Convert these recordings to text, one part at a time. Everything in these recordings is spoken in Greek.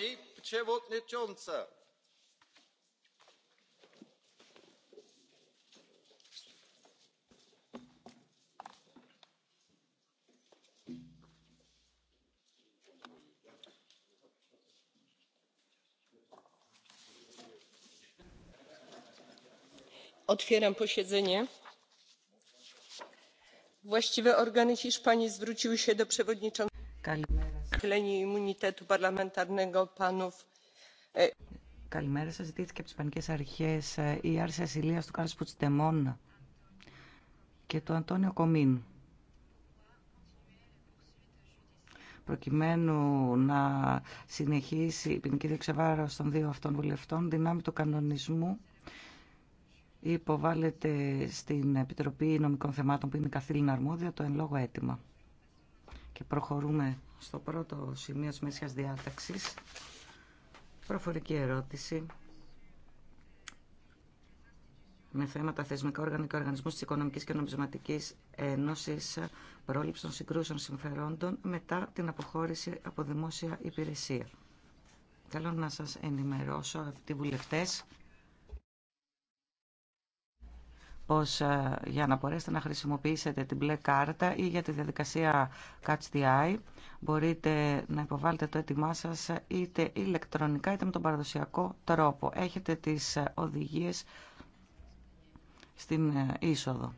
pani przewodnicząca! otwieram posiedzenie. właściwe organy hiszpanii zwróciły się do przewodniczącego E, Καλημέρα σας. Ζητήθηκε από τις πανικές Αρχές ε, η άρση ασυλίας του Κάρλος Πουτσιτεμόν και του Αντώνιο Κομίν. προκειμένου να συνεχίσει η ποινική διεξεβάρωση των δύο αυτών βουλευτών, δυνάμει του κανονισμού υποβάλλεται στην Επιτροπή Νομικών Θεμάτων που είναι καθήλυνα αρμόδια το εν λόγω αίτημα. Και προχωρούμε στο πρώτο σημείο της μέσιας διάταξης προφορική ερώτηση με θέματα θεσμικά όργανα και οργανισμού τη Οικονομική και Νομισματική Ένωση, πρόληψη των συγκρούσεων συμφερόντων μετά την αποχώρηση από δημόσια υπηρεσία. Θέλω να σας ενημερώσω, αγαπητοί βουλευτέ. πως ε, για να μπορέσετε να χρησιμοποιήσετε την μπλε κάρτα ή για τη διαδικασία Catch the Eye μπορείτε να υποβάλλετε το έτοιμά σας είτε ηλεκτρονικά είτε με τον παραδοσιακό τρόπο. Έχετε τις ε, οδηγίες στην ε, είσοδο.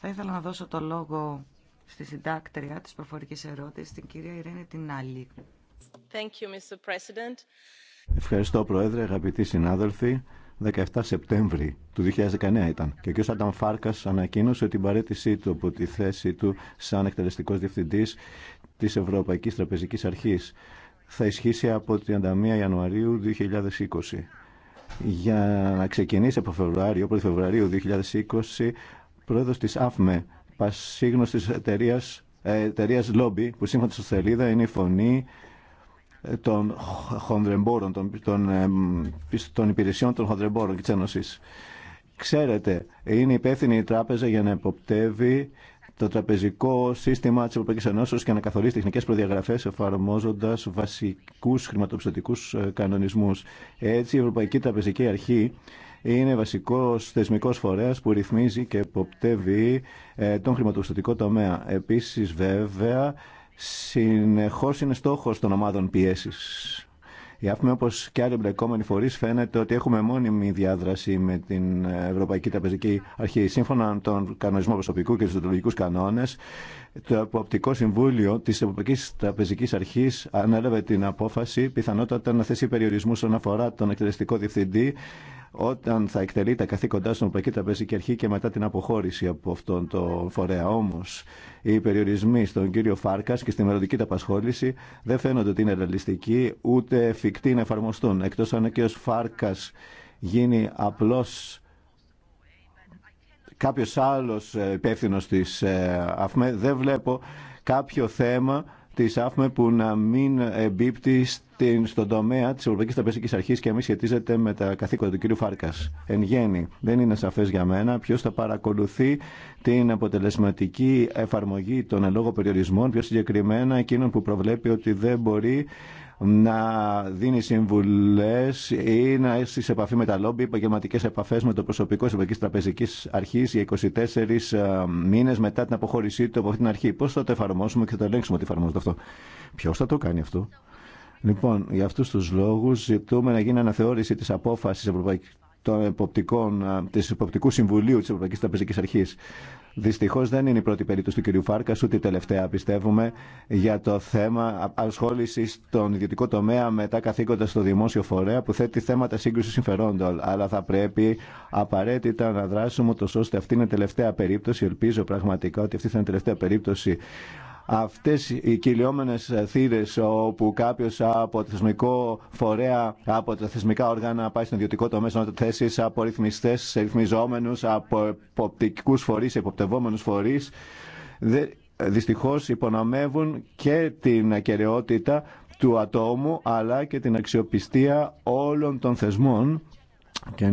Θα ήθελα να δώσω το λόγο στη συντάκτρια της προφορικής ερώτησης, την κυρία Ιρένη Τινάλη. Ευχαριστώ, Πρόεδρε, αγαπητοί συνάδελφοι. 17 Σεπτέμβρη του 2019 ήταν. Και ο κ. Άνταμ Φάρκα ανακοίνωσε την παρέτησή του από τη θέση του σαν εκτελεστικό διευθυντή τη Ευρωπαϊκή Τραπεζική Αρχή. Θα ισχύσει από την 31 Ιανουαρίου 2020. Για να ξεκινήσει από Φεβρουάριο, 1 Φεβρουαρίου 2020, πρόεδρος της ΑΦΜΕ, πασίγνωστης εταιρείας, ε, εταιρείας που σύμφωνα στη σελίδα είναι η φωνή ε, των χονδρεμπόρων, των, των, ε, των υπηρεσιών των χονδρεμπόρων και της Ένωσης. Ξέρετε, είναι υπεύθυνη η τράπεζα για να εποπτεύει το τραπεζικό σύστημα της Ευρωπαϊκής Ενώσεως και να καθορίσει τεχνικές προδιαγραφές εφαρμόζοντας βασικούς χρηματοπιστωτικούς ε, κανονισμούς. Έτσι, η Ευρωπαϊκή Τραπεζική Αρχή είναι βασικός θεσμικός φορέας που ρυθμίζει και εποπτεύει τον χρηματοπιστωτικό τομέα. Επίσης, βέβαια, συνεχώς είναι στόχος των ομάδων πιέσης. Η ΑΦΜΕ, όπω και άλλοι εμπλεκόμενοι φορεί, φαίνεται ότι έχουμε μόνιμη διάδραση με την Ευρωπαϊκή Τραπεζική Αρχή. Σύμφωνα με τον κανονισμό προσωπικού και του δοτολογικού κανόνε, το Εποπτικό Συμβούλιο τη Ευρωπαϊκή Τραπεζική Αρχή ανέλαβε την απόφαση πιθανότατα να θέσει περιορισμού όσον αφορά τον εκτελεστικό διευθυντή όταν θα εκτελεί τα καθήκοντά στον Ευρωπαϊκή Τραπεζική Αρχή και μετά την αποχώρηση από αυτόν τον φορέα. Όμω, οι περιορισμοί στον κύριο Φάρκα και στη μελλοντική απασχόληση δεν φαίνονται ότι είναι ρεαλιστικοί ούτε εφικτοί να εφαρμοστούν. Εκτό αν ο κύριο Φάρκα γίνει απλώ κάποιο άλλο υπεύθυνο τη ε, ΑΦΜΕ, δεν βλέπω κάποιο θέμα Τη ΑΦΜΕ που να μην εμπίπτει στην, στον τομέα τη Ευρωπαϊκή Τραπεζική Αρχή και εμείς σχετίζεται με τα καθήκοντα του κ. Φάρκας. Εν γέννη, δεν είναι σαφέ για μένα Ποιο θα παρακολουθεί την αποτελεσματική εφαρμογή των ελόγω περιορισμών, πιο συγκεκριμένα εκείνων που προβλέπει ότι δεν μπορεί να δίνει συμβουλέ ή να έχει σε επαφή με τα λόμπι, επαγγελματικέ επαφέ με το προσωπικό τη Ευρωπαϊκή Τραπεζική Αρχή για 24 ε, μήνε μετά την αποχώρησή του από αυτή την αρχή. Πώ θα το εφαρμόσουμε και θα το ελέγξουμε ότι εφαρμόζεται αυτό. Ποιο θα το κάνει αυτό. Λοιπόν, για αυτού του λόγου ζητούμε να γίνει αναθεώρηση τη απόφαση των εποπτικών, ε, της Εποπτικού Συμβουλίου της Ευρωπαϊκής Τραπεζικής Αρχής Δυστυχώ δεν είναι η πρώτη περίπτωση του κυρίου Φάρκα, ούτε η τελευταία πιστεύουμε, για το θέμα ασχόληση στον ιδιωτικό τομέα μετά καθήκοντα στο δημόσιο φορέα που θέτει θέματα σύγκρουση συμφερόντων. Αλλά θα πρέπει απαραίτητα να δράσουμε ούτω ώστε αυτή είναι η τελευταία περίπτωση. Ελπίζω πραγματικά ότι αυτή θα είναι η τελευταία περίπτωση αυτές οι κυλιόμενες θύρες όπου κάποιος από το θεσμικό φορέα, από τα θεσμικά όργανα πάει στον ιδιωτικό τομέα να θέσει, από ρυθμιστέ, ρυθμιζόμενους, από εποπτικούς φορείς, εποπτευόμενους φορείς, δυστυχώς υπονομεύουν και την ακεραιότητα του ατόμου αλλά και την αξιοπιστία όλων των θεσμών και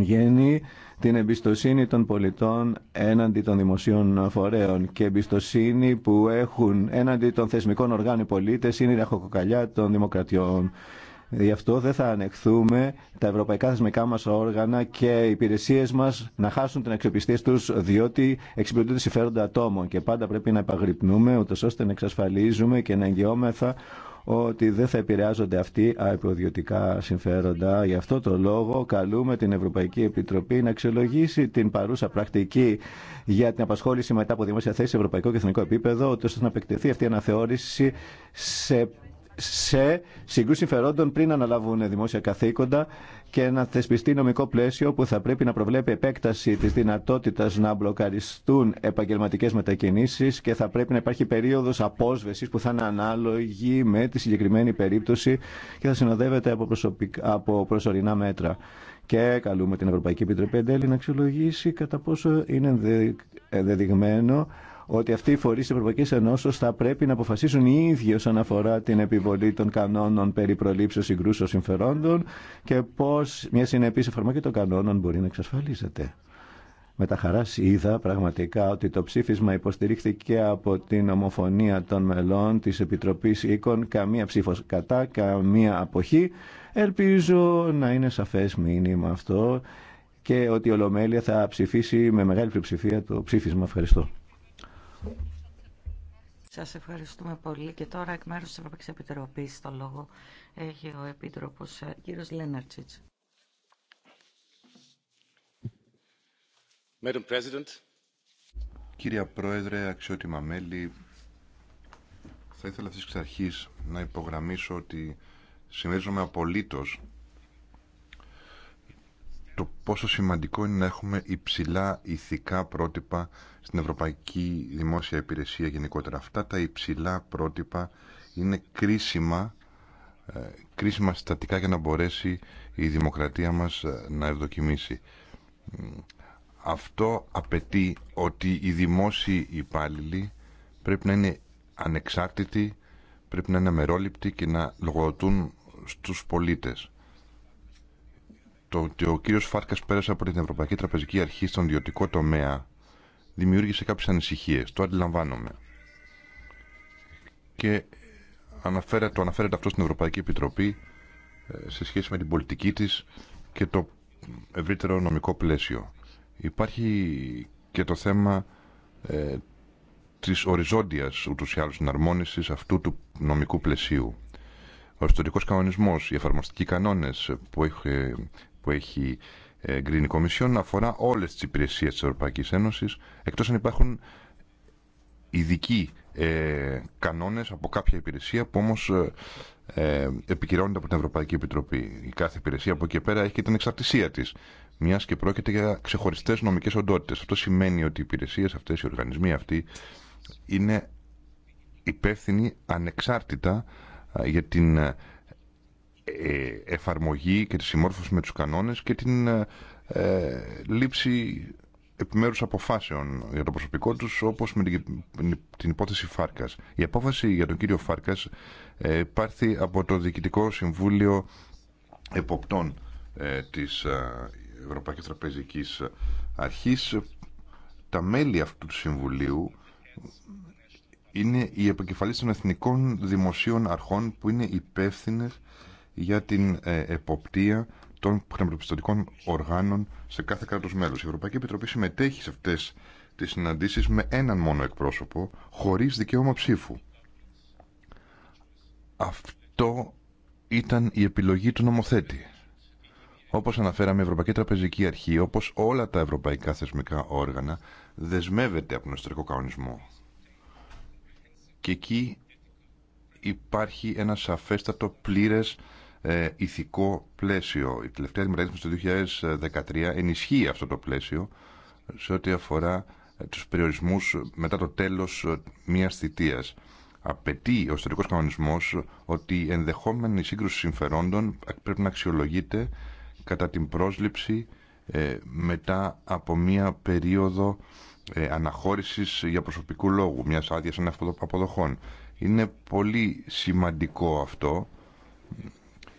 την εμπιστοσύνη των πολιτών έναντι των δημοσίων φορέων και εμπιστοσύνη που έχουν έναντι των θεσμικών οργάνων οι πολίτες είναι η ραχοκοκαλιά των δημοκρατιών. Γι' αυτό δεν θα ανεχθούμε τα ευρωπαϊκά θεσμικά μας όργανα και οι υπηρεσίες μας να χάσουν την αξιοπιστία τους διότι εξυπηρετούν συμφέροντα ατόμων και πάντα πρέπει να επαγρυπνούμε ούτως ώστε να εξασφαλίζουμε και να εγγυόμεθα ότι δεν θα επηρεάζονται αυτοί από συμφέροντα. Γι' αυτό το λόγο καλούμε την Ευρωπαϊκή Επιτροπή να αξιολογήσει την παρούσα πρακτική για την απασχόληση μετά από δημόσια θέση σε ευρωπαϊκό και εθνικό επίπεδο, ώστε να επεκτεθεί αυτή η αναθεώρηση σε σε συγκρού συμφερόντων πριν αναλάβουν δημόσια καθήκοντα και να θεσπιστεί νομικό πλαίσιο που θα πρέπει να προβλέπει επέκταση τη δυνατότητα να μπλοκαριστούν επαγγελματικέ μετακινήσει και θα πρέπει να υπάρχει περίοδο απόσβεση που θα είναι ανάλογη με τη συγκεκριμένη περίπτωση και θα συνοδεύεται από, προσωρινά μέτρα. Και καλούμε την Ευρωπαϊκή Επιτροπή τέλει να αξιολογήσει κατά πόσο είναι ενδεδειγμένο ότι αυτοί οι φορεί τη Ευρωπαϊκή Ενώσεω θα πρέπει να αποφασίσουν οι ίδιοι όσον αφορά την επιβολή των κανόνων περί προλήψεω συγκρούσεων συμφερόντων και πώ μια συνεπή εφαρμογή των κανόνων μπορεί να εξασφαλίζεται. Με τα χαρά είδα πραγματικά ότι το ψήφισμα υποστηρίχθηκε από την ομοφωνία των μελών της Επιτροπής Οίκων, καμία ψήφο κατά, καμία αποχή. Ελπίζω να είναι σαφές μήνυμα αυτό και ότι η Ολομέλεια θα ψηφίσει με μεγάλη πλειοψηφία το ψήφισμα. Ευχαριστώ. Σας ευχαριστούμε πολύ και τώρα εκ μέρου τη Ευρωπαϊκής Επιτροπής το λόγο έχει ο Επίτροπος ε, κύριος Λενερτσίτς. Κύριε Πρόεδρε, αξιότιμα μέλη, θα ήθελα αυτής της αρχής να υπογραμμίσω ότι συμμερίζομαι απολύτως το πόσο σημαντικό είναι να έχουμε υψηλά ηθικά πρότυπα στην Ευρωπαϊκή Δημόσια Υπηρεσία γενικότερα. Αυτά τα υψηλά πρότυπα είναι κρίσιμα, ε, κρίσιμα συστατικά για να μπορέσει η δημοκρατία μας ε, να ευδοκιμήσει. Αυτό απαιτεί ότι οι δημόσιοι υπάλληλοι πρέπει να είναι ανεξάρτητοι, πρέπει να είναι αμερόληπτοι και να λογοδοτούν στους πολίτες το ότι ο κύριος Φάρκας πέρασε από την Ευρωπαϊκή Τραπεζική Αρχή στον ιδιωτικό τομέα δημιούργησε κάποιες ανησυχίες. Το αντιλαμβάνομαι. Και αναφέρεται, το αναφέρεται αυτό στην Ευρωπαϊκή Επιτροπή ε, σε σχέση με την πολιτική της και το ευρύτερο νομικό πλαίσιο. Υπάρχει και το θέμα ε, της οριζόντιας ούτως ή αυτού του νομικού πλαισίου. Ο ιστορικός κανονισμός, οι εφαρμοστικοί κανόνες που έχει που έχει ε, Green Commission, αφορά όλες τις υπηρεσίες της Ευρωπαϊκής Ένωσης εκτός αν υπάρχουν ειδικοί ε, κανόνες από κάποια υπηρεσία που όμως ε, ε επικυρώνεται από την Ευρωπαϊκή Επιτροπή. Η κάθε υπηρεσία από εκεί πέρα έχει και την εξαρτησία της, μιας και πρόκειται για ξεχωριστές νομικές οντότητες. Αυτό σημαίνει ότι οι υπηρεσίες αυτές, οι οργανισμοί αυτοί είναι υπεύθυνοι ανεξάρτητα ε, για την ε, ε, εφαρμογή και τη συμμόρφωση με τους κανόνες και την ε, ε λήψη επιμέρους αποφάσεων για το προσωπικό τους όπως με την, υπόθεση Φάρκας. Η απόφαση για τον κύριο Φάρκας ε, πάρθη από το Διοικητικό Συμβούλιο Εποπτών ε, της Ευρωπαϊκής Τραπεζικής Αρχής. Τα μέλη αυτού του Συμβουλίου είναι οι επικεφαλής των εθνικών δημοσίων αρχών που είναι υπεύθυνε για την ε, εποπτεία των πνευματοπιστωτικών οργάνων σε κάθε κράτος μέλος. Η Ευρωπαϊκή Επιτροπή συμμετέχει σε αυτές τις συναντήσεις με έναν μόνο εκπρόσωπο, χωρίς δικαίωμα ψήφου. Αυτό ήταν η επιλογή του νομοθέτη. Όπως αναφέραμε, η Ευρωπαϊκή Τραπεζική Αρχή, όπως όλα τα ευρωπαϊκά θεσμικά όργανα, δεσμεύεται από τον εσωτερικό κανονισμό. Και εκεί υπάρχει ένα σαφέστατο πλήρες ε, ηθικό πλαίσιο. Η τελευταία δημοκρατία του 2013 ενισχύει αυτό το πλαίσιο σε ό,τι αφορά ε, τους περιορισμούς μετά το τέλος ε, μιας θητείας. Απαιτεί ο ιστορικός κανονισμός ότι η ενδεχόμενη σύγκρουση συμφερόντων πρέπει να αξιολογείται κατά την πρόσληψη ε, μετά από μια περίοδο ε, αναχώρησης για προσωπικού λόγου, μιας άδειας αναποδοχών. Είναι πολύ σημαντικό αυτό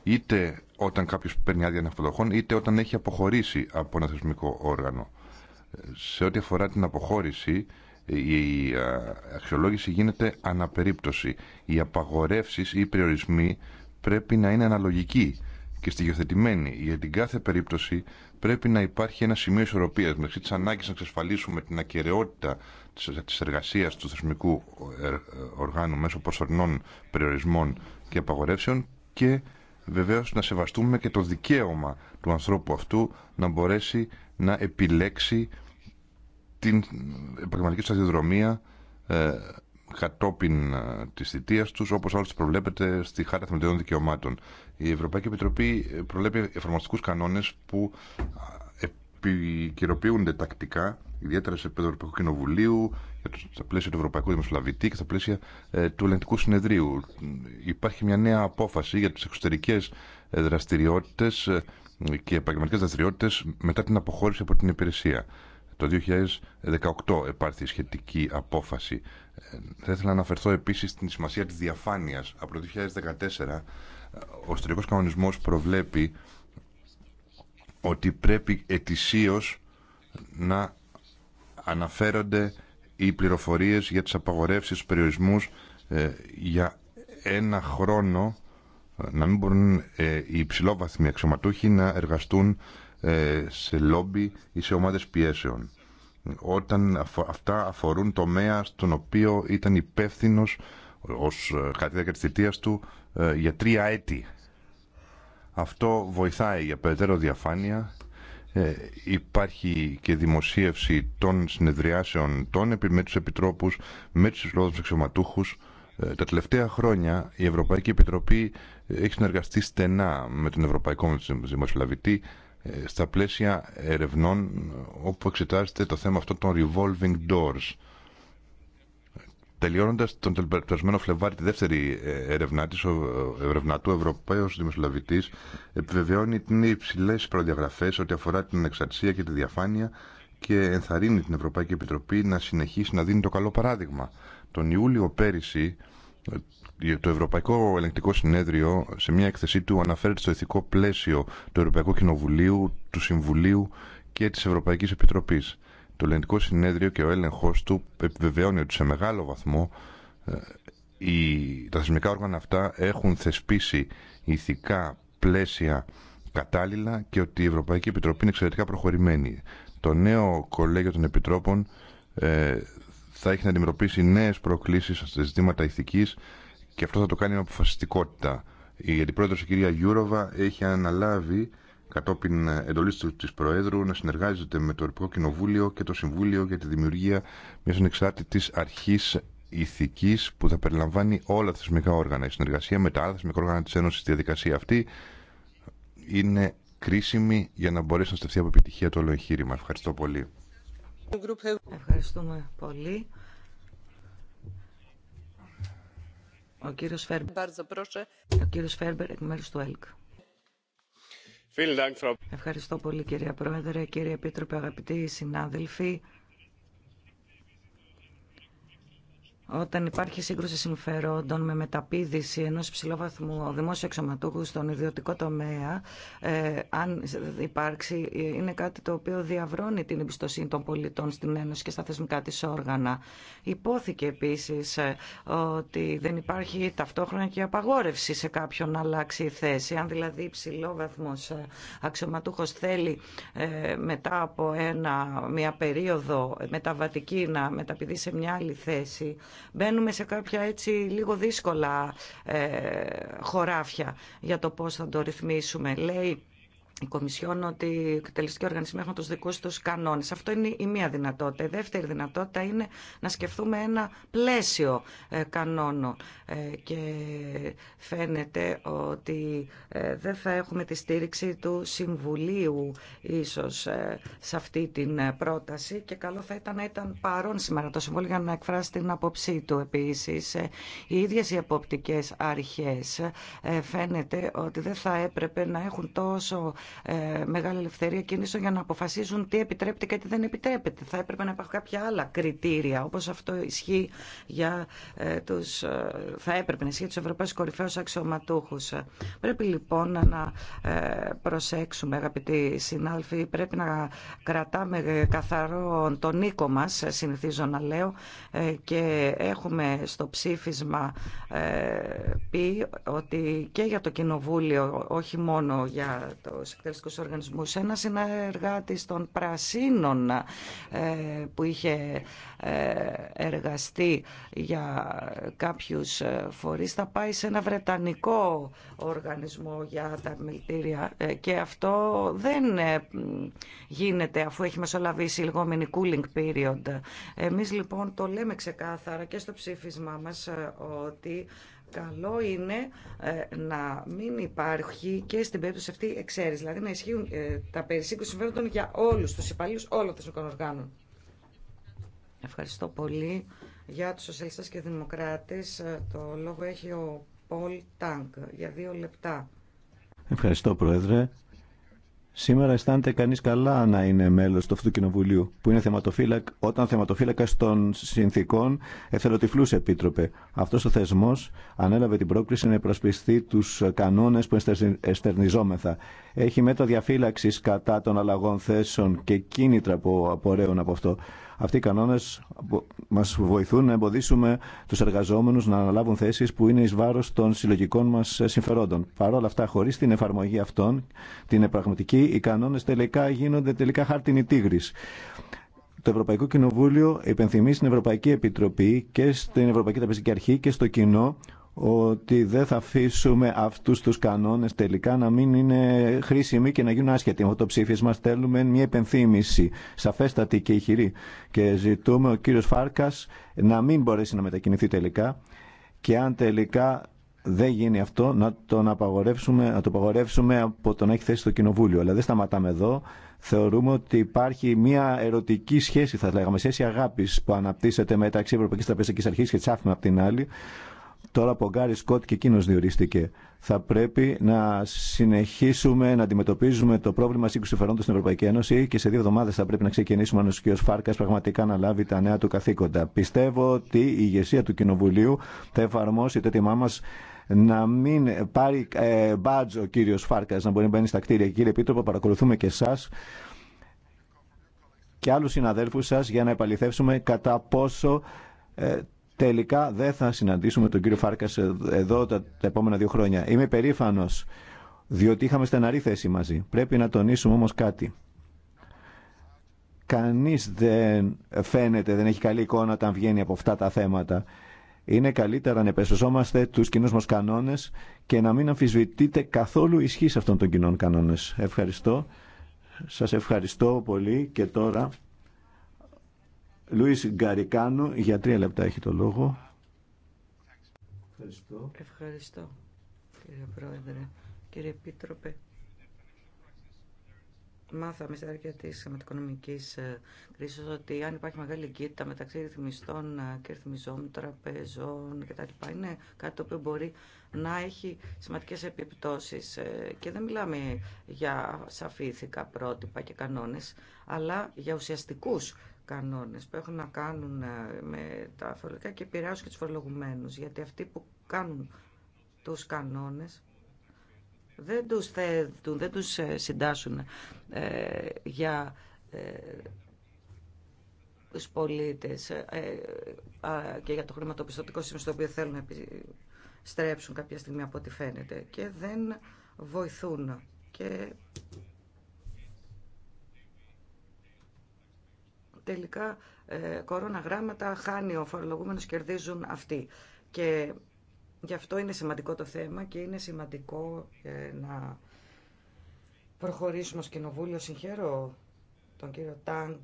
είτε όταν κάποιος παίρνει άδεια ναυτοδοχών, είτε όταν έχει αποχωρήσει από ένα θεσμικό όργανο. Σε ό,τι αφορά την αποχώρηση, η αξιολόγηση γίνεται αναπερίπτωση. Οι απαγορεύσει ή οι περιορισμοί πρέπει να είναι αναλογικοί και στοιχειοθετημένοι. Για την κάθε περίπτωση πρέπει να υπάρχει ένα σημείο ισορροπίας μεταξύ τη ανάγκη να εξασφαλίσουμε την ακαιρεότητα της εργασίας του θεσμικού ε, ε, οργάνου μέσω προσωρινών περιορισμών και απαγορεύσεων και βεβαίως να σεβαστούμε και το δικαίωμα του ανθρώπου αυτού να μπορέσει να επιλέξει την επαγγελματική σταδιοδρομία ε, κατόπιν ε, της θητείας τους, όπως άλλωστε προβλέπεται στη Χάρτα Θεμελιωδών Δικαιωμάτων. Η Ευρωπαϊκή Επιτροπή ε, προβλέπει εφαρμοστικούς κανόνες που ε, επικυροποιούνται τακτικά, ιδιαίτερα σε επίπεδο Ευρωπαϊκού Κοινοβουλίου, στα πλαίσια του Ευρωπαϊκού Δημοσιολαβητή και στα πλαίσια ε, του Ελεγκτικού Συνεδρίου. Υπάρχει μια νέα απόφαση για τις εξωτερικές ε, δραστηριότητες ε, και επαγγελματικέ δραστηριότητες μετά την αποχώρηση από την υπηρεσία. Το 2018 επάρθη σχετική απόφαση. Θα ήθελα να αναφερθώ επίσης στην σημασία της διαφάνειας. Από το 2014 ο ιστορικός κανονισμός προβλέπει ότι πρέπει ετησίως να αναφέρονται οι πληροφορίες για τις απαγορεύσεις περιορισμούς ε, για ένα χρόνο ε, να μην μπορούν ε, οι υψηλόβαθμοι αξιωματούχοι να εργαστούν σε λόμπι ή σε ομάδες πιέσεων όταν αυτά αφορούν τομέα στον οποίο ήταν υπεύθυνο ως κατά τη του για τρία έτη. Αυτό βοηθάει για περαιτέρω διαφάνεια ε, υπάρχει και δημοσίευση των συνεδριάσεων των, με τους επιτρόπους, με τους εξωματούχους. Ε, τα τελευταία χρόνια η Ευρωπαϊκή Επιτροπή ε, έχει συνεργαστεί στενά με τον Ευρωπαϊκό Δημοσιολαβητή στα πλαίσια ερευνών όπου εξετάζεται το θέμα αυτό των revolving doors Τελειώνοντα τον περασμένο Φλεβάρι τη δεύτερη ε, έρευνά τη, ο ερευνατού Ευρωπαίο Δημοσιολαβητή επιβεβαιώνει την υψηλέ προδιαγραφέ ό,τι αφορά την εξαρτησία και τη διαφάνεια και ενθαρρύνει την Ευρωπαϊκή Επιτροπή να συνεχίσει να δίνει το καλό παράδειγμα. Τον Ιούλιο πέρυσι, ε, το Ευρωπαϊκό Ελεγκτικό Συνέδριο σε μια έκθεσή του αναφέρεται στο ηθικό πλαίσιο του Ευρωπαϊκού Κοινοβουλίου, του Συμβουλίου και τη Ευρωπαϊκή Επιτροπή. Το Ελληνικό Συνέδριο και ο έλεγχο του επιβεβαιώνει ότι σε μεγάλο βαθμό ε, οι, τα θεσμικά όργανα αυτά έχουν θεσπίσει ηθικά πλαίσια κατάλληλα και ότι η Ευρωπαϊκή Επιτροπή είναι εξαιρετικά προχωρημένη. Το νέο κολέγιο των Επιτρόπων ε, θα έχει να αντιμετωπίσει νέες προκλήσεις σε ζητήματα ηθικής και αυτό θα το κάνει με αποφασιστικότητα. Η αντιπρόεδρο, η κυρία Γιούροβα έχει αναλάβει κατόπιν εντολής τη Προέδρου να συνεργάζεται με το Ευρωπαϊκό Κοινοβούλιο και το Συμβούλιο για τη δημιουργία μιας ανεξάρτητης αρχής ηθικής που θα περιλαμβάνει όλα τα θεσμικά όργανα. Η συνεργασία με τα άλλα θεσμικά όργανα της Ένωση στη διαδικασία αυτή είναι κρίσιμη για να μπορέσει να στεφθεί από επιτυχία το όλο εγχείρημα. Ευχαριστώ πολύ. Ευχαριστούμε πολύ. Ο κύριος Φέρμπερ, εκ μέρους του ΕΛΚ. Ευχαριστώ πολύ κυρία Πρόεδρε, κύριε Επίτροπε, αγαπητοί συνάδελφοι. όταν υπάρχει σύγκρουση συμφερόντων με μεταπίδηση ενός ψηλόβαθμου δημόσιου εξωματούχου στον ιδιωτικό τομέα, ε, αν υπάρξει, είναι κάτι το οποίο διαβρώνει την εμπιστοσύνη των πολιτών στην Ένωση και στα θεσμικά της όργανα. Υπόθηκε επίσης ε, ότι δεν υπάρχει ταυτόχρονα και απαγόρευση σε κάποιον να αλλάξει η θέση. Αν δηλαδή ψηλόβαθμο ε, αξιωματούχος θέλει μετά από ένα, μια περίοδο μεταβατική να μεταπηδεί σε μια άλλη θέση, μπαίνουμε σε κάποια έτσι λίγο δύσκολα ε, χωράφια για το πώς θα το ρυθμίσουμε. Λέει η Κομισιόν ότι οι εκτελεστικοί οργανισμοί έχουν του δικού του κανόνε. Αυτό είναι η μία δυνατότητα. Η δεύτερη δυνατότητα είναι να σκεφτούμε ένα πλαίσιο ε, κανόνων. Ε, και φαίνεται ότι ε, δεν θα έχουμε τη στήριξη του Συμβουλίου ίσως σε αυτή την πρόταση και καλό θα ήταν να ήταν παρόν σήμερα το Συμβούλιο για να εκφράσει την απόψή του. Επίσης, οι ίδιες οι εποπτικές αρχές φαίνεται ότι δεν θα έπρεπε να έχουν τόσο ε, μεγάλη ελευθερία κινήσεων για να αποφασίζουν τι επιτρέπεται και τι δεν επιτρέπεται. Θα έπρεπε να υπάρχουν κάποια άλλα κριτήρια, όπω αυτό ισχύει για ε, του. Ε, θα έπρεπε να ισχύει του Ευρωπαίου κορυφαίου αξιωματούχου. Πρέπει λοιπόν να προσέξουμε, αγαπητοί συνάλφοι πρέπει να κρατάμε καθαρό τον οίκο μα, συνηθίζω να λέω, και έχουμε στο ψήφισμα πει ότι και για το Κοινοβούλιο, όχι μόνο για τους οργανισμούς. Ένα συνεργάτης των Πρασίνων ε, που είχε ε, εργαστεί για κάποιους ε, φορείς θα πάει σε ένα βρετανικό οργανισμό για τα μιλτήρια και αυτό δεν γίνεται αφού έχει μεσολαβήσει η λεγόμενη cooling period. Εμείς λοιπόν το λέμε ξεκάθαρα και στο ψήφισμά μας ότι Καλό είναι ε, να μην υπάρχει και στην περίπτωση αυτή εξαίρεση, δηλαδή να ισχύουν ε, τα περισσότερα συμφέροντα για όλους τους υπαλλήλους όλων των οργάνων. Ευχαριστώ πολύ. Για τους σοσιαλιστές και δημοκράτες ε, το λόγο έχει ο Πολ Τάγκ για δύο λεπτά. Ευχαριστώ Πρόεδρε. Σήμερα αισθάνεται κανεί καλά να είναι μέλο του αυτού κοινοβουλίου, που είναι θεματοφύλακ, όταν θεματοφύλακα των συνθήκων εθελοτυφλού επίτροπε. Αυτό ο θεσμό ανέλαβε την πρόκληση να υπερασπιστεί του κανόνε που εστερνιζόμεθα έχει μέτρα διαφύλαξη κατά των αλλαγών θέσεων και κίνητρα που απορρέουν από αυτό. Αυτοί οι κανόνες μας βοηθούν να εμποδίσουμε τους εργαζόμενους να αναλάβουν θέσει που είναι ει βάρο των συλλογικών μας συμφερόντων. Παρ' όλα αυτά, χωρί την εφαρμογή αυτών, την πραγματική, οι κανόνες τελικά γίνονται τελικά χάρτινη Το Ευρωπαϊκό Κοινοβούλιο υπενθυμεί στην Ευρωπαϊκή Επιτροπή και στην Ευρωπαϊκή Τραπεζική Αρχή και στο κοινό ότι δεν θα αφήσουμε αυτού του κανόνε τελικά να μην είναι χρήσιμοι και να γίνουν άσχετοι. Με το ψήφισμα στέλνουμε μια υπενθύμηση σαφέστατη και ηχηρή και ζητούμε ο κύριο Φάρκα να μην μπορέσει να μετακινηθεί τελικά και αν τελικά δεν γίνει αυτό να τον απαγορεύσουμε, να το απαγορεύσουμε από το να έχει θέση στο κοινοβούλιο. Αλλά δεν σταματάμε εδώ. Θεωρούμε ότι υπάρχει μια ερωτική σχέση, θα λέγαμε, σχέση αγάπη που αναπτύσσεται μεταξύ Ευρωπαϊκή Τραπεζική Αρχή και Τσάφημα από την άλλη, Τώρα από Γκάρι Σκότ και εκείνο διορίστηκε. Θα πρέπει να συνεχίσουμε να αντιμετωπίζουμε το πρόβλημα σύγκρουση συμφερόντων στην Ευρωπαϊκή Ένωση και σε δύο εβδομάδε θα πρέπει να ξεκινήσουμε αν ο κ. Φάρκα πραγματικά να λάβει τα νέα του καθήκοντα. Πιστεύω ότι η ηγεσία του Κοινοβουλίου θα εφαρμόσει το έτοιμά μα να μην πάρει ε, ο κύριο Φάρκα, να μπορεί να μπαίνει στα κτίρια. Κύριε Επίτροπο, παρακολουθούμε και εσά και άλλου συναδέλφου σα για να επαληθεύσουμε κατά πόσο ε, τελικά δεν θα συναντήσουμε τον κύριο Φάρκα εδώ τα, τα επόμενα δύο χρόνια. Είμαι περήφανο διότι είχαμε στεναρή θέση μαζί. Πρέπει να τονίσουμε όμω κάτι. Κανεί δεν φαίνεται, δεν έχει καλή εικόνα όταν βγαίνει από αυτά τα θέματα. Είναι καλύτερα να επεσοζόμαστε του κοινού μα κανόνε και να μην αμφισβητείτε καθόλου ισχύ αυτών των κοινών κανόνε. Ευχαριστώ. Σας ευχαριστώ πολύ και τώρα Λουίς Γκαρικάνου, για τρία λεπτά έχει το λόγο. Ευχαριστώ. Ευχαριστώ, κύριε Πρόεδρε. Κύριε Επίτροπε, μάθαμε στη διάρκεια τη χρηματοοικονομική ε, κρίση ότι αν υπάρχει μεγάλη εγκύτητα μεταξύ ρυθμιστών ε, και ρυθμιζών, τραπεζών κτλ., είναι κάτι το οποίο μπορεί να έχει σημαντικέ επιπτώσει. Ε, και δεν μιλάμε για σαφήθηκα πρότυπα και κανόνε, αλλά για ουσιαστικού κανόνες που έχουν να κάνουν ε, με τα φορολογικά και επηρεάζουν και τους φορολογουμένους, γιατί αυτοί που κάνουν τους κανόνες δεν τους θέτουν, δεν τους ε, συντάσσουν ε, για ε, τους πολίτες ε, και για το χρηματοπιστωτικό σύστημα στο οποίο θέλουν να στρέψουν κάποια στιγμή από ό,τι φαίνεται και δεν βοηθούν και τελικά ε, κορώνα γράμματα χάνει ο φορολογούμενος, κερδίζουν αυτοί. Και γι' αυτό είναι σημαντικό το θέμα και είναι σημαντικό ε, να προχωρήσουμε ως κοινοβούλιο. Συγχαίρω τον κύριο Τάγκ,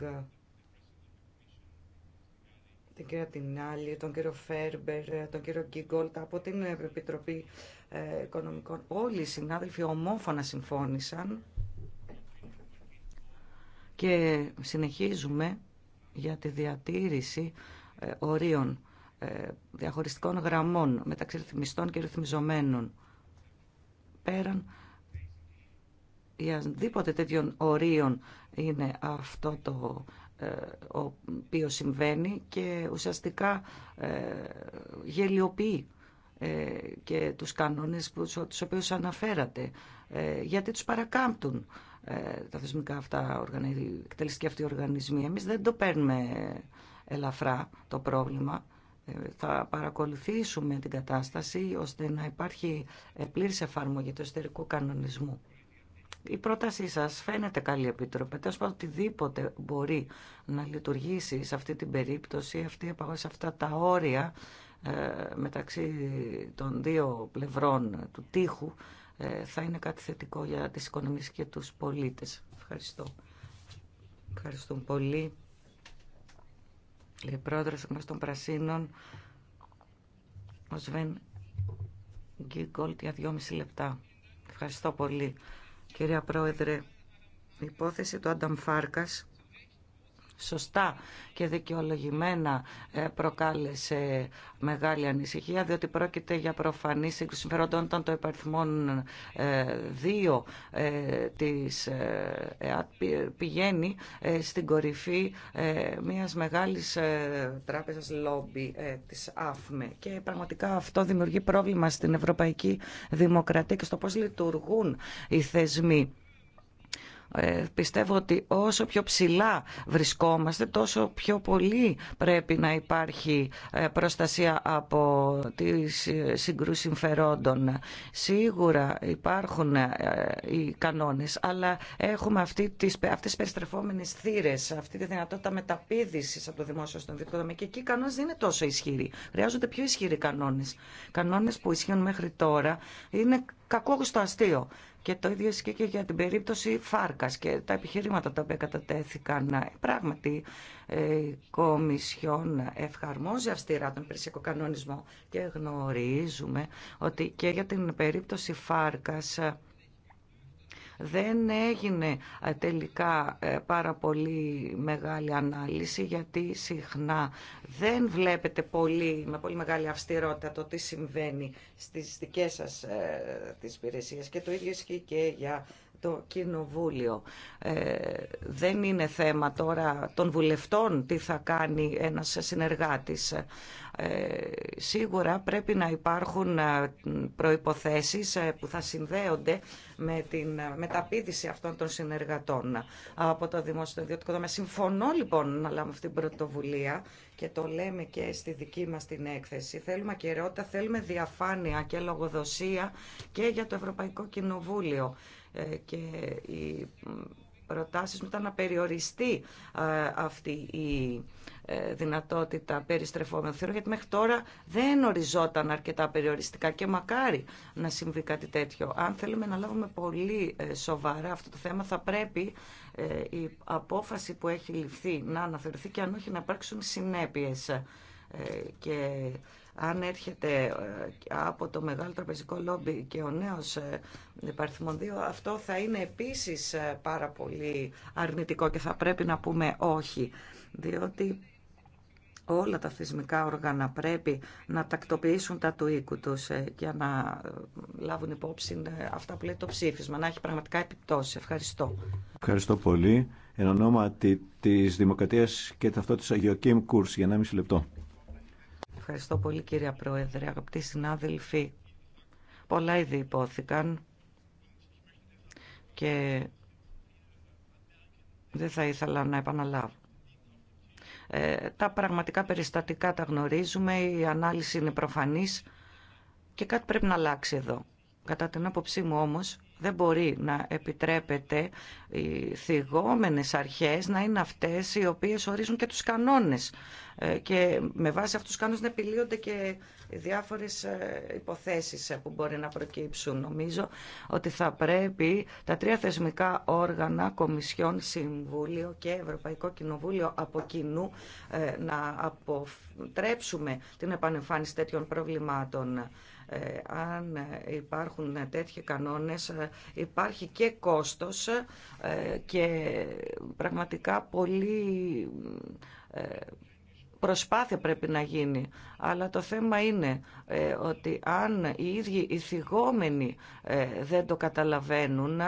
την κυρία Τινάλη, τον κύριο Φέρμπερ, τον κύριο Γκίγκολτ από την Επιτροπή ε, Οικονομικών. Όλοι οι συνάδελφοι ομόφωνα συμφώνησαν και συνεχίζουμε για τη διατήρηση ε, ορίων ε, διαχωριστικών γραμμών μεταξύ ρυθμιστών και ρυθμιζομένων. Πέραν για τέτοιων ορίων είναι αυτό το ε, οποίο συμβαίνει και ουσιαστικά γελιοποιεί και τους κανόνες που, τους οποίους αναφέρατε, γιατί τους παρακάμπτουν ε, τα θεσμικά αυτά οργανισμοί, εκτελεστικοί αυτοί οργανισμοί. Εμείς δεν το παίρνουμε ελαφρά το πρόβλημα. Ε, θα παρακολουθήσουμε την κατάσταση ώστε να υπάρχει ε, πλήρης εφαρμογή του εσωτερικού κανονισμού. Η πρότασή σας φαίνεται καλή επίτροπε. Τέλος πάντων, οτιδήποτε μπορεί να λειτουργήσει σε αυτή την περίπτωση, αυτή, σε αυτά τα όρια μεταξύ των δύο πλευρών του τείχου, ε, θα είναι κάτι θετικό για τις οικονομίες και τους πολίτες. Ευχαριστώ. Ευχαριστούμε πολύ. Λέει πρόεδρος εκ των Πρασίνων, ο Σβέν Γκίγκολτ για δυόμιση λεπτά. Ευχαριστώ πολύ. Κυρία Πρόεδρε, η υπόθεση του Άνταμ Φάρκας σωστά και δικαιολογημένα ε, προκάλεσε μεγάλη ανησυχία, διότι πρόκειται για προφανή σύγκρουση συμφερόντων υπαριθμών το 2 ε, ε, της ΕΑΤ πηγαίνει στην κορυφή μιας μεγάλης τράπεζας λόμπι της ΑΦΜΕ. Και πραγματικά αυτό δημιουργεί πρόβλημα στην ευρωπαϊκή δημοκρατία και στο πώς λειτουργούν οι θεσμοί. Ε, πιστεύω ότι όσο πιο ψηλά βρισκόμαστε, τόσο πιο πολύ πρέπει να υπάρχει ε, προστασία από τις ε, συγκρούσεις συμφερόντων. Σίγουρα υπάρχουν οι κανόνες, αλλά έχουμε αυτή τις, αυτές τις περιστρεφόμενες θύρες, αυτή τη δυνατότητα μεταπίδησης από το δημόσιο στον δυτικό δομή και εκεί οι κανόνες δεν είναι τόσο ισχυροί. Χρειάζονται πιο ισχυροί κανόνες. Κανόνες που ισχύουν μέχρι τώρα είναι κακό αστείο. Και το ίδιο ισχύει και για την περίπτωση Φάρκας και τα επιχειρήματα τα οποία κατατέθηκαν. Πράγματι, ε, η Κομισιόν ευχαρμόζει αυστηρά τον κανονισμό και γνωρίζουμε ότι και για την περίπτωση Φάρκας δεν έγινε ε, τελικά ε, πάρα πολύ μεγάλη ανάλυση γιατί συχνά δεν βλέπετε πολύ, με πολύ μεγάλη αυστηρότητα το τι συμβαίνει στις δικές σας ε, τις υπηρεσίες και το ίδιο ισχύει και για το Κοινοβούλιο. Ε, δεν είναι θέμα τώρα των βουλευτών τι θα κάνει ένας συνεργάτης. Ε, σίγουρα πρέπει να υπάρχουν ε, προϋποθέσεις ε, που θα συνδέονται με την ε, μεταπίδηση αυτών των συνεργατών από το δημόσιο ιδιωτικό Δόμα. Συμφωνώ λοιπόν να λάβουμε αυτή την πρωτοβουλία και το λέμε και στη δική μας την έκθεση. Θέλουμε ακαιρεότητα, θέλουμε διαφάνεια και λογοδοσία και για το Ευρωπαϊκό Κοινοβούλιο. Ε, και οι προτάσεις ήταν να περιοριστεί ε, αυτή η ε, δυνατότητα περιστρεφόμενου θεωρώ γιατί μέχρι τώρα δεν οριζόταν αρκετά περιοριστικά και μακάρι να συμβεί κάτι τέτοιο. Αν θέλουμε να λάβουμε πολύ σοβαρά αυτό το θέμα θα πρέπει η απόφαση που έχει ληφθεί να αναθεωρηθεί και αν όχι να υπάρξουν συνέπειες και αν έρχεται ε, από το μεγάλο τραπεζικό λόμπι και ο νέος 2, ε, αυτό θα είναι επίσης ε, πάρα πολύ αρνητικό και θα πρέπει να πούμε όχι, διότι όλα τα θεσμικά όργανα πρέπει να τακτοποιήσουν τα του οίκου τους για να λάβουν υπόψη αυτά που λέει το ψήφισμα, να έχει πραγματικά επιπτώσεις. Ευχαριστώ. Ευχαριστώ πολύ. Εν ονόματι της Δημοκρατίας και ταυτότητας Αγιοκίμ Κούρς για 1,5 λεπτό. Ευχαριστώ πολύ κυρία Πρόεδρε, αγαπητοί συνάδελφοι. Πολλά ήδη υπόθηκαν και δεν θα ήθελα να επαναλάβω. Ε, τα πραγματικά περιστατικά τα γνωρίζουμε, η ανάλυση είναι προφανής και κάτι πρέπει να αλλάξει εδώ. Κατά την άποψή μου όμως, δεν μπορεί να επιτρέπεται οι θυγόμενες αρχές να είναι αυτές οι οποίες ορίζουν και τους κανόνες ε, και με βάση αυτούς τους κανόνες να επιλύονται και διάφορες ε, υποθέσεις ε, που μπορεί να προκύψουν. Νομίζω ότι θα πρέπει τα τρία θεσμικά όργανα, Κομισιόν, Συμβούλιο και Ευρωπαϊκό Κοινοβούλιο από κοινού να αποτρέψουμε την επανεμφάνιση τέτοιων προβλημάτων. Ε, αν υπάρχουν τέτοιοι κανόνες ε, υπάρχει και κόστος ε, και πραγματικά πολύ προσπάθεια πρέπει να γίνει. Αλλά το θέμα είναι ότι αν οι ίδιοι οι θυγόμενοι δεν το καταλαβαίνουν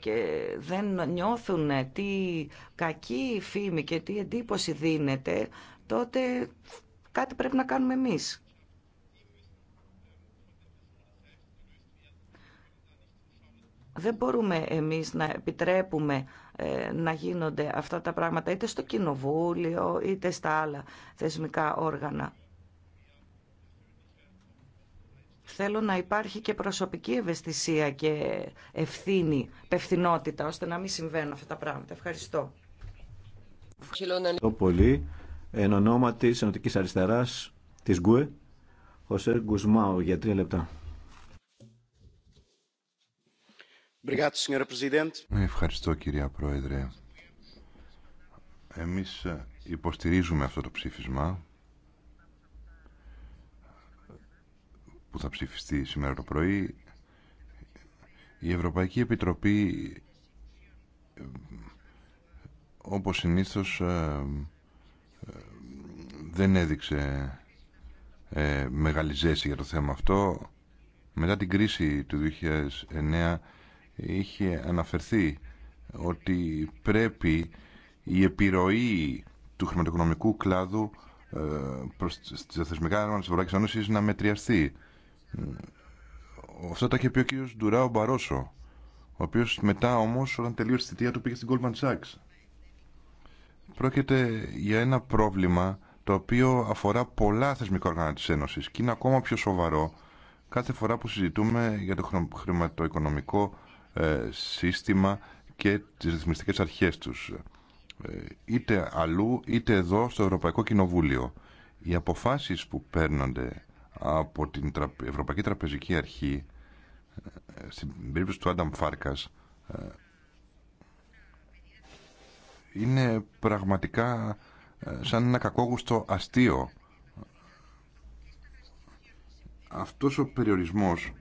και δεν νιώθουν τι κακή φήμη και τι εντύπωση δίνεται, τότε κάτι πρέπει να κάνουμε εμείς. δεν μπορούμε εμείς να επιτρέπουμε ε, να γίνονται αυτά τα πράγματα είτε στο κοινοβούλιο είτε στα άλλα θεσμικά όργανα. Θέλω να υπάρχει και προσωπική ευαισθησία και ευθύνη, πευθυνότητα, ώστε να μην συμβαίνουν αυτά τα πράγματα. Ευχαριστώ. Ευχαριστώ πολύ. Εν ονόματι Ενωτικής Αριστεράς της ΓΚΟΕ, Σερ Γκουσμάου για τρία λεπτά. Ευχαριστώ κυρία Πρόεδρε. Εμείς ε, υποστηρίζουμε αυτό το ψήφισμα που θα ψηφιστεί σήμερα το πρωί. Η Ευρωπαϊκή Επιτροπή ε, όπως συνήθως ε, δεν έδειξε μεγάλη ζέση για το θέμα αυτό. Μετά την κρίση του 2009 είχε αναφερθεί ότι πρέπει η επιρροή του χρηματοοικονομικού κλάδου ε, προς θεσμικά όργανα της Ευρωπαϊκής Ένωσης να μετριαστεί. Ε, αυτό το είχε πει ο κ. Ντουράο Μπαρόσο, ο οποίος μετά όμως όταν τελείωσε τη θητεία του πήγε στην Goldman Sachs. Πρόκειται για ένα πρόβλημα το οποίο αφορά πολλά θεσμικά όργανα της Ένωσης και είναι ακόμα πιο σοβαρό κάθε φορά που συζητούμε για το χρηματοοικονομικό ε, σύστημα και τις ρυθμιστικές αρχές τους. Ε, είτε αλλού, είτε εδώ, στο Ευρωπαϊκό Κοινοβούλιο. Οι αποφάσεις που παίρνονται από την Ευρωπαϊκή Τραπεζική Αρχή, ε, στην περίπτωση του Άνταμ Φάρκας, είναι πραγματικά σαν ένα κακόγουστο αστείο. Αυτός ο περιορισμός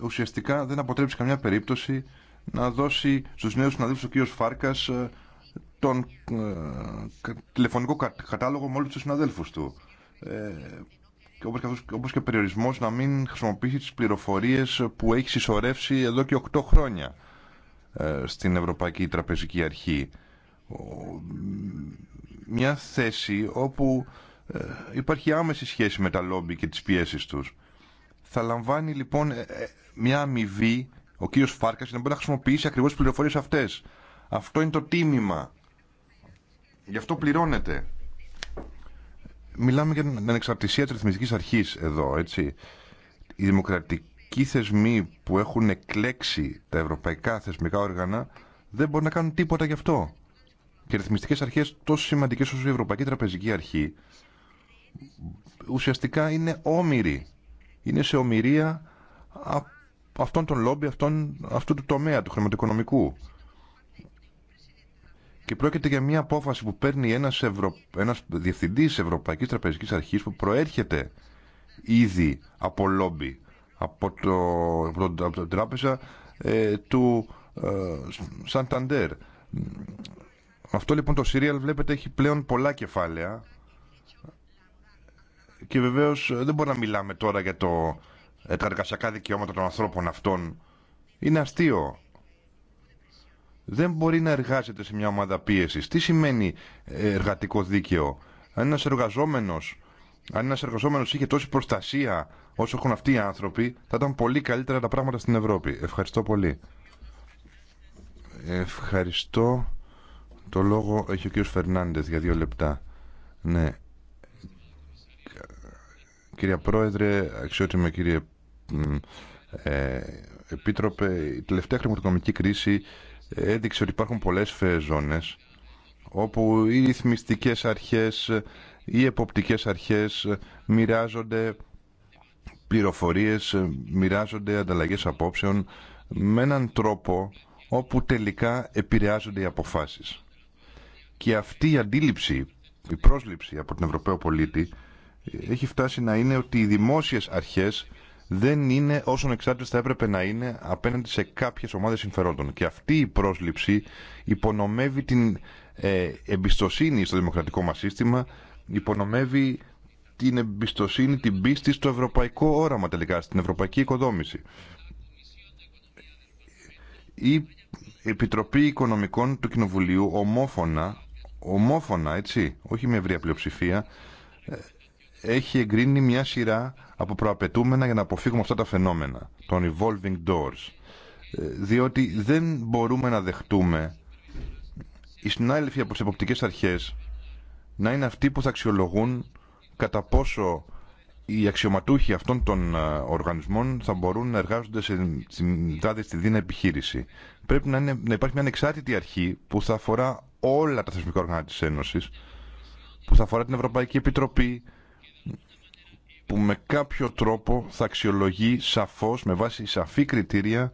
ουσιαστικά δεν αποτρέψει καμιά περίπτωση να δώσει στους νέους συναδέλφους ο κ. Φάρκας ε, τον ε, τηλεφωνικό κατάλογο με όλους τους συναδέλφους του. Ε, όπως, και όπως και περιορισμός να μην χρησιμοποιήσει τις πληροφορίες που έχει συσσωρεύσει εδώ και 8 χρόνια ε, στην Ευρωπαϊκή Τραπεζική Αρχή. Μια θέση όπου υπάρχει άμεση σχέση με τα λόμπι και τις πιέσεις τους. Θα λαμβάνει λοιπόν ε, ε, μια αμοιβή ο κύριος Φάρκας να μπορεί να χρησιμοποιήσει ακριβώς τις πληροφορίες αυτές. Αυτό είναι το τίμημα. Γι' αυτό πληρώνεται. Μιλάμε για την ανεξαρτησία της ρυθμιστικής αρχής εδώ, έτσι. Οι δημοκρατικοί θεσμοί που έχουν εκλέξει τα ευρωπαϊκά θεσμικά όργανα δεν μπορούν να κάνουν τίποτα γι' αυτό. Και ρυθμιστικές αρχές τόσο σημαντικές όσο η Ευρωπαϊκή Τραπεζική Αρχή ουσιαστικά είναι όμοιροι είναι σε ομοιρία αυτών των λόμπι, αυτών, αυτού του τομέα του χρηματοοικονομικού. Και πρόκειται για μια απόφαση που παίρνει ένας, Ευρω... ένας διευθυντής Ευρωπαϊκής Τραπεζικής Αρχής που προέρχεται ήδη από λόμπι, από, το... από, τράπεζα ε, του ε, Σανταντέρ. Αυτό λοιπόν το Σιρίαλ βλέπετε έχει πλέον πολλά κεφάλαια και βεβαίω ε, δεν μπορούμε να μιλάμε τώρα για το, ε, τα εργασιακά δικαιώματα των ανθρώπων αυτών. Είναι αστείο. Δεν μπορεί να εργάζεται σε μια ομάδα πίεση. Τι σημαίνει ε, εργατικό δίκαιο. Αν ένα εργαζόμενο αν ένα εργαζόμενο είχε τόση προστασία όσο έχουν αυτοί οι άνθρωποι, θα ήταν πολύ καλύτερα τα πράγματα στην Ευρώπη. Ευχαριστώ πολύ. Ευχαριστώ. Το λόγο έχει ο κ. Φερνάντε για δύο λεπτά. Ναι, Κυρία Πρόεδρε, αξιότιμο κύριε ε, Επίτροπε, η τελευταία χρηματοοικονομική κρίση έδειξε ότι υπάρχουν πολλές φεζόνες όπου οι ρυθμιστικές αρχές, οι εποπτικές αρχές μοιράζονται πληροφορίες, μοιράζονται ανταλλαγές απόψεων με έναν τρόπο όπου τελικά επηρεάζονται οι αποφάσεις. Και αυτή η αντίληψη, η πρόσληψη από τον Ευρωπαίο πολίτη έχει φτάσει να είναι ότι οι δημόσιες αρχές δεν είναι όσων εξάρτητες θα έπρεπε να είναι απέναντι σε κάποιες ομάδες συμφερόντων. Και αυτή η πρόσληψη υπονομεύει την ε, εμπιστοσύνη στο δημοκρατικό μας σύστημα, υπονομεύει την εμπιστοσύνη, την πίστη στο ευρωπαϊκό όραμα τελικά, στην ευρωπαϊκή οικοδόμηση. Η Επιτροπή Οικονομικών του Κοινοβουλίου ομόφωνα, ομόφωνα έτσι, όχι με ευρία πλειοψηφία, ε, έχει εγκρίνει μια σειρά από προαπαιτούμενα για να αποφύγουμε αυτά τα φαινόμενα των evolving doors ε, διότι δεν μπορούμε να δεχτούμε οι συνάδελφοι από τι εποπτικέ αρχές να είναι αυτοί που θα αξιολογούν κατά πόσο οι αξιωματούχοι αυτών των ε, οργανισμών θα μπορούν να εργάζονται σε δάδε στη δίνα επιχείρηση. Πρέπει να, είναι, να υπάρχει μια ανεξάρτητη αρχή που θα αφορά όλα τα θεσμικά οργάνα της Ένωσης, που θα αφορά την Ευρωπαϊκή Επιτροπή, που με κάποιο τρόπο θα αξιολογεί σαφώς, με βάση σαφή κριτήρια,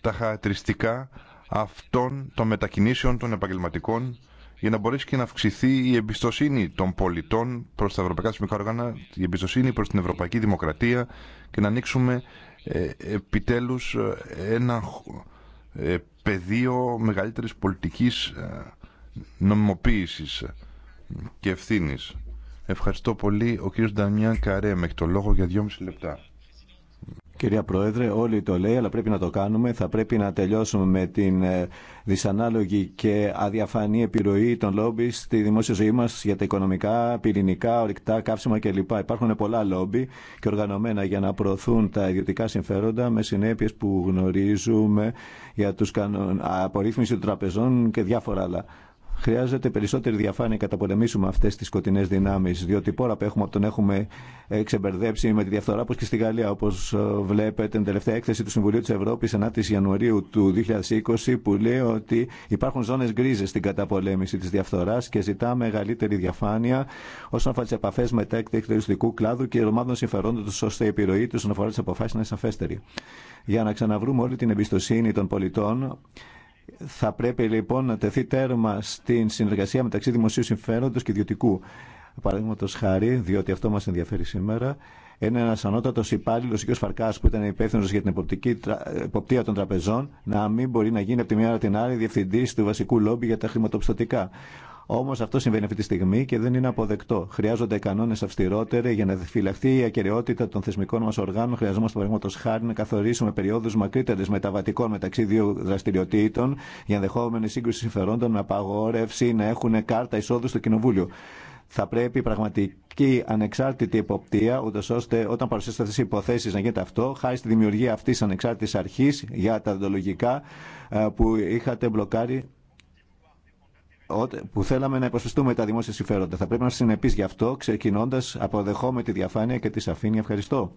τα χαρακτηριστικά αυτών των μετακινήσεων των επαγγελματικών για να μπορέσει και να αυξηθεί η εμπιστοσύνη των πολιτών προς τα ευρωπαϊκά θεσμικά όργανα, η εμπιστοσύνη προς την ευρωπαϊκή δημοκρατία και να ανοίξουμε ε, επιτέλους ε, ένα ε, πεδίο μεγαλύτερης πολιτικής ε, νομιμοποίησης και ευθύνης. Ευχαριστώ πολύ. Ο κύριος Νταμιάν Καρέμ έχει το λόγο για δυόμιση λεπτά. Κυρία Πρόεδρε, όλοι το λέει, αλλά πρέπει να το κάνουμε. Θα πρέπει να τελειώσουμε με την ε, δυσανάλογη και αδιαφανή επιρροή των λόμπι στη δημόσια ζωή μα για τα οικονομικά, πυρηνικά, ορυκτά, καύσιμα κλπ. Υπάρχουν πολλά λόμπι και οργανωμένα για να προωθούν τα ιδιωτικά συμφέροντα με συνέπειε που γνωρίζουμε για τους απορρίθμιση των τραπεζών και διάφορα άλλα. Χρειάζεται περισσότερη διαφάνεια να πολεμήσουμε αυτέ τι σκοτεινέ δυνάμει, διότι πόρα που έχουμε από τον έχουμε ε, ξεμπερδέψει με τη διαφθορά, όπω και στη Γαλλία. Όπω ε, βλέπετε, την τελευταία έκθεση του Συμβουλίου τη Ευρώπη, 9η Ιανουαρίου του 2020, που λέει ότι υπάρχουν ζώνε γκρίζε στην καταπολέμηση τη διαφθορά και ζητά μεγαλύτερη διαφάνεια όσον αφορά τι επαφέ του εκτελεστικού κλάδου και ομάδων συμφερόντων του, ώστε η επιρροή του αφορά τι αποφάσει να Για να ξαναβρούμε όλη την εμπιστοσύνη των πολιτών θα πρέπει λοιπόν να τεθεί τέρμα στην συνεργασία μεταξύ δημοσίου συμφέροντος και ιδιωτικού. Παραδείγματο χάρη, διότι αυτό μα ενδιαφέρει σήμερα, είναι ένα ανώτατο υπάλληλο, ο κ. Φαρκά, που ήταν υπεύθυνο για την εποπτική εποπτεία των τραπεζών, να μην μπορεί να γίνει από τη μια ώρα την άλλη διευθυντή του βασικού λόμπι για τα χρηματοπιστωτικά. Όμω αυτό συμβαίνει αυτή τη στιγμή και δεν είναι αποδεκτό. Χρειάζονται κανόνε αυστηρότεροι για να φυλαχθεί η ακαιρεότητα των θεσμικών μα οργάνων. Χρειαζόμαστε, παραδείγματο χάρη, να καθορίσουμε περιόδου μακρύτερε μεταβατικών μεταξύ δύο δραστηριοτήτων για ενδεχόμενη σύγκρουση συμφερόντων με απαγόρευση να έχουν κάρτα εισόδου στο Κοινοβούλιο. Θα πρέπει πραγματική ανεξάρτητη υποπτία, ούτω ώστε όταν παρουσιάσετε αυτέ υποθέσει να γίνεται αυτό, χάρη δημιουργία αυτή τη ανεξάρτητη αρχή για τα δοντολογικά ε, που είχατε μπλοκάρει που θέλαμε να υποσχεστούμε τα δημόσια συμφέροντα. Θα πρέπει να συνεπείς γι' αυτό, ξεκινώντας αποδεχόμε τη διαφάνεια και τη σαφήνεια. Ευχαριστώ.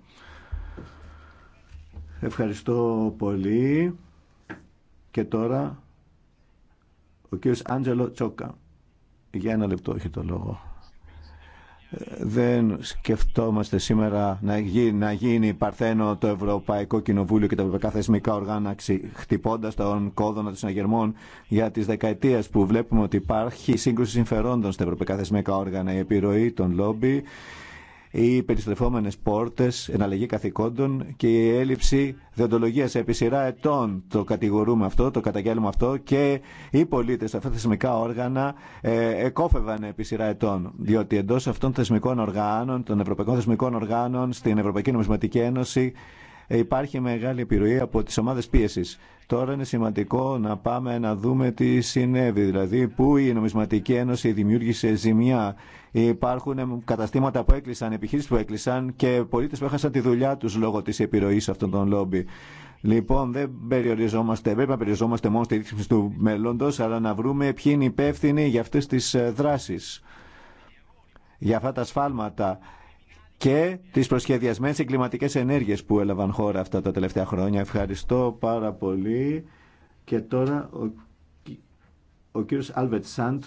Ευχαριστώ πολύ. Και τώρα ο κύριος Άντζελο Τσόκα. Για ένα λεπτό έχει το λόγο δεν σκεφτόμαστε σήμερα να γίνει, να γίνει παρθένο το Ευρωπαϊκό Κοινοβούλιο και τα ευρωπαϊκά θεσμικά οργάνα χτυπώντας τον κόδωνα των συναγερμών για τις δεκαετίες που βλέπουμε ότι υπάρχει σύγκρουση συμφερόντων στα ευρωπαϊκά θεσμικά όργανα, η επιρροή των λόμπι, οι περιστρεφόμενες πόρτες, εναλλαγή καθηκόντων και η έλλειψη διοντολογίας επί σειρά ετών. Το κατηγορούμε αυτό, το καταγγέλουμε αυτό και οι πολίτες αυτά τα θεσμικά όργανα ε, εκόφευαν επί σειρά ετών. Διότι εντός αυτών θεσμικών οργάνων, των ευρωπαϊκών θεσμικών οργάνων στην Ευρωπαϊκή Νομισματική Ένωση υπάρχει μεγάλη επιρροή από τις ομάδες πίεσης. Τώρα είναι σημαντικό να πάμε να δούμε τι συνέβη, δηλαδή πού η Νομισματική Ένωση δημιούργησε ζημιά Υπάρχουν καταστήματα που έκλεισαν, επιχείρησει που έκλεισαν και πολίτε που έχασαν τη δουλειά του λόγω τη επιρροή αυτών των λόμπι. Λοιπόν, δεν περιοριζόμαστε, πρέπει να περιοριζόμαστε μόνο στη ρύθμιση του μέλλοντο, αλλά να βρούμε ποιοι είναι υπεύθυνοι για αυτέ τι ε, δράσει, για αυτά τα σφάλματα και τις προσχεδιασμένες εγκληματικές ενέργειες που έλαβαν χώρα αυτά τα τελευταία χρόνια. Ευχαριστώ πάρα πολύ. Και τώρα ο, ο κύριος Άλβετ Σάντ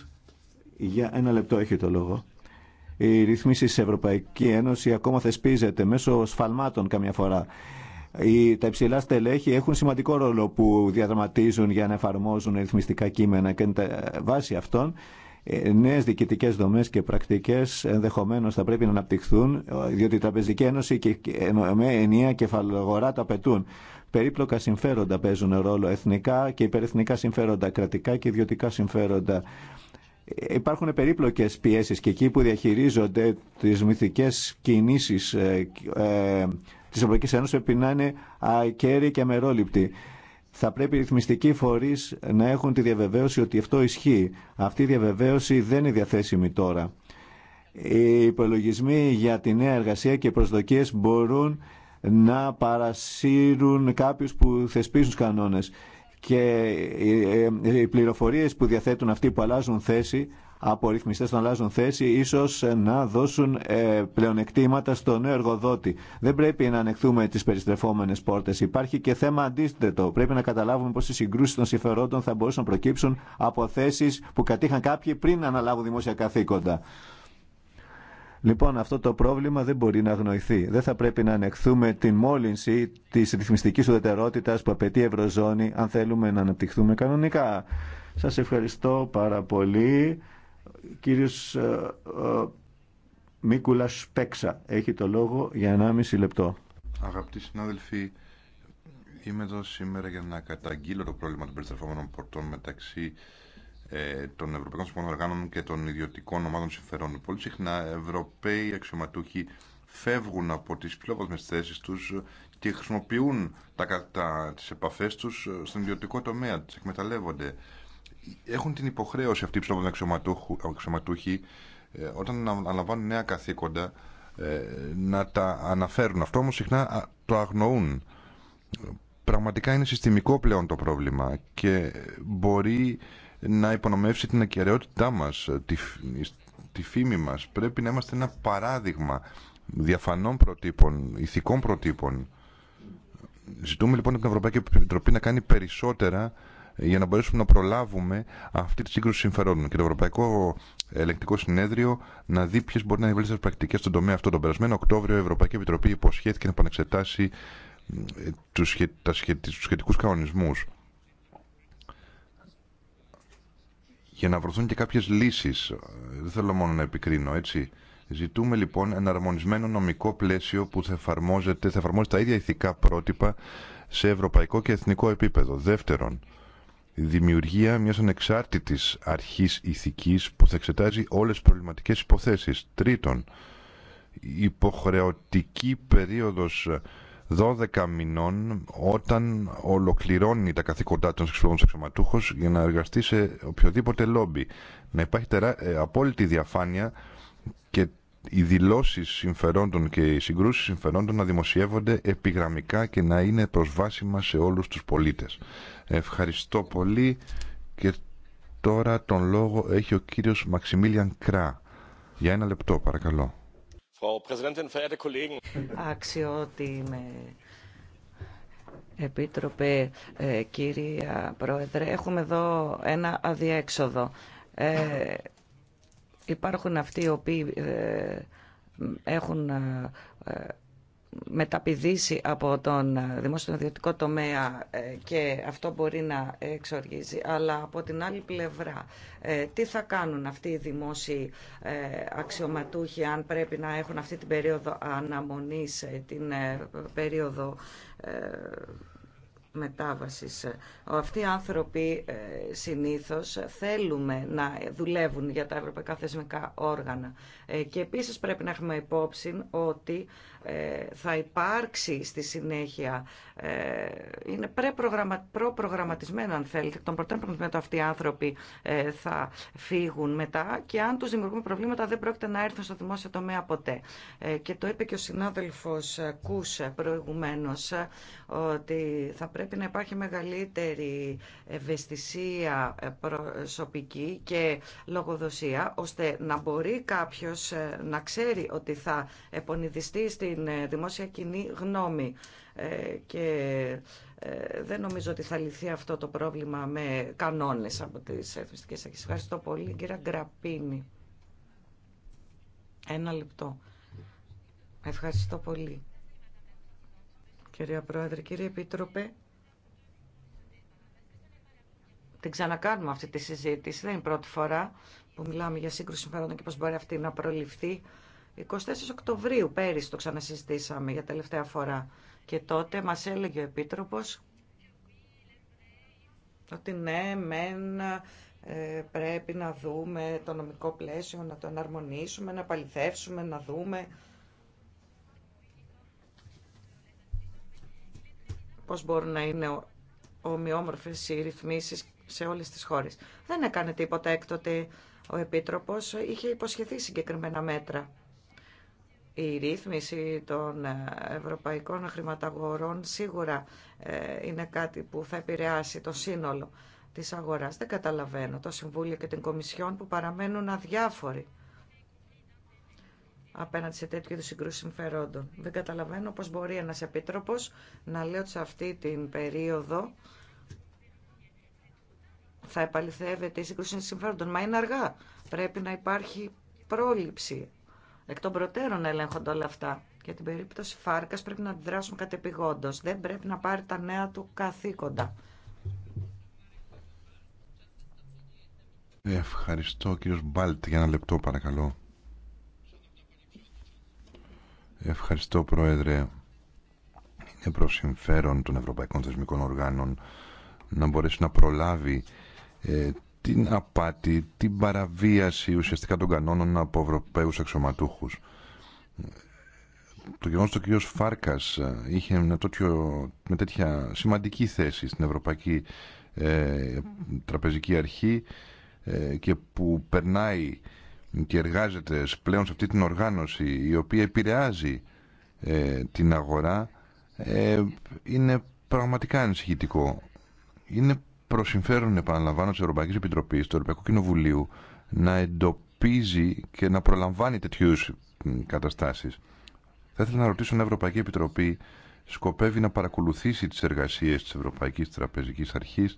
για ένα λεπτό έχει το λόγο η ρύθμιση της Ευρωπαϊκή Ένωση ακόμα θεσπίζεται μέσω σφαλμάτων καμιά φορά. Οι, τα υψηλά στελέχη έχουν σημαντικό ρόλο που διαδραματίζουν για να εφαρμόζουν ρυθμιστικά κείμενα και βάσει αυτών ε, νέε διοικητικέ δομέ και πρακτικέ ενδεχομένω θα πρέπει να αναπτυχθούν, διότι η Τραπεζική Ένωση και με ενιαία κεφαλογορά τα απαιτούν. Περίπλοκα συμφέροντα παίζουν ρόλο, εθνικά και υπερεθνικά συμφέροντα, κρατικά και ιδιωτικά συμφέροντα υπάρχουν περίπλοκες πιέσεις και εκεί που διαχειρίζονται τις μυθικές κινήσεις ε, ε, της Ευρωπαϊκής Ένωσης πρέπει να είναι και αμερόληπτοι. Θα πρέπει οι ρυθμιστικοί φορείς να έχουν τη διαβεβαίωση ότι αυτό ισχύει. Αυτή η διαβεβαίωση δεν είναι διαθέσιμη τώρα. Οι υπολογισμοί για τη νέα εργασία και οι προσδοκίες μπορούν να παρασύρουν κάποιους που θεσπίζουν κανόνες και ε, οι πληροφορίες που διαθέτουν αυτοί που αλλάζουν θέση από ρυθμιστές που αλλάζουν θέση ίσως να δώσουν ε, πλεονεκτήματα στο νέο εργοδότη. Δεν πρέπει να ανεχθούμε τις περιστρεφόμενες πόρτες. Υπάρχει και θέμα αντίθετο. Πρέπει να καταλάβουμε πως οι συγκρούσεις των συμφερόντων θα μπορούσαν να προκύψουν από θέσεις που κατήχαν κάποιοι πριν αναλάβουν δημόσια καθήκοντα. Λοιπόν, αυτό το πρόβλημα δεν μπορεί να αγνοηθεί. Δεν θα πρέπει να ανεχθούμε την μόλυνση τη ρυθμιστική ουδετερότητα που απαιτεί η Ευρωζώνη, αν θέλουμε να αναπτυχθούμε κανονικά. Σα ευχαριστώ πάρα πολύ. Κύριο ε, ε, Μίκουλα Πέξα έχει το λόγο για 1,5 λεπτό. Αγαπητοί συνάδελφοι, είμαι εδώ σήμερα για να καταγγείλω το πρόβλημα των περιστρεφόμενων πορτών μεταξύ ε, των Ευρωπαϊκών Συμφωνών Οργάνων και των ιδιωτικών ομάδων συμφερών. Πολύ συχνά Ευρωπαίοι αξιωματούχοι φεύγουν από τις πιο βαθμές θέσεις τους και χρησιμοποιούν τα, τα, τις επαφές τους στον ιδιωτικό τομέα, τις εκμεταλλεύονται. Έχουν την υποχρέωση αυτοί οι ψηλόβαθμοι αξιωματούχοι ε, όταν αναλαμβάνουν νέα καθήκοντα ε, να τα αναφέρουν. Αυτό όμως συχνά το αγνοούν. Πραγματικά είναι συστημικό πλέον το πρόβλημα και μπορεί να υπονομεύσει την ακεραιότητά μας, ε, τη, τη φήμη μας. Πρέπει να είμαστε ένα παράδειγμα διαφανών προτύπων, ηθικών προτύπων. Ζητούμε λοιπόν την Ευρωπαϊκή Επιτροπή να κάνει περισσότερα ε, για να μπορέσουμε να προλάβουμε αυτή τη σύγκρουση συμφερόντων και το Ευρωπαϊκό Ελεκτικό Συνέδριο να δει ποιε μπορεί να είναι οι βέλτιστε πρακτικέ στον τομέα αυτό. Τον περασμένο Οκτώβριο η Ευρωπαϊκή Επιτροπή υποσχέθηκε να επανεξετάσει ε, του σχετικού κανονισμού. για να βρωθούν και κάποιες λύσεις. Ε, δεν θέλω μόνο να επικρίνω, έτσι. Ζητούμε λοιπόν ένα αρμονισμένο νομικό πλαίσιο που θα εφαρμόζεται, θα εφαρμόζεται τα ίδια ηθικά πρότυπα σε ευρωπαϊκό και εθνικό επίπεδο. Δεύτερον, η δημιουργία μιας ανεξάρτητης αρχής ηθικής που θα εξετάζει όλες τις προβληματικές υποθέσεις. Τρίτον, υποχρεωτική περίοδος 12 μηνών όταν ολοκληρώνει τα καθήκοντά των σεξουαλικών αξιωματούχος για να εργαστεί σε οποιοδήποτε λόμπι. Να υπάρχει τερά, ε, απόλυτη διαφάνεια και οι δηλώσεις συμφερόντων και οι συγκρούσεις συμφερόντων να δημοσιεύονται επιγραμμικά και να είναι προσβάσιμα σε όλους τους πολίτες. Ευχαριστώ πολύ και τώρα τον λόγο έχει ο κύριος Μαξιμίλιαν Κρά. Για ένα λεπτό παρακαλώ. Αξιότιμε Επίτροπε, ε, κύρια Πρόεδρε, έχουμε εδώ ένα αδιέξοδο. Ε, υπάρχουν αυτοί οι οποίοι ε, έχουν ε, μεταπηδήσει από τον δημόσιο ιδιωτικό τομέα ε, και αυτό μπορεί να εξοργίζει. Αλλά από την άλλη πλευρά, ε, τι θα κάνουν αυτοί οι δημόσιοι ε, αξιωματούχοι αν πρέπει να έχουν αυτή την περίοδο αναμονής, την περίοδο μετάβασης. Αυτοί οι άνθρωποι συνήθως θέλουμε να δουλεύουν για τα ευρωπαϊκά θεσμικά όργανα. Και επίσης πρέπει να έχουμε υπόψη ότι ε, θα υπάρξει στη συνέχεια ε, είναι προπρογραμματισμένο αν θέλετε των με το αυτοί οι άνθρωποι ε, θα φύγουν μετά και αν τους δημιουργούμε προβλήματα δεν πρόκειται να έρθουν στο δημόσιο τομέα ποτέ και το είπε και ο συνάδελφος Κούς προηγουμένως ότι θα πρέπει να υπάρχει μεγαλύτερη ευαισθησία προσωπική και λογοδοσία ώστε να μπορεί κάποιος να ξέρει ότι θα επονιδιστεί στη στην ε, δημόσια κοινή γνώμη. Ε, και ε, δεν νομίζω ότι θα λυθεί αυτό το πρόβλημα με κανόνες από τις εθνιστικές αρχές. Ευχαριστώ πολύ. Κύριε Γκραπίνη. Ένα λεπτό. Ευχαριστώ πολύ. Κυρία Πρόεδρε, κύριε Επίτροπε, την ξανακάνουμε αυτή τη συζήτηση. Δεν είναι η πρώτη φορά που μιλάμε για σύγκρουση συμφερόντων και πώς μπορεί αυτή να προληφθεί. 24 Οκτωβρίου πέρυσι το ξανασυζητήσαμε για τελευταία φορά και τότε μας έλεγε ο Επίτροπος ότι ναι, μεν ε, πρέπει να δούμε το νομικό πλαίσιο, να το εναρμονίσουμε, να παληθεύσουμε, να δούμε πώς μπορούν να είναι ομοιόμορφες οι ρυθμίσεις σε όλες τις χώρες. Δεν έκανε τίποτα έκτοτε ο Επίτροπος, είχε υποσχεθεί συγκεκριμένα μέτρα η ρύθμιση των ε, ευρωπαϊκών χρηματαγορών σίγουρα ε, είναι κάτι που θα επηρεάσει το σύνολο της αγοράς. Δεν καταλαβαίνω το Συμβούλιο και την Κομισιόν που παραμένουν αδιάφοροι απέναντι σε τέτοιου είδους συγκρούσει συμφερόντων. Δεν καταλαβαίνω πώς μπορεί ένας επίτροπος να λέει ότι σε αυτή την περίοδο θα επαληθεύεται η συγκρούση συμφερόντων. Μα είναι αργά. Πρέπει να υπάρχει πρόληψη εκ των προτέρων ελέγχονται όλα αυτά. Για την περίπτωση Φάρκα πρέπει να αντιδράσουν κατεπηγόντω. Δεν πρέπει να πάρει τα νέα του καθήκοντα. Ευχαριστώ κύριο Μπάλτ. Για ένα λεπτό παρακαλώ. Ευχαριστώ πρόεδρε. Είναι προ συμφέρον των Ευρωπαϊκών Θεσμικών Οργάνων να μπορέσει να προλάβει ε, την απάτη, την παραβίαση ουσιαστικά των κανόνων από Ευρωπαίους αξιωματούχους. Το γεγονός ότι ο κ. Φάρκας ε, είχε με, με τέτοια σημαντική θέση στην Ευρωπαϊκή ε, Τραπεζική Αρχή ε, και που περνάει και εργάζεται πλέον σε αυτή την οργάνωση η οποία επηρεάζει την αγορά είναι πραγματικά ανησυχητικό. Είναι προ συμφέρον, επαναλαμβάνω, τη Ευρωπαϊκή Επιτροπή, του Ευρωπαϊκού Κοινοβουλίου, να εντοπίζει και να προλαμβάνει τέτοιου καταστάσει. Θα ήθελα να ρωτήσω αν η Ευρωπαϊκή Επιτροπή σκοπεύει να παρακολουθήσει τι εργασίε τη Ευρωπαϊκή Τραπεζική Αρχή,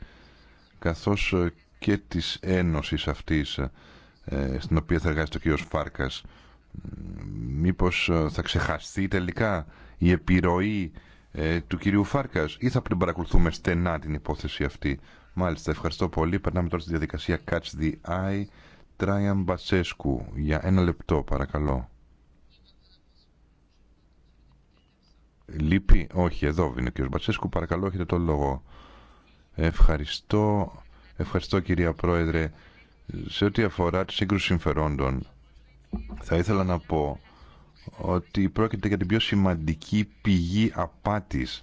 καθώ ε, και τη ένωση αυτή ε, ε, στην οποία θα εργάζεται ο κ. Φάρκα. Μήπω θα ξεχαστεί τελικά η επιρροή του κυρίου Φάρκας ή θα πρέπει παρακολουθούμε στενά την υπόθεση αυτή. Μάλιστα, ευχαριστώ πολύ. Περνάμε τώρα στη διαδικασία Catch the Eye. Τράιαν Μπασέσκου, για ένα λεπτό παρακαλώ. Λείπει, όχι, εδώ είναι ο κ. παρακαλώ έχετε το λόγο. Ευχαριστώ, ευχαριστώ κυρία Πρόεδρε. Σε ό,τι αφορά τη σύγκρουση συμφερόντων, θα ήθελα να πω ότι πρόκειται για την πιο σημαντική πηγή απάτης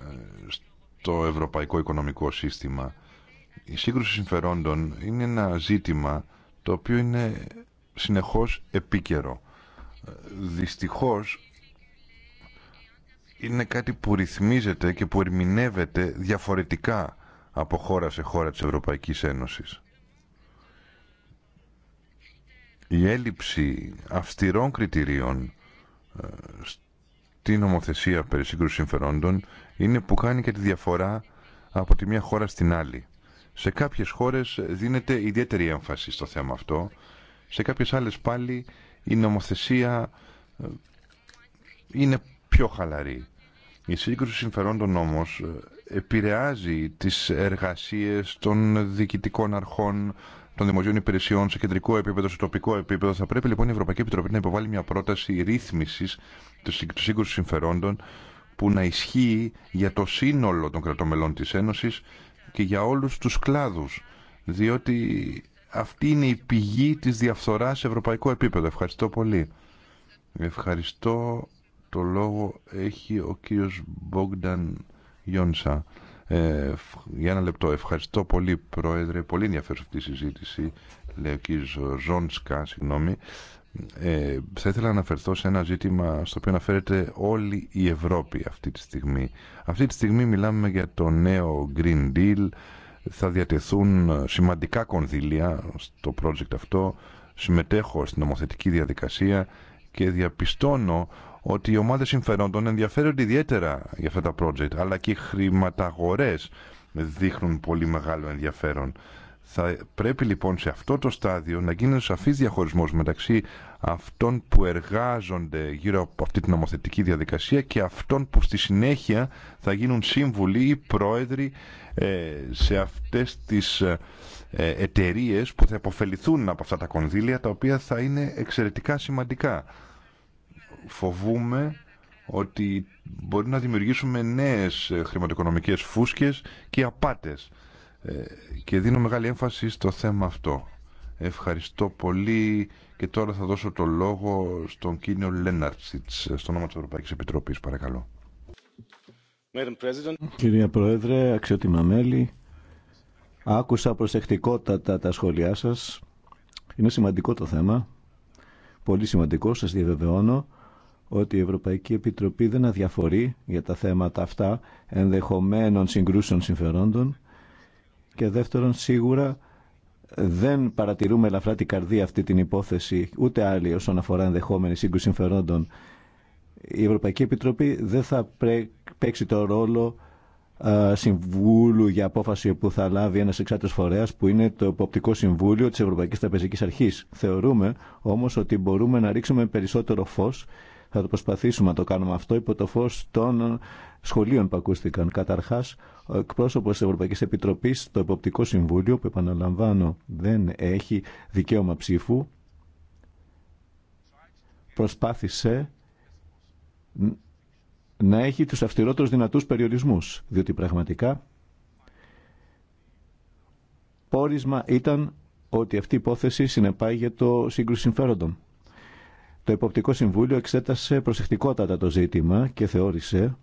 ε, το ευρωπαϊκό οικονομικό σύστημα. Η σύγκρουση συμφερόντων είναι ένα ζήτημα το οποίο είναι συνεχώς επίκαιρο. Δυστυχώς είναι κάτι που ρυθμίζεται και που ερμηνεύεται διαφορετικά από χώρα σε χώρα της Ευρωπαϊκής Ένωσης. Η έλλειψη αυστηρών κριτηρίων ε, στην νομοθεσία περί σύγκρουσης συμφερόντων είναι που κάνει και τη διαφορά από τη μία χώρα στην άλλη. Σε κάποιες χώρες δίνεται ιδιαίτερη έμφαση στο θέμα αυτό. Σε κάποιες άλλες πάλι η νομοθεσία ε, είναι πιο χαλαρή. Η σύγκρουση συμφερόντων όμως ε, επηρεάζει τις εργασίες των διοικητικών αρχών, των δημοσίων υπηρεσιών σε κεντρικό επίπεδο, σε τοπικό επίπεδο. Θα πρέπει λοιπόν η Ευρωπαϊκή Επιτροπή να υποβάλει μια πρόταση ρύθμισης του σύγκρουση συμφερόντων που να ισχύει για το σύνολο των κρατομελών της Ένωσης και για όλους τους κλάδους, διότι αυτή είναι η πηγή της διαφθοράς σε ευρωπαϊκό επίπεδο. Ευχαριστώ πολύ. Ευχαριστώ. Το λόγο έχει ο κύριος Μπόγκταν Γιόνσα. Ε, για ένα λεπτό. Ευχαριστώ πολύ, Πρόεδρε. Πολύ ενδιαφέρουσα αυτή η συζήτηση, λέει ο κύριος Ζόνσκα, συγγνώμη. Ε, θα ήθελα να αναφερθώ σε ένα ζήτημα στο οποίο αναφέρεται όλη η Ευρώπη αυτή τη στιγμή. Αυτή τη στιγμή μιλάμε για το νέο Green Deal. Θα διατεθούν σημαντικά κονδύλια στο project αυτό. Συμμετέχω στην νομοθετική διαδικασία και διαπιστώνω ότι οι ομάδες συμφερόντων ενδιαφέρονται ιδιαίτερα για αυτά τα project, αλλά και οι χρηματαγορές δείχνουν πολύ μεγάλο ενδιαφέρον. Θα πρέπει λοιπόν σε αυτό το στάδιο να γίνει σαφή διαχωρισμό μεταξύ αυτών που εργάζονται γύρω από αυτή την νομοθετική διαδικασία και αυτών που στη συνέχεια θα γίνουν σύμβουλοι ή πρόεδροι ε, σε αυτές τις ε, ε, εταιρείε που θα υποφεληθούν από αυτά τα κονδύλια τα οποία θα είναι εξαιρετικά σημαντικά. Φοβούμε ότι μπορεί να δημιουργήσουμε νέες χρηματοοικονομικές φούσκες και απάτες. Ε, και δίνω μεγάλη έμφαση στο θέμα αυτό. Ευχαριστώ πολύ και τώρα θα δώσω το λόγο στον κύριο Λέναρτσιτς, στο όνομα της Ευρωπαϊκής Επιτροπής, παρακαλώ. Κυρία Πρόεδρε, αξιότιμα μέλη, άκουσα προσεκτικότατα τα σχόλιά σας. Είναι σημαντικό το θέμα, πολύ σημαντικό, σας διαβεβαιώνω ότι η Ευρωπαϊκή Επιτροπή δεν αδιαφορεί για τα θέματα αυτά ενδεχομένων συγκρούσεων συμφερόντων και δεύτερον σίγουρα δεν παρατηρούμε ελαφρά την καρδία αυτή την υπόθεση ούτε άλλη όσον αφορά ενδεχόμενη σύγκρουση συμφερόντων. Η Ευρωπαϊκή Επιτροπή δεν θα παίξει το ρόλο συμβούλου για απόφαση που θα λάβει ένας εξάρτητος φορέας που είναι το Εποπτικό Συμβούλιο της Ευρωπαϊκής Τραπεζικής Αρχής. Θεωρούμε όμως ότι μπορούμε να ρίξουμε περισσότερο φως θα το προσπαθήσουμε να το κάνουμε αυτό υπό το φως των σχολείων που ακούστηκαν. Καταρχάς, ο εκπρόσωπο τη Ευρωπαϊκή Επιτροπή στο Εποπτικό Συμβούλιο, που επαναλαμβάνω δεν έχει δικαίωμα ψήφου, προσπάθησε να έχει τους αυστηρότερους δυνατούς περιορισμούς, διότι πραγματικά πόρισμα ήταν ότι αυτή η υπόθεση συνεπάγεται το σύγκρουση συμφέροντων. Το Εποπτικό Συμβούλιο εξέτασε προσεκτικότατα το ζήτημα και θεώρησε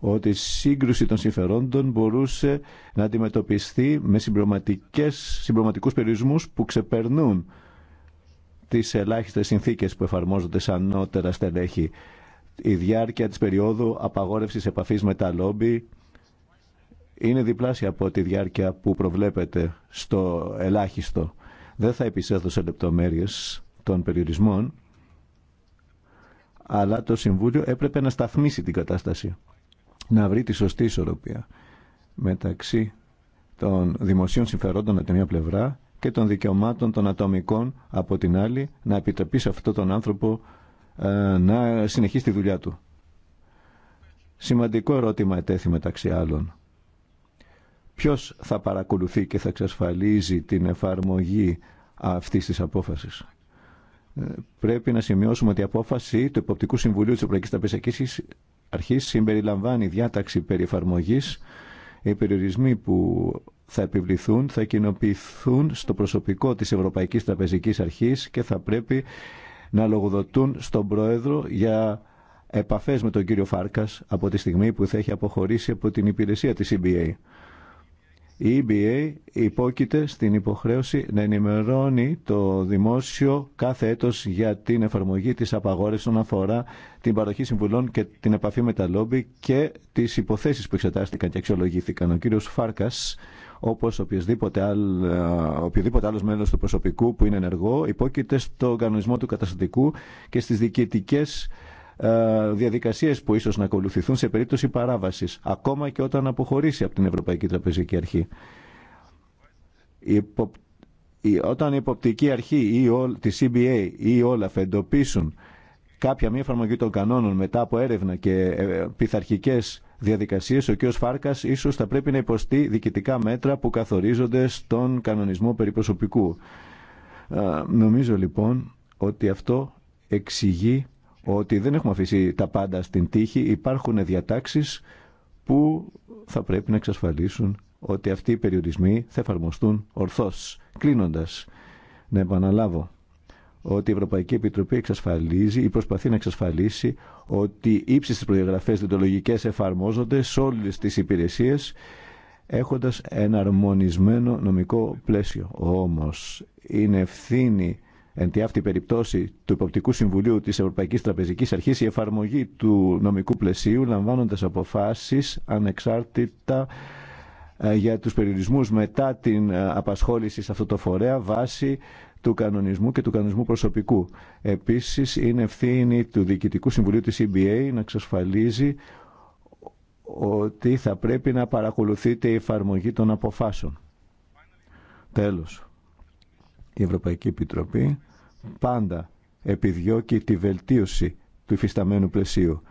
ότι η σύγκρουση των συμφερόντων μπορούσε να αντιμετωπιστεί με συμπληρωματικού περιορισμούς που ξεπερνούν τις ελάχιστες συνθήκες που εφαρμόζονται σαν νότερα στελέχη. Η διάρκεια της περίοδου απαγόρευσης επαφής με τα λόμπι είναι διπλάσια από τη διάρκεια που προβλέπεται στο ελάχιστο. Δεν θα επισέλθω σε λεπτομέρειες των περιορισμών, αλλά το Συμβούλιο έπρεπε να σταθμίσει την κατάσταση να βρει τη σωστή ισορροπία μεταξύ των δημοσίων συμφερόντων από τη μία πλευρά και των δικαιωμάτων των ατομικών από την άλλη να επιτρεπεί σε αυτόν τον άνθρωπο ε, να συνεχίσει τη δουλειά του. Σημαντικό ερώτημα ετέθη μεταξύ άλλων. Ποιος θα παρακολουθεί και θα εξασφαλίζει την εφαρμογή αυτής της απόφασης. Ε, πρέπει να σημειώσουμε ότι η απόφαση του Εποπτικού Συμβουλίου της Ευρωπαϊκής Τραπεζικής αρχής συμπεριλαμβάνει διάταξη περί Οι περιορισμοί που θα επιβληθούν θα κοινοποιηθούν στο προσωπικό της Ευρωπαϊκής Τραπεζικής Αρχής και θα πρέπει να λογοδοτούν στον Πρόεδρο για επαφές με τον κύριο Φάρκας από τη στιγμή που θα έχει αποχωρήσει από την υπηρεσία της CBA. Η EBA υπόκειται στην υποχρέωση να ενημερώνει το δημόσιο κάθε έτος για την εφαρμογή της απαγόρευσης όσον αφορά την παροχή συμβουλών και την επαφή με τα λόμπι και τις υποθέσεις που εξετάστηκαν και αξιολογήθηκαν. Ο κύριος Φάρκας, όπως οποιοδήποτε, άλλ, οποιοδήποτε άλλος μέλος του προσωπικού που είναι ενεργό, υπόκειται στον κανονισμό του καταστατικού και στις διοικητικές ε, Διαδικασίε που ίσω να ακολουθηθούν σε περίπτωση παράβαση, ακόμα και όταν αποχωρήσει από την Ευρωπαϊκή Τραπεζική Αρχή. Όταν η υποπτική αρχή ή τη CBA ή όλα εντοπίσουν κάποια μη εφαρμογή των κανόνων μετά από έρευνα και ε, πειθαρχικέ διαδικασίες, ο κ. Φάρκας ίσως θα πρέπει να υποστεί διοικητικά μέτρα που καθορίζονται στον κανονισμό περιπροσωπικού. Ε, νομίζω λοιπόν ότι αυτό εξηγεί ότι δεν έχουμε αφήσει τα πάντα στην τύχη. Υπάρχουν διατάξεις που θα πρέπει να εξασφαλίσουν ότι αυτοί οι περιορισμοί θα εφαρμοστούν ορθώς. Κλείνοντας, να επαναλάβω ότι η Ευρωπαϊκή Επιτροπή εξασφαλίζει ή προσπαθεί να εξασφαλίσει ότι ύψιστες προδιαγραφές δεντολογικές εφαρμόζονται σε όλες τις υπηρεσίες έχοντας ένα αρμονισμένο νομικό πλαίσιο. Όμως είναι ευθύνη Εν τη αυτή περιπτώση του Υποπτικού Συμβουλίου της Ευρωπαϊκής Τραπεζικής Αρχής η εφαρμογή του νομικού πλαισίου λαμβάνοντας αποφάσεις ανεξάρτητα ε, για τους περιορισμούς μετά την ε, απασχόληση σε αυτό το φορέα βάσει του κανονισμού και του κανονισμού προσωπικού. Επίσης είναι ευθύνη του Διοικητικού Συμβουλίου της EBA να εξασφαλίζει ότι θα πρέπει να παρακολουθείται η εφαρμογή των αποφάσεων. Τέλος. Η Ευρωπαϊκή Επιτροπή πάντα επιδιώκει τη βελτίωση του υφισταμένου πλαισίου.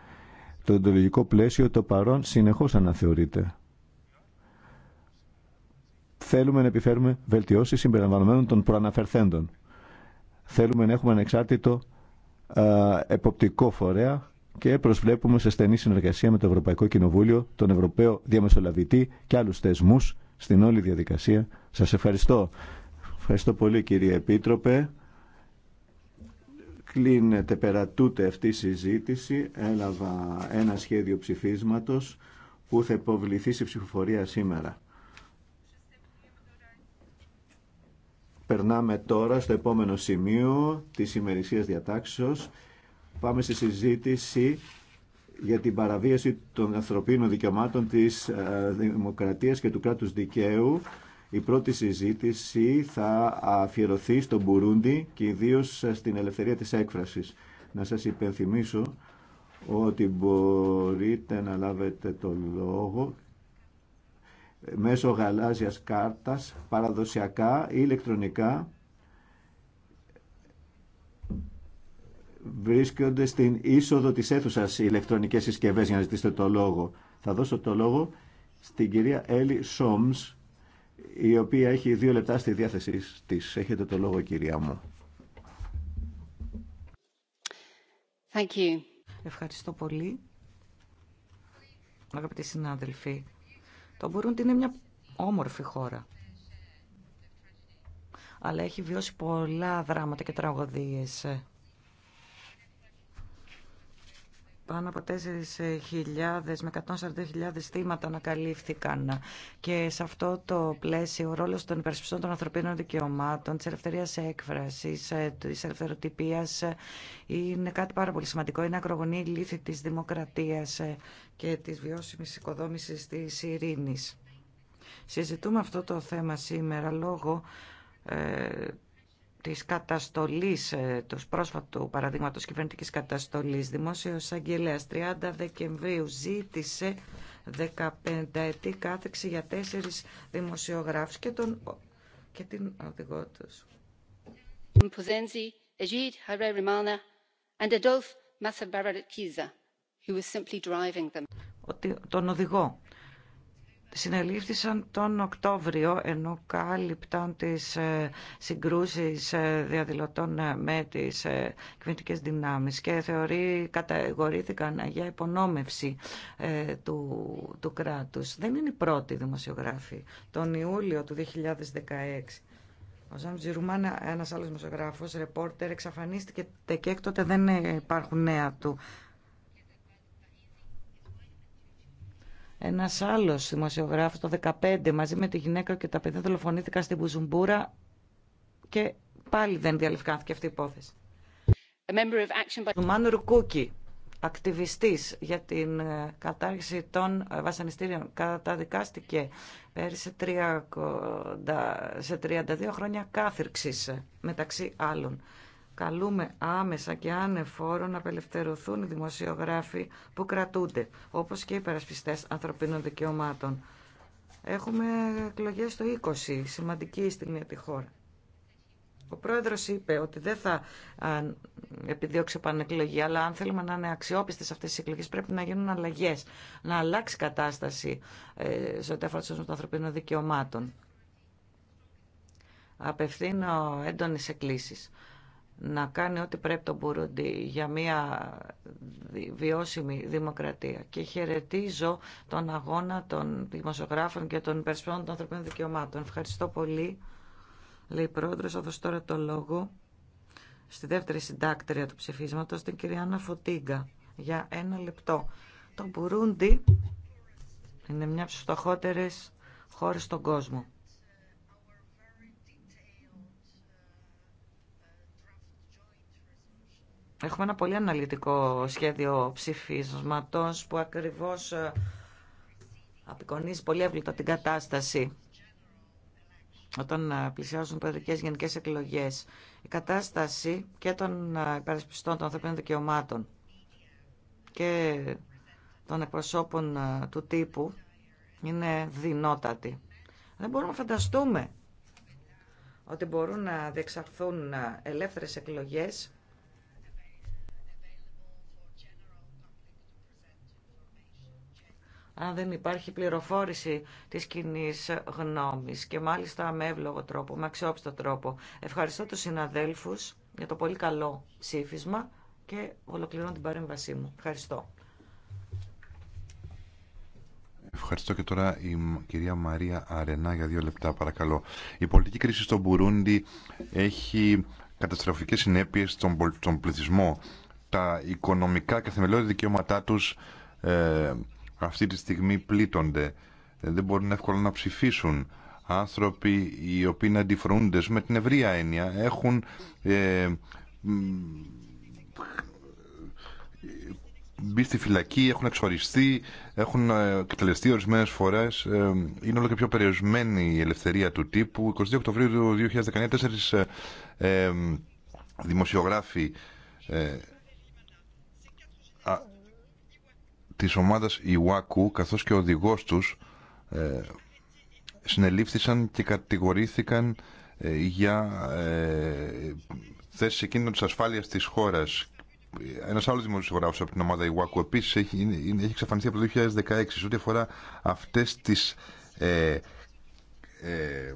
Το εντολογικό πλαίσιο το παρόν συνεχώς αναθεωρείται. Θέλουμε να επιφέρουμε βελτιώσει συμπεριλαμβανομένων των προαναφερθέντων. Θέλουμε να έχουμε ανεξάρτητο εποπτικό φορέα και προσβλέπουμε σε στενή συνεργασία με το Ευρωπαϊκό Κοινοβούλιο, τον Ευρωπαίο Διαμεσολαβητή και άλλους θεσμούς στην όλη διαδικασία. Σας ευχαριστώ. Ευχαριστώ πολύ κύριε Επίτροπε. Κλείνεται περατούτε αυτή η συζήτηση. Έλαβα ένα σχέδιο ψηφίσματος που θα υποβληθεί σε ψηφοφορία σήμερα. Περνάμε τώρα στο επόμενο σημείο της ημερησίας διατάξεως. Πάμε στη συζήτηση για την παραβίαση των ανθρωπίνων δικαιωμάτων της ε, δημοκρατίας και του κράτους δικαίου. Η πρώτη συζήτηση θα αφιερωθεί στο Μπουρούντι και ιδίω στην ελευθερία της έκφρασης. Να σας υπενθυμίσω ότι μπορείτε να λάβετε το λόγο μέσω γαλάζιας κάρτας, παραδοσιακά ή ηλεκτρονικά, βρίσκονται στην είσοδο της αίθουσας οι ηλεκτρονικές συσκευές για να ζητήσετε το λόγο. Θα δώσω το λόγο στην κυρία Έλλη Σόμς, η οποία έχει δύο λεπτά στη διάθεσή της. Έχετε το λόγο, κυρία μου. Thank you. Ευχαριστώ πολύ. Αγαπητοί συνάδελφοι, το Μπουρούντι είναι μια όμορφη χώρα. Αλλά έχει βιώσει πολλά δράματα και τραγωδίες. πάνω από 4.000 με 140.000 θύματα ανακαλύφθηκαν. Και σε αυτό το πλαίσιο ο ρόλος των υπερασπιστών των ανθρωπίνων δικαιωμάτων, της ελευθερίας έκφρασης, ε, της ελευθεροτυπίας ε, είναι κάτι πάρα πολύ σημαντικό. Είναι ακρογωνή λύθη της δημοκρατίας ε, και της βιώσιμης οικοδόμησης της ειρήνης. Συζητούμε αυτό το θέμα σήμερα λόγω της καταστολής, ε, του πρόσφατου παραδείγματος κυβερνητικής καταστολής, δημόσιος αγγελέας 30 Δεκεμβρίου ζήτησε 15 ετή κάθεξη για τέσσερις δημοσιογράφους και, τον, και την οδηγό τους. Ότι τον οδηγό συνελήφθησαν τον Οκτώβριο ενώ κάλυπταν τις ε, συγκρούσεις ε, διαδηλωτών ε, με τις κυβερνητικές δυνάμεις και θεωρεί, καταγορήθηκαν για υπονόμευση του, του κράτους. Δεν είναι η πρώτη δημοσιογράφη. Τον Ιούλιο του 2016 ο Ζαμ Τζιρουμάν, ένας άλλος δημοσιογράφος, ρεπόρτερ, εξαφανίστηκε και έκτοτε δεν υπάρχουν νέα του. Ένας άλλος δημοσιογράφο το 2015 μαζί με τη γυναίκα και τα παιδιά δολοφονήθηκαν στην Μπουζουμπούρα και πάλι δεν διαλευκάνθηκε αυτή η υπόθεση. Μάνου Ρουκούκη, ακτιβιστή για την ε, κατάργηση των ε, βασανιστήριων, καταδικάστηκε πέρυσι 30, σε 32 χρόνια κάθυρξης ε, μεταξύ άλλων. Καλούμε άμεσα και άνεφόρον να απελευθερωθούν οι δημοσιογράφοι που κρατούνται, όπως και οι περασπιστές ανθρωπίνων δικαιωμάτων. Έχουμε εκλογέ το 20, σημαντική στιγμή για τη χώρα. Ο πρόεδρος είπε ότι δεν θα επιδιώξει πανεκλογή, αλλά αν θέλουμε να είναι αξιόπιστες αυτές οι εκλογές πρέπει να γίνουν αλλαγές, να αλλάξει κατάσταση ε, σε ό,τι αφορά των ανθρωπίνων δικαιωμάτων. Απευθύνω έντονες εκκλήσεις να κάνει ό,τι πρέπει το Μπουρούντι για μια βιώσιμη δημοκρατία. Και χαιρετίζω τον αγώνα των δημοσιογράφων και των υπερσπών των ανθρωπίνων δικαιωμάτων. Ευχαριστώ πολύ, λέει η Πρόεδρος. Θα δώσω τώρα το λόγο στη δεύτερη συντάκτρια του ψηφίσματος, την κυρία Άννα Φωτίγκα, για ένα λεπτό. Το Μπουρούντι είναι μια από τι φτωχότερε χώρε στον κόσμο. Έχουμε ένα πολύ αναλυτικό σχέδιο ψηφίσματος που ακριβώς ε, απεικονίζει πολύ εύληπτα την κατάσταση όταν ε, πλησιάζουν προεδρικές γενικές εκλογές. Η κατάσταση και των ε, υπερασπιστών των ανθρωπίνων δικαιωμάτων και των εκπροσώπων του τύπου είναι δυνότατη. Δεν μπορούμε να φανταστούμε ότι μπορούν να διεξαχθούν ελεύθερες εκλογές αν δεν υπάρχει πληροφόρηση της κοινή γνώμης και μάλιστα με εύλογο τρόπο, με αξιόπιστο τρόπο. Ευχαριστώ τους συναδέλφους για το πολύ καλό ψήφισμα και ολοκληρώνω την παρέμβασή μου. Ευχαριστώ. Ευχαριστώ και τώρα η κυρία Μαρία Αρενά για δύο λεπτά παρακαλώ. Η πολιτική κρίση στο Μπουρούντι έχει καταστροφικές συνέπειες στον πληθυσμό. Τα οικονομικά και θεμελιώδη δικαιώματά τους ε, αυτή τη στιγμή πλήττονται. Ε, δεν μπορούν εύκολα να ψηφίσουν. Άνθρωποι οι οποίοι είναι αντιφρονούντες με την ευρία έννοια έχουν ε, μπει στη φυλακή, έχουν εξοριστεί, έχουν ε, εκτελεστεί ορισμένε φορέ. Ε, είναι όλο και πιο περιορισμένη η ελευθερία του τύπου. 22 Οκτωβρίου του 2019, τέσσερι ε, δημοσιογράφοι της ομάδας Ιουάκου καθώς και ο οδηγός τους ε, συνελήφθησαν και κατηγορήθηκαν ε, για ε, θέσεις εκείνων της ασφάλειας της χώρας. Ένας άλλος δημοσιογράφος από την ομάδα Ιουάκου επίσης έχει, είναι, έχει εξαφανιστεί από το 2016 σε ό,τι αφορά αυτές τις ε, ε,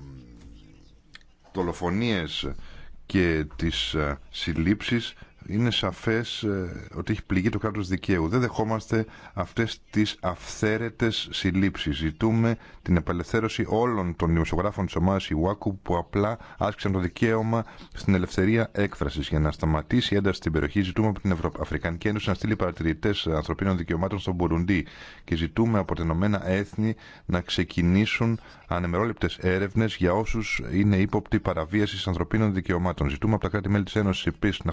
και τις ε, συλλήψεις είναι σαφές ε, ότι έχει πληγεί το κράτος δικαίου. Δεν δεχόμαστε αυτές τις αυθαίρετες συλλήψεις. Ζητούμε την απελευθέρωση όλων των δημοσιογράφων της ομάδας Ιουάκου που απλά άσκησαν το δικαίωμα στην ελευθερία έκφρασης. Για να σταματήσει η ένταση στην περιοχή ζητούμε από την Αφρικανική Ένωση να στείλει παρατηρητές ανθρωπίνων δικαιωμάτων στον Μπουρουντή και ζητούμε από τα Ηνωμένα Έθνη να ξεκινήσουν ανεμερόληπτε έρευνε για όσου είναι ύποπτοι παραβίαση ανθρωπίνων δικαιωμάτων. Ζητούμε από τα κράτη-μέλη τη Ένωση Επίση. να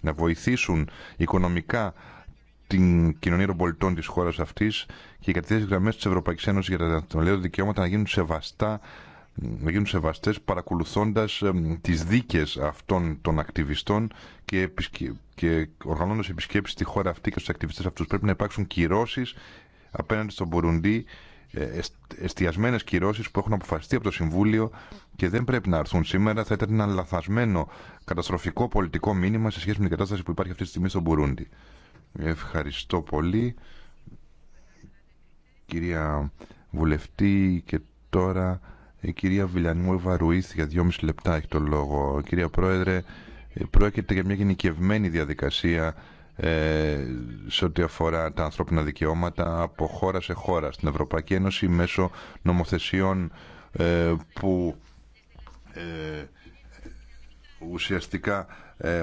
να βοηθήσουν οικονομικά την κοινωνία των πολιτών τη χώρα αυτή και οι κατευθείαν γραμμέ τη Ευρωπαϊκή Ένωση για τα δικαιώματα να γίνουν σεβαστά να γίνουν σεβαστές παρακολουθώντας τις δίκες αυτών των ακτιβιστών και, επισκε... και οργανώνοντας επισκέψεις στη χώρα αυτή και στους ακτιβιστές αυτούς. Πρέπει να υπάρξουν κυρώσεις απέναντι στον Μπορουντή ε, εστιασμένε κυρώσει που έχουν αποφασιστεί από το Συμβούλιο και δεν πρέπει να έρθουν σήμερα. Θα ήταν ένα λαθασμένο, καταστροφικό πολιτικό μήνυμα σε σχέση με την κατάσταση που υπάρχει αυτή τη στιγμή στον Μπουρούντι. Ευχαριστώ πολύ. Κυρία Βουλευτή και τώρα η κυρία Βιλιανούεβα Ρουίθ για δυόμιση λεπτά έχει το λόγο. Κυρία Πρόεδρε, ε, πρόκειται για μια γενικευμένη διαδικασία ε, σε ό,τι αφορά τα ανθρώπινα δικαιώματα από χώρα σε χώρα στην Ευρωπαϊκή Ένωση μέσω νομοθεσιών ε, που ε, ουσιαστικά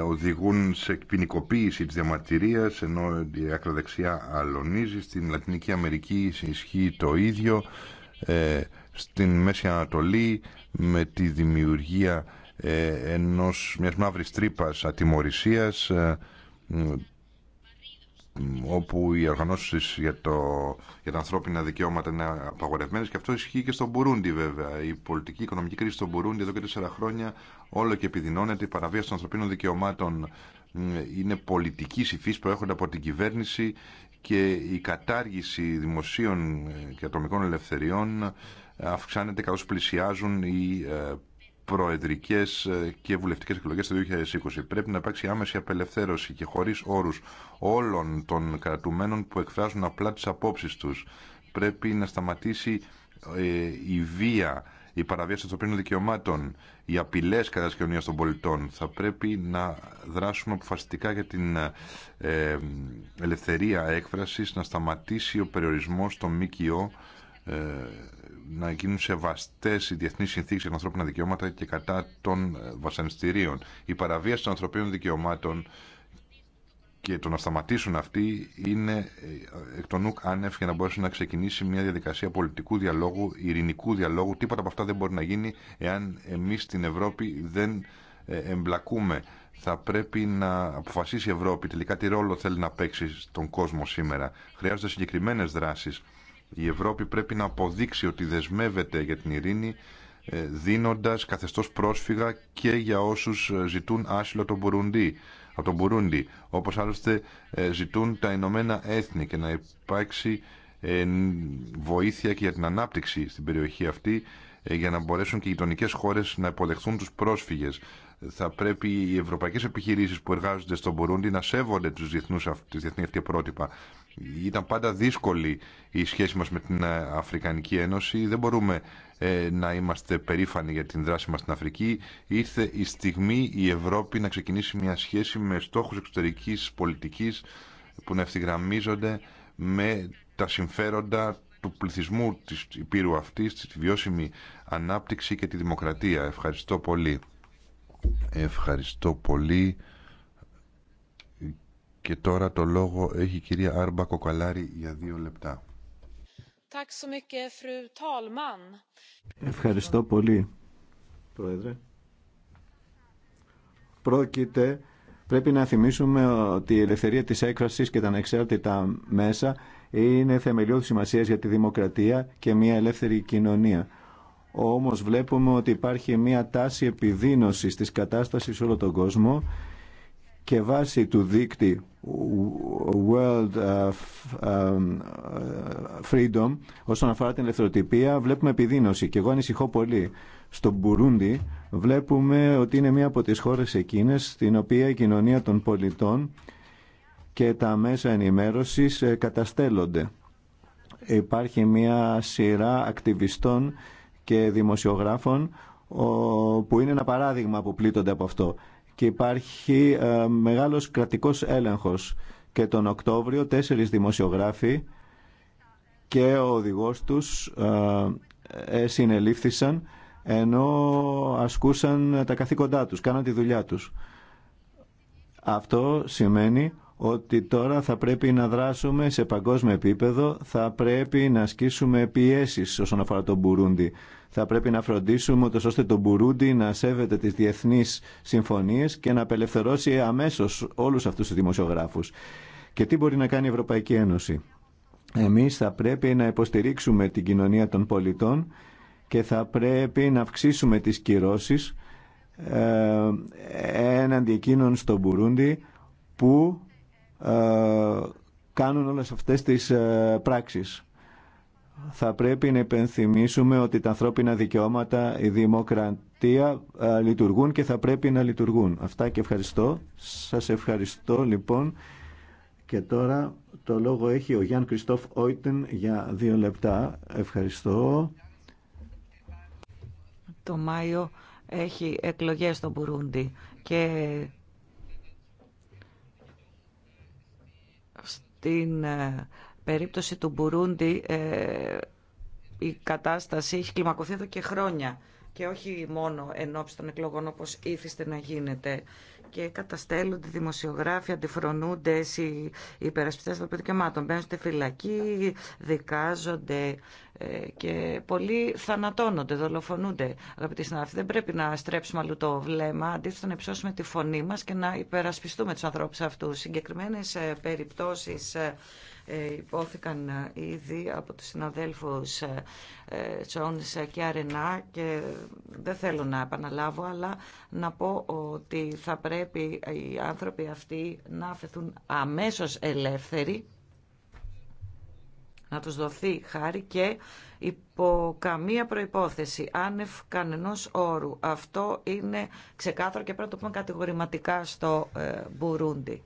οδηγούν σε ποινικοποίηση της διαμαρτυρίας ενώ η ακροδεξιά αλωνίζει στην Λατινική Αμερική ισχύει το ίδιο στην Μέση Ανατολή με τη δημιουργία ενός μιας μαύρης τρύπας ατιμορρησίας όπου οι οργανώσει για, για τα ανθρώπινα δικαιώματα είναι απαγορευμένε και αυτό ισχύει και στο Μπουρούντι βέβαια. Η πολιτική οικονομική κρίση στο Μπουρούντι εδώ και τέσσερα χρόνια όλο και επιδεινώνεται. Η παραβίαση των ανθρωπίνων δικαιωμάτων είναι πολιτική υφή που έρχονται από την κυβέρνηση και η κατάργηση δημοσίων και ατομικών ελευθεριών αυξάνεται καθώ πλησιάζουν οι ε, προεδρικέ ε, και βουλευτικέ εκλογέ το 2020. Πρέπει να υπάρξει άμεση απελευθέρωση και χωρί όρου όλων των κρατουμένων που εκφράζουν απλά τι απόψει του. Πρέπει να σταματήσει ε, η βία, η παραβίαση των ανθρωπίνων δικαιωμάτων, οι απειλέ κατά τη των πολιτών. Θα πρέπει να δράσουμε αποφασιστικά για την ε, ελευθερία έκφραση, να σταματήσει ο περιορισμό των ΜΚΟ να γίνουν σεβαστέ οι διεθνεί συνθήκες για τα ανθρώπινα δικαιώματα και κατά των ε, βασανιστήριων. Η παραβίαση των ανθρωπίνων δικαιωμάτων και το να σταματήσουν αυτοί είναι ε, εκ των νουκ άνευ για να μπορέσουν να ξεκινήσει μια διαδικασία πολιτικού διαλόγου, ειρηνικού διαλόγου. Τίποτα από αυτά δεν μπορεί να γίνει εάν εμεί στην Ευρώπη δεν ε, εμπλακούμε. Θα πρέπει να αποφασίσει η Ευρώπη τελικά τι ρόλο θέλει να παίξει στον κόσμο σήμερα. Χρειάζονται συγκεκριμένε δράσει. Η Ευρώπη πρέπει να αποδείξει ότι δεσμεύεται για την ειρήνη ε, δίνοντας καθεστώς πρόσφυγα και για όσους ε, ζητούν άσυλο τον από τον Μπουρούντι, όπως άλλωστε ε, ζητούν τα Ηνωμένα Έθνη και να υπάρξει βοήθεια και για την ανάπτυξη στην περιοχή αυτή για να μπορέσουν και οι γειτονικέ χώρες να υποδεχθούν τους πρόσφυγες. Θα πρέπει οι ευρωπαϊκές επιχειρήσεις που εργάζονται στον Μπουρούντι να σέβονται τους διεθνούς, τις διεθνή αυτή πρότυπα. Ήταν πάντα δύσκολη η σχέση μας με την ε, Αφρικανική Ένωση. Δεν μπορούμε ε, να είμαστε περήφανοι για την δράση μας στην Αφρική. Ήρθε η στιγμή η Ευρώπη να ξεκινήσει μια σχέση με στόχους εξωτερικής πολιτικής που να ευθυγραμμίζονται με τα συμφέροντα του πληθυσμού της υπήρου αυτής, τη βιώσιμη ανάπτυξη και τη δημοκρατία. Ευχαριστώ πολύ. Ευχαριστώ πολύ. Και τώρα το λόγο έχει η κυρία Άρμπα Κοκαλάρη για δύο λεπτά. Ευχαριστώ πολύ, Πρόεδρε. Πρόκειται, πρέπει να θυμίσουμε ότι η ελευθερία της έκφρασης και τα ανεξάρτητα μέσα είναι θεμελιώδης σημασία για τη δημοκρατία και μια ελεύθερη κοινωνία. Όμως βλέπουμε ότι υπάρχει μια τάση επιδείνωσης της κατάστασης σε όλο τον κόσμο και βάσει του δίκτυου. World um, Freedom όσον αφορά την ελευθεροτυπία βλέπουμε επιδείνωση και εγώ ανησυχώ πολύ. Στο Μπουρούντι βλέπουμε ότι είναι μία από τις χώρες εκείνες στην οποία η κοινωνία των πολιτών και τα μέσα ενημέρωσης ε, καταστέλλονται. Υπάρχει μία σειρά ακτιβιστών και δημοσιογράφων που είναι ένα παράδειγμα που πλήττονται από αυτό και υπάρχει ε, μεγάλος κρατικός έλεγχος. Και τον Οκτώβριο τέσσερις δημοσιογράφοι και ο οδηγός τους ε, ε, συνελήφθησαν ενώ ασκούσαν τα καθήκοντά τους, κάναν τη δουλειά τους. Αυτό σημαίνει ότι τώρα θα πρέπει να δράσουμε σε παγκόσμιο επίπεδο, θα πρέπει να ασκήσουμε πιέσεις όσον αφορά τον Μπουρούντι. Θα πρέπει να φροντίσουμε ώστε τον Μπουρούντι να σέβεται τις διεθνείς συμφωνίες και να απελευθερώσει αμέσως όλους αυτούς τους δημοσιογράφους. Και τι μπορεί να κάνει η Ευρωπαϊκή Ένωση. Εμείς θα πρέπει να υποστηρίξουμε την κοινωνία των πολιτών και θα πρέπει να αυξήσουμε τις κυρώσεις ε, έναντι εκείνων στο Μπουρούντι που ε, κάνουν όλες αυτές τις ε, πράξεις. Θα πρέπει να υπενθυμίσουμε ότι τα ανθρώπινα δικαιώματα, η δημοκρατία ε, λειτουργούν και θα πρέπει να λειτουργούν. Αυτά και ευχαριστώ. Σας ευχαριστώ λοιπόν. Και τώρα το λόγο έχει ο Γιάνν Κριστόφ Όιτεν για δύο λεπτά. Ευχαριστώ. Το Μάιο έχει εκλογές στο Μπουρούντι και Στην ε, περίπτωση του Μπουρούντι ε, η κατάσταση έχει κλιμακωθεί εδώ και χρόνια και όχι μόνο εν ώψη των εκλογών όπως ήθιστε να γίνεται και καταστέλλονται δημοσιογράφοι, αντιφρονούνται οι υπερασπιστές των δικαιωμάτων. Μπαίνουν στη φυλακή, δικάζονται ε, και πολλοί θανατώνονται, δολοφονούνται. Αγαπητοί συνάδελφοι, δεν πρέπει να στρέψουμε αλλού το βλέμμα, αντίθετα να υψώσουμε τη φωνή μας και να υπερασπιστούμε τους ανθρώπους αυτούς. Συγκεκριμένες ε, περιπτώσεις ε, υπόθηκαν ε, ήδη από τους συναδέλφους ε, ε, Τσόνης και Αρενά και δεν θέλω να επαναλάβω αλλά να πω ότι θα πρέπει οι άνθρωποι αυτοί να αφαιθούν αμέσως ελεύθεροι να τους δοθεί χάρη και υπό καμία προϋπόθεση, άνευ κανενός όρου. Αυτό είναι ξεκάθαρο και πρέπει να το πούμε κατηγορηματικά στο Μπουρούντι.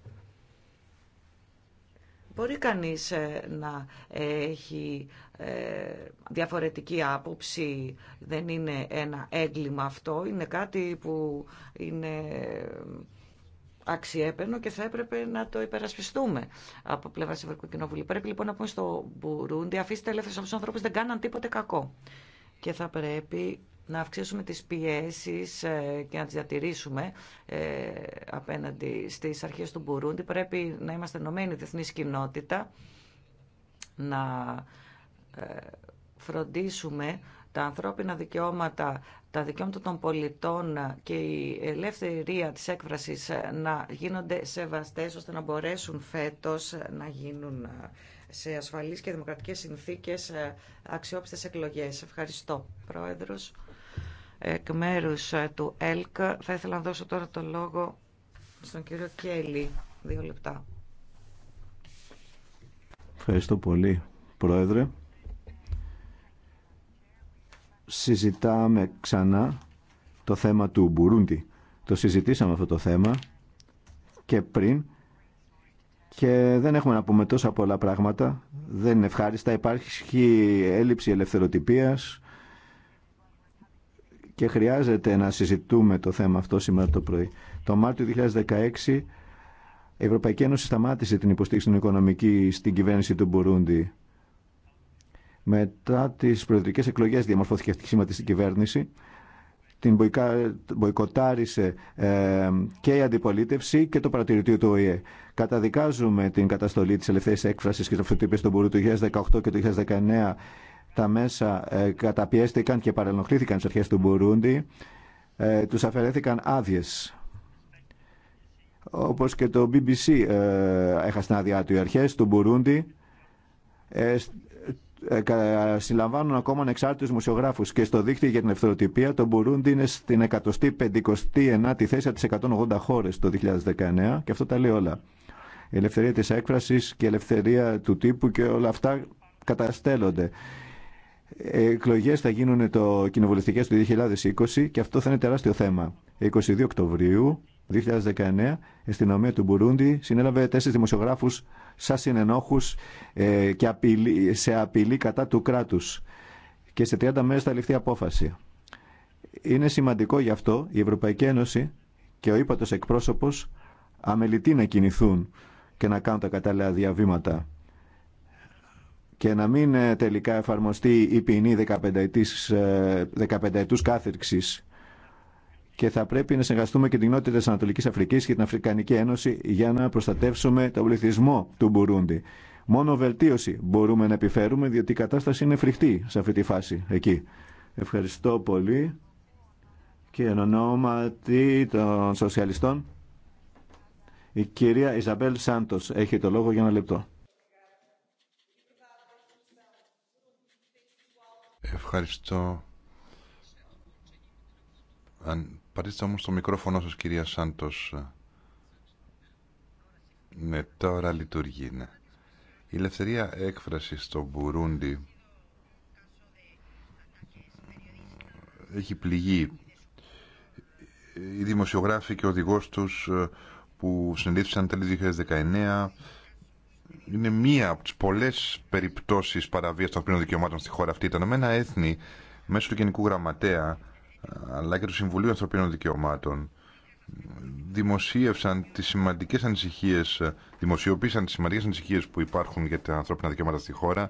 Μπορεί κανείς ε, να έχει ε, διαφορετική άποψη, δεν είναι ένα έγκλημα αυτό, είναι κάτι που είναι αξιέπαινο και θα έπρεπε να το υπερασπιστούμε από πλευρά της Ευρωπαϊκού Κοινοβουλίου. Πρέπει λοιπόν να πούμε στο Μπουρούντι, αφήστε ελεύθερου ανθρώπους, ανθρώπου, δεν κάναν τίποτε κακό. Και θα πρέπει να αυξήσουμε τις πιέσεις ε, και να τις διατηρήσουμε ε, απέναντι στις αρχές του Μπουρούντι. Πρέπει να είμαστε ενωμένοι διεθνής κοινότητα, να ε, φροντίσουμε τα ανθρώπινα δικαιώματα, τα δικαιώματα των πολιτών και η ελευθερία της έκφρασης να γίνονται σεβαστές ώστε να μπορέσουν φέτος να γίνουν σε ασφαλείς και δημοκρατικές συνθήκες αξιόπιστες εκλογές. Ευχαριστώ, Πρόεδρος εκ μέρου ε, του ΕΛΚ. Θα ήθελα να δώσω τώρα το λόγο στον κύριο Κέλλη. Δύο λεπτά. Ευχαριστώ πολύ, Πρόεδρε. Συζητάμε ξανά το θέμα του Μπουρούντι. Το συζητήσαμε αυτό το θέμα και πριν και δεν έχουμε να πούμε τόσα πολλά πράγματα. Δεν είναι ευχάριστα. Υπάρχει έλλειψη ελευθεροτυπίας, και χρειάζεται να συζητούμε το θέμα αυτό σήμερα το πρωί. Το Μάρτιο 2016 η Ευρωπαϊκή Ένωση σταμάτησε την υποστήριξη των οικονομική στην κυβέρνηση του Μπουρούντι. Μετά τι προεδρικέ εκλογέ διαμορφώθηκε αυτή η σχηματιστική κυβέρνηση. Την μποϊκοτάρισε ε, και η αντιπολίτευση και το παρατηρητήριο του ΟΗΕ. Καταδικάζουμε την καταστολή τη ελευθερία έκφραση και τη αυτοτύπη του Μπουρούντι του 2018 και το 2019 τα μέσα ε, καταπιέστηκαν και παρενοχλήθηκαν στις αρχές του Μπουρούντι, ε, τους αφαιρέθηκαν άδειες. Όπως και το BBC την άδειά του οι αρχές του Μπουρούντι, ε, συλλαμβάνουν ακόμα ανεξάρτητους μουσιογράφους και στο δίκτυο για την ευθεροτυπία το Μπουρούντι είναι στην 159η θέση από τις 180 χώρες το 2019 και αυτό τα λέει όλα. Η ελευθερία της έκφρασης και η ελευθερία του τύπου και όλα αυτά καταστέλλονται εκλογέ θα γίνουν το κοινοβουλευτικές του 2020 και αυτό θα είναι τεράστιο θέμα. 22 Οκτωβρίου 2019 η αστυνομία του Μπουρούντι συνέλαβε τέσσερις δημοσιογράφους σαν συνενόχου ε, και απειλή, σε απειλή κατά του κράτους και σε 30 μέρε θα ληφθεί απόφαση. Είναι σημαντικό γι' αυτό η Ευρωπαϊκή Ένωση και ο ύπατος εκπρόσωπο αμελητή να κινηθούν και να κάνουν τα κατάλληλα διαβήματα και να μην ε, τελικά εφαρμοστεί η ποινή 15 ετούς, 15 κάθερξης. Και θα πρέπει να συνεργαστούμε και την κοινότητα της Ανατολικής Αφρικής και την Αφρικανική Ένωση για να προστατεύσουμε τον πληθυσμό του Μπουρούντι. Μόνο βελτίωση μπορούμε να επιφέρουμε, διότι η κατάσταση είναι φρικτή σε αυτή τη φάση εκεί. Ευχαριστώ πολύ και εν ονόματι των σοσιαλιστών η κυρία Ιζαμπέλ Σάντος έχει το λόγο για ένα λεπτό. Ευχαριστώ. Αν πατήστε όμως το μικρόφωνο σας κυρία Σάντος. Ναι, τώρα λειτουργεί, ναι. Η ελευθερία έκφρασης στο Μπουρούντι έχει πληγεί. Οι δημοσιογράφοι και ο οδηγός τους ε, που συνελήφθησαν τέλη 2019 είναι μία από τις πολλές περιπτώσεις παραβίας των ανθρωπίνων δικαιωμάτων στη χώρα αυτή. Τα Ηνωμένα Έθνη, μέσω του Γενικού Γραμματέα, αλλά και του Συμβουλίου Ανθρωπίνων Δικαιωμάτων, δημοσίευσαν τις σημαντικές ανησυχίες, δημοσιοποίησαν τις σημαντικές ανησυχίες που υπάρχουν για τα ανθρώπινα δικαιώματα στη χώρα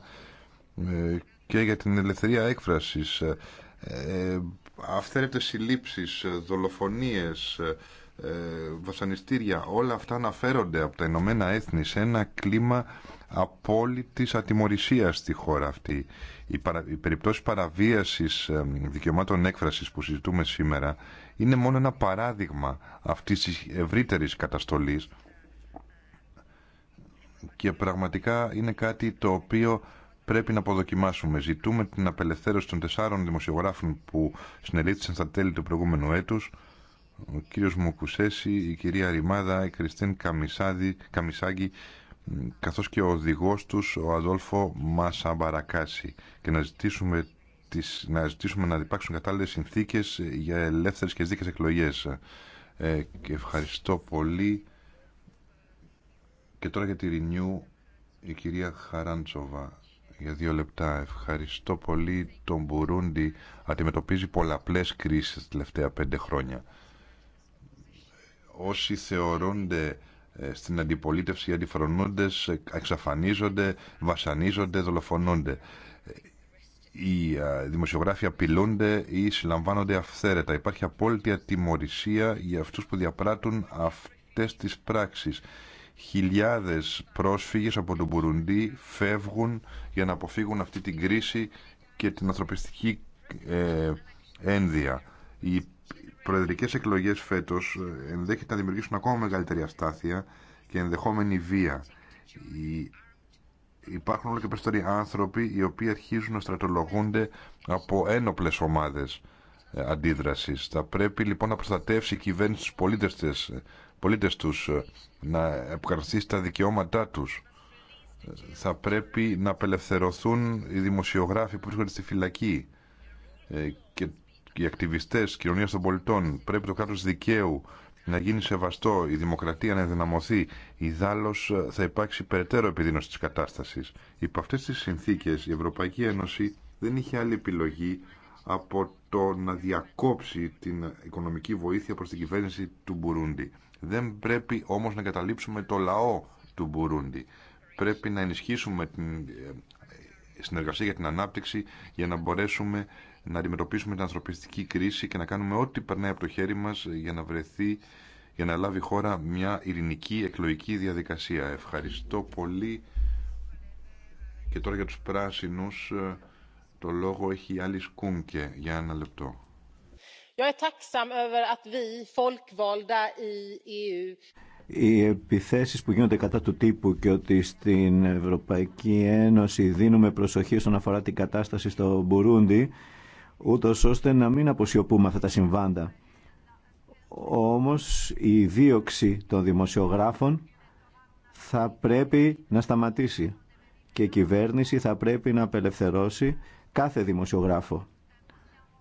ε, και για την ελευθερία έκφρασης, ε, ε, αυθαίρετες συλλήψεις, δολοφονίες, ε, βασανιστήρια, όλα αυτά αναφέρονται από τα Ηνωμένα Έθνη σε ένα κλίμα απόλυτης ατιμορρησίας στη χώρα αυτή. Οι, παρα... παραβίασης ε, δικαιωμάτων έκφρασης που συζητούμε σήμερα είναι μόνο ένα παράδειγμα αυτής της ευρύτερης καταστολής και πραγματικά είναι κάτι το οποίο πρέπει να αποδοκιμάσουμε. Ζητούμε την απελευθέρωση των τεσσάρων δημοσιογράφων που συνελήφθησαν στα τέλη του προηγούμενου έτους ο κύριος Μουκουσέση, η κυρία Ρημάδα, η Κριστίν Καμισάδη, Καμισάγη, καθώς και ο οδηγός τους, ο Αδόλφο Μασαμπαρακάση και να ζητήσουμε, τις, να, ζητήσουμε να υπάρξουν συνθήκες ε, για ελεύθερες και δίκες εκλογές. Ε, και ευχαριστώ πολύ. Και τώρα για τη Ρηνιού, η κυρία Χαράντσοβα για δύο λεπτά. Ευχαριστώ πολύ. Τον Μπουρούντι αντιμετωπίζει πολλαπλές κρίσεις τα τελευταία πέντε χρόνια όσοι θεωρούνται ε, στην αντιπολίτευση οι αντιφρονούντες ε, εξαφανίζονται, βασανίζονται, δολοφονούνται. Οι ε, δημοσιογράφοι απειλούνται ή συλλαμβάνονται αυθαίρετα. Υπάρχει απόλυτη ατιμορρησία για αυτούς που διαπράττουν αυτές τις πράξεις. Χιλιάδες πρόσφυγες από τον Μπουρουντή φεύγουν για να αποφύγουν αυτή την κρίση και την ανθρωπιστική ένδυα προεδρικές εκλογέ φέτος ε, ενδέχεται να δημιουργήσουν ακόμα μεγαλύτερη αστάθεια και ενδεχόμενη βία. Υπάρχουν όλο και περισσότεροι άνθρωποι οι οποίοι αρχίζουν να στρατολογούνται από ένοπλες ομάδες ε, αντίδραση. Θα πρέπει λοιπόν να προστατεύσει η κυβέρνηση του ε, πολίτες, τους, να επικρατήσει τα δικαιώματά του. Θα πρέπει να απελευθερωθούν οι δημοσιογράφοι που βρίσκονται στη φυλακή και οι ακτιβιστές κοινωνία των πολιτών. Πρέπει το κράτος δικαίου να γίνει σεβαστό, η δημοκρατία να ενδυναμωθεί. Ιδάλω ε, θα υπάρξει περαιτέρω επιδείνωση τη κατάσταση. Υπό αυτέ τι συνθήκε, η Ευρωπαϊκή Ένωση δεν είχε άλλη επιλογή από το να διακόψει την οικονομική βοήθεια προς την κυβέρνηση του Μπουρούντι. Δεν πρέπει όμως να καταλήψουμε το λαό του Μπουρούντι. Πρέπει να ενισχύσουμε την ε, συνεργασία για την ανάπτυξη για να μπορέσουμε να αντιμετωπίσουμε την ανθρωπιστική κρίση και να κάνουμε ό,τι περνάει από το χέρι μας για να βρεθεί, για να λάβει η χώρα μια ειρηνική εκλογική διαδικασία. Ευχαριστώ πολύ. Και τώρα για τους πράσινους ε, το λόγο έχει η Άλλη Σκούνκε για ένα λεπτό. Οι επιθέσεις που γίνονται κατά του τύπου και ότι στην Ευρωπαϊκή Ένωση δίνουμε προσοχή όσον αφορά την κατάσταση στο Μπουρούντι ούτως ώστε να μην αποσιωπούμε αυτά τα συμβάντα. Όμως η δίωξη των δημοσιογράφων θα πρέπει να σταματήσει και η κυβέρνηση θα πρέπει να απελευθερώσει κάθε δημοσιογράφο.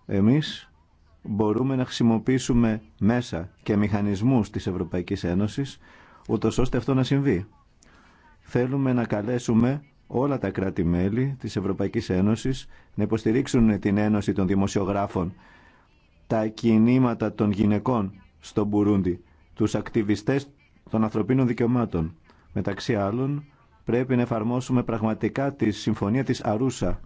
Εμείς μπορούμε να χρησιμοποιήσουμε μέσα και μηχανισμούς της Ευρωπαϊκής Ένωσης, ούτως ώστε αυτό να συμβεί. Θέλουμε να καλέσουμε όλα τα κράτη-μέλη της Ευρωπαϊκής Ένωσης να υποστηρίξουν την Ένωση των Δημοσιογράφων, τα κινήματα των γυναικών στον Μπουρούντι, τους ακτιβιστές των ανθρωπίνων δικαιωμάτων. Μεταξύ άλλων, πρέπει να εφαρμόσουμε πραγματικά τη Συμφωνία της Αρούσα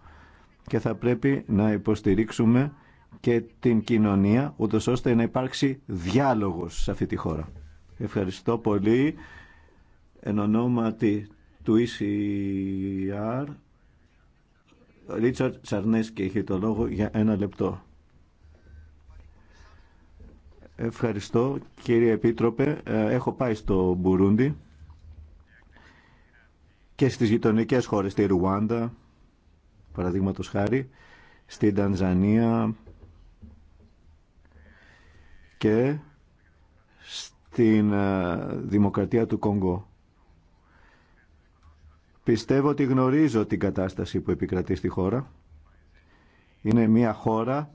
και θα πρέπει να υποστηρίξουμε και την κοινωνία, ούτω ώστε να υπάρξει διάλογος σε αυτή τη χώρα. Ευχαριστώ πολύ. Εν ονόματι του ECR. Ρίτσαρτ Σαρνέσκη έχει το λόγο για ένα λεπτό. Ευχαριστώ κύριε Επίτροπε. Ε, έχω πάει στο Μπουρούντι και στις γειτονικέ χώρες, στη Ρουάντα, παραδείγματο χάρη, στην Τανζανία και στην ε, Δημοκρατία του Κόγκο. Πιστεύω ότι γνωρίζω την κατάσταση που επικρατεί στη χώρα. Είναι μια χώρα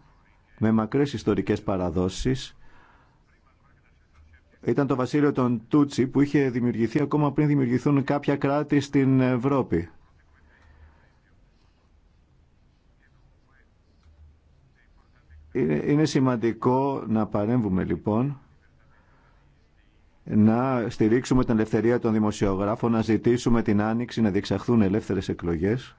με μακρές ιστορικές παραδόσεις. Ήταν το βασίλειο των Τούτσι που είχε δημιουργηθεί ακόμα πριν δημιουργηθούν κάποια κράτη στην Ευρώπη. Είναι, σημαντικό να παρέμβουμε λοιπόν να στηρίξουμε την ελευθερία των δημοσιογράφων, να ζητήσουμε την άνοιξη, να διεξαχθούν ελεύθερες εκλογές.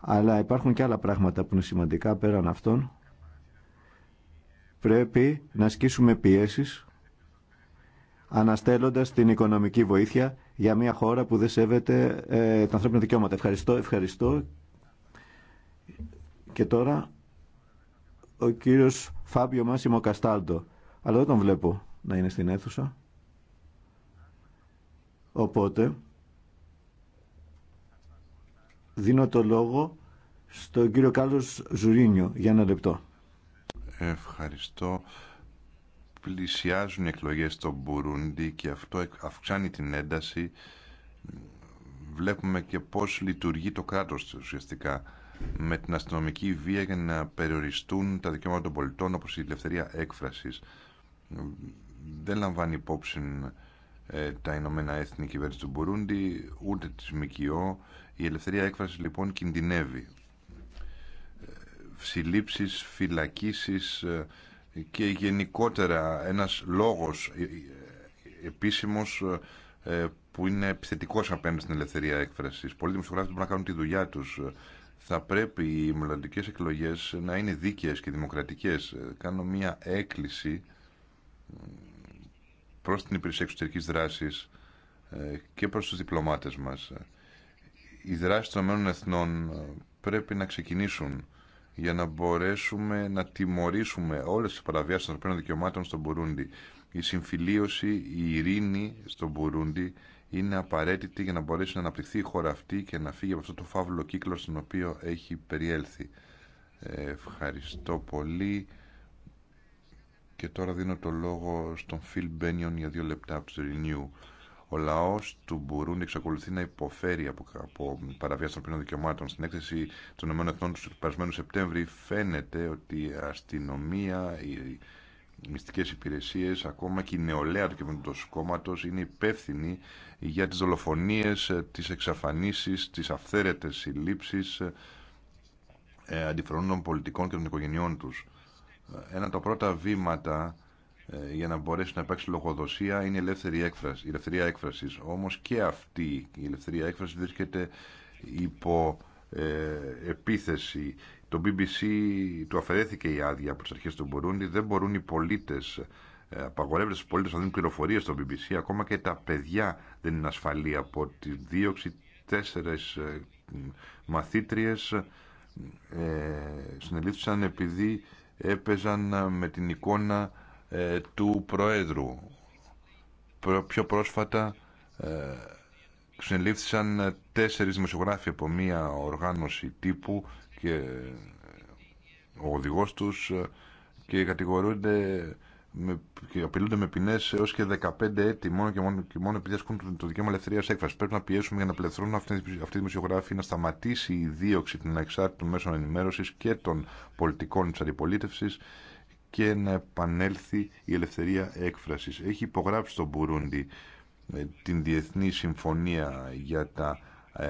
Αλλά υπάρχουν και άλλα πράγματα που είναι σημαντικά πέραν αυτών. Πρέπει να ασκήσουμε πιέσεις, αναστέλλοντας την οικονομική βοήθεια για μια χώρα που δεν σέβεται ε, τα ανθρώπινα δικαιώματα. Ευχαριστώ, ευχαριστώ. Και τώρα ο κύριος Φάμπιο Μάσιμο Καστάλτο. Αλλά δεν τον βλέπω να είναι στην αίθουσα. Οπότε, δίνω το λόγο στον κύριο Κάλλος Ζουρίνιο για ένα λεπτό. Ευχαριστώ. Πλησιάζουν οι εκλογές στο Μπουρούντι και αυτό αυξάνει την ένταση. Βλέπουμε και πώς λειτουργεί το κράτος ουσιαστικά με την αστυνομική βία για να περιοριστούν τα δικαιώματα των πολιτών όπως η ελευθερία έκφρασης δεν λαμβάνει υπόψη ε, τα Ηνωμένα Έθνη κυβέρνηση του Μπουρούντι, ούτε τη ΜΚΟ. Η ελευθερία έκφραση λοιπόν κινδυνεύει. φυλακίσει ε, φυλακίσεις ε, και γενικότερα ένας λόγος επίσημος που είναι επιθετικό απέναντι στην ελευθερία έκφραση. Πολλοί δημοσιογράφοι που να κάνουν τη δουλειά τους. Θα πρέπει οι μελλοντικέ εκλογέ να είναι δίκαιε και δημοκρατικέ. Κάνω μια έκκληση προς την υπηρεσία εξωτερικής δράσης ε, και προς τους διπλωμάτες μας. Οι δράσεις των Εθνών ε, πρέπει να ξεκινήσουν για να μπορέσουμε να τιμωρήσουμε όλες τις παραβιάσεις των ανθρωπίνων δικαιωμάτων στον Μπουρούντι. Η συμφιλίωση, η ειρήνη στον Μπουρούντι είναι απαραίτητη για να μπορέσει να αναπτυχθεί η χώρα αυτή και να φύγει από αυτό το φαύλο κύκλο στον οποίο έχει περιέλθει. Ε, ευχαριστώ πολύ. Και τώρα δίνω το λόγο στον Φιλ Μπένιον για δύο λεπτά από του Renew. Ο λαό του να εξακολουθεί να υποφέρει από, από των ποινών δικαιωμάτων. Στην έκθεση των ΗΠΑ του περασμένου Σεπτέμβρη φαίνεται ότι η αστυνομία, οι μυστικέ υπηρεσίε, ακόμα και η νεολαία του κυβερνητικού κόμματο είναι υπεύθυνοι για τι δολοφονίε, τι εξαφανίσει, τι αυθαίρετε συλλήψει ε, αντιφρονών πολιτικών και των οικογενειών τους ένα από τα πρώτα βήματα ε, για να μπορέσει να υπάρξει λογοδοσία είναι η ελεύθερη έκφραση, η ελευθερία έκφρασης. Όμως και αυτή η ελευθερία έκφραση βρίσκεται υπό ε, επίθεση. Το BBC του αφαιρέθηκε η άδεια από τις αρχές του Μπουρούντι. Δεν μπορούν οι πολίτες, ε, απαγορεύεται στους πολίτες να δίνουν πληροφορίες στο BBC. Ακόμα και τα παιδιά δεν είναι ασφαλή από τη δίωξη τέσσερες μαθήτριες ε, συνελήφθησαν επειδή έπαιζαν ε, με την εικόνα ε, του Προέδρου. Πιο πρόσφατα ε, συνελήφθησαν ε, τέσσερις δημοσιογράφοι από μία οργάνωση τύπου και ο οδηγός τους και κατηγορούνται με, και απειλούνται με ποινέ έω και 15 έτη μόνο και μόνο, και μόνο επειδή ασκούν το δικαίωμα ελευθερία έκφραση. Πρέπει να πιέσουμε για να πλεθρούν αυτοί, οι δημοσιογράφοι, να σταματήσει η δίωξη την ανεξάρτητη των μέσων ενημέρωση και των πολιτικών τη αντιπολίτευση και να επανέλθει η ελευθερία έκφραση. Έχει υπογράψει στον Μπουρούντι ε, την Διεθνή Συμφωνία για τα ε,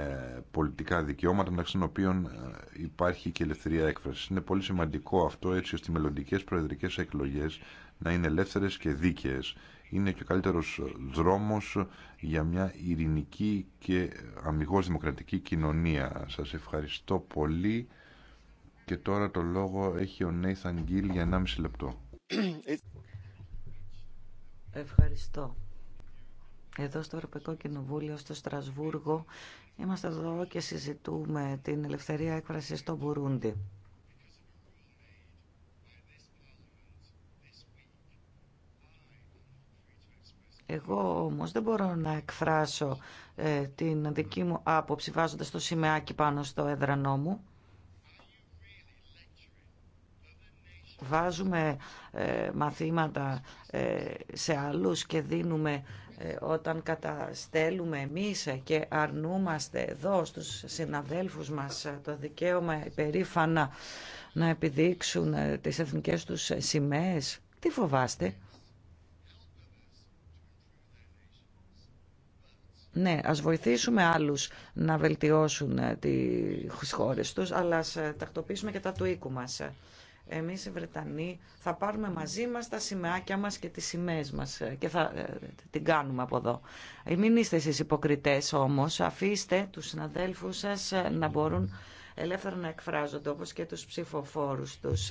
πολιτικά δικαιώματα μεταξύ των οποίων ε, υπάρχει και ελευθερία έκφραση. Είναι πολύ σημαντικό αυτό έτσι ώστε οι μελλοντικέ προεδρικέ εκλογέ να είναι ελεύθερες και δίκαιες. Είναι και ο καλύτερος δρόμος για μια ειρηνική και αμυγός δημοκρατική κοινωνία. Σας ευχαριστώ πολύ και τώρα το λόγο έχει ο Νέιθαν Γκίλ για 1,5 λεπτό. Ευχαριστώ. Εδώ στο Ευρωπαϊκό Κοινοβούλιο, στο Στρασβούργο, είμαστε εδώ και συζητούμε την ελευθερία έκφρασης στο Μπουρούντι. Εγώ όμως δεν μπορώ να εκφράσω ε, την δική μου άποψη βάζοντας το σημαίακι πάνω στο έδρανό μου. Βάζουμε ε, μαθήματα ε, σε άλλους και δίνουμε όταν καταστέλουμε εμείς και αρνούμαστε εδώ στους συναδέλφους μας το δικαίωμα υπερήφανα να επιδείξουν τις εθνικές τους σημαίες. Τι φοβάστε. Ναι, ας βοηθήσουμε άλλους να βελτιώσουν ε, τις χώρες τους, αλλά ας ε, τακτοποιήσουμε και τα του οίκου μας. Εμείς οι Βρετανοί θα πάρουμε μαζί μας τα σημαίακια μας και τις σημαίες μας ε, και θα την κάνουμε από εδώ. Μην είστε εσείς υποκριτές όμως, αφήστε τους συναδέλφους σας να μπορούν ελεύθερα να εκφράζονται όπως και τους ψηφοφόρους τους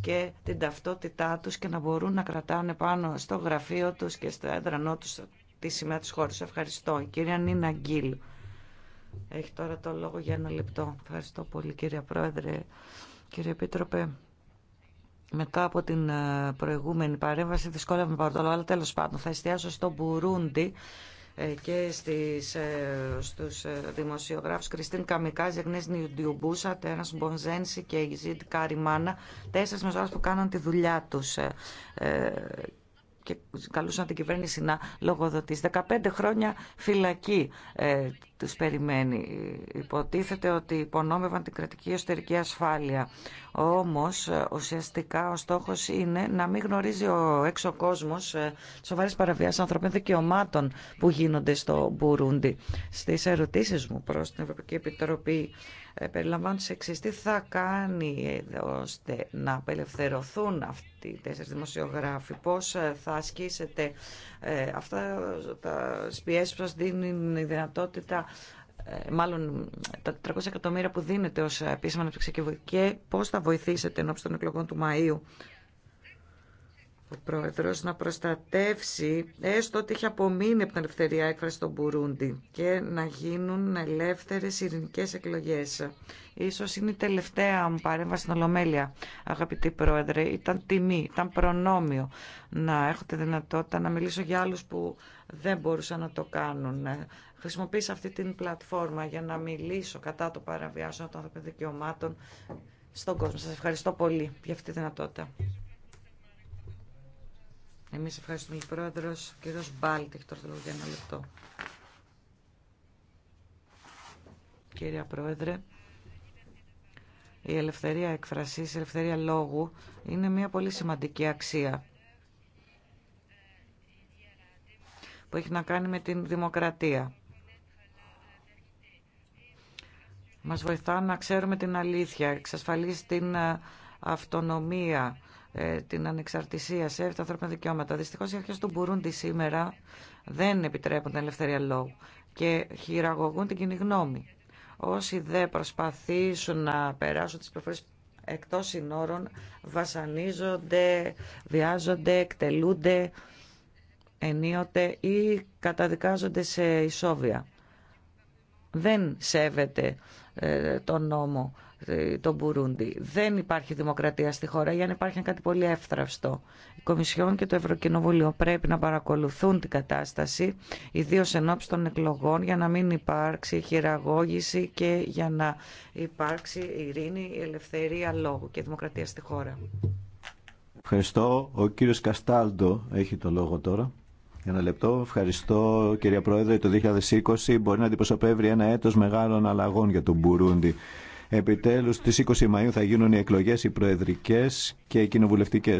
και την ταυτότητά τους και να μπορούν να κρατάνε πάνω στο γραφείο τους και στο έδρανό τους τη σημαία της χώρας. Ευχαριστώ. Η κυρία Νίνα Γκίλ. Έχει τώρα το λόγο για ένα λεπτό. Ευχαριστώ πολύ κύριε Πρόεδρε. Κύριε Επίτροπε, μετά από την ε, προηγούμενη παρέμβαση δυσκόλευα με παρτολό αλλά τέλος πάντων θα εστιάσω στο Μπουρούντι ε, και στις, ε, στους δημοσιογράφους Κριστίν Καμικά, Ζεγνές Νιουντιουμπούσα, Τέρας Μπονζένση και Ιζίτ Καριμάνα, τέσσερις μεσόρες που κάναν τη δουλειά τους και καλούσαν την κυβέρνηση να λογοδοτήσει. 15 χρόνια φυλακή ε, τους περιμένει. Υποτίθεται ότι υπονόμευαν την κρατική εσωτερική ασφάλεια. Όμως ε, ουσιαστικά ο στόχος είναι να μην γνωρίζει ο έξω κόσμος ε, σοβαρές παραβιάσεις ανθρωπίνων δικαιωμάτων που γίνονται στο Μπουρούντι. Στις ερωτήσεις μου προς την Ευρωπαϊκή Επιτροπή ε, περιλαμβάνει σε εξής. Τι θα κάνει ώστε να απελευθερωθούν αυτοί οι τέσσερι δημοσιογράφοι, πώ ε, θα ασκήσετε ε, αυτά τα πιέσεις που σα δίνουν η δυνατότητα μάλλον τα 400 εκατομμύρια που δίνετε ω επίσημα αναπτυξιακή και πώ θα βοηθήσετε ενώπιση των εκλογών του Μαΐου ο πρόεδρος να προστατεύσει έστω ότι έχει απομείνει από την ελευθερία έκφραση στον Μπουρούντι και να γίνουν ελεύθερες ειρηνικές εκλογές. Ίσως είναι η τελευταία μου παρέμβαση στην Ολομέλεια, αγαπητή πρόεδρε. Ήταν τιμή, ήταν προνόμιο να έχω τη δυνατότητα να μιλήσω για άλλους που δεν μπορούσαν να το κάνουν. Χρησιμοποίησα αυτή την πλατφόρμα για να μιλήσω κατά το παραβιάσεων των δικαιωμάτων στον κόσμο. Σας ευχαριστώ πολύ για αυτή τη δυνατότητα. Εμείς ευχαριστούμε τον πρόεδρος, και Μπάλτ, έχει τώρα το για ένα λεπτό. Κύριε Πρόεδρε, η ελευθερία έκφραση, η ελευθερία λόγου είναι μια πολύ σημαντική αξία που έχει να κάνει με την δημοκρατία. Μας βοηθά να ξέρουμε την αλήθεια, εξασφαλίζει την ε, αυτονομία ε, την ανεξαρτησία σε τα ανθρώπινα δικαιώματα. Δυστυχώ οι αρχέ του Μπουρούντι σήμερα δεν επιτρέπουν την ελευθερία λόγου και χειραγωγούν την κοινή γνώμη. Όσοι δεν προσπαθήσουν να περάσουν τι προφορές εκτό συνόρων βασανίζονται, βιάζονται, εκτελούνται, ενίοτε ή καταδικάζονται σε ισόβια. Δεν σέβεται ε, τον νόμο ε, τον Μπουρούντι. Δεν υπάρχει δημοκρατία στη χώρα για να υπάρχει κάτι πολύ εύθραυστο. Η Κομισιόν και το Ευρωκοινοβούλιο πρέπει να παρακολουθούν την κατάσταση, ιδίω εν ώψη των εκλογών, για να μην υπάρξει χειραγώγηση και για να υπάρξει ειρήνη, ελευθερία λόγου και δημοκρατία στη χώρα. Ευχαριστώ. Ο κύριο Καστάλντο έχει το λόγο τώρα. Για Ένα λεπτό. Ευχαριστώ κυρία Πρόεδρε. Το 2020 μπορεί να αντιπροσωπεύει ένα έτος μεγάλων αλλαγών για τον Μπουρούντι. Επιτέλους, στι 20 Μαΐου θα γίνουν οι εκλογέ οι προεδρικέ και οι κοινοβουλευτικέ.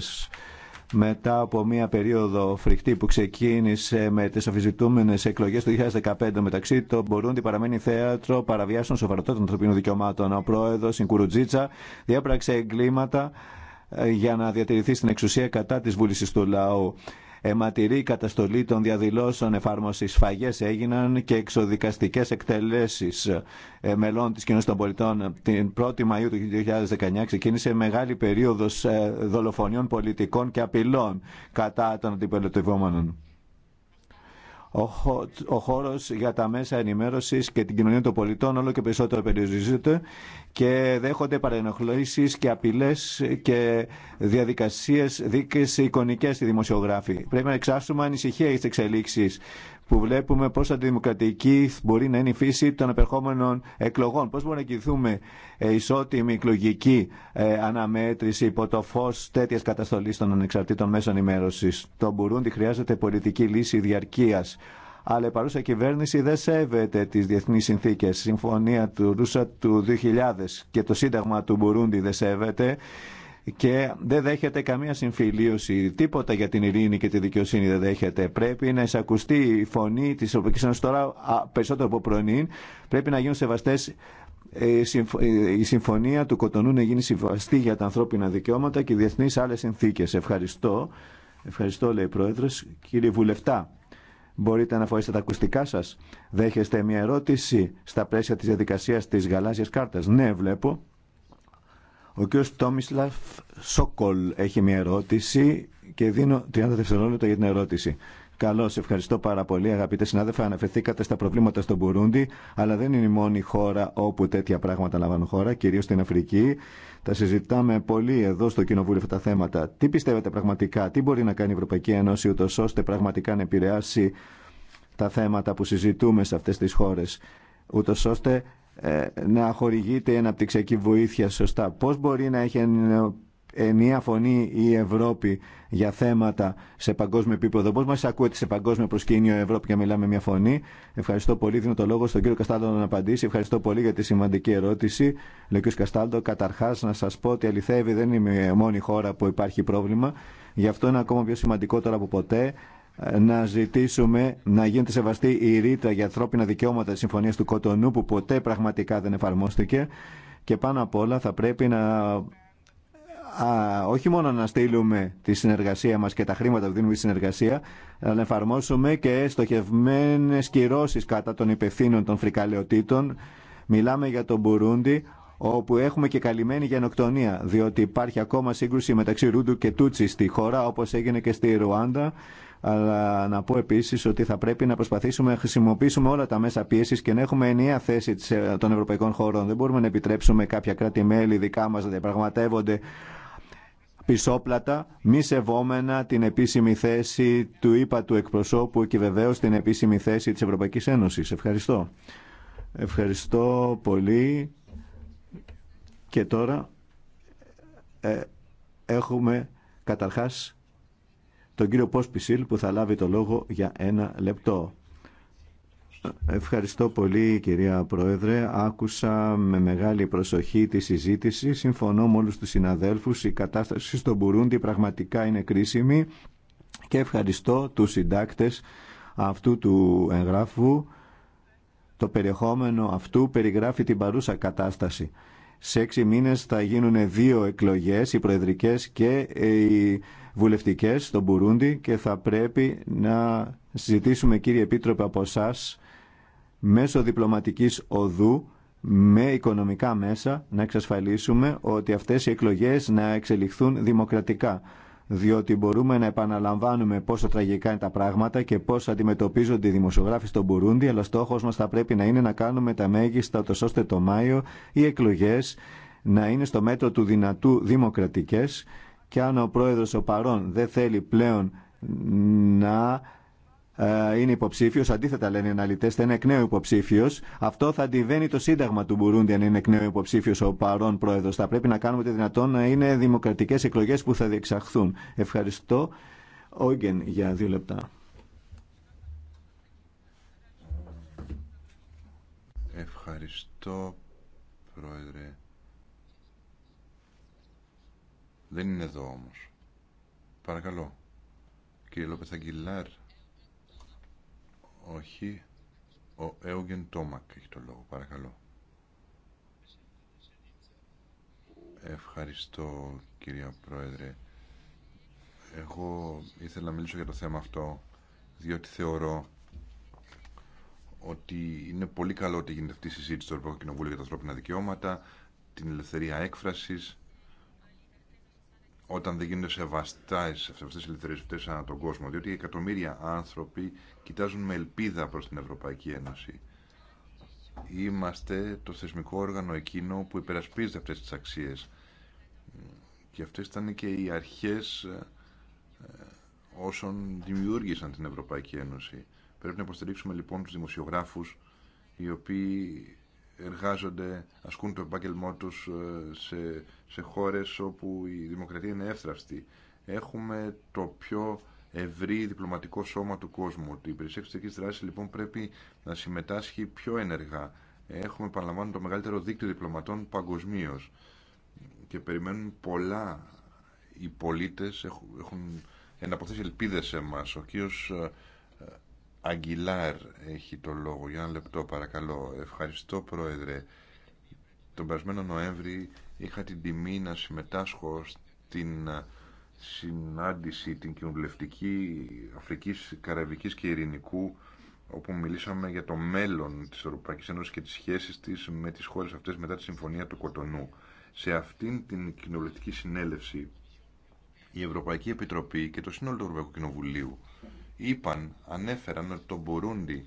μετά από μια περίοδο φρικτή που ξεκίνησε με τις αφιζητούμενε εκλογές του 2015 μεταξύ των Μπορούντι παραμένει θέατρο παραβιάσεων σοβαρότητα των ανθρωπίνων δικαιωμάτων. Ο πρόεδρος Κουρουτζίτσα, διέπραξε εγκλήματα ε, για να διατηρηθεί στην εξουσία κατά τη βούληση του λαού. Εματηρή καταστολή των διαδηλώσεων εφάρμοση. Σφαγέ έγιναν και εξοδικαστικέ εκτελέσει ε, μελών τη κοινωνία των πολιτών. Την 1η Μαου του 2019 ξεκίνησε μεγάλη περίοδο ε, δολοφονιών πολιτικών και απειλών κατά των αντιπολιτευόμενων ο χώρος για τα μέσα ενημέρωσης και την κοινωνία των πολιτών όλο και περισσότερο περιορίζεται και δέχονται παρενοχλήσεις και απειλές και διαδικασίες δίκες εικονικές στη δημοσιογράφη. Πρέπει να εξάσουμε ανησυχία για εξελίξει. εξελίξεις που βλέπουμε πόσο αντιδημοκρατική μπορεί να είναι η φύση των επερχόμενων εκλογών. Πώς μπορούμε να κοιθούμε ε, ισότιμη εκλογική ε, αναμέτρηση υπό το φως τέτοιας καταστολής των ανεξαρτήτων μέσων ενημέρωσης. Το Μπουρούντι χρειάζεται πολιτική λύση διαρκείας. Αλλά η παρούσα κυβέρνηση δεν σέβεται τις διεθνείς συνθήκες. Συμφωνία του Ρούσα του 2000 και το Σύνταγμα του Μπουρούντι δεν σέβεται και δεν δέχεται καμία συμφιλίωση, τίποτα για την ειρήνη και τη δικαιοσύνη δεν δέχεται. Πρέπει να εισακουστεί η φωνή τη Ευρωπαϊκή Ένωσης τώρα περισσότερο από πρωινή. Πρέπει να γίνουν σεβαστέ ε, ε, η συμφωνία του Κοτονού να γίνει συμβαστή για τα ανθρώπινα δικαιώματα και διεθνεί άλλε συνθήκε. Ευχαριστώ. Ευχαριστώ, λέει η Πρόεδρος. Κύριε Βουλευτά, μπορείτε να φορέσετε τα ακουστικά σα, Δέχεστε μια ερώτηση στα πλαίσια τη διαδικασία τη γαλάζια Κάρτα. Ναι, βλέπω. Ο κ. Τόμισλαφ Σόκολ έχει μια ερώτηση και δίνω 30 δευτερόλεπτα για την ερώτηση. Καλώ, ευχαριστώ πάρα πολύ αγαπητέ συνάδελφοι. Αναφερθήκατε στα προβλήματα στον Μπουρούντι, αλλά δεν είναι η μόνη χώρα όπου τέτοια πράγματα λαμβάνουν χώρα, κυρίω στην Αφρική. Τα συζητάμε πολύ εδώ στο Κοινοβούλιο αυτά τα θέματα. Τι πιστεύετε πραγματικά, τι μπορεί να κάνει η Ευρωπαϊκή Ένωση, ούτω ώστε πραγματικά να επηρεάσει τα θέματα που συζητούμε σε αυτέ τι χώρε, ούτω ώστε ε, να χορηγείται η αναπτυξιακή βοήθεια σωστά. Πώς μπορεί να έχει ενιαία φωνή η Ευρώπη για θέματα σε παγκόσμιο επίπεδο. Πώς μας ακούεται σε παγκόσμιο προσκήνιο η Ευρώπη και μιλάμε μια φωνή. Ευχαριστώ πολύ. Δίνω το λόγο στον κύριο Καστάλτο να απαντήσει. Ευχαριστώ πολύ για τη σημαντική ερώτηση. Λέω κύριο Καστάλτο, καταρχάς να σας πω ότι αληθεύει δεν είμαι η μόνη χώρα που υπάρχει πρόβλημα. Γι' αυτό είναι ακόμα πιο σημαντικό τώρα από ποτέ να ζητήσουμε να γίνεται σεβαστή η ρήτρα για ανθρώπινα δικαιώματα της Συμφωνίας του Κοτονού που ποτέ πραγματικά δεν εφαρμόστηκε και πάνω απ' όλα θα πρέπει να όχι μόνο να στείλουμε τη συνεργασία μας και τα χρήματα που δίνουμε στη συνεργασία αλλά να εφαρμόσουμε και στοχευμένες κυρώσεις κατά των υπευθύνων των φρικαλαιοτήτων μιλάμε για τον Μπουρούντι όπου έχουμε και καλυμμένη γενοκτονία διότι υπάρχει ακόμα σύγκρουση μεταξύ Ρούντου και Τούτσι στη χώρα όπως έγινε και στη Ρουάντα αλλά να πω επίση ότι θα πρέπει να προσπαθήσουμε να χρησιμοποιήσουμε όλα τα μέσα πίεση και να έχουμε ενιαία θέση ε, των ευρωπαϊκών χωρών. Δεν μπορούμε να επιτρέψουμε κάποια κράτη-μέλη δικά μα να διαπραγματεύονται πισόπλατα, μη σεβόμενα την επίσημη θέση του ΙΠΑ του εκπροσώπου και βεβαίω την επίσημη θέση τη Ευρωπαϊκή Ένωση. Ευχαριστώ. Ευχαριστώ πολύ. Και τώρα ε, έχουμε καταρχάς τον κύριο Πόσπισιλ που θα λάβει το λόγο για ένα λεπτό. Ευχαριστώ πολύ κυρία Πρόεδρε. Άκουσα με μεγάλη προσοχή τη συζήτηση. Συμφωνώ με όλους τους συναδέλφους. Η κατάσταση στον Μπουρούντι πραγματικά είναι κρίσιμη και ευχαριστώ τους συντάκτες αυτού του εγγράφου. Το περιεχόμενο αυτού περιγράφει την παρούσα κατάσταση. Σε έξι μήνες θα γίνουν δύο εκλογές, οι προεδρικές και οι βουλευτικές στον Μπουρούντι και θα πρέπει να συζητήσουμε κύριε Επίτροπε από εσά μέσω διπλωματικής οδού με οικονομικά μέσα να εξασφαλίσουμε ότι αυτές οι εκλογές να εξελιχθούν δημοκρατικά διότι μπορούμε να επαναλαμβάνουμε πόσο τραγικά είναι τα πράγματα και πώ αντιμετωπίζονται οι δημοσιογράφοι στον Μπουρούντι, αλλά στόχο μας θα πρέπει να είναι να κάνουμε τα μέγιστα, ώστε το Μάιο οι εκλογές να είναι στο μέτρο του δυνατού δημοκρατικές και αν ο πρόεδρος ο παρόν δεν θέλει πλέον να ε, είναι υποψήφιο, αντίθετα λένε οι αναλυτέ, θα είναι εκ νέου υποψήφιο. Αυτό θα αντιβαίνει το σύνταγμα του Μπουρούντι αν είναι εκ νέου υποψήφιο ο παρόν πρόεδρο. Θα πρέπει να κάνουμε τη δυνατόν να είναι δημοκρατικέ εκλογέ που θα διεξαχθούν. Ευχαριστώ. Όγκεν για δύο λεπτά. Ευχαριστώ, Πρόεδρε. Δεν είναι εδώ όμως. Παρακαλώ. Κύριε Λόπεθ όχι. Ο Έουγεν Τόμακ έχει το λόγο. Παρακαλώ. Ευχαριστώ κυρία Πρόεδρε. Εγώ ήθελα να μιλήσω για το θέμα αυτό διότι θεωρώ ότι είναι πολύ καλό ότι γίνεται αυτή η συζήτηση στο Ευρωπαϊκό Κοινοβούλιο για τα ανθρώπινα δικαιώματα, την ελευθερία έκφρασης όταν δεν γίνονται σεβαστά σε αυτές τι ελευθερίες ανά τον κόσμο, διότι εκατομμύρια άνθρωποι κοιτάζουν με ελπίδα προς την Ευρωπαϊκή Ένωση. Είμαστε το θεσμικό όργανο εκείνο που υπερασπίζεται αυτές τις αξίες. Και αυτές ήταν και οι αρχές ε, ε, όσων δημιούργησαν την Ευρωπαϊκή Ένωση. Πρέπει να υποστηρίξουμε λοιπόν του δημοσιογράφου οι οποίοι εργάζονται, ασκούν το επάγγελμό τους ε, σε, σε χώρες όπου η δημοκρατία είναι εύθραυστη. Έχουμε το πιο ευρύ διπλωματικό σώμα του κόσμου. Η υπηρεσία εξωτερικής δράσης λοιπόν πρέπει να συμμετάσχει πιο ενεργά. Έχουμε, παραλαμβάνω, το μεγαλύτερο δίκτυο διπλωματών παγκοσμίω και περιμένουν πολλά οι πολίτες, έχουν, εναποθέσει ελπίδε ελπίδες σε εμάς. Ε, Αγγιλάρ έχει το λόγο. Για ένα λεπτό παρακαλώ. Ευχαριστώ Πρόεδρε. Τον περασμένο Νοέμβρη είχα την τιμή να συμμετάσχω στην ε, συνάντηση την κοινοβουλευτική Αφρικής, Καραβικής και Ειρηνικού όπου μιλήσαμε για το μέλλον της Ευρωπαϊκής Ένωσης και τις σχέσεις της με τις χώρες αυτές μετά τη Συμφωνία του Κοτονού. Σε αυτήν την κοινοβουλευτική συνέλευση η Ευρωπαϊκή Επιτροπή και το σύνολο του Ευρωπαϊκού Κοινοβουλίου είπαν, ανέφεραν ότι το Μπουρούντι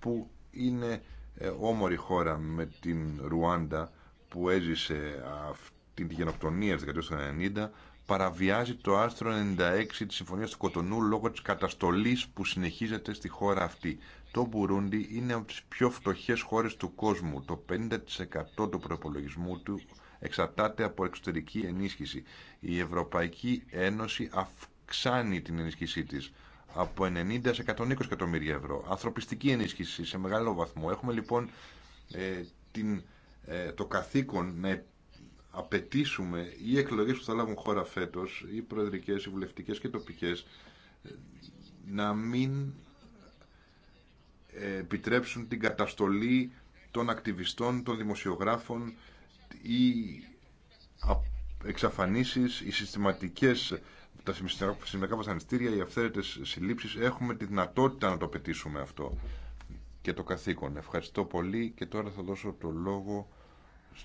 που είναι ε, όμορη χώρα με την Ρουάντα που έζησε αυτή τη γενοκτονία της δεκαετίας του 1990 παραβιάζει το άρθρο 96 της Συμφωνίας του Κοτονού λόγω της καταστολής που συνεχίζεται στη χώρα αυτή. Το Μπουρούντι είναι από τις πιο φτωχές χώρες του κόσμου. Το 50% του προπολογισμού του εξαρτάται από εξωτερική ενίσχυση. Η Ευρωπαϊκή Ένωση αυξάνει την ενίσχυσή της από 90 σε 120 εκατομμύρια ευρώ. Ανθρωπιστική ενίσχυση σε μεγάλο βαθμό. Έχουμε λοιπόν ε, ε το καθήκον να απαιτήσουμε οι εκλογές που θα λάβουν χώρα φέτος, οι προεδρικές, οι βουλευτικές και τοπικές, ε, να μην ε, επιτρέψουν την καταστολή των ακτιβιστών, των δημοσιογράφων ή εξαφανίσεις, οι συστηματικές τα σημερινά βασανιστήρια, οι αυθαίρετε συλλήψει, έχουμε τη δυνατότητα να το πετήσουμε αυτό και το καθήκον. Ευχαριστώ πολύ και τώρα θα δώσω το λόγο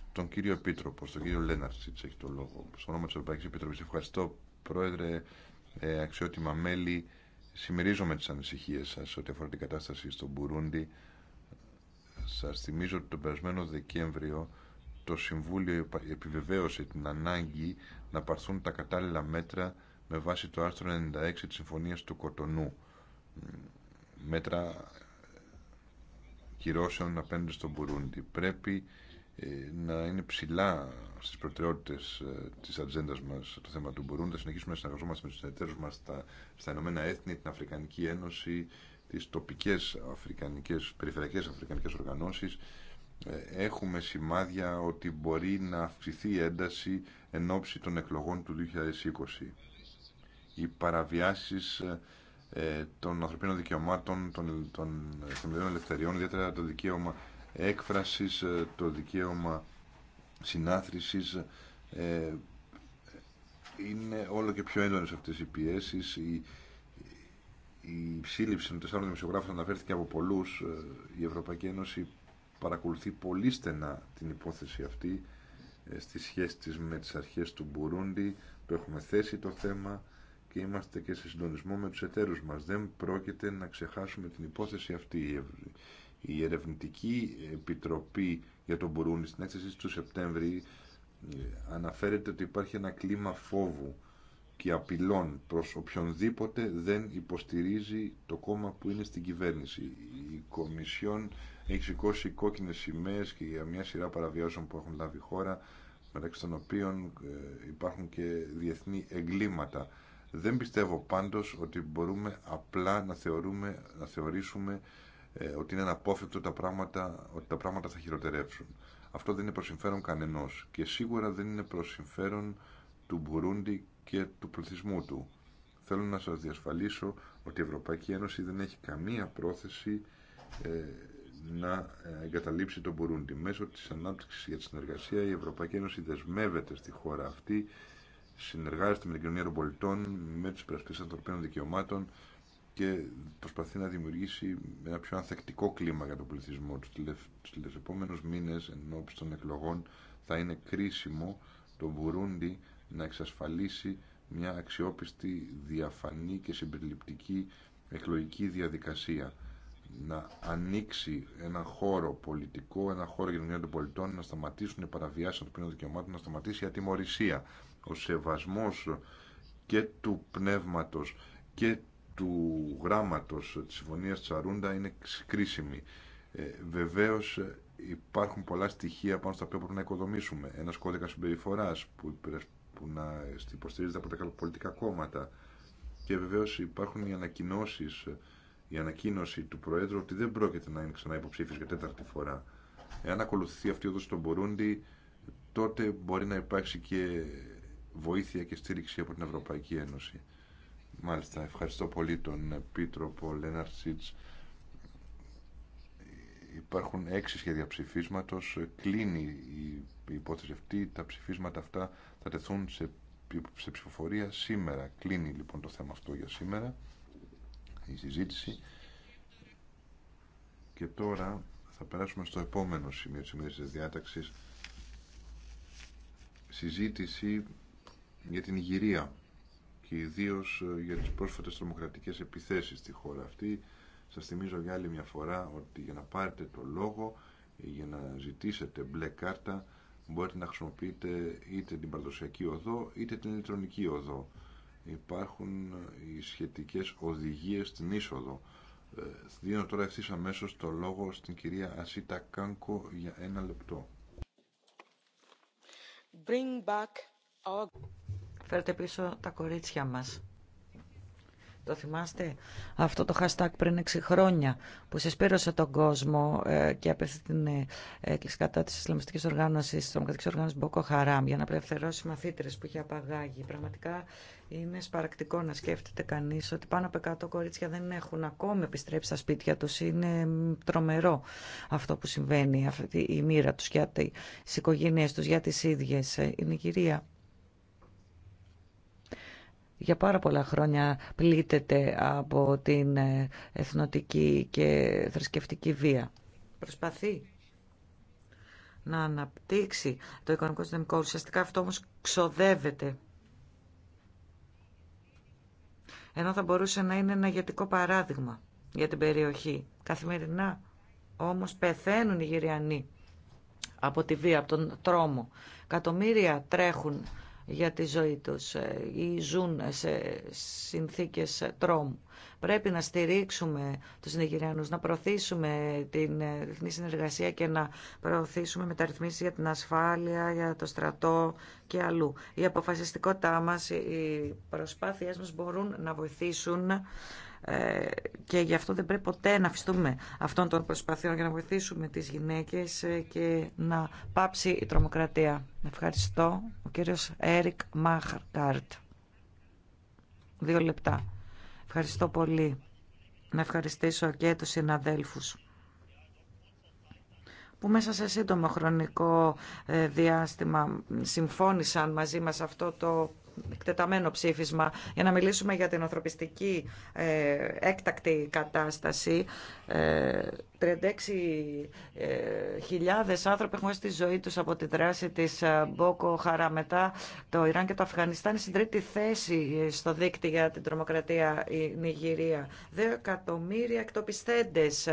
στον κύριο Επίτροπο, στον κύριο Λέναρτσιτ έχει το λόγο. Στον όνομα τη Ευρωπαϊκή Επιτροπή, ευχαριστώ Πρόεδρε, ε, αξιότιμα μέλη. Συμμερίζομαι τι ανησυχίε σα ό,τι αφορά την κατάσταση στον Μπουρούντι. Σα θυμίζω ότι τον περασμένο Δεκέμβριο το Συμβούλιο επιβεβαίωσε την ανάγκη να παρθούν τα κατάλληλα μέτρα με βάση το άρθρο 96 της Συμφωνίας του Κοτονού μέτρα κυρώσεων απέναντι στον Μπουρούντι. Πρέπει ε, να είναι ψηλά στις προτεραιότητες ε, της ατζέντα μας το θέμα του Μπουρούντι, να συνεχίσουμε να συνεργαζόμαστε με τους εταίρους μας στα, στα Ηνωμένα Έθνη, την Αφρικανική Ένωση, τις τοπικές αφρικανικές, περιφερειακές αφρικανικές οργανώσεις. Ε, έχουμε σημάδια ότι μπορεί να αυξηθεί η ένταση εν ώψη των εκλογών του 2020 οι παραβιάσεις ε, ε, των ανθρωπίνων δικαιωμάτων, των, των ε, θεμελιών ελευθεριών, ιδιαίτερα το δικαίωμα έκφρασης, το δικαίωμα συνάθρησης. είναι όλο και πιο έντονες αυτές οι πιέσεις. Η, η σύλληψη των τεσσάρων δημοσιογράφων αναφέρθηκε από πολλούς. Η Ευρωπαϊκή Ένωση παρακολουθεί πολύ στενά την υπόθεση αυτή στη σχέση της με τις αρχές του Μπουρούντι. που έχουμε θέσει το θέμα και είμαστε και σε συντονισμό με τους εταίρους μας. Δεν πρόκειται να ξεχάσουμε την υπόθεση αυτή. Η Ερευνητική Επιτροπή για τον Μπουρούνι στην έκθεση του Σεπτέμβρη ε, αναφέρεται ότι υπάρχει ένα κλίμα φόβου και απειλών προς οποιονδήποτε δεν υποστηρίζει το κόμμα που είναι στην κυβέρνηση. Η Κομισιόν έχει σηκώσει κόκκινες σημαίες και για μια σειρά παραβιάσεων που έχουν λάβει η χώρα μεταξύ των οποίων ε, υπάρχουν και διεθνή εγκλήματα. Δεν πιστεύω πάντως ότι μπορούμε απλά να, θεωρούμε, να θεωρήσουμε ε, ότι είναι αναπόφευκτο τα πράγματα, ότι τα πράγματα θα χειροτερέψουν. Αυτό δεν είναι προς συμφέρον κανενός και σίγουρα δεν είναι προς συμφέρον του Μπουρούντι και του πληθυσμού του. Θέλω να σας διασφαλίσω ότι η Ευρωπαϊκή Ένωση δεν έχει καμία πρόθεση ε, να ε, εγκαταλείψει τον Μπουρούντι. Μέσω της ανάπτυξης για τη συνεργασία η Ευρωπαϊκή Ένωση δεσμεύεται στη χώρα αυτή συνεργάζεται με την κοινωνία των πολιτών, με τους υπερασπιστές ανθρωπίνων δικαιωμάτων και προσπαθεί να δημιουργήσει ένα πιο ανθεκτικό κλίμα για τον πληθυσμό. Τους επόμενου μήνες εν των εκλογών θα είναι κρίσιμο το Μπουρούντι να εξασφαλίσει μια αξιόπιστη, διαφανή και συμπεριληπτική εκλογική διαδικασία να ανοίξει ένα χώρο πολιτικό, ένα χώρο για κοινωνία των πολιτών, να σταματήσουν οι παραβιάσει των ανθρωπίνων δικαιωμάτων, να σταματήσει η ατιμορρησία ο σεβασμός και του πνεύματος και του γράμματος της Συμφωνίας Τσαρούντα είναι κρίσιμη. Ε, βεβαίως ε, υπάρχουν πολλά στοιχεία πάνω στα οποία πρέπει να οικοδομήσουμε. Ένας κώδικας συμπεριφορά που, που να υποστηρίζεται από τα πολιτικά κόμματα και βεβαίως υπάρχουν οι ανακοινώσει, ε, η ανακοίνωση του Προέδρου ότι δεν πρόκειται να είναι ξανά υποψήφιος για τέταρτη φορά. Εάν ακολουθεί αυτή η οδός στον Μπορούντι, τότε μπορεί να υπάρξει και βοήθεια και στήριξη από την Ευρωπαϊκή Ένωση. Μάλιστα, ευχαριστώ πολύ τον Επίτροπο Λέναρ Σίτς. Υπάρχουν έξι σχέδια ψηφίσματο. Κλείνει η υπόθεση αυτή. Τα ψηφίσματα αυτά θα τεθούν σε, σε ψηφοφορία σήμερα. Κλείνει λοιπόν το θέμα αυτό για σήμερα, η συζήτηση. Και τώρα θα περάσουμε στο επόμενο σημείο τη διάταξη. Συζήτηση για την Ιγυρία και ιδίω ε, για τις πρόσφατες τρομοκρατικές επιθέσεις στη χώρα αυτή. Σας θυμίζω για άλλη μια φορά ότι για να πάρετε το λόγο, ε, για να ζητήσετε μπλε κάρτα, μπορείτε να χρησιμοποιείτε είτε την παραδοσιακή οδό είτε την ηλεκτρονική οδό. Υπάρχουν ε, οι σχετικές οδηγίες στην είσοδο. Δίνω τώρα ευθύ αμέσω το λόγο στην κυρία Ασίτα Κάνκο για ένα λεπτό. Bring φέρετε πίσω τα κορίτσια μας. Το θυμάστε αυτό το hashtag πριν 6 χρόνια που συσπήρωσε τον κόσμο ε, και απέθεσε την έκκληση ε, κατά τη Ισλαμιστική Οργάνωση, τη Τρομοκρατική Οργάνωση Μπόκο Χαράμ για να απελευθερώσει μαθήτρε που είχε απαγάγει. Πραγματικά είναι σπαρακτικό να σκέφτεται κανεί ότι πάνω από 100 κορίτσια δεν έχουν ακόμη επιστρέψει στα σπίτια του. Είναι τρομερό αυτό που συμβαίνει, αυτή η μοίρα του για τι οικογένειέ του, για τι ίδιε. Ε, είναι η κυρία για πάρα πολλά χρόνια πλήττεται από την ε, εθνοτική και θρησκευτική βία. Προσπαθεί να αναπτύξει το οικονομικό δυναμικό. Ουσιαστικά αυτό όμως ξοδεύεται. Ενώ θα μπορούσε να είναι ένα ηγετικό παράδειγμα για την περιοχή. Καθημερινά όμως πεθαίνουν οι Γυριανοί από τη βία, από τον τρόμο. Κατομμύρια τρέχουν για τη ζωή τους ε, ή ζουν σε συνθήκες τρόμου. Πρέπει να στηρίξουμε τους Νιγηριανούς, να προωθήσουμε την ε, διεθνή συνεργασία και να προωθήσουμε μεταρρυθμίσεις για την ασφάλεια, για το στρατό και αλλού. Η αποφασιστικότητά μας, οι προσπάθειές μας μπορούν να βοηθήσουν ε, και γι' αυτό δεν πρέπει ποτέ να αφιστούμε αυτών των προσπαθειών για να βοηθήσουμε τις γυναίκες ε, και να πάψει η τρομοκρατία. Ευχαριστώ. Ο κύριος Έρικ Μάχαρκάρτ. Δύο λεπτά. Ευχαριστώ πολύ. Να ευχαριστήσω και τους συναδέλφους που μέσα σε σύντομο χρονικό ε, διάστημα συμφώνησαν μαζί μας αυτό το εκτεταμένο ψήφισμα για να μιλήσουμε για την ανθρωπιστική ε, έκτακτη κατάσταση. 36.000 ε, ε, άνθρωποι έχουν στη ζωή τους από τη δράση της Μπόκο Χαραμετά. το Ιράν και το Αφγανιστάν στην τρίτη θέση στο δίκτυο για την τρομοκρατία η Νιγηρία. 2 εκατομμύρια εκτοπιστέντες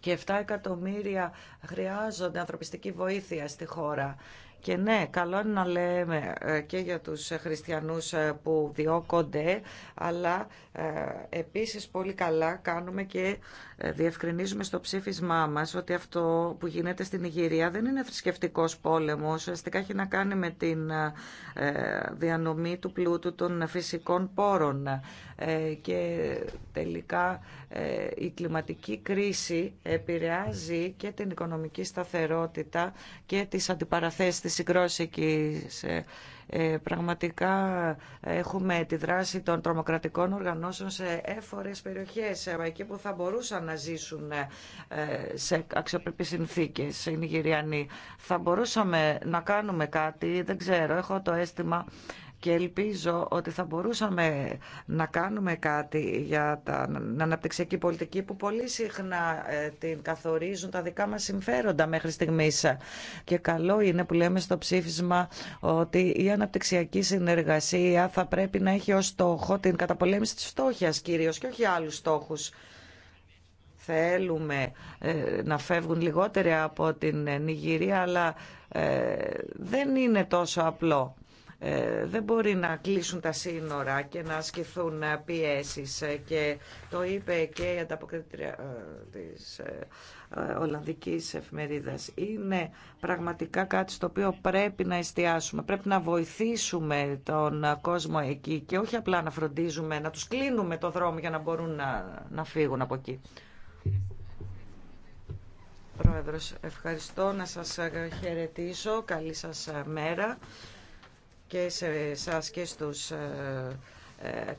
και 7 εκατομμύρια χρειάζονται ανθρωπιστική βοήθεια στη χώρα. Και ναι, καλό είναι να λέμε ε, και για τους χριστιανούς ε, που διώκονται, αλλά ε, επίσης πολύ καλά κάνουμε και διευκρινίζουμε στο ψήφισμά μας ότι αυτό που γίνεται στην Ιγυρία δεν είναι θρησκευτικό πόλεμος, ουσιαστικά έχει να κάνει με την διανομή του πλούτου των φυσικών πόρων και τελικά η κλιματική κρίση επηρεάζει και την οικονομική σταθερότητα και τις αντιπαραθέσεις της ε, πραγματικά έχουμε τη δράση των τρομοκρατικών οργανώσεων σε έφορες περιοχές, ε, εκεί που θα μπορούσαν να ζήσουν ε, σε αξιοπρεπείς συνθήκες οι Νιγηριανοί. Θα μπορούσαμε να κάνουμε κάτι, δεν ξέρω, έχω το αίσθημα και ελπίζω ότι θα μπορούσαμε να κάνουμε κάτι για την αναπτυξιακή πολιτική που πολύ συχνά ε, την καθορίζουν τα δικά μας συμφέροντα μέχρι στιγμής. Και καλό είναι που λέμε στο ψήφισμα ότι η αναπτυξιακή συνεργασία θα πρέπει να έχει ως στόχο την καταπολέμηση της φτώχειας κυρίως και όχι άλλους στόχους θέλουμε ε, να φεύγουν λιγότεροι από την Νιγηρία, αλλά ε, δεν είναι τόσο απλό. Ε, δεν μπορεί να κλείσουν τα σύνορα και να ασκηθούν πιέσεις ε, και το είπε και η ανταποκριτή ε, της Ολλανδικής Εφημερίδας. Είναι πραγματικά κάτι στο οποίο πρέπει να εστιάσουμε, πρέπει να βοηθήσουμε τον κόσμο εκεί και όχι απλά να φροντίζουμε, να τους κλείνουμε το δρόμο για να μπορούν να, να φύγουν από εκεί. Πρόεδρος, ευχαριστώ να σας χαιρετήσω. Καλή σας μέρα και σε εσά και στου ε, ε,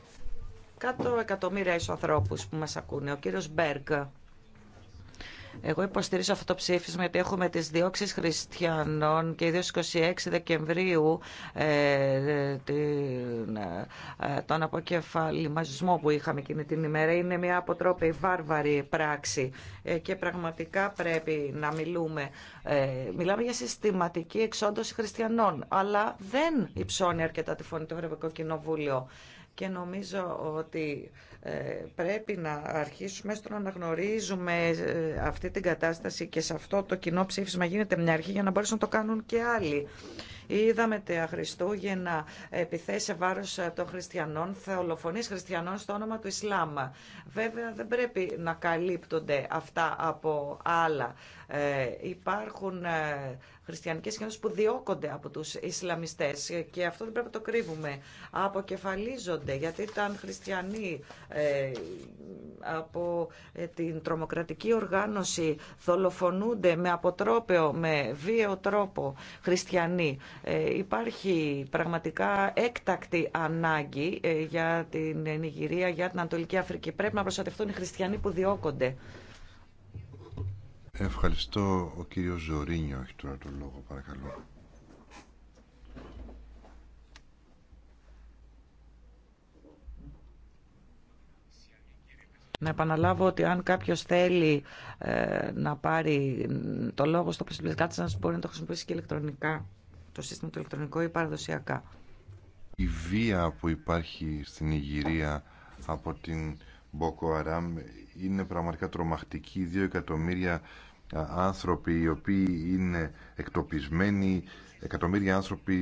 κάτω εκατομμύρια ανθρώπου που μα ακούνε. Ο κύριο Μπέργκ. Εγώ υποστηρίζω αυτό το ψήφισμα γιατί έχουμε τις διώξεις χριστιανών και ιδίως 26 Δεκεμβρίου ε, ε, την, ε, τον αποκεφαλιμασμό που είχαμε εκείνη την ημέρα είναι μια αποτρόπη βάρβαρη πράξη ε, και πραγματικά πρέπει να μιλούμε. Ε, μιλάμε για συστηματική εξόντωση χριστιανών αλλά δεν υψώνει αρκετά τη φωνή του Ευρωπαϊκού Κοινοβούλιο και νομίζω ότι ε, πρέπει να αρχίσουμε στο να αναγνωρίζουμε ε, αυτή την κατάσταση και σε αυτό το κοινό ψήφισμα γίνεται μια αρχή για να μπορέσουν να το κάνουν και άλλοι. Είδαμε για να επιθέσει σε βάρο ε, των χριστιανών, θεολοφονεί χριστιανών στο όνομα του Ισλάμ. Βέβαια δεν πρέπει να καλύπτονται αυτά από άλλα. Ε, υπάρχουν ε, χριστιανικές κοινότητες που διώκονται από τους Ισλαμιστές και αυτό δεν πρέπει να το κρύβουμε. Αποκεφαλίζονται γιατί ήταν χριστιανοί από την τρομοκρατική οργάνωση, δολοφονούνται με αποτρόπαιο, με βίαιο τρόπο χριστιανοί. Ε, υπάρχει πραγματικά έκτακτη ανάγκη ε, για την Νιγηρία, για την Ανατολική Αφρική. Πρέπει να προστατευτούν οι χριστιανοί που διώκονται. Ευχαριστώ. Ο κύριος Ζωρίνιο έχει τώρα το λόγο, παρακαλώ. Να επαναλάβω ότι αν κάποιο θέλει ε, να πάρει το λόγο στο τη, μπορεί να το χρησιμοποιήσει και ηλεκτρονικά το σύστημα το ηλεκτρονικό ή παραδοσιακά. Η βία που υπάρχει στην Ιγυρία από την Μπόκο Αράμ είναι πραγματικά τρομακτική. Δύο εκατομμύρια άνθρωποι οι οποίοι είναι εκτοπισμένοι, εκατομμύρια άνθρωποι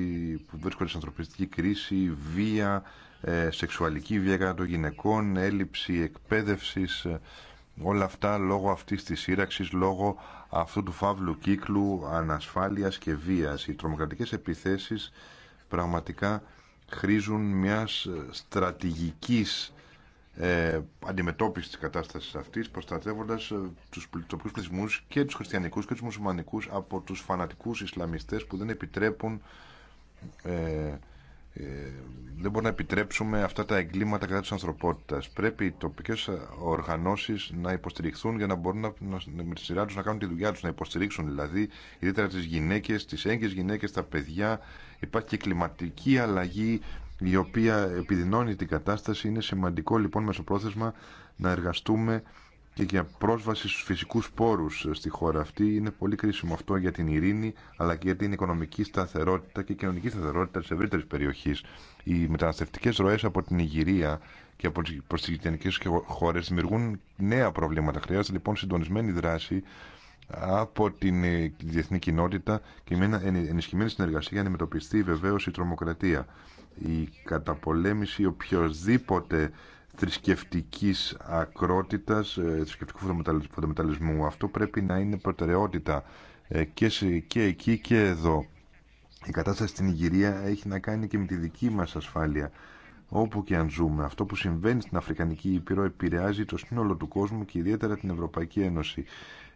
που βρίσκονται σε ανθρωπιστική κρίση, βία, ε, σεξουαλική βία κατά των γυναικών, έλλειψη εκπαίδευσης, ε, όλα αυτά λόγω αυτής της σύραξης, λόγω αυτού του φαύλου κύκλου ανασφάλειας και βίας. Οι τρομοκρατικές επιθέσεις πραγματικά χρήζουν μιας ε, στρατηγικής ε, αντιμετώπισης της κατάστασης αυτής προστατεύοντας ε, τους τοπικούς πληθυσμούς και τους χριστιανικούς και τους μουσουλμανικούς από τους φανατικούς Ισλαμιστές που δεν επιτρέπουν ε, ε, δεν μπορούμε να επιτρέψουμε αυτά τα εγκλήματα κατά της ανθρωπότητας. Πρέπει οι τοπικές οργανώσεις να υποστηριχθούν για να μπορούν να, να, με τη σειρά τους να κάνουν τη δουλειά τους, να υποστηρίξουν δηλαδή ιδιαίτερα τις γυναίκες, τις έγκυες γυναίκες, τα παιδιά. Υπάρχει και κλιματική αλλαγή η οποία επιδεινώνει την κατάσταση. Είναι σημαντικό λοιπόν μεσοπρόθεσμα να εργαστούμε και για πρόσβαση στους φυσικούς πόρους ε, στη χώρα αυτή. Είναι πολύ κρίσιμο αυτό για την ειρήνη, αλλά και για την οικονομική σταθερότητα και κοινωνική σταθερότητα της ευρύτερης περιοχής. Οι μεταναστευτικές ροές από την Ιγυρία και από τις προσυγητενικές χώρες δημιουργούν νέα προβλήματα. Χρειάζεται λοιπόν συντονισμένη δράση από την ε, διεθνή κοινότητα και με ενισχυμένη συνεργασία για να αντιμετωπιστεί βεβαίω η τρομοκρατία. Η καταπολέμηση οποιοδήποτε θρησκευτικής ακρότητας, ε, θρησκευτικού φωτομεταλλισμού. Αυτό πρέπει να είναι προτεραιότητα ε, και, σε, και εκεί και εδώ. Η κατάσταση στην Ιγυρία έχει να κάνει και με τη δική μας ασφάλεια. Όπου και αν ζούμε, αυτό που συμβαίνει στην Αφρικανική Ήπειρο επηρεάζει το σύνολο του κόσμου και ιδιαίτερα την Ευρωπαϊκή Ένωση.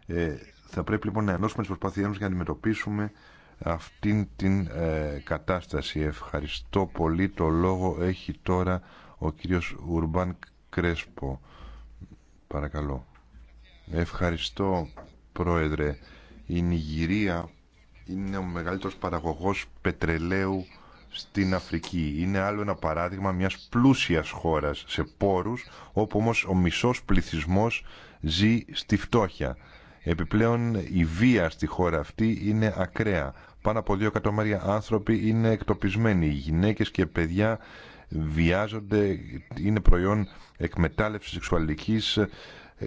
Ε, θα πρέπει λοιπόν να ενώσουμε τις προσπάθειές μας για να αντιμετωπίσουμε αυτήν την ε, κατάσταση. Ευχαριστώ πολύ. Το λόγο έχει τώρα ο κύριος Ουρμπάν Κρέσπο. Παρακαλώ. Ευχαριστώ, Πρόεδρε. Η Νιγηρία είναι ο μεγαλύτερος παραγωγός πετρελαίου στην Αφρική. Είναι άλλο ένα παράδειγμα μιας πλούσιας χώρας σε πόρους, όπου όμως ο μισός πληθυσμός ζει στη φτώχεια. Επιπλέον η βία στη χώρα αυτή είναι ακραία. Πάνω από δύο εκατομμύρια άνθρωποι είναι εκτοπισμένοι. Οι γυναίκες και παιδιά βιάζονται, είναι προϊόν εκμετάλλευση σεξουαλική. ε,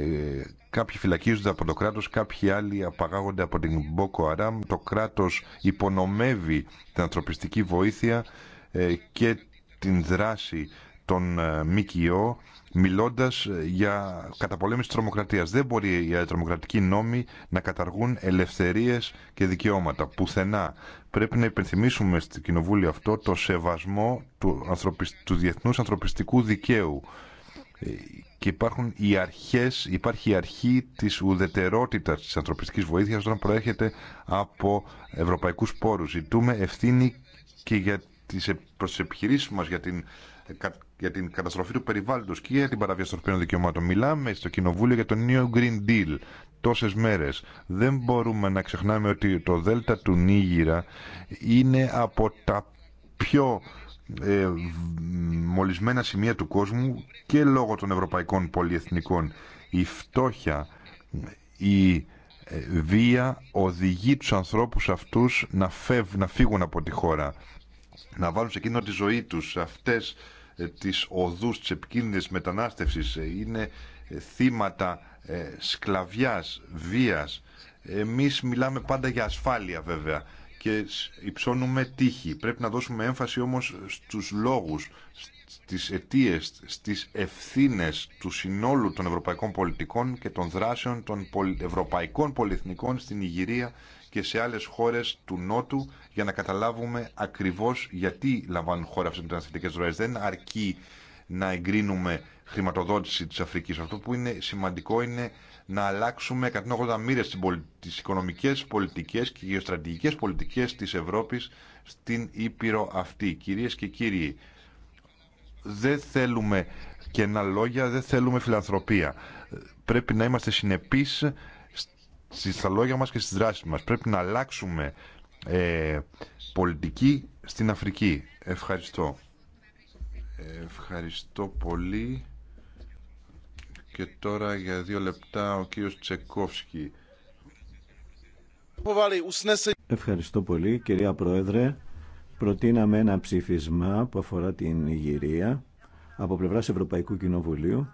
κάποιοι φυλακίζονται από το κράτο, κάποιοι άλλοι απαγάγονται από την Μπόκο Αράμ. Το κράτο υπονομεύει την ανθρωπιστική βοήθεια ε, και την δράση των ε, ΜΚΟ μιλώντας ε, για καταπολέμηση τρομοκρατία. τρομοκρατίας. Δεν μπορεί οι τρομοκρατικοί νόμοι να καταργούν ελευθερίες και δικαιώματα. Πουθενά πρέπει να υπενθυμίσουμε στο κοινοβούλιο αυτό το σεβασμό του, ανθρωπισ... του διεθνούς ανθρωπιστικού δικαίου ε, και υπάρχουν οι αρχές, υπάρχει η αρχή της ουδετερότητας της ανθρωπιστικής βοήθειας όταν προέρχεται από ευρωπαϊκούς πόρους. Ζητούμε ευθύνη και για τις, προς τις επιχειρήσεις μας για την για την καταστροφή του περιβάλλοντος και για την παραβίαση των ανθρωπίνων δικαιωμάτων. Μιλάμε στο Κοινοβούλιο για το New Green Deal τόσες μέρες. Δεν μπορούμε να ξεχνάμε ότι το Δέλτα του Νίγηρα είναι από τα πιο ε, μολυσμένα σημεία του κόσμου και λόγω των ευρωπαϊκών πολιεθνικών. Η φτώχεια, η ε, βία οδηγεί τους ανθρώπους αυτούς να, να φύγουν από τη χώρα, να βάλουν σε κίνδυνο τη ζωή τους. Αυτές ε, τις οδούς της επικίνδυνης μετανάστευσης, ε, είναι ε, θύματα σκλαβιάς, βίας. Εμείς μιλάμε πάντα για ασφάλεια βέβαια και υψώνουμε τύχη. Πρέπει να δώσουμε έμφαση όμως στους λόγους, στις αιτίε, στις ευθύνες του συνόλου των ευρωπαϊκών πολιτικών και των δράσεων των ευρωπαϊκών πολυεθνικών στην Ιγυρία και σε άλλες χώρες του Νότου για να καταλάβουμε ακριβώς γιατί λαμβάνουν χώρα αυτές τις μεταναστευτικές ροές. Δεν αρκεί να εγκρίνουμε χρηματοδότηση της Αφρικής. Αυτό που είναι σημαντικό είναι να αλλάξουμε 180 μοίρες τις, τις οικονομικές, πολιτικές και γεωστρατηγικές πολιτικές της Ευρώπης στην Ήπειρο αυτή. Κυρίες και κύριοι, δεν θέλουμε κενά λόγια, δεν θέλουμε φιλανθρωπία. Πρέπει να είμαστε συνεπείς στα λόγια μας και στις δράσεις μας. Πρέπει να αλλάξουμε ε, πολιτική στην Αφρική. Ευχαριστώ. Ευχαριστώ πολύ. Και τώρα για δύο λεπτά ο κύριος Τσεκόφσκι. Ευχαριστώ πολύ κυρία Πρόεδρε. Προτείναμε ένα ψήφισμα που αφορά την Ιγυρία από πλευράς Ευρωπαϊκού Κοινοβουλίου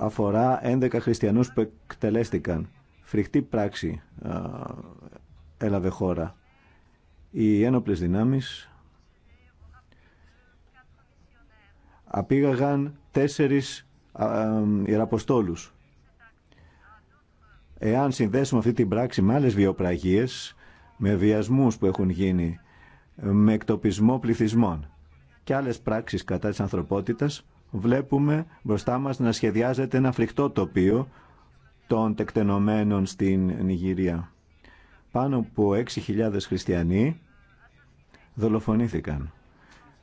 αφορά 11 χριστιανούς που εκτελέστηκαν. Φρικτή πράξη έλαβε χώρα. Οι ένοπλες δυνάμεις απήγαγαν τέσσερις ιεραποστόλους. Εάν συνδέσουμε αυτή την πράξη με άλλες βιοπραγίες, με βιασμούς που έχουν γίνει, με εκτοπισμό πληθυσμών και άλλες πράξεις κατά της ανθρωπότητας, βλέπουμε μπροστά μας να σχεδιάζεται ένα φρικτό τοπίο των τεκτενομένων στην Νιγηρία. Πάνω από 6.000 χριστιανοί δολοφονήθηκαν,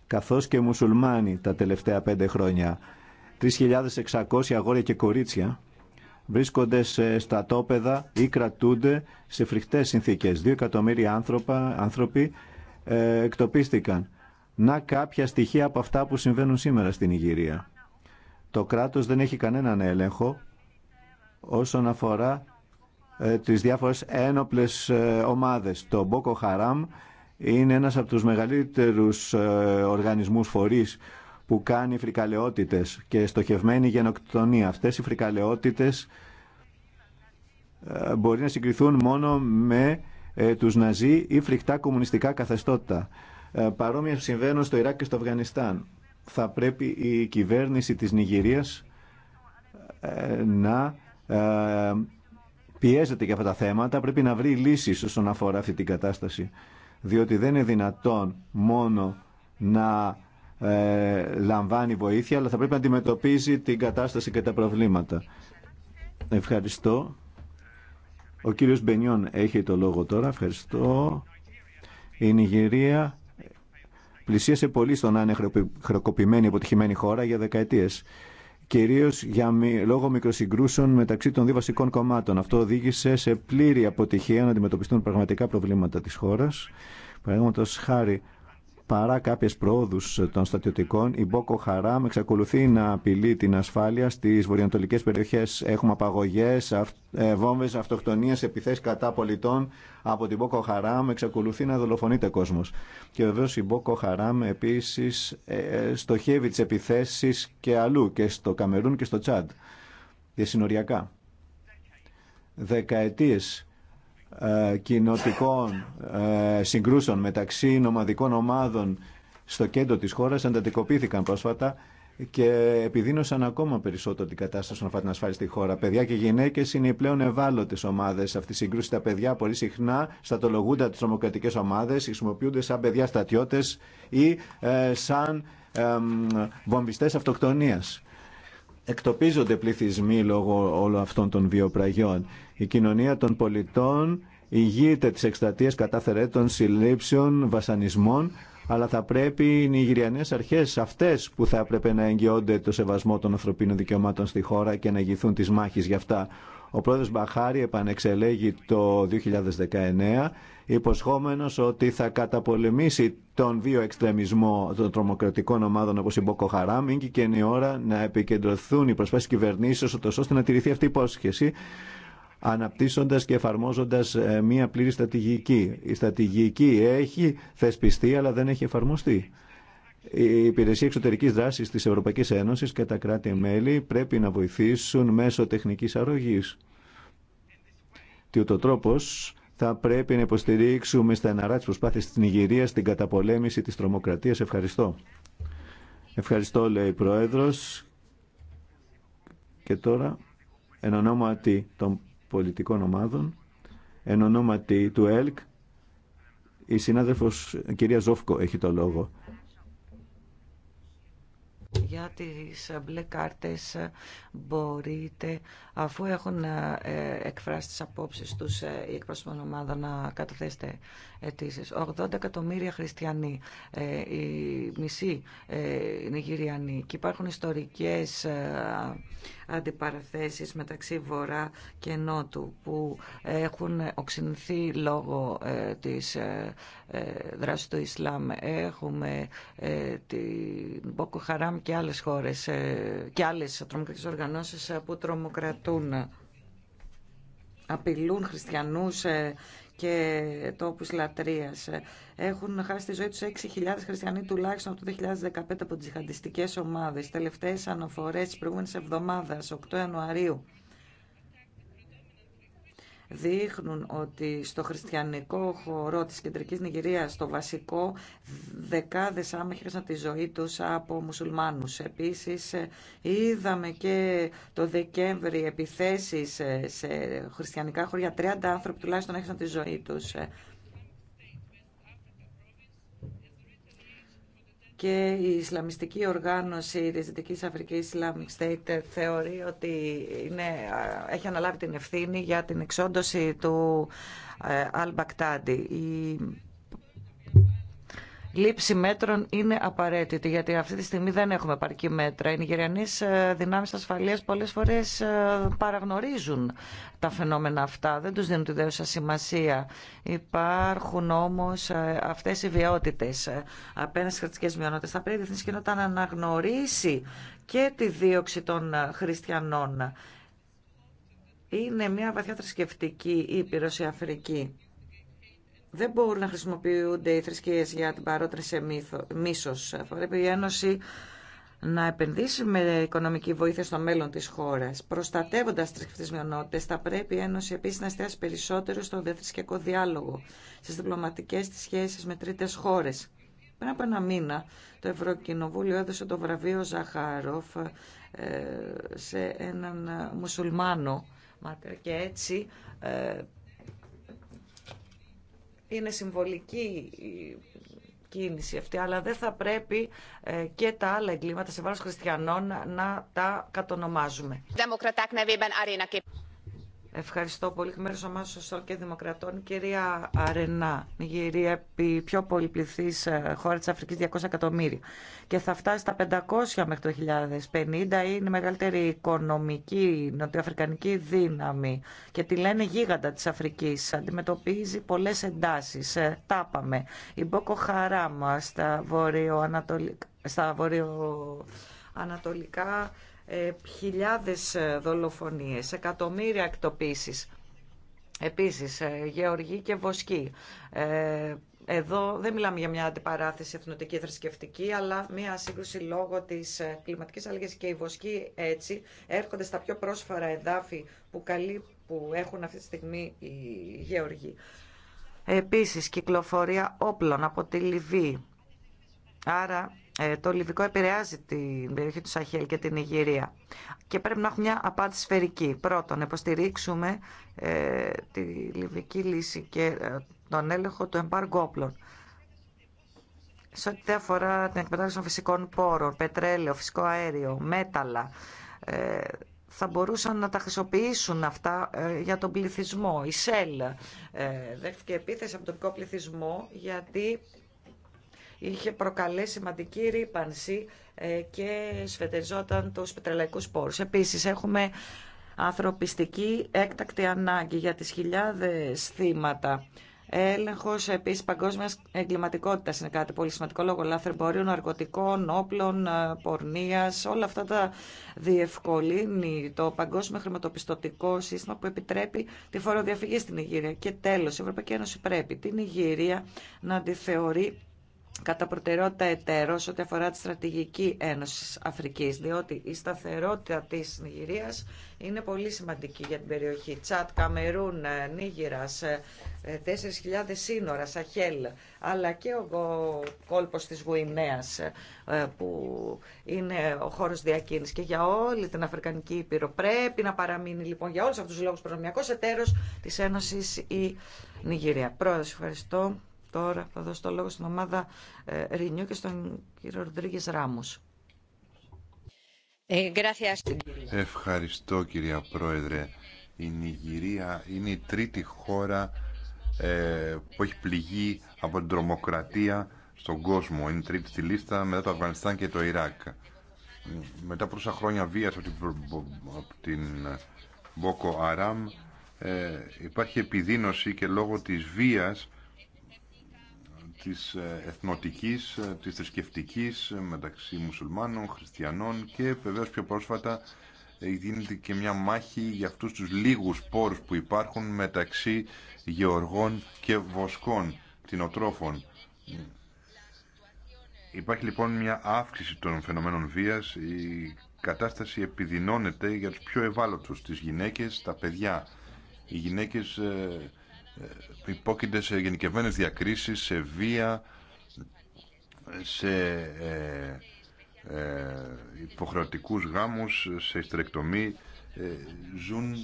καθώς και μουσουλμάνοι τα τελευταία πέντε χρόνια. 3.600 αγόρια και κορίτσια βρίσκονται σε στρατόπεδα ή κρατούνται σε φρικτές συνθήκες. Δύο εκατομμύρια άνθρωποι ε, εκτοπίστηκαν να κάποια στοιχεία από αυτά που συμβαίνουν σήμερα στην Ιγυρία. Το κράτος δεν έχει κανέναν έλεγχο όσον αφορά ε, τις διάφορες ένοπλες ε, ομάδες. Το Boko Haram είναι ένας από τους μεγαλύτερους ε, οργανισμούς φορείς που κάνει φρικαλαιότητες και στοχευμένη γενοκτονία. Αυτές οι φρικαλαιότητες μπορεί να συγκριθούν μόνο με τους Ναζί ή φρικτά κομμουνιστικά καθεστώτα. Ε, παρόμοια συμβαίνουν στο Ιράκ και στο Αφγανιστάν. Θα πρέπει η κυβέρνηση της Νιγηρίας ε, να ε, πιέζεται για αυτά τα θέματα, πρέπει να βρει λύσεις όσον αφορά αυτή την κατάσταση. Διότι δεν είναι δυνατόν μόνο να λαμβάνει βοήθεια, αλλά θα πρέπει να αντιμετωπίζει την κατάσταση και τα προβλήματα. Ευχαριστώ. Ο κύριος Μπενιόν έχει το λόγο τώρα. Ευχαριστώ. Η Νιγηρία πλησίασε πολύ στο να είναι χρεοκοπημένη, αποτυχημένη χώρα για δεκαετίε. Κυρίω λόγω μικροσυγκρούσεων μεταξύ των δύο βασικών κομμάτων. Αυτό οδήγησε σε πλήρη αποτυχία να αντιμετωπιστούν πραγματικά προβλήματα τη χώρα. Παραδείγματο χάρη Παρά κάποιε πρόοδου των στατιωτικών, η Μπόκο Χαράμ εξακολουθεί να απειλεί την ασφάλεια στι βορειοανατολικές περιοχές. Έχουμε απαγωγέ ε, βόμβες αυτοκτονία, επιθέσεις κατά πολιτών από την Μπόκο Χαράμ. Εξακολουθεί να δολοφονείται κόσμος. Και βεβαίω η Μπόκο Χαράμ επίσης ε, ε, στοχεύει τις επιθέσεις και αλλού, και στο Καμερούν και στο Τσάντ, και συνοριακά. Δεκαετίες ε, κοινοτικών ε, συγκρούσεων μεταξύ νομαδικών ομάδων στο κέντρο της χώρας εντατικοποιήθηκαν πρόσφατα και επιδίνωσαν ακόμα περισσότερο την κατάσταση όσον αφορά την ασφάλεια στη χώρα. Παιδιά και γυναίκε είναι οι πλέον ευάλωτε ομάδε αυτή τη συγκρούση. Τα παιδιά πολύ συχνά στατολογούνται από τι τρομοκρατικέ ομάδε, χρησιμοποιούνται σαν παιδιά στρατιώτε ή ε, σαν ε, βομβιστέ αυτοκτονία εκτοπίζονται πληθυσμοί λόγω όλων αυτών των βιοπραγιών. Η κοινωνία των πολιτών ηγείται της εκστατείας κατά των συλλήψεων, βασανισμών, αλλά θα πρέπει οι Νιγηριανές αρχές αυτές που θα έπρεπε να εγγυώνται το σεβασμό των ανθρωπίνων δικαιωμάτων στη χώρα και να ηγηθούν τις μάχη για αυτά. Ο πρόεδρος Μπαχάρη επανεξελέγει το 2019 υποσχόμενος ότι θα καταπολεμήσει τον βίο εξτρεμισμό των τρομοκρατικών ομάδων όπως η Μποκο και είναι η ώρα να επικεντρωθούν οι προσπάσεις κυβερνήσεως ώστε να τηρηθεί αυτή η υπόσχεση αναπτύσσοντας και εφαρμόζοντας ε, μία πλήρη στρατηγική. Η στρατηγική έχει θεσπιστεί αλλά δεν έχει εφαρμοστεί. Η Υπηρεσία Εξωτερικής Δράσης της Ευρωπαϊκής Ένωσης και τα κράτη-μέλη πρέπει να βοηθήσουν μέσω τεχνικής αρρωγής. Τι ούτω τρόπος θα πρέπει να υποστηρίξουμε στα εναρά της προσπάθειας της Νιγηρίας στην καταπολέμηση της τρομοκρατίας. Ευχαριστώ. Ευχαριστώ, λέει η Πρόεδρος. Και τώρα, εν ονόματι των πολιτικών ομάδων, εν ονόματι του ΕΛΚ, η συνάδελφος κυρία Ζόφκο έχει το λόγο για τις ε, μπλε κάρτες ε, μπορείτε αφού έχουν ε, εκφράσει τις απόψεις τους η εκπρόσωπη ομάδα να καταθέσετε αιτήσει. 80 εκατομμύρια χριστιανοί, οι μισοί Νιγηριανοί και υπάρχουν ιστορικές αντιπαραθέσεις μεταξύ Βορρά και Νότου που έχουν οξυνθεί λόγω ε, της ε, ε, δράσης του Ισλάμ. Έχουμε την Μπόκο Χαράμ και άλλες χώρες και άλλες τρομοκρατικές οργανώσεις που τρομοκρατούν απειλούν χριστιανούς και τόπους λατρείας. Έχουν χάσει τη ζωή τους 6.000 χριστιανοί τουλάχιστον από το 2015 από τις τζιχαντιστικές ομάδες. Τελευταίες αναφορές της προηγούμενης εβδομάδας, 8 Ιανουαρίου, δείχνουν ότι στο χριστιανικό χώρο της κεντρικής Νιγηρίας, το βασικό, δεκάδες άμαχοι τη ζωή τους από μουσουλμάνους. Επίσης, ε, είδαμε και το Δεκέμβρη επιθέσεις ε, σε χριστιανικά χωριά. 30 άνθρωποι τουλάχιστον έχασαν τη ζωή τους. Ε, και η Ισλαμιστική οργάνωση της Δυτικής Αφρικής Islamic State θεωρεί ότι είναι, έχει αναλάβει την ευθύνη για την εξόντωση του Αλ ε, baqtadi λήψη μέτρων είναι απαραίτητη, γιατί αυτή τη στιγμή δεν έχουμε παρκή μέτρα. Οι Νιγηριανείς ε, δυνάμεις ασφαλείας πολλές φορές ε, παραγνωρίζουν τα φαινόμενα αυτά, δεν τους δίνουν τη δέουσα σημασία. Υπάρχουν όμως ε, αυτές οι βιαιότητες απέναντι στις χριστικές μειονότητες. Θα πρέπει η Διεθνής Κοινότητα να αναγνωρίσει και τη δίωξη των χριστιανών. Είναι μια βαθιά θρησκευτική ήπειρος η Αφρική δεν μπορούν να χρησιμοποιούνται οι θρησκείες για την παρότριση σε μίσος. Πρέπει η Ένωση να επενδύσει με οικονομική βοήθεια στο μέλλον της χώρας. Προστατεύοντας τις θρησκευτικέ μειονότητες, θα πρέπει η Ένωση επίσης να εστιάσει περισσότερο στον διαθρησκευτικό διάλογο, στις διπλωματικές της σχέσεις με τρίτες χώρες. Πριν από ένα μήνα, το Ευρωκοινοβούλιο έδωσε το βραβείο Ζαχάροφ ε, σε έναν μουσουλμάνο και έτσι ε, είναι συμβολική η κίνηση αυτή, αλλά δεν θα πρέπει ε, και τα άλλα εγκλήματα σε βάρος χριστιανών να τα κατονομάζουμε. Ευχαριστώ πολύ. Μέρο ομάδα Σοσιαλ και Δημοκρατών, κυρία Αρενά, Νιγηρία, επί πιο πολυπληθή ε, χώρα τη Αφρική, 200 εκατομμύρια. Και θα φτάσει στα 500 μέχρι το 2050. Είναι η μεγαλύτερη οικονομική νοτιοαφρικανική δύναμη. Και τη λένε γίγαντα τη Αφρική. Αντιμετωπίζει πολλέ εντάσει. Ε, Τάπαμε. Η Μπόκο Χαράμα ε, στα βορειοανατολικά. Στα βορειο ε, χιλιάδες ε, δολοφονίες, εκατομμύρια εκτοπίσεις. Επίσης, ε, γεωργοί και βοσκοί. Ε, εδώ δεν μιλάμε για μια αντιπαράθεση εθνοτική θρησκευτική, αλλά μια σύγκρουση λόγω τη κλιματική αλλαγή. Και οι βοσκοί έτσι έρχονται στα πιο πρόσφαρα εδάφη που, καλεί, που έχουν αυτή τη στιγμή οι γεωργοί. Επίση, κυκλοφορία όπλων από τη Λιβύη. Άρα ε, το Λιβικό επηρεάζει την περιοχή του Σαχέλ και την Ιγυρία. Και πρέπει να έχουμε μια απάντηση σφαιρική. Πρώτον, να υποστηρίξουμε ε, τη Λιβική λύση και ε, τον έλεγχο του εμπάργου όπλων. Σε ό,τι αφορά την εκμετάλλευση των φυσικών πόρων, πετρέλαιο, φυσικό αέριο, μέταλλα, θα μπορούσαν να τα χρησιμοποιήσουν αυτά για τον πληθυσμό. Η ΣΕΛ δέχτηκε επίθεση από τον τοπικό πληθυσμό γιατί είχε προκαλέσει σημαντική ρήπανση ε, και σφετεριζόταν τους πετρελαϊκούς πόρους. Επίσης έχουμε ανθρωπιστική έκτακτη ανάγκη για τις χιλιάδες θύματα. Έλεγχο επίση παγκόσμια εγκληματικότητα είναι κάτι πολύ σημαντικό λόγω λάθρεμπορίων, ναρκωτικών, όπλων, ε, πορνεία. Όλα αυτά τα διευκολύνει το παγκόσμιο χρηματοπιστωτικό σύστημα που επιτρέπει τη φοροδιαφυγή στην Ιγυρία. Και τέλο, η Ευρωπαϊκή Ένωση πρέπει την Ιγυρία να τη κατά προτεραιότητα εταίρος ό,τι αφορά τη στρατηγική ένωση Αφρικής, διότι η σταθερότητα της Νιγηρίας είναι πολύ σημαντική για την περιοχή. Τσάτ, Καμερούν, ε, Νίγηρα 4.000 ε, ε, σύνορα, Σαχέλ, αλλά και ο κόλπος της Γουινέας που είναι ο χώρος διακίνηση και για όλη την Αφρικανική Ήπειρο. Πρέπει να παραμείνει λοιπόν για όλου αυτού τους λόγους προνομιακό εταίρος τη Ένωση η Νιγηρία. Πρόεδρε, ευχαριστώ. Τώρα θα δώσω το λόγο στην ομάδα ε, Ρινιού και στον κύριο Ροντρίγκε Ράμου. Ε, Ευχαριστώ κυρία Πρόεδρε. Η Νιγηρία είναι η τρίτη χώρα ε, που έχει πληγεί από την τρομοκρατία στον κόσμο. Είναι τρίτη στη λίστα μετά το Αφγανιστάν και το Ιράκ. Μετά από τόσα χρόνια βίας από την ε, Μπόκο Αράμ υπάρχει επιδείνωση και λόγω της βίας της ε, εθνοτικής, ε, της θρησκευτική ε, μεταξύ μουσουλμάνων, χριστιανών και βεβαίως πιο πρόσφατα γίνεται και μια μάχη για αυτούς τους λίγους πόρους που υπάρχουν μεταξύ γεωργών και βοσκών, κτηνοτρόφων. Υπάρχει λοιπόν μια αύξηση των φαινομένων βίας, η κατάσταση επιδεινώνεται για τους πιο ευάλωτους, τις γυναίκες, τα παιδιά. Οι γυναίκες υπόκεινται σε γενικευμένες διακρίσεις, σε βία, σε ε, ε, υποχρεωτικούς γάμους, σε ιστρεκτομή. Ε, ζουν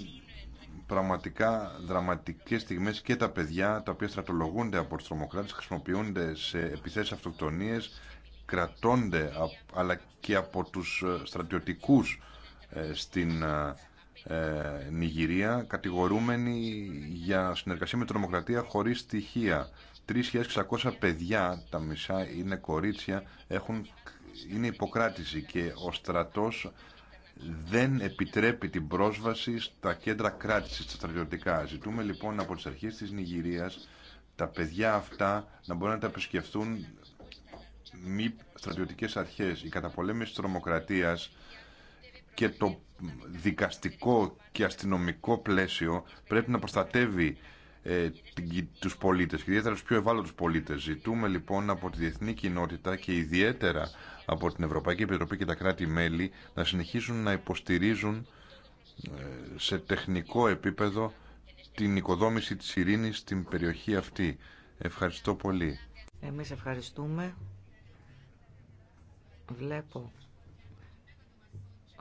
πραγματικά δραματικές στιγμές και τα παιδιά τα οποία στρατολογούνται από τους τρομοκράτες, χρησιμοποιούνται σε επιθέσεις αυτοκτονίες, κρατώνται αλλά και από τους στρατιωτικούς ε, στην ε, ε, Νιγηρία κατηγορούμενη για συνεργασία με τρομοκρατία χωρίς στοιχεία. 3.600 παιδιά, τα μισά είναι κορίτσια, έχουν, είναι υποκράτηση και ο στρατός δεν επιτρέπει την πρόσβαση στα κέντρα κράτησης, στα στρατιωτικά. Ζητούμε λοιπόν από τις αρχές της Νιγηρίας τα παιδιά αυτά να μπορούν να τα επισκεφθούν μη στρατιωτικές αρχές. Η καταπολέμηση της τρομοκρατίας και το δικαστικό και αστυνομικό πλαίσιο πρέπει να προστατεύει ε, τους πολίτες και ιδιαίτερα τους πιο ευάλωτους πολίτες. Ζητούμε λοιπόν από τη διεθνή κοινότητα και ιδιαίτερα από την Ευρωπαϊκή Επιτροπή και τα κράτη-μέλη να συνεχίσουν να υποστηρίζουν ε, σε τεχνικό επίπεδο την οικοδόμηση της ειρήνης στην περιοχή αυτή. Ευχαριστώ πολύ. Εμείς ευχαριστούμε. Βλέπω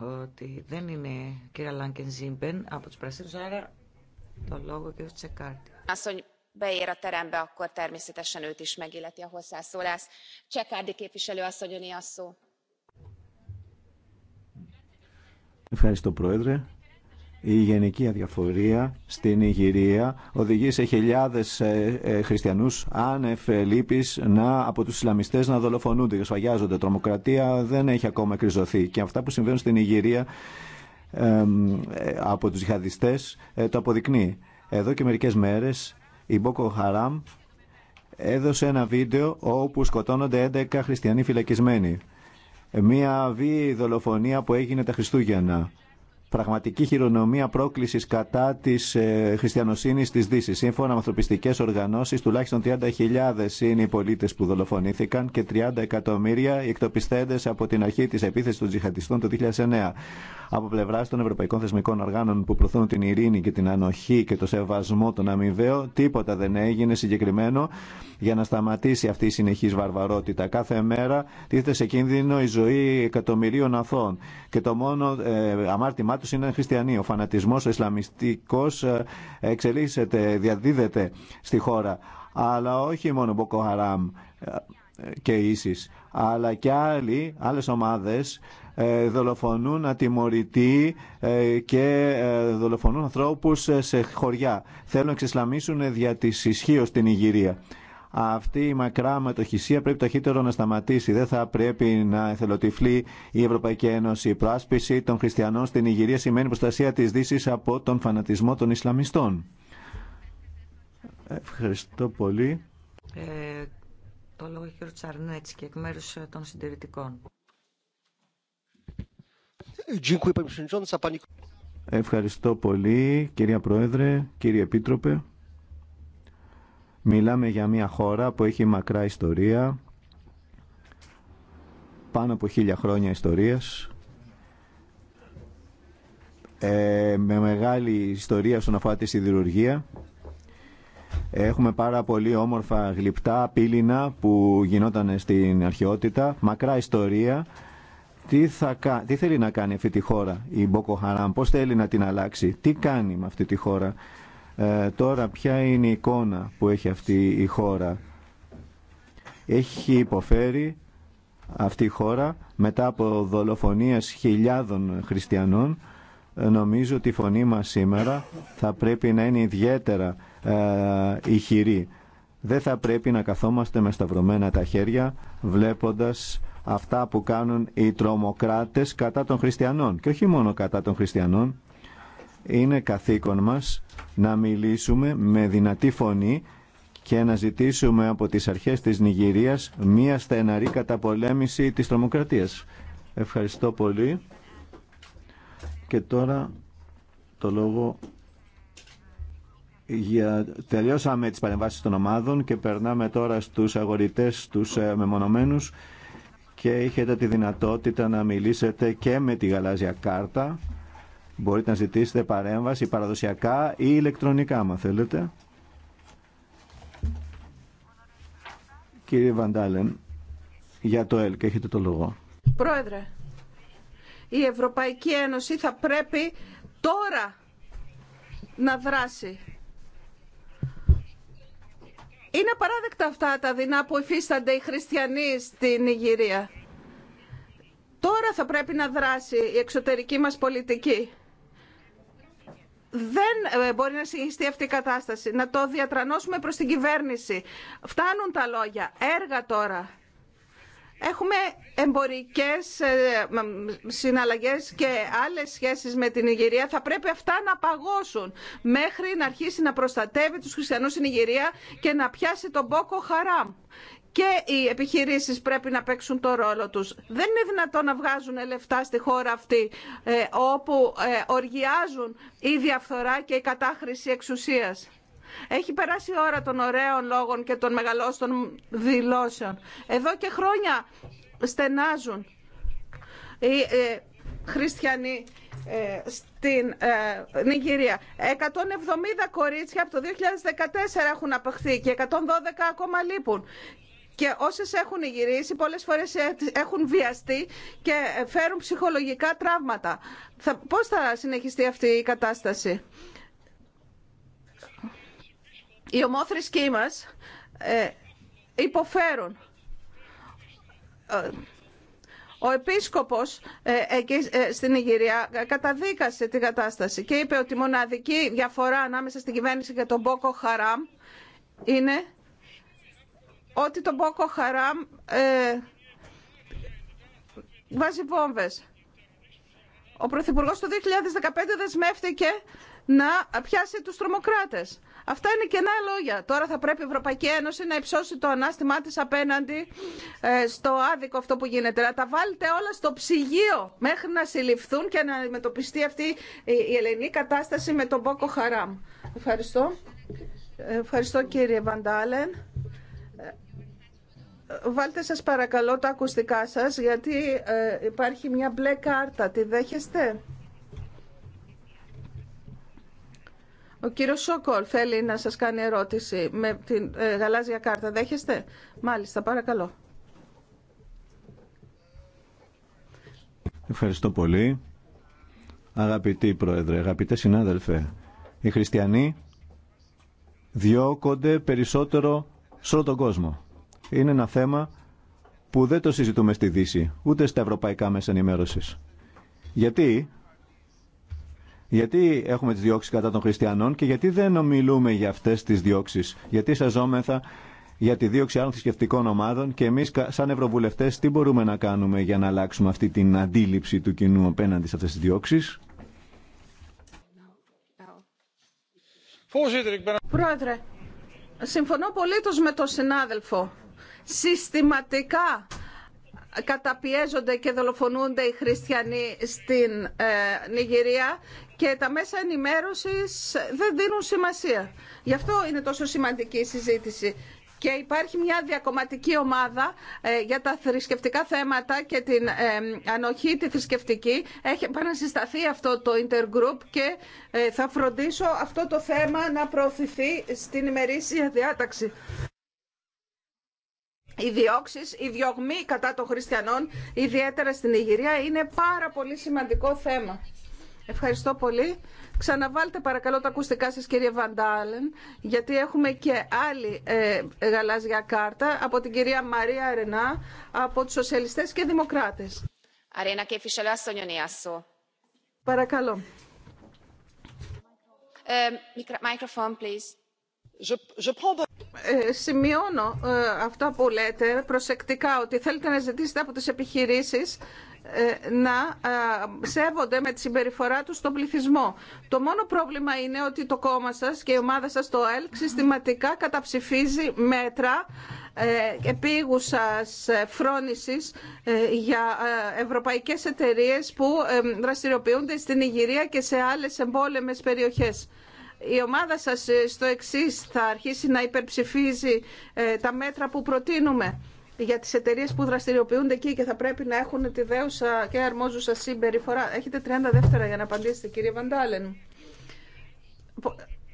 ότι δεν είναι κυρία Λάνκεν Ζίμπεν από τους Πρασίνους, άρα το λόγο και ο Τσεκάρτη. beér a terembe, akkor természetesen őt is megilleti a hozzászólás. Csekárdi képviselő asszony, a szó. Ευχαριστώ, η γενική αδιαφορία στην Ιγυρία οδηγεί σε χιλιάδες ε, ε, χριστιανού άνευ λύπης να, από του Ισλαμιστέ να δολοφονούνται και σφαγιάζονται. Τρομοκρατία δεν έχει ακόμα κρυζωθεί και αυτά που συμβαίνουν στην Ιγυρία ε, από τους ε, το αποδεικνύει. Εδώ και μερικέ μέρε, η Μπόκο Χαράμ έδωσε ένα βίντεο όπου σκοτώνονται 11 χριστιανοί φυλακισμένοι. Μία βίαιη δολοφονία που έγινε τα Χριστούγεννα πραγματική χειρονομία πρόκληση κατά τη ε, χριστιανοσύνη τη Δύση. Σύμφωνα με ανθρωπιστικέ οργανώσει, τουλάχιστον 30.000 είναι οι πολίτε που δολοφονήθηκαν και 30 εκατομμύρια οι εκτοπιστέντε από την αρχή τη επίθεση των τζιχαντιστών το 2009. Από πλευρά των Ευρωπαϊκών Θεσμικών Οργάνων που προωθούν την ειρήνη και την ανοχή και το σεβασμό των αμοιβαίων, τίποτα δεν έγινε συγκεκριμένο για να σταματήσει αυτή η συνεχή βαρβαρότητα. Κάθε μέρα τίθεται σε κίνδυνο η ζωή εκατομμυρίων αθών. Και το μόνο ε, του είναι χριστιανοί. Ο φανατισμό ο ισλαμιστικός ε, εξελίσσεται, διαδίδεται στη χώρα. Αλλά όχι μόνο Μποκοχαράμ ε, και ίση, αλλά και άλλοι, άλλε ομάδες ε, δολοφονούν ατιμωρητοί και δολοφονούν ανθρώπους σε χωριά. Θέλουν να εξισλαμίσουν δια της ισχύω στην Ιγυρία. Αυτή η μακρά μετοχυσία πρέπει ταχύτερο να σταματήσει. Δεν θα πρέπει να εθελοτυφλεί η Ευρωπαϊκή Ένωση. Η προάσπιση των χριστιανών στην Ιγυρία σημαίνει προστασία τη Δύση από τον φανατισμό των Ισλαμιστών. Ευχαριστώ πολύ. Ε, το λόγο έχει ο και εκ ε, των συντηρητικών. Ευχαριστώ πολύ, κυρία Πρόεδρε, κύριε Επίτροπε. Μιλάμε για μια χώρα που έχει μακρά ιστορία, πάνω από χίλια χρόνια ιστορίας, ε, με μεγάλη ιστορία στον αφορά τη σιδηρουργία. Έχουμε πάρα πολύ όμορφα γλυπτά πύληνα που γινόταν στην αρχαιότητα. Μακρά ιστορία. Τι, θα, τι θέλει να κάνει αυτή τη χώρα η Μποκοχαράμ, πώς θέλει να την αλλάξει, τι κάνει με αυτή τη χώρα. Ε, τώρα ποια είναι η εικόνα που έχει αυτή η χώρα. Έχει υποφέρει αυτή η χώρα μετά από δολοφονίες χιλιάδων χριστιανών. Ε, νομίζω ότι η φωνή μας σήμερα θα πρέπει να είναι ιδιαίτερα ε, ηχηρή. Δεν θα πρέπει να καθόμαστε με σταυρωμένα τα χέρια βλέποντας αυτά που κάνουν οι τρομοκράτες κατά των χριστιανών και όχι μόνο κατά των χριστιανών είναι καθήκον μας να μιλήσουμε με δυνατή φωνή και να ζητήσουμε από τις αρχές της Νιγηρίας μία στεναρή καταπολέμηση της τρομοκρατίας. Ευχαριστώ πολύ. Και τώρα το λόγο για... Τελειώσαμε τις παρεμβάσεις των ομάδων και περνάμε τώρα στους αγορητές, τους ε, μεμονωμένους και είχετε τη δυνατότητα να μιλήσετε και με τη γαλάζια κάρτα. Μπορείτε να ζητήσετε παρέμβαση παραδοσιακά ή ηλεκτρονικά, άμα θέλετε. Κύριε Βαντάλεν, για το ΕΛΚ έχετε το λόγο. Πρόεδρε, η Ευρωπαϊκή Ένωση θα πρέπει τώρα να δράσει. Είναι απαράδεκτα αυτά τα δεινά που υφίστανται οι χριστιανοί στην Ιγυρία. Τώρα θα πρέπει να δράσει η εξωτερική μας πολιτική δεν ε, μπορεί να συγχυστεί αυτή η κατάσταση. Να το διατρανώσουμε προς την κυβέρνηση. Φτάνουν τα λόγια. Έργα τώρα. Έχουμε εμπορικές ε, συναλλαγές και άλλες σχέσεις με την Ιγυρία. Θα πρέπει αυτά να παγώσουν μέχρι να αρχίσει να προστατεύει τους χριστιανούς στην Ιγυρία και να πιάσει τον πόκο Χαράμ και οι επιχειρήσεις πρέπει να παίξουν το ρόλο τους. Δεν είναι δυνατόν να βγάζουν λεφτά στη χώρα αυτή ε, όπου ε, οργιάζουν η διαφθορά και η κατάχρηση εξουσίας. Έχει περάσει η ώρα των ωραίων λόγων και των μεγαλώστων δηλώσεων. Εδώ και χρόνια στενάζουν οι ε, χριστιανοί στην ε, Νιγηρία. 170 κορίτσια από το 2014 έχουν απαχθεί και 112 ακόμα λείπουν και όσες έχουν γυρίσει πολλές φορές ε, έχουν βιαστεί και ε, φέρουν ψυχολογικά τραύματα. Θα, πώς θα συνεχιστεί αυτή η κατάσταση. Οι ομόθρησκοί μας ε, υποφέρουν. Ο επίσκοπος στην Ιγυρία καταδίκασε την κατάσταση και είπε ότι η μοναδική διαφορά ανάμεσα στην κυβέρνηση και τον Μπόκο Χαράμ είναι ότι το Μπόκο Χαράμ ε, βάζει βόμβες. Ο Πρωθυπουργός το 2015 δεσμεύτηκε να πιάσει τους τρομοκράτες. Αυτά είναι κενά λόγια. Τώρα θα πρέπει η Ευρωπαϊκή Ένωση να υψώσει το ανάστημά της απέναντι ε, στο άδικο αυτό που γίνεται. Να τα βάλετε όλα στο ψυγείο μέχρι να συλληφθούν και να αντιμετωπιστεί αυτή η ελληνική κατάσταση με τον Μπόκο Χαράμ. Ευχαριστώ. Ευχαριστώ κύριε Βαντάλεν. Βάλτε σας παρακαλώ τα ακουστικά σας γιατί ε, υπάρχει μια μπλε κάρτα. Τη δέχεστε? Ο κύριος Σόκολ θέλει να σας κάνει ερώτηση με την ε, γαλάζια κάρτα. Δέχεστε? Μάλιστα, παρακαλώ. Ευχαριστώ πολύ. Αγαπητοί Πρόεδρε, αγαπητέ συνάδελφε, οι χριστιανοί διώκονται περισσότερο σε όλο τον κόσμο είναι ένα θέμα που δεν το συζητούμε στη Δύση, ούτε στα ευρωπαϊκά μέσα ενημέρωσης. Γιατί? Γιατί έχουμε τις διώξεις κατά των χριστιανών και γιατί δεν ομιλούμε για αυτές τις διώξεις. Γιατί σαζόμεθα για τη δίωξη άλλων θρησκευτικών ομάδων και εμείς σαν ευρωβουλευτές τι μπορούμε να κάνουμε για να αλλάξουμε αυτή την αντίληψη του κοινού απέναντι σε αυτές τις διώξεις. Πρόεδρε, συμφωνώ πολύτως με τον συνάδελφο συστηματικά καταπιέζονται και δολοφονούνται οι χριστιανοί στην ε, Νιγηρία και τα μέσα ενημέρωσης δεν δίνουν σημασία. Γι' αυτό είναι τόσο σημαντική η συζήτηση. Και υπάρχει μια διακομματική ομάδα ε, για τα θρησκευτικά θέματα και την ε, ανοχή τη θρησκευτική. Έχει επανασυσταθεί αυτό το Intergroup και θα φροντίσω αυτό το θέμα να προωθηθεί στην ημερήσια διάταξη οι διώξει, η διωγμοί κατά των χριστιανών, ιδιαίτερα στην Ιγυρία, είναι πάρα πολύ σημαντικό θέμα. Ευχαριστώ πολύ. Ξαναβάλτε παρακαλώ τα ακουστικά σας κύριε Βαντάλεν, γιατί έχουμε και άλλη ε, γαλάζια κάρτα από την κυρία Μαρία Αρενά, από τους Σοσιαλιστές και Δημοκράτες. Αρένα και Παρακαλώ. uh, please. Ε, σημειώνω αυτό ε, αυτά που λέτε προσεκτικά ότι θέλετε να ζητήσετε από τις επιχειρήσεις ε, να σέβονται με τη συμπεριφορά τους τον πληθυσμό. Το μόνο πρόβλημα είναι ότι το κόμμα σας και η ομάδα σας το ΕΛΚ συστηματικά καταψηφίζει μέτρα επίγουσας φρόνησης για ευρωπαϊκές εταιρείες που δραστηριοποιούνται στην Ιγυρία και σε άλλες εμπόλεμες περιοχές η ομάδα σας ε, στο εξή θα αρχίσει να υπερψηφίζει ε, τα μέτρα που προτείνουμε για τις εταιρείε που δραστηριοποιούνται εκεί και θα πρέπει να έχουν τη δέουσα και αρμόζουσα συμπεριφορά. Έχετε 30 δεύτερα για να απαντήσετε κύριε Βαντάλεν.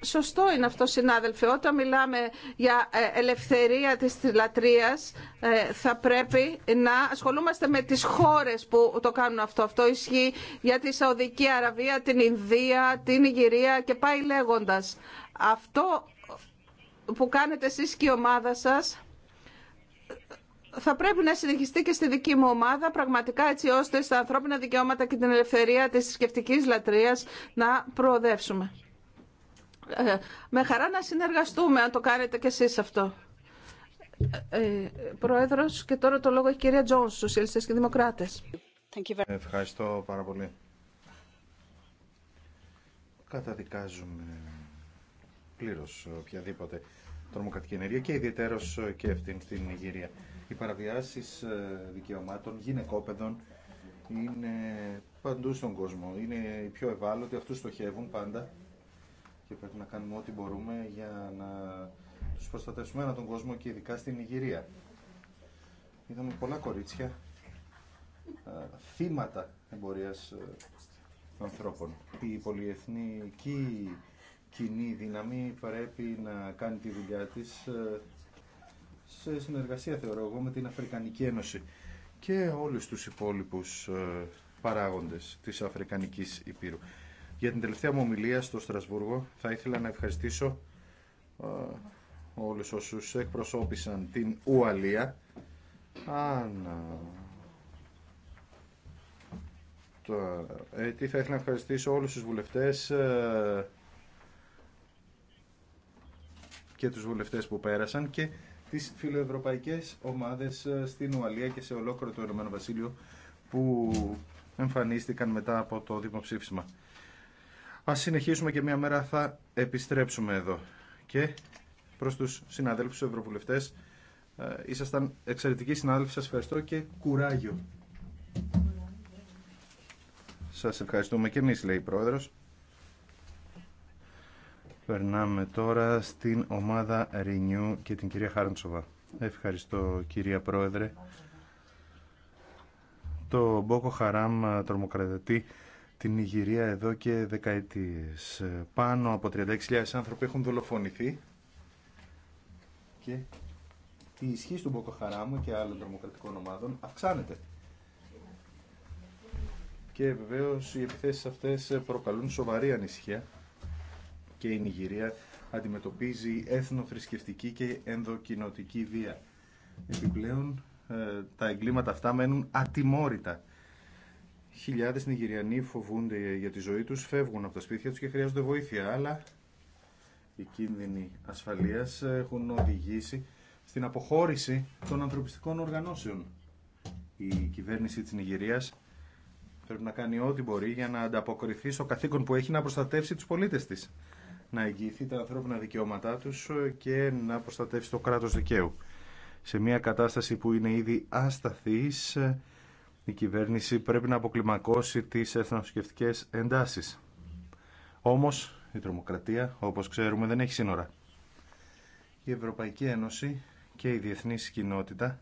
Σωστό είναι αυτό, συνάδελφε. Όταν μιλάμε για ε, ελευθερία της λατρείας, ε, θα πρέπει να ασχολούμαστε με τις χώρες που το κάνουν αυτό. Αυτό ισχύει για τη Σαουδική Αραβία, την Ινδία, την Ιγυρία και πάει λέγοντας. Αυτό που κάνετε εσείς και η ομάδα σας θα πρέπει να συνεχιστεί και στη δική μου ομάδα πραγματικά έτσι ώστε στα ανθρώπινα δικαιώματα και την ελευθερία της θρησκευτική λατρείας να προοδεύσουμε. Ε, με χαρά να συνεργαστούμε, αν το κάνετε κι εσείς αυτό. Ε, πρόεδρος, και τώρα το λόγο έχει η κυρία Τζόνς, Σοσιαλιστές και Δημοκράτες. Ευχαριστώ πάρα πολύ. Καταδικάζουμε πλήρως οποιαδήποτε τρομοκρατική ενέργεια και ιδιαίτερος και αυτήν στην Νιγηρία. Οι παραβιάσεις ε, δικαιωμάτων γυναικόπαιδων είναι παντού στον κόσμο. Είναι οι πιο ευάλωτοι, αυτούς στοχεύουν πάντα και πρέπει να κάνουμε ό,τι μπορούμε για να τους προστατεύσουμε έναν τον κόσμο και ειδικά στην Ιγυρία. Είδαμε πολλά κορίτσια θύματα εμπορίας ε, ανθρώπων. Η πολυεθνική κοινή δύναμη πρέπει να κάνει τη δουλειά της ε, σε συνεργασία θεωρώ εγώ με την Αφρικανική Ένωση και όλους τους υπόλοιπους ε, παράγοντες της Αφρικανικής Υπήρου. Για την τελευταία μου ομιλία στο Στρασβούργο θα ήθελα να ευχαριστήσω ε, όλους όσους εκπροσώπησαν την Ουαλία ανά ε, το ε, Θα ήθελα να ευχαριστήσω όλους τους βουλευτές και τους βουλευτές που πέρασαν και τις φιλοευρωπαϊκές ομάδες στην Ουαλία και σε ολόκληρο το Ηνωμένο Βασίλειο που εμφανίστηκαν μετά από το δημοψήφισμα. Ας συνεχίσουμε και μια μέρα θα επιστρέψουμε εδώ. Και προς τους συναδέλφους ευρωβουλευτές, ε, ήσασταν εξαιρετικοί συνάδελφοι, σας ευχαριστώ και κουράγιο. Σας ευχαριστούμε και εμείς, λέει η Πρόεδρος. Περνάμε τώρα στην ομάδα Renew και την κυρία Χάρντσοβα. Ευχαριστώ κυρία Πρόεδρε. Το Μπόκο Χαράμ τρομοκρατεί την Ιγυρία εδώ και δεκαετίες. Ε, πάνω από 36.000 άνθρωποι έχουν δολοφονηθεί και η ισχύ του Μποκοχαράμου και άλλων τρομοκρατικών ομάδων αυξάνεται. Και βεβαίω οι επιθέσεις αυτές προκαλούν σοβαρή ανησυχία και η Νιγηρία αντιμετωπίζει έθνο-θρησκευτική και ενδοκινοτική βία. Επιπλέον ε, τα εγκλήματα αυτά μένουν ατιμόρυτα Χιλιάδες Νιγηριανοί φοβούνται για τη ζωή τους, φεύγουν από τα σπίτια τους και χρειάζονται βοήθεια, αλλά οι κίνδυνοι ασφαλείας έχουν οδηγήσει στην αποχώρηση των ανθρωπιστικών οργανώσεων. Η κυβέρνηση της Νιγηρίας πρέπει να κάνει ό,τι μπορεί για να ανταποκριθεί στο καθήκον που έχει να προστατεύσει τους πολίτες της, να εγγυηθεί τα ανθρώπινα δικαιώματά τους και να προστατεύσει το κράτος δικαίου. Σε μια κατάσταση που είναι ήδη άσταθής, η κυβέρνηση πρέπει να αποκλιμακώσει τις εθνοσκευτικές εντάσεις. Όμως η τρομοκρατία, όπως ξέρουμε, δεν έχει σύνορα. Η Ευρωπαϊκή Ένωση και η διεθνής κοινότητα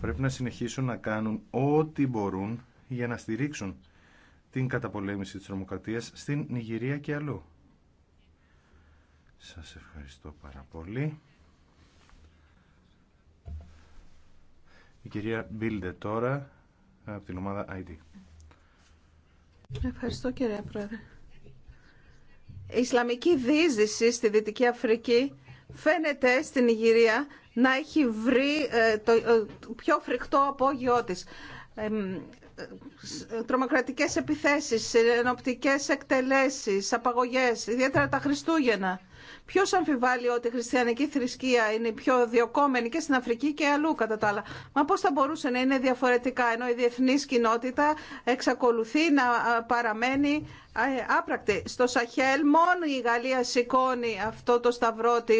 πρέπει να συνεχίσουν να κάνουν ό,τι μπορούν για να στηρίξουν την καταπολέμηση της τρομοκρατίας στην Νιγηρία και αλλού. Σας ευχαριστώ πάρα πολύ. Η κυρία Μπίλντε τώρα από την ομάδα ID. Ευχαριστώ κύριε Πρόεδρε. Η Ισλαμική διείσδυση στη Δυτική Αφρική φαίνεται στην Ιγυρία να έχει βρει ε, ε, το πιο φρικτό απόγειό της. Ε, τρομοκρατικές επιθέσεις, ενοπτικές εκτελέσεις, απαγωγές, ιδιαίτερα τα Χριστούγεννα. Ποιο αμφιβάλλει ότι η χριστιανική θρησκεία είναι η πιο διοκόμενη και στην Αφρική και αλλού κατά τα άλλα. Μα πώ θα μπορούσε να είναι διαφορετικά ενώ η διεθνή κοινότητα εξακολουθεί να ε, παραμένει ε, άπρακτη. Στο Σαχέλ μόνο η Γαλλία σηκώνει αυτό το σταυρό τη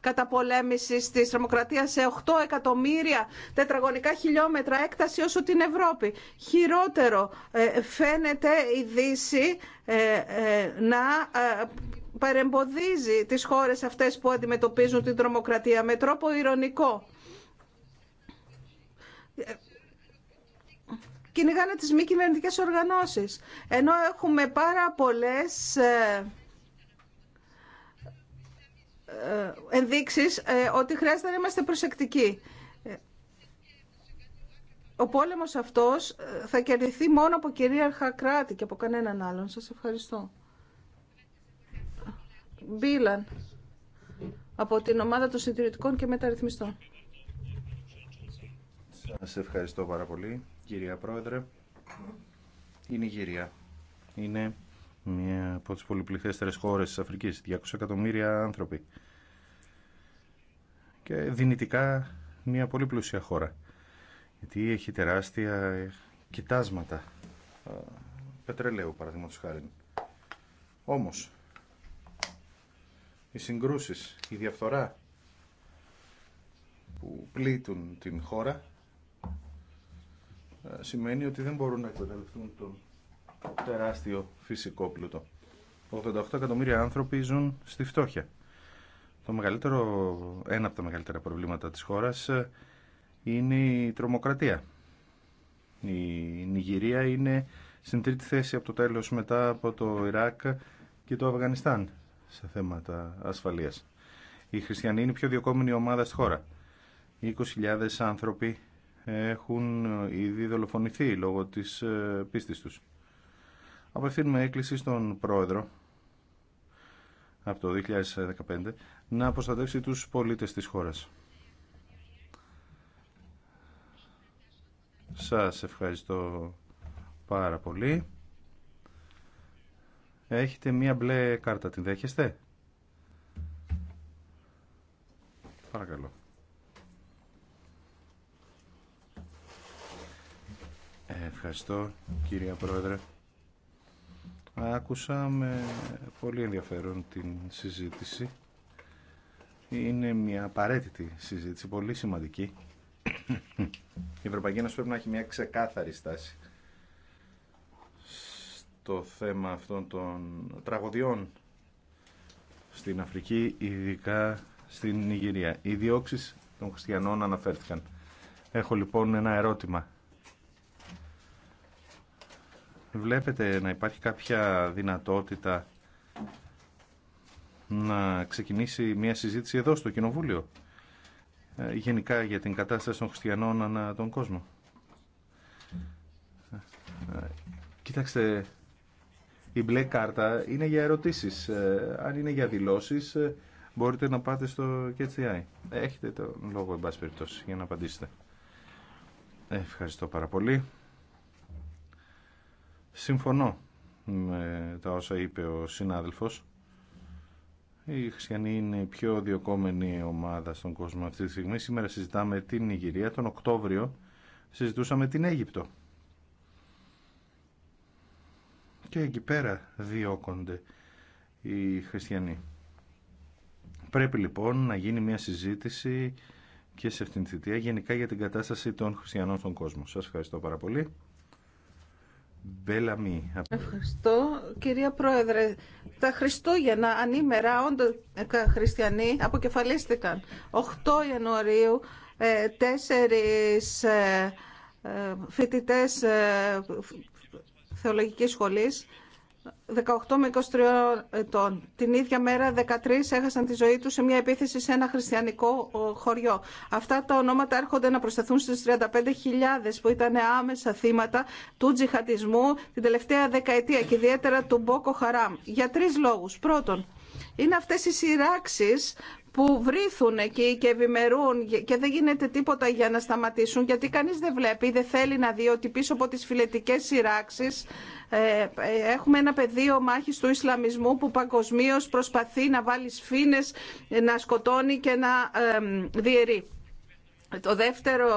καταπολέμηση τη τρομοκρατία σε 8 εκατομμύρια τετραγωνικά χιλιόμετρα έκταση όσο την Ευρώπη. Χειρότερο ε, φαίνεται η Δύση να παρεμποδίζει τις χώρες αυτές που αντιμετωπίζουν την τρομοκρατία με τρόπο ηρωνικό. Κυνηγάνε τις μη κυβερνητικές οργανώσεις. Ενώ έχουμε πάρα πολλές ε, ε, ενδείξεις ε, ότι χρειάζεται να είμαστε προσεκτικοί. Ο πόλεμος αυτός θα κερδιθεί μόνο από κυρίαρχα κράτη και από κανέναν άλλον. Σας ευχαριστώ. Μπίλαν από την ομάδα των συντηρητικών και μεταρρυθμιστών. Σας ευχαριστώ πάρα πολύ, κυρία Πρόεδρε. Η Νιγηρία είναι μια από τις πολυπληθέστερες χώρες της Αφρικής, 200 εκατομμύρια άνθρωποι. Και δυνητικά μια πολύ πλούσια χώρα, γιατί έχει τεράστια κοιτάσματα πετρελαίου, παραδείγματος χάρη. Όμως, οι συγκρούσεις, η διαφθορά που πλήττουν την χώρα ε, σημαίνει ότι δεν μπορούν να εκμεταλλευτούν τον τεράστιο φυσικό πλούτο. 88 εκατομμύρια άνθρωποι ζουν στη φτώχεια. Το μεγαλύτερο, ένα από τα μεγαλύτερα προβλήματα της χώρας ε, είναι η τρομοκρατία. Η Νιγηρία είναι στην τρίτη θέση από το τέλος μετά από το Ιράκ και το Αφγανιστάν σε θέματα ασφαλείας. Οι χριστιανοί είναι η πιο διοκόμενη ομάδα στη χώρα. 20.000 άνθρωποι έχουν ήδη δολοφονηθεί λόγω της ε, πίστης τους. Απευθύνουμε έκκληση στον πρόεδρο από το 2015 να προστατεύσει τους πολίτες της χώρας. Σας ευχαριστώ πάρα πολύ. Έχετε μία μπλε κάρτα, την δέχεστε. Παρακαλώ. Ευχαριστώ κυρία Πρόεδρε. Άκουσα με πολύ ενδιαφέρον την συζήτηση. Είναι μια απαραίτητη συζήτηση, πολύ σημαντική. Η Ευρωπαϊκή Ένωση πρέπει να έχει μια ξεκάθαρη στάση το θέμα αυτών των τραγωδιών στην Αφρική, ειδικά στην Νιγηρία. Οι διώξεις των χριστιανών αναφέρθηκαν. Έχω λοιπόν ένα ερώτημα. Βλέπετε να υπάρχει κάποια δυνατότητα να ξεκινήσει μια συζήτηση εδώ στο Κοινοβούλιο ε, γενικά για την κατάσταση των χριστιανών ανά τον κόσμο. Ε, ε, κοίταξτε, η μπλε κάρτα είναι για ερωτήσεις. Ε, αν είναι για δηλώσεις, ε, μπορείτε να πάτε στο KTI. Έχετε το λόγο, εν πάση περιπτώσει, για να απαντήσετε. Ε, ευχαριστώ πάρα πολύ. Συμφωνώ με τα όσα είπε ο συνάδελφος. Οι χριστιανοί είναι η πιο διοκόμενη ομάδα στον κόσμο αυτή τη στιγμή. Σήμερα συζητάμε την Ιγυρία. Τον Οκτώβριο συζητούσαμε την Αίγυπτο. και εκεί πέρα διώκονται οι χριστιανοί. Πρέπει λοιπόν να γίνει μια συζήτηση και σε αυτήν τη θητεία γενικά για την κατάσταση των χριστιανών στον κόσμο. Σας ευχαριστώ πάρα πολύ. Ευχαριστώ κυρία Πρόεδρε. Τα Χριστούγεννα ανήμερα όντως ε, χριστιανοί αποκεφαλίστηκαν. 8 Ιανουαρίου ε, τέσσερις ε, φοιτητές θεολογική σχολή, 18 με 23 ετών. Την ίδια μέρα 13 έχασαν τη ζωή τους σε μια επίθεση σε ένα χριστιανικό χωριό. Αυτά τα ονόματα έρχονται να προσταθούν στις 35.000 που ήταν άμεσα θύματα του τζιχαντισμού την τελευταία δεκαετία και ιδιαίτερα του Μπόκο Χαράμ. Για τρεις λόγους. Πρώτον, είναι αυτές οι σειράξεις που βρίθουν εκεί και ευημερούν και δεν γίνεται τίποτα για να σταματήσουν γιατί κανείς δεν βλέπει δεν θέλει να δει ότι πίσω από τις φιλετικές σειράξεις ε, ε, έχουμε ένα πεδίο μάχης του Ισλαμισμού που παγκοσμίω προσπαθεί να βάλει σφήνες, ε, να σκοτώνει και να διαιρεί. Το δεύτερο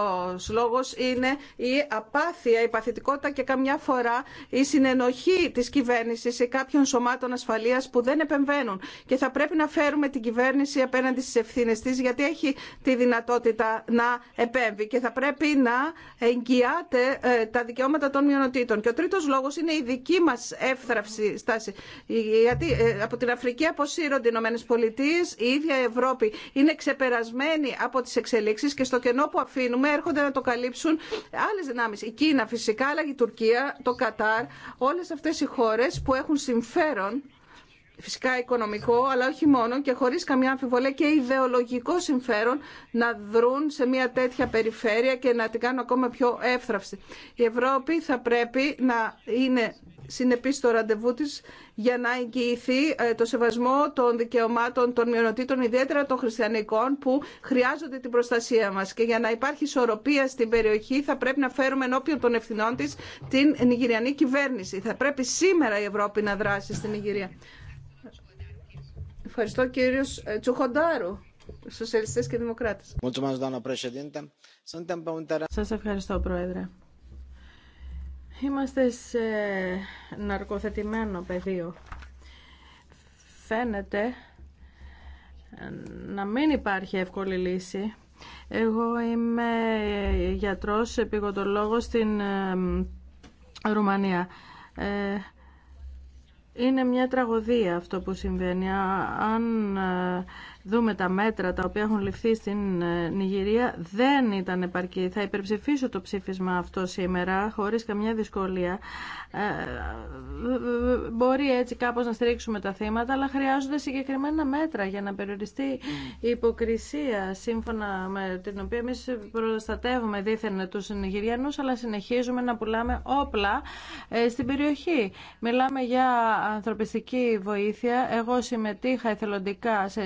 λόγο είναι η απάθεια, η παθητικότητα και καμιά φορά η συνενοχή τη κυβέρνηση σε κάποιων σωμάτων ασφαλεία που δεν επεμβαίνουν. Και θα πρέπει να φέρουμε την κυβέρνηση απέναντι στι ευθύνε τη, γιατί έχει τη δυνατότητα να επέμβει και θα πρέπει να εγγυάται ε, τα δικαιώματα των μειονοτήτων. Και ο τρίτο λόγο είναι η δική μα εύθραυση στάση. Γιατί ε, από την Αφρική αποσύρονται οι ΗΠΑ, η ίδια Ευρώπη είναι ξεπερασμένη από τι εξελίξει και ενώ που αφήνουμε έρχονται να το καλύψουν άλλε δυνάμεις. Η Κίνα φυσικά, αλλά η Τουρκία, το Κατάρ, όλε αυτέ οι χώρε που έχουν συμφέρον φυσικά οικονομικό, αλλά όχι μόνο και χωρίς καμιά αμφιβολία και ιδεολογικό συμφέρον να δρούν σε μια τέτοια περιφέρεια και να την κάνουν ακόμα πιο εύθραυστη. Η Ευρώπη θα πρέπει να είναι συνεπής στο ραντεβού της για να εγγυηθεί ε, το σεβασμό των δικαιωμάτων των μειονοτήτων, ιδιαίτερα των χριστιανικών, που χρειάζονται την προστασία μας. Και για να υπάρχει ισορροπία στην περιοχή θα πρέπει να φέρουμε ενώπιον των ευθυνών τη την Νιγηριανή κυβέρνηση. Θα πρέπει σήμερα η Ευρώπη να δράσει στην Νιγηρία. Ευχαριστώ κύριο ε, Τσουχοντάρου, Σοσιαλιστές και Δημοκράτες. Σας ευχαριστώ Πρόεδρε. Είμαστε σε ναρκοθετημένο πεδίο. Φαίνεται ε, να μην υπάρχει εύκολη λύση. Εγώ είμαι γιατρός, επιγοντολόγος στην ε, Ρουμανία. Ε, είναι μια τραγωδία αυτό που συμβαίνει. Αν ε, δούμε τα μέτρα τα οποία έχουν ληφθεί στην ε, Νιγηρία δεν ήταν επαρκή. Θα υπερψηφίσω το ψήφισμα αυτό σήμερα χωρίς καμιά δυσκολία. Ε, μπορεί έτσι κάπως να στρίξουμε τα θύματα, αλλά χρειάζονται συγκεκριμένα μέτρα για να περιοριστεί η υποκρισία σύμφωνα με την οποία εμεί προστατεύουμε δίθεν τους Νιγηριανούς, αλλά συνεχίζουμε να πουλάμε όπλα ε, στην περιοχή. Μιλάμε για ανθρωπιστική βοήθεια. Εγώ συμμετείχα εθελοντικά σε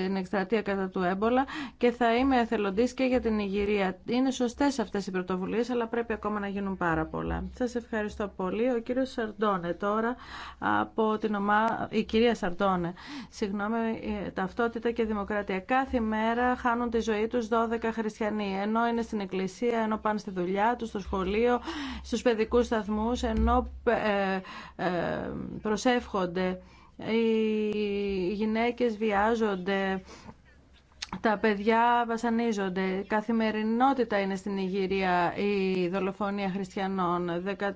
εκστρατεία κατά του έμπολα και θα είμαι εθελοντή και για την Ιγυρία. Είναι σωστέ αυτέ οι πρωτοβουλίε, αλλά πρέπει ακόμα να γίνουν πάρα πολλά. Σα ευχαριστώ πολύ. Ο κύριο Σαρντώνε τώρα από την ομάδα... Η κυρία Σαρντώνε, συγγνώμη, ε, ταυτότητα και δημοκρατία. Κάθε μέρα χάνουν τη ζωή του 12 χριστιανοί, ενώ είναι στην εκκλησία, ενώ πάνε στη δουλειά του, στο σχολείο, στου παιδικού σταθμού, ενώ ε, ε, προσεύχονται. Οι γυναίκες βιάζονται, τα παιδιά βασανίζονται. Καθημερινότητα είναι στην Ιγυρία η δολοφονία χριστιανών. 13.000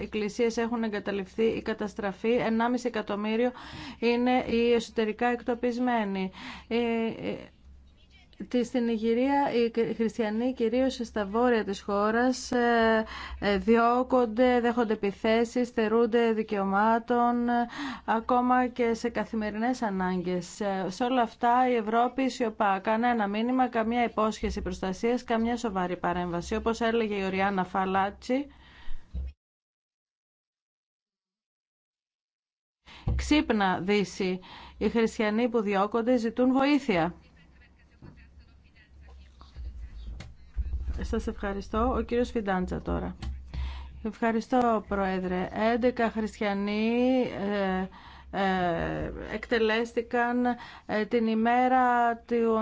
εκκλησίες έχουν εγκαταλειφθεί ή καταστραφεί. 1,5 εκατομμύριο είναι οι εσωτερικά εκτοπισμένοι. Ε, ε, στην Ιγυρία οι χριστιανοί κυρίως στα βόρεια της χώρας ε, ε, διώκονται, δέχονται επιθέσεις, στερούνται δικαιωμάτων, ε, ακόμα και σε καθημερινές ανάγκες. Σε όλα αυτά η Ευρώπη σιωπά. Κανένα μήνυμα, καμία υπόσχεση προστασίας, καμία σοβαρή παρέμβαση. Όπως έλεγε η Οριάννα Φαλάτσι, Ξύπνα Δύση. Οι χριστιανοί που διώκονται ζητούν βοήθεια. Σας ευχαριστώ. Ο κύριος Φιντάντζα τώρα. Ευχαριστώ, Πρόεδρε. 11 χριστιανοί... Ε, ε, εκτελέστηκαν ε, την ημέρα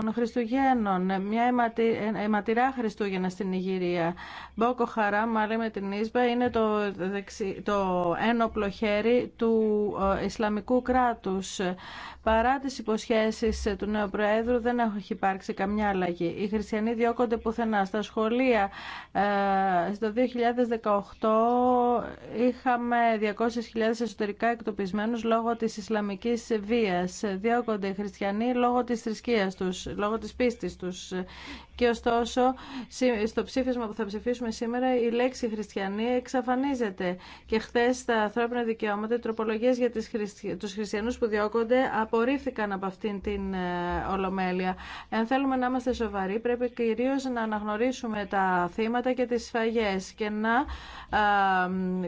των Χριστουγέννων, μια ε, αιματηρά Χριστούγεννα στην Ιγυρία. Μπόκο Χαρά, μαζί με την Ίσβα, είναι το, το ένοπλο χέρι του Ισλαμικού κράτους. Παρά τις υποσχέσεις του νέου Προέδρου δεν έχει υπάρξει καμιά αλλαγή. Οι χριστιανοί διώκονται πουθενά. Στα σχολεία στο 2018 είχαμε 200.000 εσωτερικά εκτοπισμένους λόγω της Ισλαμικής Βία Διώκονται οι χριστιανοί λόγω της θρησκείας τους, λόγω της πίστης τους. Και ωστόσο, στο ψήφισμα που θα ψηφίσουμε σήμερα, η λέξη χριστιανή εξαφανίζεται. Και χθε τα ανθρώπινα δικαιώματα, οι τροπολογίε για του χριστιανού που διώκονται απορρίφθηκαν από αυτήν την ε, ολομέλεια. Εάν θέλουμε να είμαστε σοβαροί, πρέπει κυρίω να αναγνωρίσουμε τα θύματα και τι σφαγέ και να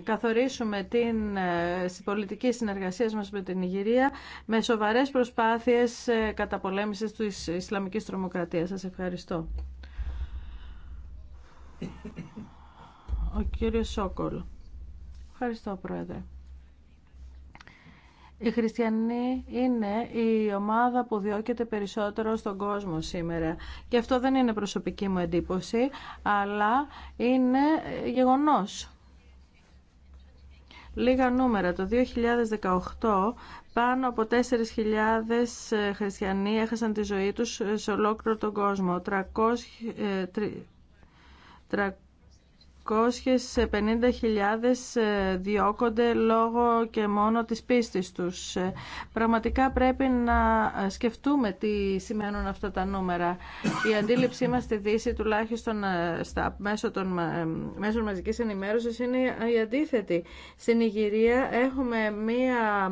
καθορίσουμε την ε, πολιτική συνεργασία μα με την Ιγυρία με σοβαρές προσπάθειες ε, καταπολέμησης της Ισλαμικής τρομοκρατίας. Σας ευχαριστώ. Ο κύριος Σόκολ. Ευχαριστώ, Πρόεδρε. Οι χριστιανοί είναι η ομάδα που διώκεται περισσότερο στον κόσμο σήμερα. Και αυτό δεν είναι προσωπική μου εντύπωση, αλλά είναι γεγονός. Λίγα νούμερα. Το 2018 πάνω από 4.000 ε, χριστιανοί έχασαν τη ζωή τους ε, σε ολόκληρο τον κόσμο. 300, 250.000 ε, διώκονται λόγω και μόνο της πίστης τους. Ε, πραγματικά πρέπει να ε, σκεφτούμε τι σημαίνουν αυτά τα νούμερα. Η αντίληψή μας στη Δύση, τουλάχιστον στα μέσω των μέσων μαζικής ενημέρωσης, είναι η αντίθετη. Στην Ιγυρία έχουμε μία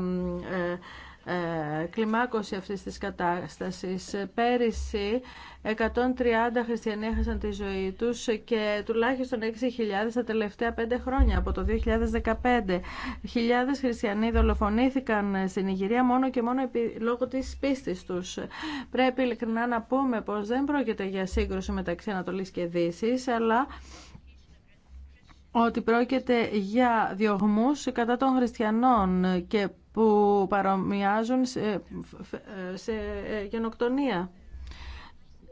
ε, κλιμάκωση αυτής της κατάστασης. Ε, πέρυσι 130 χριστιανοί έχασαν τη ζωή τους και τουλάχιστον 6.000 τα τελευταία 5 χρόνια από το 2015. Χιλιάδες χριστιανοί δολοφονήθηκαν στην Ιγυρία μόνο και μόνο λόγω της πίστης τους. Πρέπει ειλικρινά να πούμε πως δεν πρόκειται για σύγκρουση μεταξύ Ανατολής και Δύσης, αλλά ότι πρόκειται για διωγμούς κατά των χριστιανών και που παρομοιάζουν σε, ε, γενοκτονία.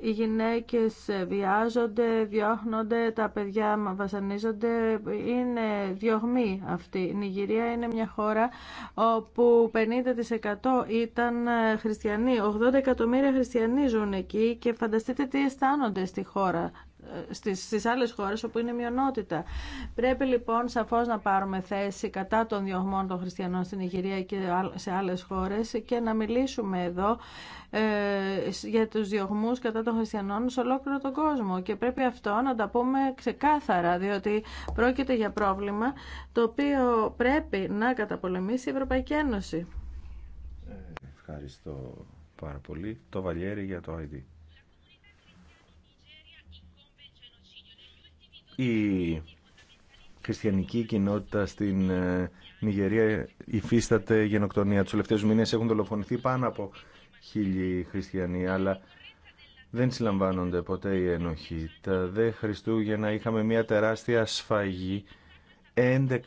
Οι γυναίκες βιάζονται, διώχνονται, τα παιδιά βασανίζονται, είναι διωγμή αυτή. Η Νιγηρία είναι μια χώρα όπου 50% ήταν ε, χριστιανοί, 80 εκατομμύρια χριστιανοί ζουν εκεί και φανταστείτε τι αισθάνονται στη χώρα στις, στις άλλες χώρες όπου είναι μειονότητα. Πρέπει λοιπόν σαφώς να πάρουμε θέση κατά των διωγμών των χριστιανών στην Ιγυρία και σε άλλες χώρες και να μιλήσουμε εδώ ε, για τους διωγμούς κατά των χριστιανών σε ολόκληρο τον κόσμο και πρέπει αυτό να τα πούμε ξεκάθαρα διότι πρόκειται για πρόβλημα το οποίο πρέπει να καταπολεμήσει η Ευρωπαϊκή Ένωση. Ε, ευχαριστώ πάρα πολύ. Το Βαλιέρη για το ID. Η χριστιανική κοινότητα στην ε, Νιγερία υφίσταται γενοκτονία. Τους τελευταίους μήνες έχουν δολοφονηθεί πάνω από χίλιοι χριστιανοί, αλλά δεν συλλαμβάνονται ποτέ οι ένοχοι. Τα δε Χριστούγεννα είχαμε μια τεράστια σφαγή 11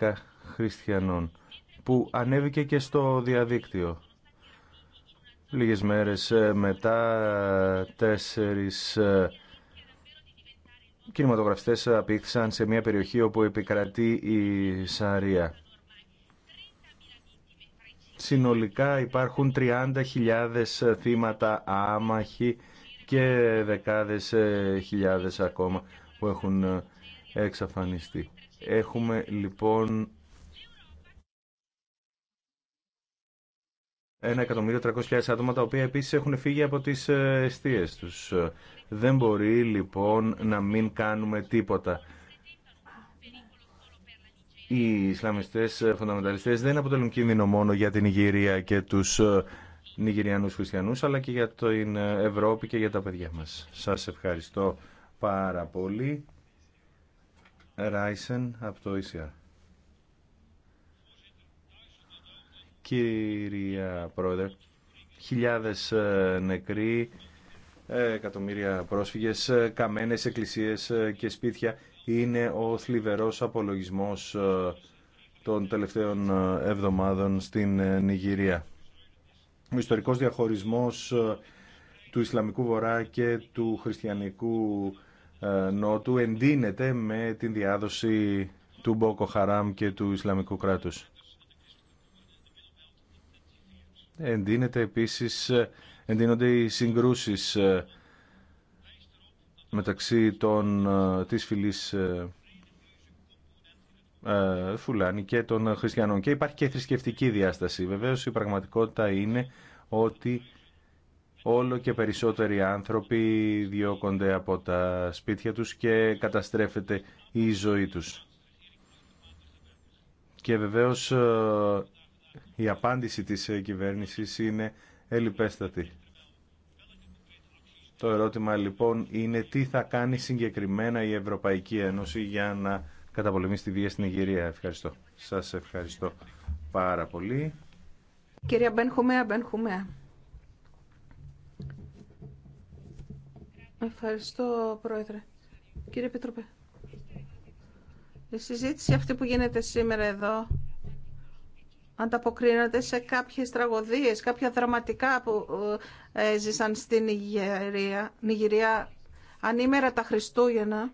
χριστιανών που ανέβηκε και στο διαδίκτυο. Λίγες μέρες ε, μετά τέσσερις ε, κινηματογραφιστές απήχθησαν σε μια περιοχή όπου επικρατεί η Σαρία. Συνολικά υπάρχουν 30.000 θύματα άμαχοι και δεκάδες χιλιάδες ακόμα που έχουν εξαφανιστεί. Έχουμε λοιπόν 1.300.000 άτομα τα οποία επίσης έχουν φύγει από τις ε, αιστείες τους. Δεν μπορεί λοιπόν να μην κάνουμε τίποτα. Οι Ισλαμιστές ε, φονταμεταλιστές δεν αποτελούν κίνδυνο μόνο για την Ιγυρία και τους ε, Νιγηριανούς χριστιανούς αλλά και για την Ευρώπη και για τα παιδιά μας. Σας ευχαριστώ πάρα πολύ. Ράισεν από το Κυρία Πρόεδρε, χιλιάδες ε, νεκροί, ε, εκατομμύρια πρόσφυγες, ε, καμένες εκκλησίες και σπίτια είναι ο θλιβερός απολογισμός των τελευταίων εβδομάδων στην Νιγηρία. Ο ιστορικός διαχωρισμός του Ισλαμικού Βορρά και του Χριστιανικού Νότου εντείνεται με την διάδοση του Μπόκο Χαράμ και του Ισλαμικού κράτους. εντείνεται επίσης, εντείνονται οι συγκρούσεις ε, μεταξύ των, ε, της φυλής ε, Φουλάνη και των χριστιανών. Και υπάρχει και θρησκευτική διάσταση. Βεβαίως η πραγματικότητα είναι ότι όλο και περισσότεροι άνθρωποι διώκονται από τα σπίτια τους και καταστρέφεται η ζωή τους. Και βεβαίως η απάντηση της ε, κυβέρνησης είναι ελιπέστατη. Το ερώτημα λοιπόν είναι τι θα κάνει συγκεκριμένα η Ευρωπαϊκή Ένωση για να καταπολεμήσει τη βία στην Ιγυρία. Ευχαριστώ. Σας ευχαριστώ πάρα πολύ. Κυρία Μπενχουμέα, Μπενχουμέα. Ευχαριστώ, Πρόεδρε. Κύριε Επιτροπέ, η συζήτηση αυτή που γίνεται σήμερα εδώ ανταποκρίνονται σε κάποιες τραγωδίες, κάποια δραματικά που ε, ζήσαν στην Νιγηρία. Νιγηρία ανήμερα τα Χριστούγεννα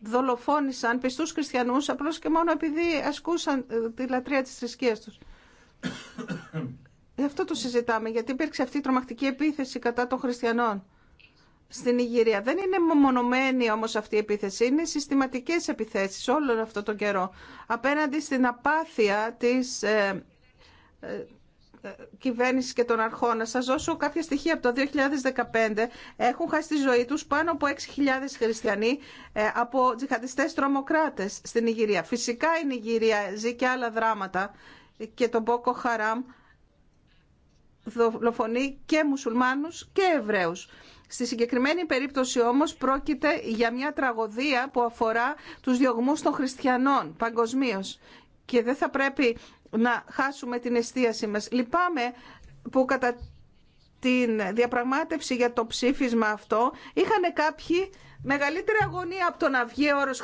δολοφόνησαν πιστούς χριστιανούς απλώς και μόνο επειδή ασκούσαν ε, τη λατρεία της θρησκείας τους. Γι' αυτό το συζητάμε, γιατί υπήρξε αυτή η τρομακτική επίθεση κατά των χριστιανών στην Ιγυρία. Δεν είναι μονομένη όμως αυτή η επίθεση, είναι συστηματικές επιθέσεις όλο αυτό τον καιρό. Απέναντι στην απάθεια της ε, ε, ε κυβέρνηση και των αρχών. Να σας δώσω κάποια στοιχεία από το 2015. Έχουν χάσει τη ζωή τους πάνω από 6.000 χριστιανοί ε, από τζιχαντιστές τρομοκράτες στην Ιγυρία. Φυσικά η Ιγυρία ζει και άλλα δράματα και τον Μπόκο Χαράμ δολοφονεί και μουσουλμάνους και Εβραίους. Στη συγκεκριμένη περίπτωση όμως πρόκειται για μια τραγωδία που αφορά τους διωγμούς των χριστιανών παγκοσμίω. Και δεν θα πρέπει να χάσουμε την εστίαση μας. Λυπάμαι που κατά την διαπραγμάτευση για το ψήφισμα αυτό είχαν κάποιοι μεγαλύτερη αγωνία από το να βγει όρος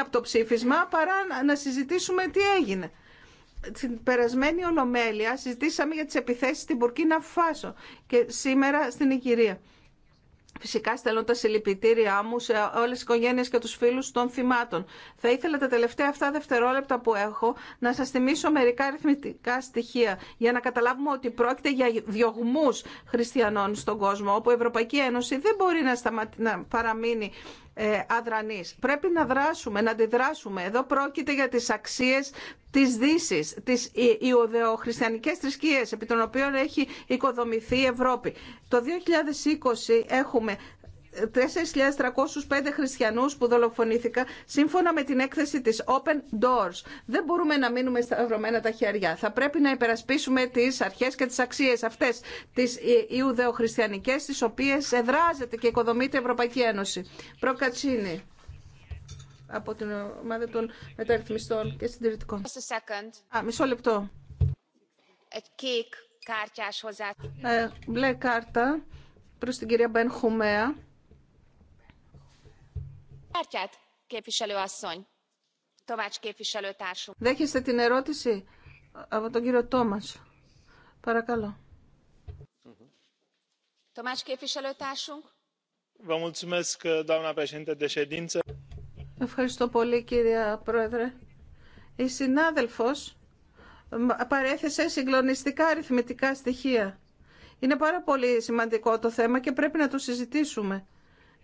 από το ψήφισμα παρά να συζητήσουμε τι έγινε την περασμένη Ολομέλεια συζητήσαμε για τις επιθέσεις στην Μπουρκίνα Φάσο και σήμερα στην Ιγυρία. Φυσικά στέλνω τα συλληπιτήριά μου σε όλες τις οικογένειες και τους φίλους των θυμάτων. Θα ήθελα τα τελευταία αυτά δευτερόλεπτα που έχω να σας θυμίσω μερικά αριθμητικά στοιχεία για να καταλάβουμε ότι πρόκειται για διωγμούς χριστιανών στον κόσμο όπου η Ευρωπαϊκή Ένωση δεν μπορεί να, παραμείνει ε, αδρανείς. Πρέπει να δράσουμε, να αντιδράσουμε. Εδώ πρόκειται για τις αξίες της δύση, τις ιουδεοχριστιανικές θρησκείες, επί των οποίων έχει οικοδομηθεί η Ευρώπη. Το 2020 έχουμε 4.305 χριστιανούς που δολοφονήθηκαν σύμφωνα με την έκθεση της Open Doors. Δεν μπορούμε να μείνουμε σταυρωμένα τα χέρια. Θα πρέπει να υπερασπίσουμε τις αρχές και τις αξίες αυτές, τι Ιουδεοχριστιανικές, τι οποίε εδράζεται και οικοδομείται η Ευρωπαϊκή Ένωση. Προκατσίνη από την ομάδα των μεταρρυθμιστών και συντηρητικών. μισό λεπτό. Ε, μπλε κάρτα προς την κυρία Μπεν Χουμέα. Δέχεστε την ερώτηση από τον κύριο Τόμας. Παρακαλώ. Ευχαριστώ πολύ κύριε Πρόεδρε. Η συνάδελφος παρέθεσε συγκλονιστικά αριθμητικά στοιχεία. Είναι πάρα πολύ σημαντικό το θέμα και πρέπει να το συζητήσουμε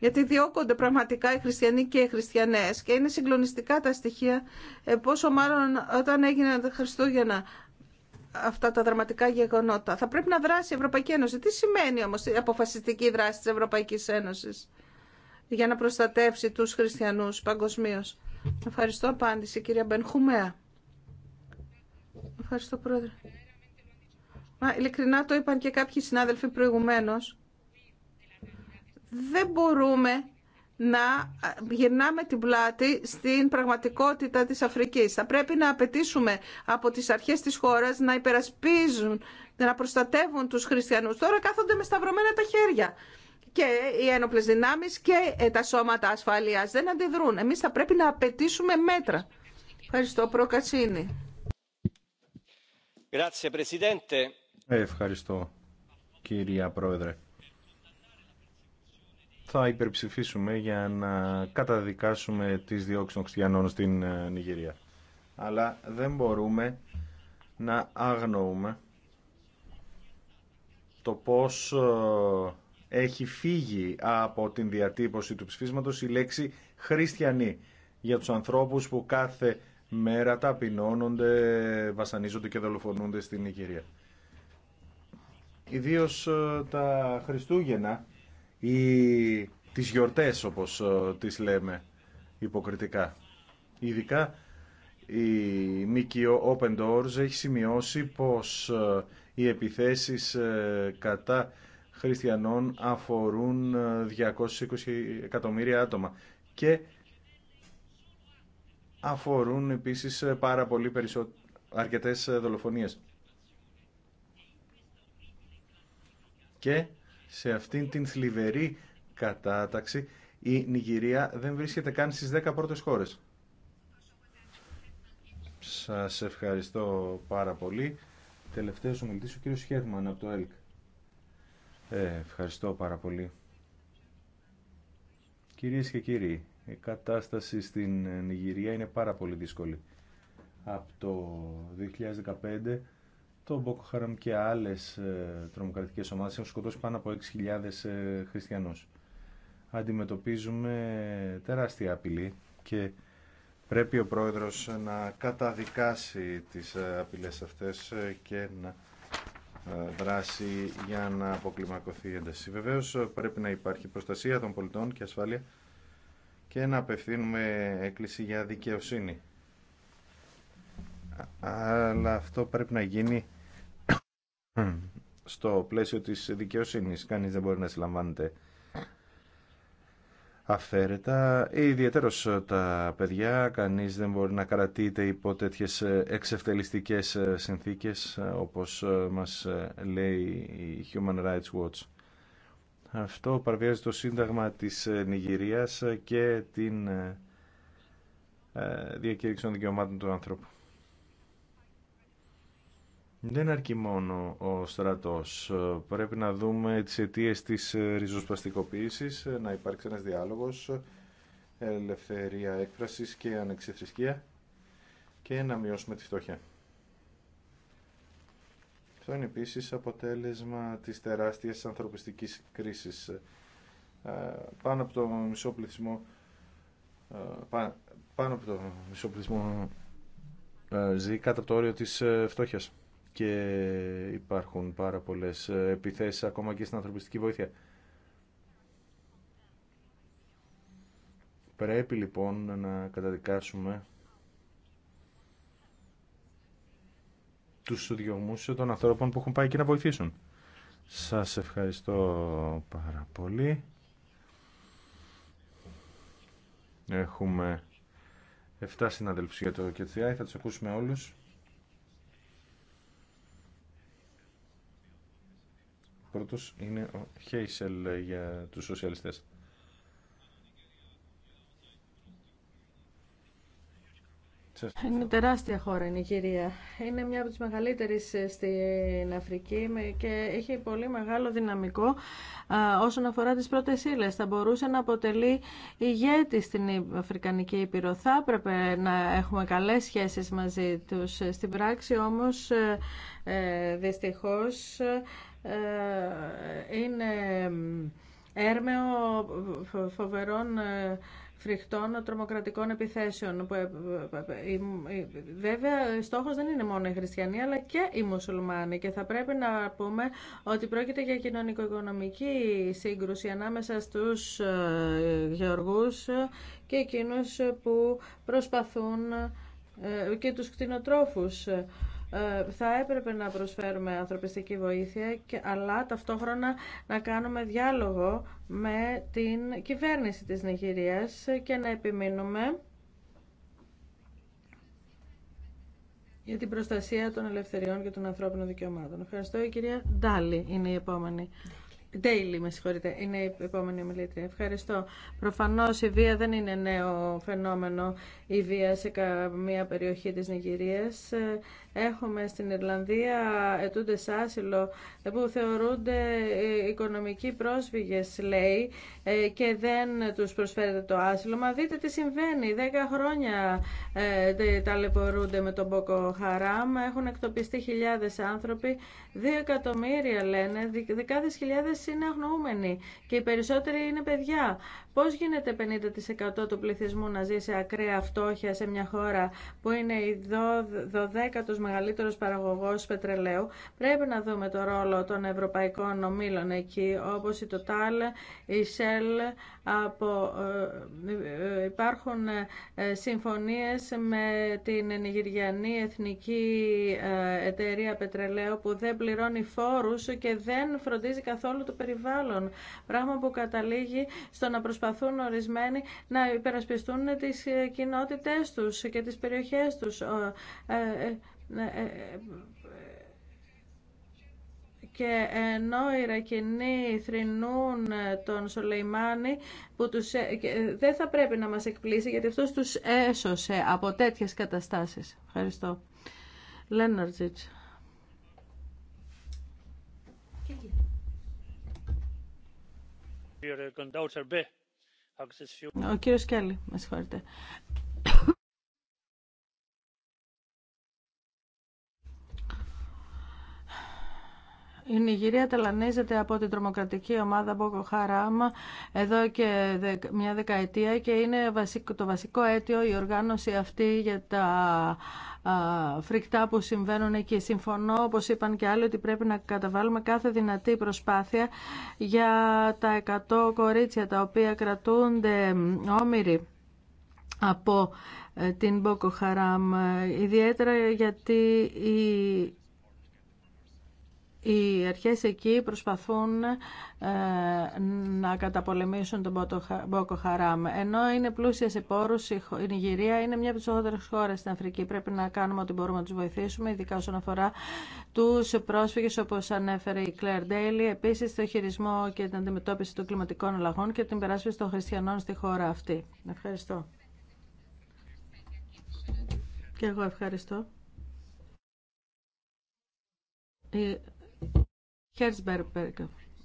γιατί διώκονται πραγματικά οι χριστιανοί και οι χριστιανές και είναι συγκλονιστικά τα στοιχεία ε, πόσο μάλλον όταν έγιναν τα Χριστούγεννα αυτά τα δραματικά γεγονότα. Θα πρέπει να δράσει η Ευρωπαϊκή Ένωση. Τι σημαίνει όμως η αποφασιστική δράση της Ευρωπαϊκής Ένωσης για να προστατεύσει τους χριστιανούς παγκοσμίω. Ευχαριστώ απάντηση κυρία Μπενχουμέα. Ευχαριστώ πρόεδρε. Μα, ειλικρινά το είπαν και κάποιοι συνάδελφοι προηγουμένως δεν μπορούμε να γυρνάμε την πλάτη στην πραγματικότητα της Αφρικής. Θα πρέπει να απαιτήσουμε από τις αρχές της χώρας να υπερασπίζουν, να προστατεύουν τους χριστιανούς. Τώρα κάθονται με σταυρωμένα τα χέρια και οι ένοπλες δυνάμεις και ε, τα σώματα ασφαλείας δεν αντιδρούν. Εμείς θα πρέπει να απαιτήσουμε μέτρα. Ευχαριστώ, Προκατσίνη. Ε, ευχαριστώ, κυρία Πρόεδρε θα υπερψηφίσουμε για να καταδικάσουμε τις διώξεις των χριστιανών στην ε, Νιγηρία. Αλλά δεν μπορούμε να αγνοούμε το πώς ε, έχει φύγει από την διατύπωση του ψηφίσματος η λέξη χριστιανή για τους ανθρώπους που κάθε μέρα ταπεινώνονται, βασανίζονται και δολοφονούνται στην Νιγηρία. Ιδίως ε, τα Χριστούγεννα ή τις γιορτές όπως ε, τις λέμε υποκριτικά. Ειδικά η ΜΚΟ Open Doors έχει σημειώσει πως ε, οι επιθέσεις ε, κατά χριστιανών αφορούν 220 εκατομμύρια άτομα και αφορούν επίσης πάρα πολύ περισσότερο αρκετές δολοφονίες. Και σε αυτήν την θλιβερή κατάταξη η Νιγηρία δεν βρίσκεται καν στις 10 πρώτες χώρες. Σας ευχαριστώ πάρα πολύ. Τελευταίος ομιλητής ο κύριος Χέρμαν από το ΕΛΚ. Ε, ευχαριστώ πάρα πολύ. Κυρίες και κύριοι, η κατάσταση στην Νιγηρία είναι πάρα πολύ δύσκολη. Από το 2015 το Μποκο και άλλες ε, τρομοκρατικές ομάδες έχουν σκοτώσει πάνω από 6.000 ε, χριστιανούς. Αντιμετωπίζουμε τεράστια απειλή και πρέπει ο πρόεδρος να καταδικάσει τις ε, απειλές αυτές και να δράσει για να αποκλιμακωθεί η ένταση. Βεβαίως πρέπει να υπάρχει προστασία των πολιτών και ασφάλεια και να απευθύνουμε έκκληση για δικαιοσύνη αλλά αυτό πρέπει να γίνει στο πλαίσιο της δικαιοσύνης. Κανείς δεν μπορεί να συλλαμβάνεται αφαίρετα. Ιδιαίτερος τα παιδιά, κανείς δεν μπορεί να κρατείται υπό τέτοιε εξευτελιστικές συνθήκες, όπως μας λέει η Human Rights Watch. Αυτό παραβιάζει το Σύνταγμα της Νιγηρίας και την ε, διακήρυξη των δικαιωμάτων του ανθρώπου. Δεν αρκεί μόνο ο στρατός. Πρέπει να δούμε τις αιτίε της ριζοσπαστικοποίησης, να υπάρξει ένας διάλογος, ελευθερία έκφρασης και ανεξιθρησκεία και να μειώσουμε τη φτώχεια. Αυτό είναι επίσης αποτέλεσμα της τεράστιας ανθρωπιστικής κρίσης. Ε, πάνω από το μισό πληθυσμό, ε, πάνω από το μισό πληθυσμό ε, ζει κάτω από το όριο της φτώχειας και υπάρχουν πάρα πολλές επιθέσεις ακόμα και στην ανθρωπιστική βοήθεια. Πρέπει λοιπόν να καταδικάσουμε τους διωγμούς των ανθρώπων που έχουν πάει και να βοηθήσουν. Σας ευχαριστώ πάρα πολύ. Έχουμε 7 συναδέλφους για το ΚΕΤΣΙΑΙ, θα τους ακούσουμε όλους. Πρώτος είναι ο Χέισελ για τους σοσιαλιστές. Είναι τεράστια χώρα η Νιγηρία. Είναι μια από τις μεγαλύτερες ε, στην Αφρική και έχει πολύ μεγάλο δυναμικό όσον αφορά τις πρώτες ύλε. Θα μπορούσε να αποτελεί ηγέτη στην Αφρικανική Ήπειρο. Θα έπρεπε να έχουμε καλές σχέσεις μαζί τους. Ε, στην πράξη όμως ε, δυστυχώς ε, είναι ε, έρμεο φοβερών ε, φρικτών τρομοκρατικών επιθέσεων. Βέβαια, στόχος δεν είναι μόνο οι χριστιανοί, αλλά και οι μουσουλμάνοι. Και θα πρέπει να πούμε ότι πρόκειται για κοινωνικο-οικονομική σύγκρουση ανάμεσα στους γεωργούς και εκείνους που προσπαθούν και τους κτηνοτρόφους. Ε, θα έπρεπε να προσφέρουμε ανθρωπιστική βοήθεια, αλλά ταυτόχρονα να κάνουμε διάλογο με την κυβέρνηση της Νιγηρίας και να επιμείνουμε για την προστασία των ελευθεριών και των ανθρώπινων δικαιωμάτων. Ευχαριστώ. Η κυρία Ντάλι είναι η επόμενη. Ντέιλι, με συγχωρείτε, είναι η επόμενη ομιλήτρια. Ευχαριστώ. Προφανώ η βία δεν είναι νέο φαινόμενο. Η βία σε καμία περιοχή τη Νιγηρία Έχουμε στην Ιρλανδία ετούντε άσυλο που θεωρούνται ε, οικονομικοί πρόσφυγες, λέει, ε, και δεν τους προσφέρεται το άσυλο. Μα δείτε τι συμβαίνει. Δέκα χρόνια ε, ταλαιπωρούνται με τον Μποκο Χαράμ. Έχουν εκτοπιστεί χιλιάδες άνθρωποι. Δύο εκατομμύρια λένε. Δεκάδες χιλιάδες είναι αγνοούμενοι και οι περισσότεροι είναι παιδιά. Πώς γίνεται 50% του πληθυσμού να ζει σε ακραία φτώχεια σε μια χώρα που είναι η 12 μεγαλύτερος παραγωγός πετρελαίου. Πρέπει να δούμε το ρόλο των ευρωπαϊκών ομίλων εκεί, όπως η Total, η Shell. Από, ε, ε, υπάρχουν ε, συμφωνίες με την Νιγηριανή Εθνική Εταιρεία Πετρελαίου που δεν πληρώνει φόρους και δεν φροντίζει καθόλου το περιβάλλον. Πράγμα που καταλήγει στο να προσπαθούν ορισμένοι να υπερασπιστούν τις κοινότητές τους και τις περιοχές τους. Ναι, ε, ε, και ενώ οι Ρακινοί θρυνούν ε, τον Σολεϊμάνη που τους, δεν θα πρέπει να μας εκπλήσει γιατί αυτός τους έσωσε από τέτοιες καταστάσεις. Ευχαριστώ. Λέναρτζιτς. Ο κύριος Κέλλη, με συγχωρείτε. Η Νιγηρία ταλανίζεται από την τρομοκρατική ομάδα Boko Haram εδώ και μια δεκαετία και είναι το βασικό αίτιο η οργάνωση αυτή για τα φρικτά που συμβαίνουν εκεί. Συμφωνώ, όπως είπαν και άλλοι, ότι πρέπει να καταβάλουμε κάθε δυνατή προσπάθεια για τα 100 κορίτσια τα οποία κρατούνται όμοιροι από ε, την Boko Haram. Ε, ιδιαίτερα γιατί η οι αρχές εκεί προσπαθούν ε, να καταπολεμήσουν τον Μπόκο Χαράμ. Ενώ είναι πλούσια σε πόρους, η Νιγηρία είναι μια από τις χώρες στην Αφρική. Πρέπει να κάνουμε ό,τι μπορούμε να τους βοηθήσουμε, ειδικά όσον αφορά τους πρόσφυγες, όπως ανέφερε η Κλέρ Ντέιλι, επίσης το χειρισμό και την αντιμετώπιση των κλιματικών αλλαγών και την περάσπιση των χριστιανών στη χώρα αυτή. Ευχαριστώ. Και εγώ ευχαριστώ.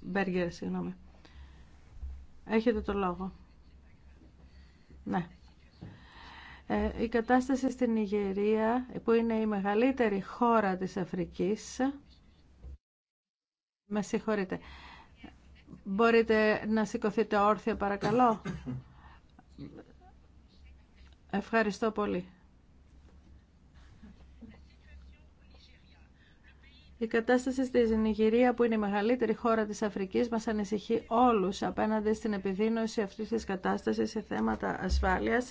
Μπέργκερ, συγγνώμη. Έχετε το λόγο. Ναι. Ε, η κατάσταση στην Ιγερία, που είναι η μεγαλύτερη χώρα της Αφρικής, με συγχωρείτε, μπορείτε να σηκωθείτε όρθια παρακαλώ. Ευχαριστώ πολύ. Η κατάσταση στη Νιγηρία, που είναι η μεγαλύτερη χώρα της Αφρικής, μας ανησυχεί όλους απέναντι στην επιδείνωση αυτής της κατάστασης σε θέματα ασφάλειας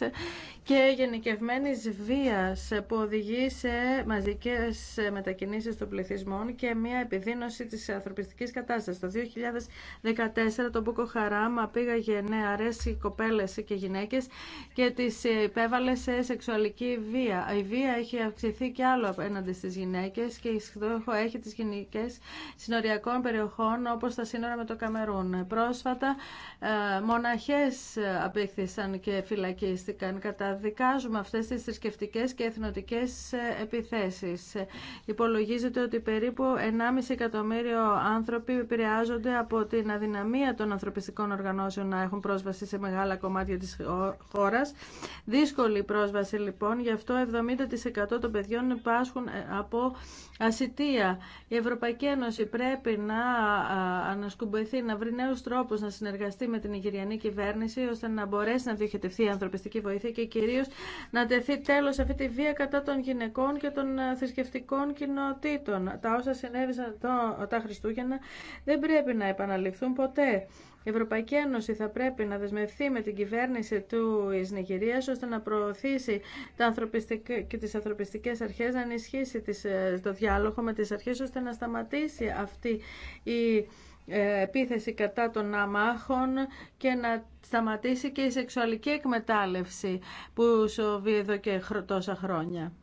και γενικευμένης βίας που οδηγεί σε μαζικές μετακινήσεις των πληθυσμών και μια επιδείνωση της ανθρωπιστικής κατάστασης. Το 2014 το Μπούκο Χαράμα πήγαγε νεαρές κοπέλες και γυναίκες και τις υπέβαλε σε σεξουαλική βία. Η βία έχει αυξηθεί και άλλο απέναντι στις γυναίκες και έχει και τις γενικές συνοριακών περιοχών όπως τα σύνορα με το Καμερούν. Πρόσφατα ε, μοναχές απέκτησαν και φυλακίστηκαν. Καταδικάζουμε αυτές τις θρησκευτικέ και εθνοτικέ ε, επιθέσεις. Υπολογίζεται ότι περίπου 1,5 εκατομμύριο άνθρωποι επηρεάζονται από την αδυναμία των ανθρωπιστικών οργανώσεων να έχουν πρόσβαση σε μεγάλα κομμάτια της χώρας. Δύσκολη πρόσβαση λοιπόν, γι' αυτό 70% των παιδιών πάσχουν ε, από ασυτεία. Η Ευρωπαϊκή Ένωση πρέπει να ανασκουμποηθεί, να βρει νέου τρόπου να συνεργαστεί με την Ιγυριανή κυβέρνηση, ώστε να μπορέσει να διοχετευτεί η ανθρωπιστική βοήθεια και κυρίω να τεθεί τέλο αυτή τη βία κατά των γυναικών και των θρησκευτικών κοινοτήτων. Τα όσα συνέβησαν τα Χριστούγεννα δεν πρέπει να επαναληφθούν ποτέ. Η Ευρωπαϊκή Ένωση θα πρέπει να δεσμευθεί με την κυβέρνηση του Ισνιγηρία ώστε να προωθήσει τα και τις ανθρωπιστικές αρχές, να ενισχύσει ε, το διάλογο με τις αρχές ώστε να σταματήσει αυτή η ε, επίθεση κατά των αμάχων και να σταματήσει και η σεξουαλική εκμετάλλευση που σοβεί εδώ και τόσα χρόνια.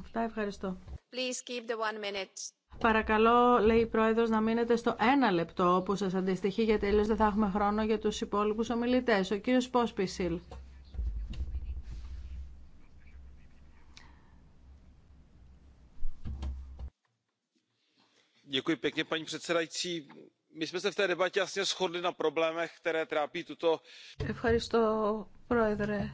Αυτά ευχαριστώ. Please keep the minute. Παρακαλώ, λέει η Πρόεδρος, να μείνετε στο ένα λεπτό που σας αντιστοιχεί, γιατί αλλιώ δεν θα έχουμε χρόνο για τους υπόλοιπους ομιλητές. Ο κύριος Πόσπισιλ. Ευχαριστώ, Πρόεδρε.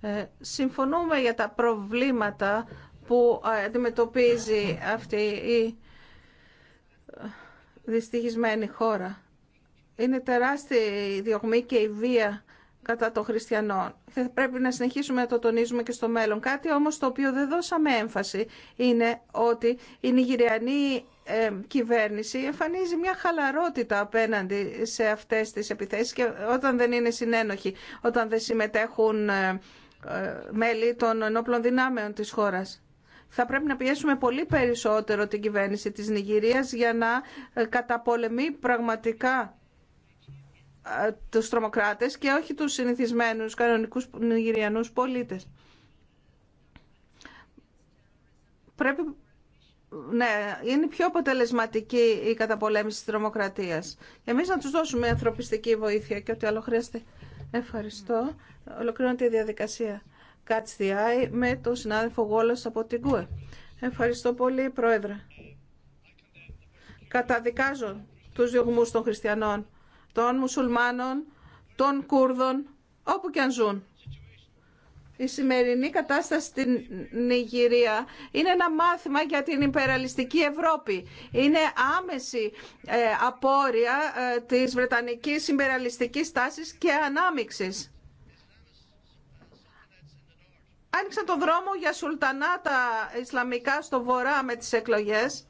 Ε, συμφωνούμε για τα προβλήματα που ε, αντιμετωπίζει αυτή η δυστυχισμένη χώρα. Είναι τεράστια η διωγμή και η βία κατά των χριστιανών. Θα πρέπει να συνεχίσουμε να το τονίζουμε και στο μέλλον. Κάτι όμως το οποίο δεν δώσαμε έμφαση είναι ότι η Νιγηριανή ε, κυβέρνηση εμφανίζει μια χαλαρότητα απέναντι σε αυτές τις επιθέσεις και όταν δεν είναι συνένοχοι, όταν δεν συμμετέχουν ε, ε, μέλη των ενόπλων δυνάμεων της χώρας θα πρέπει να πιέσουμε πολύ περισσότερο την κυβέρνηση της Νιγηρίας για να ε, καταπολεμεί πραγματικά ε, τους τρομοκράτες και όχι τους συνηθισμένους κανονικούς Νιγηριανούς πολίτες. Πρέπει ναι, είναι πιο αποτελεσματική η καταπολέμηση της τρομοκρατίας. Εμείς να τους δώσουμε ανθρωπιστική βοήθεια και ό,τι άλλο χρειάζεται. Ευχαριστώ. Ολοκληρώνω η διαδικασία. Κατστιάη με τον συνάδελφο Γόλος από την ΚΟΕ. Ευχαριστώ πολύ, Πρόεδρε. Καταδικάζω τους διωγμούς των χριστιανών, των μουσουλμάνων, των Κούρδων, όπου και αν ζουν. Η σημερινή κατάσταση στην Νιγηρία είναι ένα μάθημα για την υπεραλιστική Ευρώπη. Είναι άμεση ε, απόρρια ε, της Βρετανικής υπεραλιστικής τάσης και ανάμιξης άνοιξαν τον δρόμο για τα Ισλαμικά στο βορρά με τις εκλογές.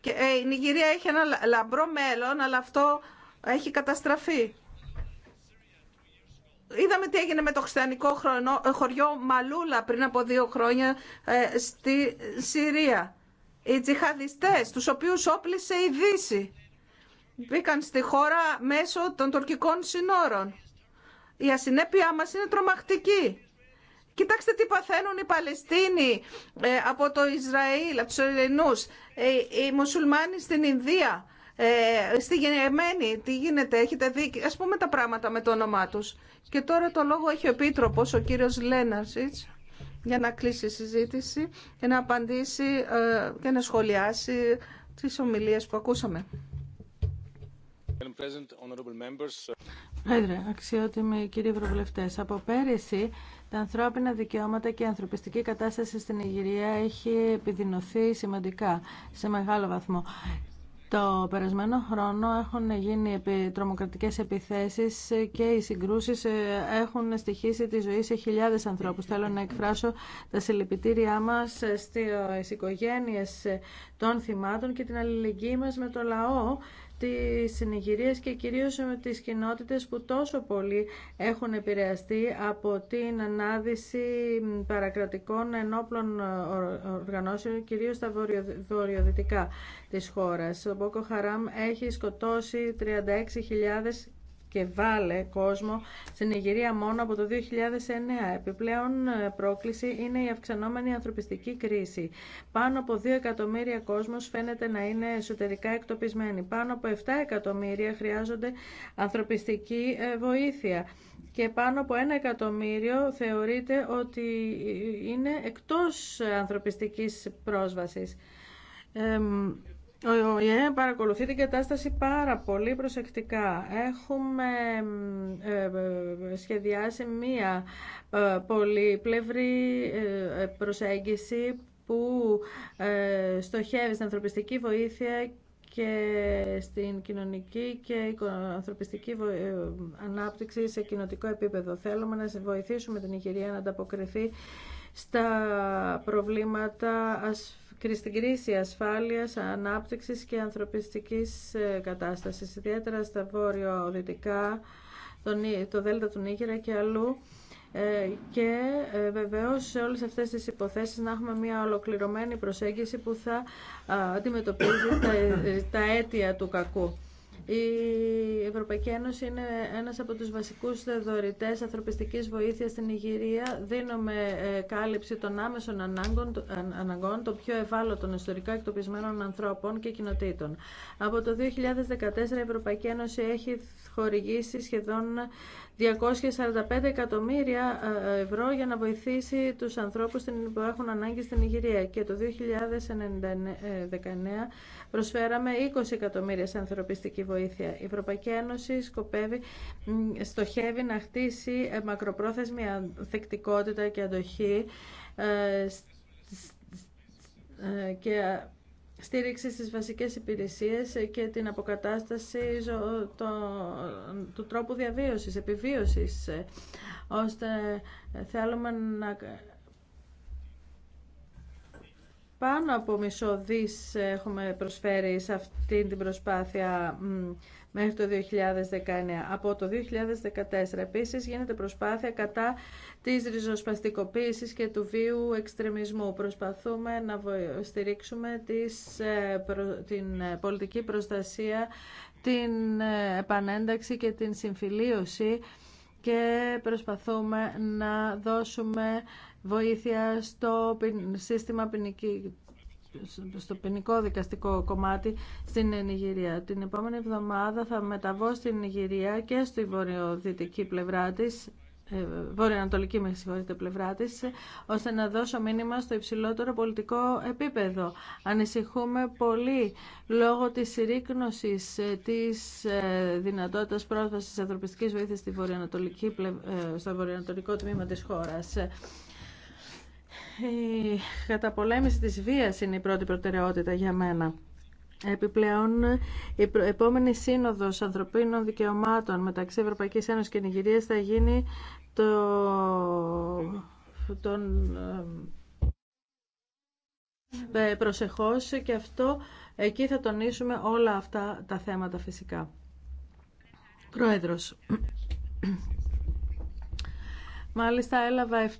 Και, ε, η Νιγηρία έχει ένα λαμπρό μέλλον, αλλά αυτό έχει καταστραφεί. Είδαμε τι έγινε με το χριστιανικό χωριό Μαλούλα πριν από δύο χρόνια ε, στη Συρία. Οι τζιχαδιστές, τους οποίους όπλησε η Δύση μπήκαν στη χώρα μέσω των τουρκικών συνόρων. Η ασυνέπειά μας είναι τρομακτική. Κοιτάξτε τι παθαίνουν οι Παλαιστίνοι ε, από το Ισραήλ, από τους Ελληνούς, ε, οι μουσουλμάνοι στην Ινδία, ε, στη Γενεμένη, τι γίνεται, έχετε δει, ας πούμε τα πράγματα με το όνομά τους. Και τώρα το λόγο έχει ο Επίτροπος, ο κύριος Λέναρσιτς, για να κλείσει η συζήτηση και να απαντήσει και να σχολιάσει τις ομιλίες που ακούσαμε. Uh, Πρόεδρε, αξιότιμοι κύριοι Ευρωβουλευτέ, από πέρυσι τα ανθρώπινα δικαιώματα και η ανθρωπιστική κατάσταση στην Ιγυρία έχει επιδεινωθεί σημαντικά σε μεγάλο βαθμό. Το περασμένο χρόνο έχουν γίνει τρομοκρατικές επιθέσεις και οι συγκρούσεις ε, έχουν στοιχήσει τη ζωή σε χιλιάδες ανθρώπους. Θέλω να εκφράσω τα συλληπιτήριά μας ε, στις οικογένειες ε, των θυμάτων και την αλληλεγγύη μας με το λαό τις Νιγηρίες και κυρίως με τις κοινότητες που τόσο πολύ έχουν επηρεαστεί από την ανάδυση παρακρατικών ενόπλων οργανώσεων, κυρίως στα βορειοδυτικά της χώρας. Ο Μπόκο Χαράμ έχει σκοτώσει 36.000 και βάλε κόσμο στην Ιγυρία μόνο από το 2009. Επιπλέον ε, πρόκληση είναι η αυξανόμενη ανθρωπιστική κρίση. Πάνω από 2 εκατομμύρια κόσμος φαίνεται να είναι εσωτερικά εκτοπισμένοι. Πάνω από 7 εκατομμύρια χρειάζονται ανθρωπιστική ε, βοήθεια. Και πάνω από ένα εκατομμύριο θεωρείται ότι ε, είναι εκτός ανθρωπιστικής πρόσβασης. Ο ΙΕ παρακολουθεί την κατάσταση πάρα πολύ προσεκτικά. Έχουμε ε, ε, σχεδιάσει μία ε, πολύπλευρη προσέγγιση που στοχεύει στην ανθρωπιστική βοήθεια και στην κοινωνική και ανθρωπιστική ανάπτυξη σε κοινοτικό επίπεδο. Θέλουμε να βοηθήσουμε την Ιγυρία να ανταποκριθεί στα προβλήματα ασφαλής στην κρίση ασφάλειας, ανάπτυξης και ανθρωπιστικής ε, κατάστασης, ιδιαίτερα στα βόρειο-δυτικά, το Δέλτα του Νίγηρα και αλλού ε, και ε, βεβαίως σε όλες αυτές τις υποθέσεις να έχουμε μια ολοκληρωμένη προσέγγιση που θα αντιμετωπίζει τα αίτια του κακού. Η Ευρωπαϊκή Ένωση είναι ένας από τους βασικούς δωρητές ανθρωπιστικής βοήθειας στην Ιγυρία. Δίνουμε ε, κάλυψη των άμεσων ανάγκων, ε, αναγκών των πιο ευάλωτων ιστορικά εκτοπισμένων ανθρώπων και κοινοτήτων. Από το 2014 η Ευρωπαϊκή Ένωση έχει χορηγήσει σχεδόν 245 εκατομμύρια ε, ευρώ για να βοηθήσει τους ανθρώπους που έχουν ανάγκη στην Ιγυρία και το 2019 προσφέραμε 20 εκατομμύρια σε ανθρωπιστική βοήθεια. Η Ευρωπαϊκή Ένωση σκοπεύει, στοχεύει να χτίσει ε, μακροπρόθεσμη ανθεκτικότητα και αντοχή ε, και στήριξη στις βασικές υπηρεσίες και την αποκατάσταση του τρόπου διαβίωσης, επιβίωσης, ώστε θέλουμε να... Πάνω από μισό δις έχουμε προσφέρει σε αυτή την προσπάθεια μέχρι το 2019. Από το 2014 επίσης γίνεται προσπάθεια κατά της ριζοσπαστικοποίησης και του βίου εξτρεμισμού. Προσπαθούμε να στηρίξουμε ε, την ε, πολιτική προστασία, την ε, επανένταξη και την συμφιλίωση και προσπαθούμε να δώσουμε βοήθεια στο σύστημα ποινική, στο ποινικό δικαστικό κομμάτι στην Νιγηρία. Την επόμενη εβδομάδα θα μεταβώ στην Νιγηρία και στη βορειοδυτική πλευρά της ε, βορειοανατολική με συγχωρείτε πλευρά τη, ώστε να δώσω μήνυμα στο υψηλότερο πολιτικό επίπεδο. Ανησυχούμε πολύ λόγω τη συρρήκνωση ε, τη ε, δυνατότητα πρόσβαση ανθρωπιστική βοήθεια στο βορειοανατολικό τμήμα τη χώρα η καταπολέμηση της βίας είναι η πρώτη προτεραιότητα για μένα. Επιπλέον, η επόμενη σύνοδος ανθρωπίνων δικαιωμάτων μεταξύ Ευρωπαϊκής Ένωσης και Νιγηρίας θα γίνει το... τον ε, προσεχώς και αυτό εκεί θα τονίσουμε όλα αυτά τα θέματα φυσικά. Πρόεδρος, Μάλιστα έλαβα 7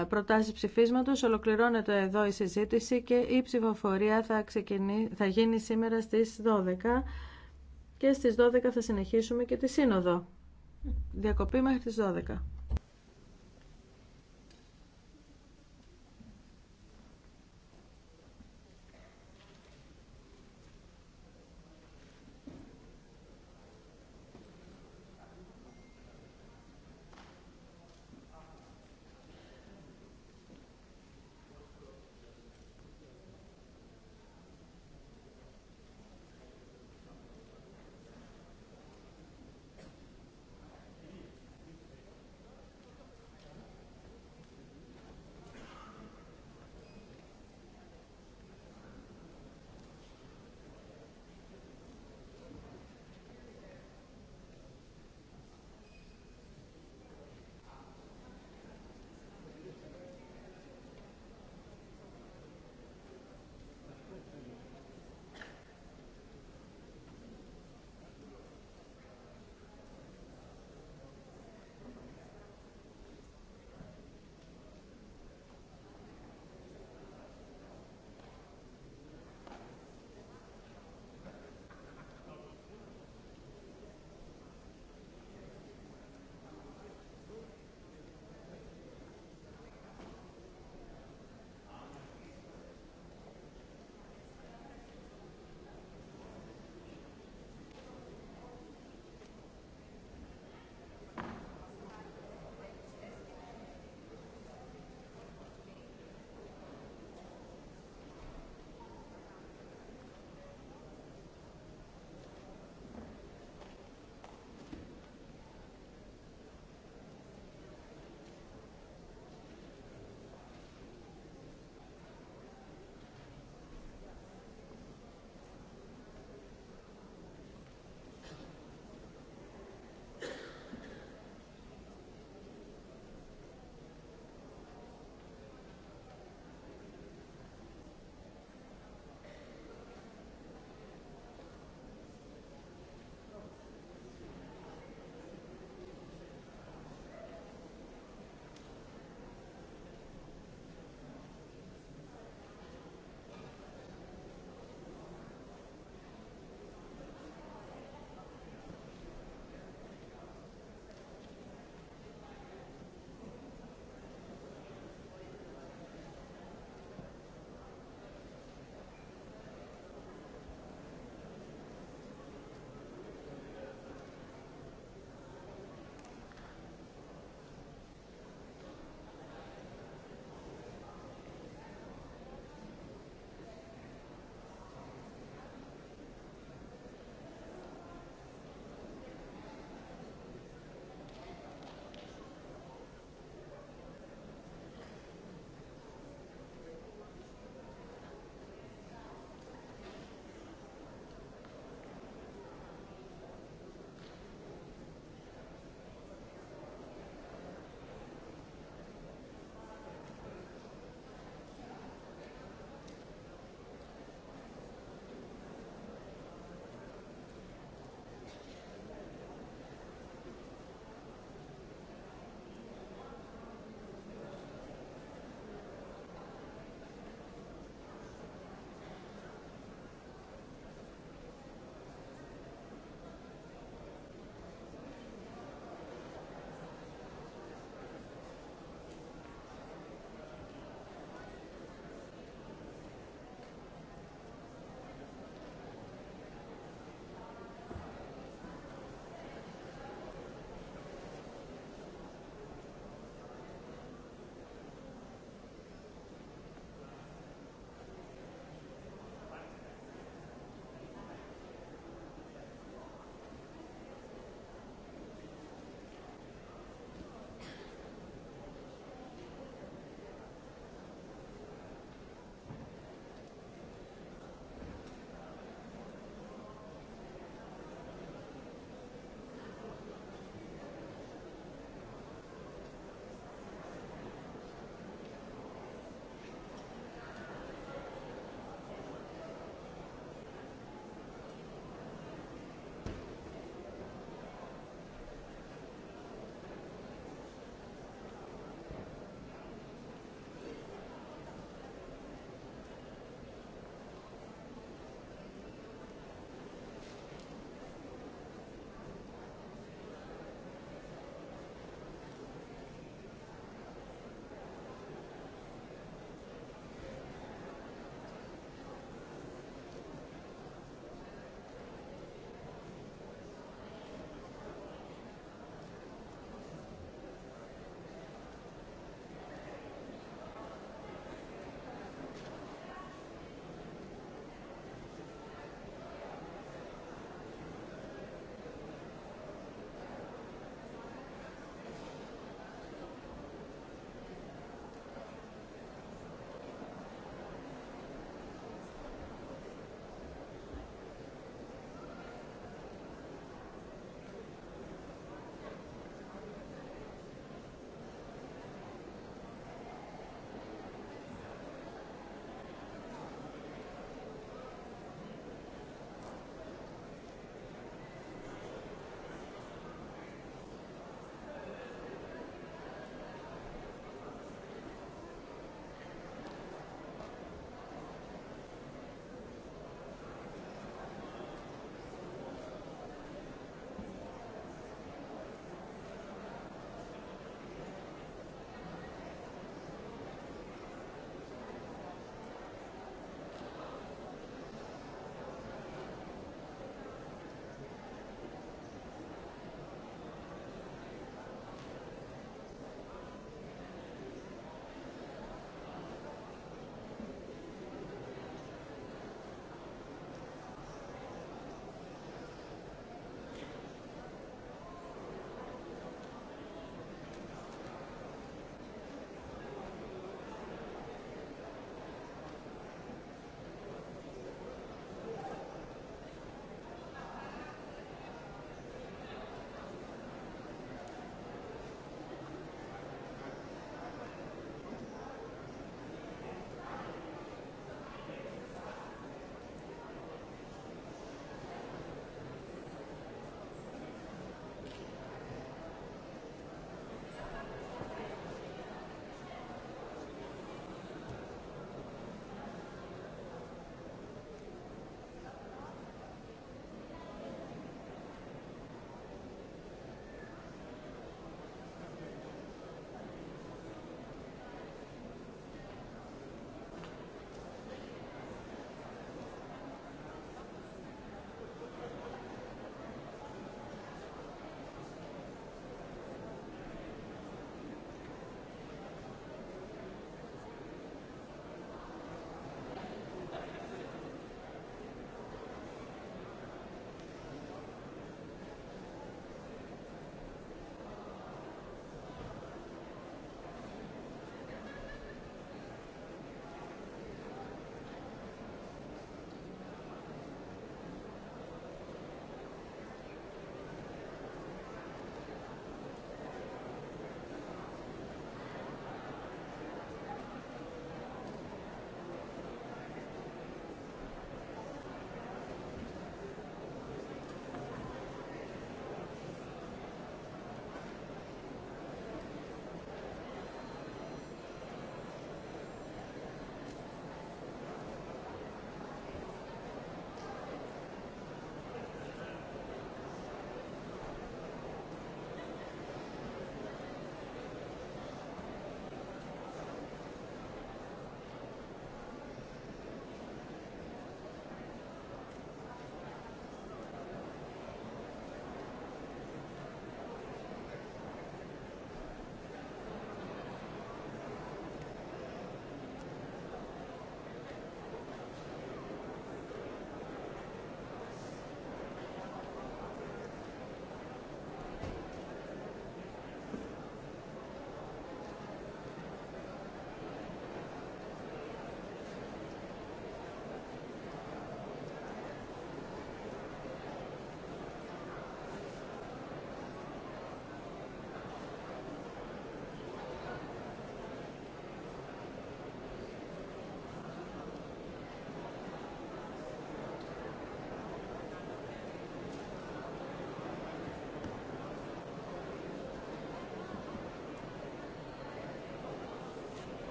ε, προτάσεις ψηφίσματος, ολοκληρώνεται εδώ η συζήτηση και η ψηφοφορία θα, θα γίνει σήμερα στις 12 και στις 12 θα συνεχίσουμε και τη σύνοδο. Διακοπή μέχρι τις 12.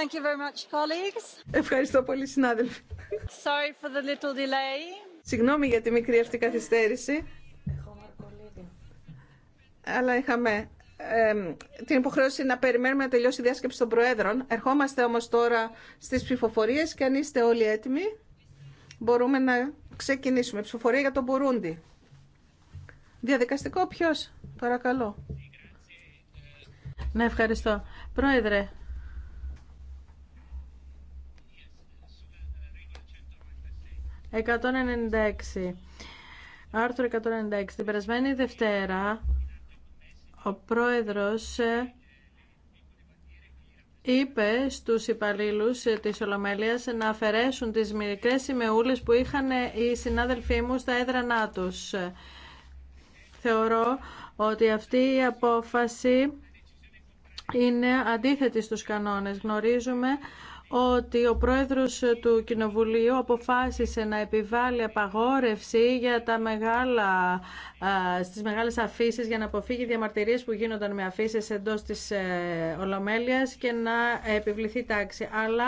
Thank you very much, colleagues. Ευχαριστώ πολύ, συνάδελφοι. Sorry for the little delay. Συγγνώμη για τη μικρή αυτή καθυστέρηση. Αλλά είχαμε την υποχρέωση να περιμένουμε να τελειώσει η διάσκεψη των Προέδρων. Ερχόμαστε όμως τώρα στις ψηφοφορίες και αν είστε όλοι έτοιμοι μπορούμε να ξεκινήσουμε. Ψηφοφορία για τον Μπουρούντι. Διαδικαστικό ποιος, παρακαλώ. Ναι, ευχαριστώ. Πρόεδρε, 196. Άρθρο 196. Την περασμένη Δευτέρα ο πρόεδρος είπε στους υπαλλήλους της Ολομέλειας να αφαιρέσουν τις μικρές σημεούλες που είχαν οι συνάδελφοί μου στα έδρανά τους. Θεωρώ ότι αυτή η απόφαση είναι αντίθετη στους κανόνες. Γνωρίζουμε ότι ο πρόεδρος του Κοινοβουλίου αποφάσισε να επιβάλλει απαγόρευση για τα μεγάλα, στις μεγάλες αφήσεις για να αποφύγει διαμαρτυρίες που γίνονταν με αφήσεις εντός της ε, Ολομέλειας και να επιβληθεί τάξη. Αλλά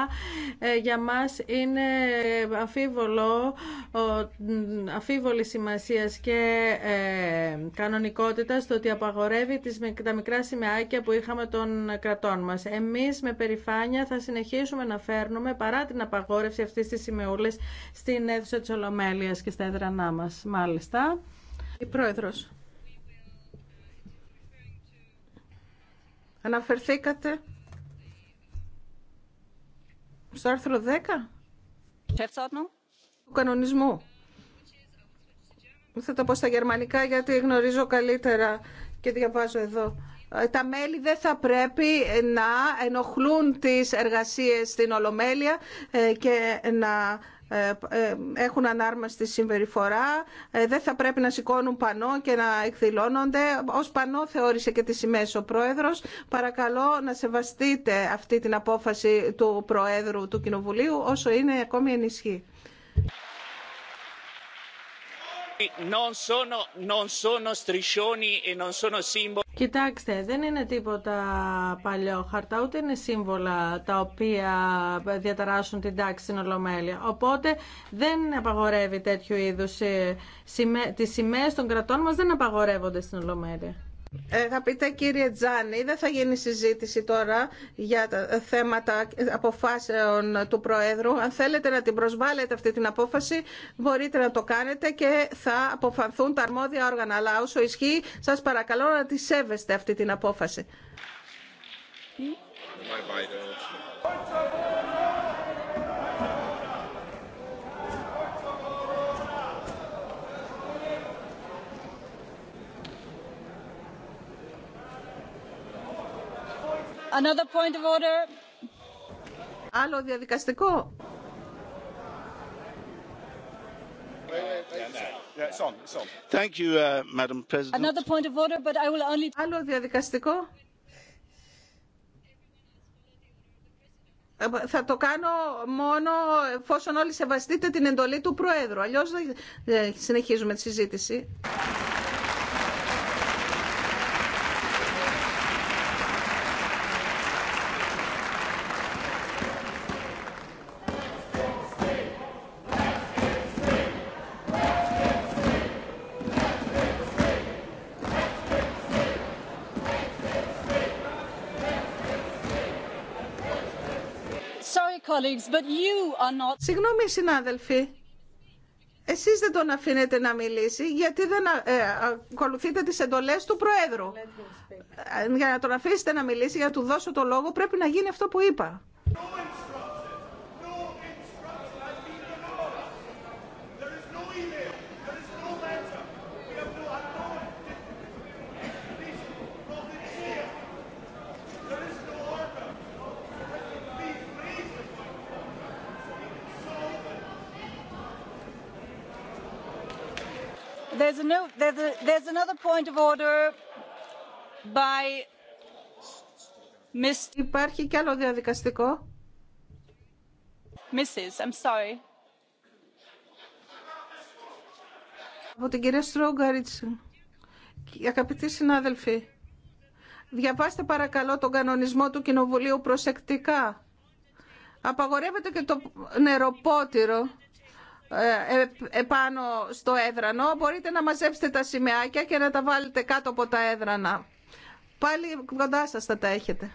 ε, για μας είναι αφίβολο, αφίβολη σημασία και ε, κανονικότητα στο ότι απαγορεύει τα μικρά σημαίακια που είχαμε των κρατών μας. Εμείς με περηφάνεια θα συνεχίσουμε αναφέρνουμε παρά την απαγόρευση αυτής της σημεούλης στην αίθουσα της Ολομέλειας και στα έδρανά μας. Μάλιστα, η Πρόεδρος. Αναφερθήκατε στο άρθρο 10 του κανονισμού. Θα το πω στα γερμανικά γιατί γνωρίζω καλύτερα και διαβάζω εδώ. Ε, τα μέλη δεν θα πρέπει να ενοχλούν τις εργασίες στην Ολομέλεια ε, και να ε, έχουν ανάρμαστη συμπεριφορά, δεν θα πρέπει να σηκώνουν πανό και να εκδηλώνονται. Ως πανό θεώρησε και τη σημαίες ο Πρόεδρος. Παρακαλώ να σεβαστείτε αυτή την απόφαση του Προέδρου του Κοινοβουλίου όσο είναι ακόμη ενισχύ. E Κοιτάξτε, δεν είναι τίποτα παλιόχαρτα, ούτε είναι σύμβολα τα οποία διαταράσσουν την τάξη στην Ολομέλεια. Οπότε δεν απαγορεύει τέτοιου είδου. Ε, Τι σημαίε των κρατών μα δεν απαγορεύονται στην Ολομέλεια. Αγαπητέ κύριε Τζάνη, δεν θα γίνει συζήτηση τώρα για τα θέματα αποφάσεων του Προέδρου. Αν θέλετε να την προσβάλλετε αυτή την απόφαση, μπορείτε να το κάνετε και θα αποφανθούν τα αρμόδια όργανα. Αλλά όσο ισχύει, σας παρακαλώ να τη σέβεστε αυτή την απόφαση. Another point of order. Άλλο διαδικαστικό. Άλλο διαδικαστικό. Ε, θα το κάνω μόνο εφόσον όλοι σεβαστείτε την εντολή του Προέδρου. Αλλιώς δεν συνεχίζουμε τη συζήτηση. Συγγνώμη συνάδελφοι, εσείς δεν τον αφήνετε να μιλήσει γιατί δεν ε, ε, ακολουθείτε τις εντολές του Προέδρου. Ε, για να τον αφήσετε να μιλήσει, για να του δώσω το λόγο πρέπει να γίνει αυτό που είπα. Υπάρχει κι άλλο διαδικαστικό. Mrs. I'm sorry. Από την κυρία Στρόγκαριτς. Αγαπητοί συνάδελφοι, διαβάστε παρακαλώ τον κανονισμό του Κοινοβουλίου προσεκτικά. Απαγορεύεται και το νεροπότηρο ε, επάνω στο έδρανο, μπορείτε να μαζέψετε τα σημαίακια και να τα βάλετε κάτω από τα έδρανα. Πάλι κοντά σας θα τα έχετε.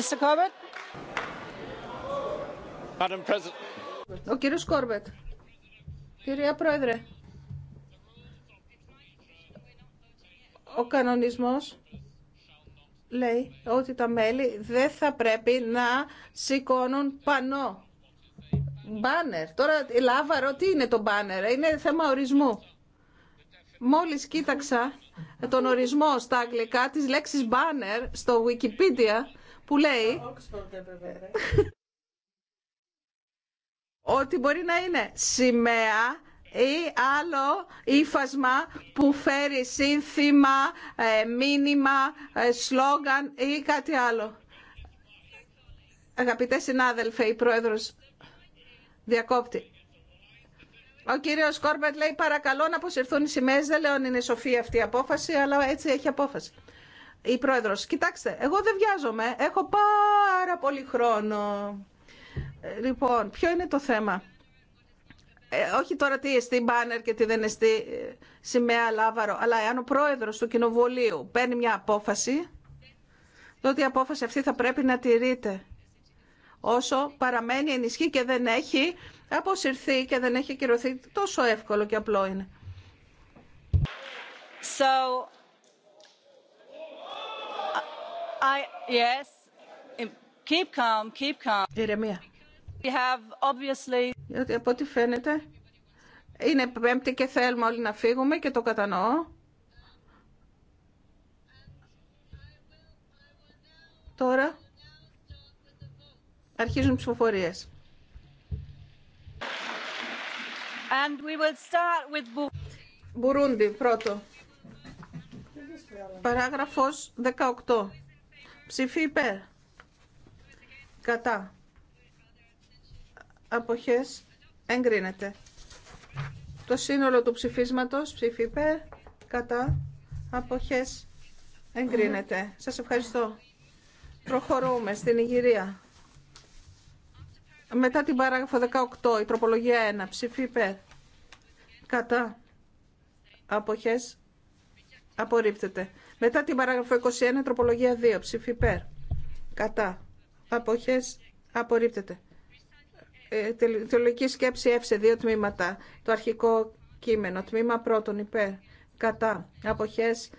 Mr. Corbett. Madam Ο κύριος Κόρμπετ. Κυρία Πρόεδρε. Ο κανονισμός λέει ότι τα μέλη δεν θα πρέπει να σηκώνουν πανό. Μπάνερ. Τώρα η λάβαρο τι είναι το μπάνερ. Ε? Είναι θέμα ορισμού. Μόλις κοίταξα τον ορισμό στα αγγλικά της λέξης μπάνερ στο Wikipedia που λέει ε, ότι μπορεί να είναι σημαία ή άλλο ύφασμα που φέρει σύνθημα, ε, μήνυμα, ε, σλόγγαν ή κάτι άλλο. Αγαπητέ συνάδελφε, η πρόεδρος διακόπτη. Ο κύριος Κόρμπετ λέει παρακαλώ να αποσυρθούν οι σημαίες. Δεν λέω αν είναι σοφή αυτή η κατι αλλο αγαπητες συναδελφε η προεδρος αλλά έτσι έχει απόφαση η πρόεδρος. Κοιτάξτε, εγώ δεν βιάζομαι. Έχω πάρα πολύ χρόνο. Ε, λοιπόν, ποιο είναι το θέμα. Ε, όχι τώρα τι εστί μπάνερ και τι δεν εστί ε, σημαία λάβαρο, αλλά εάν ο πρόεδρος του κοινοβουλίου παίρνει μια απόφαση, τότε η απόφαση αυτή θα πρέπει να τηρείται. Όσο παραμένει ενισχύ και δεν έχει αποσυρθεί και δεν έχει κυρωθεί, τόσο εύκολο και απλό είναι. So, I, yes, keep calm, keep calm. Ηρεμία. We have obviously... Γιατί από ό,τι φαίνεται είναι πέμπτη και θέλουμε όλοι να φύγουμε και το κατανοώ. Τώρα αρχίζουν ψηφοφορίες. And we will start with... Μπουρούντι πρώτο. Παράγραφος 18. Ψήφι υπέρ. Κατά. Αποχές. Εγκρίνεται. Το σύνολο του ψηφίσματος. Ψήφι υπέρ. Κατά. Αποχές. Εγκρίνεται. Σας ευχαριστώ. Προχωρούμε στην Ιγυρία. Μετά την παράγραφο 18, η τροπολογία 1, ψήφι υπέρ. Κατά. Αποχές. Απορρίπτεται. Μετά την παράγραφο 21, τροπολογία 2, ψήφι υπέρ. Κατά. Αποχές απορρίπτεται. Ε, τελική σκέψη F δύο τμήματα. Το αρχικό κείμενο. Τμήμα πρώτον υπέρ. Κατά. Αποχές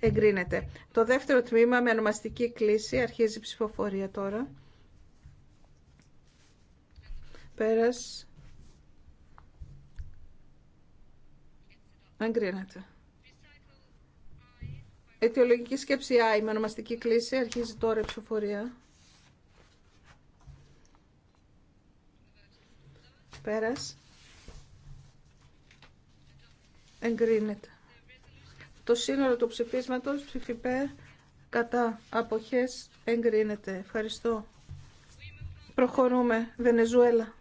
εγκρίνεται. Το δεύτερο τμήμα με ονομαστική κλίση. Αρχίζει η ψηφοφορία τώρα. Πέρας. Εγκρίνεται. Αιτιολογική σκέψη ά, με ονομαστική κλίση. Αρχίζει τώρα η ψηφοφορία. Πέρας. Εγκρίνεται. Το σύνολο του ψηφίσματος ψηφιπέ κατά αποχές εγκρίνεται. Ευχαριστώ. Προχωρούμε. Βενεζουέλα.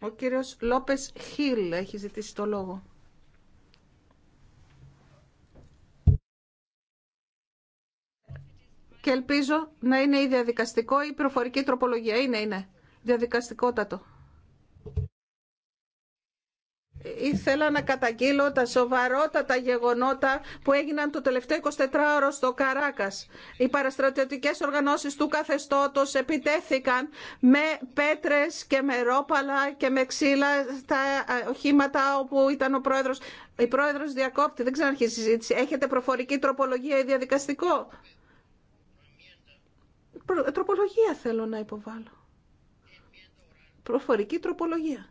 Ο κύριος Λόπες Χίλ έχει ζητήσει το λόγο. και ελπίζω να είναι ή διαδικαστικό ή προφορική τροπολογία. Είναι, είναι. Διαδικαστικότατο. Ήθελα να καταγγείλω τα σοβαρότατα γεγονότα που έγιναν το τελευταίο 24ωρο στο Καράκας. Οι παραστρατιωτικές οργανώσεις του καθεστώτος επιτέθηκαν με πέτρες και με ρόπαλα και με ξύλα στα οχήματα όπου ήταν ο πρόεδρος. Η πρόεδρος διακόπτη, δεν ξαναρχίζει η συζήτηση. Έχετε προφορική τροπολογία ή διαδικαστικό τροπολογία θέλω να υποβάλω. Προφορική τροπολογία.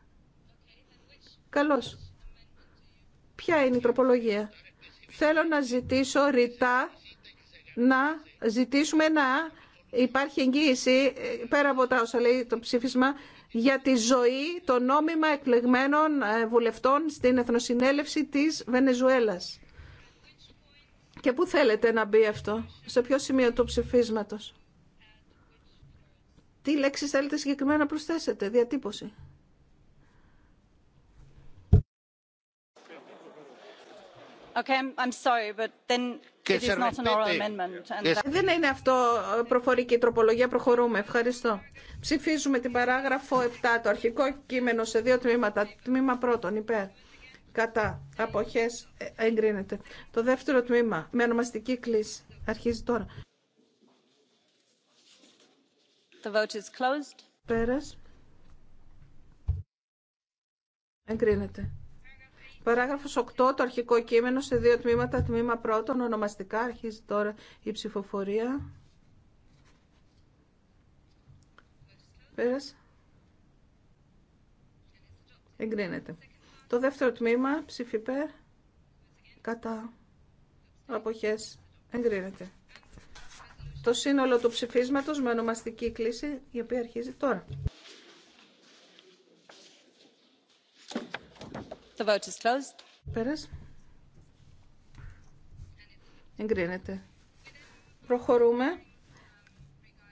Καλώς. Ποια είναι η τροπολογία. Θέλω να ζητήσω ρητά να ζητήσουμε να υπάρχει εγγύηση, ε, πέρα από τα όσα λέει το ψήφισμα, για τη ζωή των νόμιμα εκλεγμένων ε, βουλευτών στην Εθνοσυνέλευση της Βενεζουέλας. Και πού θέλετε να μπει αυτό, σε ποιο σημείο του ψηφίσματος. Τι λέξεις θέλετε συγκεκριμένα να προσθέσετε, διατύπωση. Δεν είναι αυτό ε, προφορική τροπολογία. Προχωρούμε. Ευχαριστώ. Ψηφίζουμε την παράγραφο 7, το αρχικό κείμενο σε δύο τμήματα. Τμήμα πρώτον, υπέρ. Κατά. Αποχές ε, εγκρίνεται. Το δεύτερο τμήμα, με ονομαστική κλίση. Αρχίζει τώρα. Εγκρίνεται. Παράγραφος 8. Το αρχικό κείμενο σε δύο τμήματα. Τμήμα πρώτον. Ονομαστικά αρχίζει τώρα η ψηφοφορία. Πέρας. Εγκρίνεται. Το δεύτερο τμήμα. Ψηφιπέρ. Κατά. Αποχές. Εγκρίνεται το σύνολο του ψηφίσματος με ονομαστική κλίση, η οποία αρχίζει τώρα. The vote is closed. Εγκρίνεται. Προχωρούμε.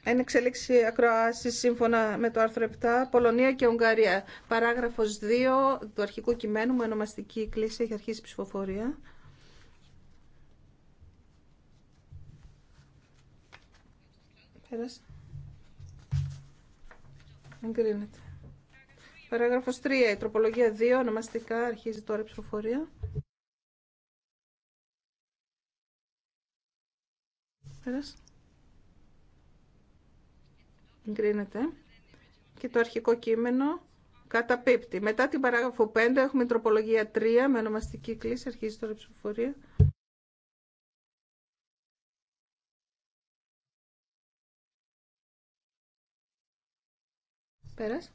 Εν εξέλιξη ακροάση σύμφωνα με το άρθρο 7, Πολωνία και Ουγγαρία. Παράγραφος 2 του αρχικού κειμένου με ονομαστική κλίση έχει αρχίσει η ψηφοφορία. Πέρας. Εγκρίνεται. Παράγραφος 3. Η τροπολογία 2 ονομαστικά αρχίζει τώρα η ψηφοφορία. Πέρας. Εγκρίνεται. Και το αρχικό κείμενο καταπίπτει. Μετά την παράγραφο 5 έχουμε η τροπολογία 3 με ονομαστική κλίση. Αρχίζει τώρα η ψηφοφορία. Πέρας.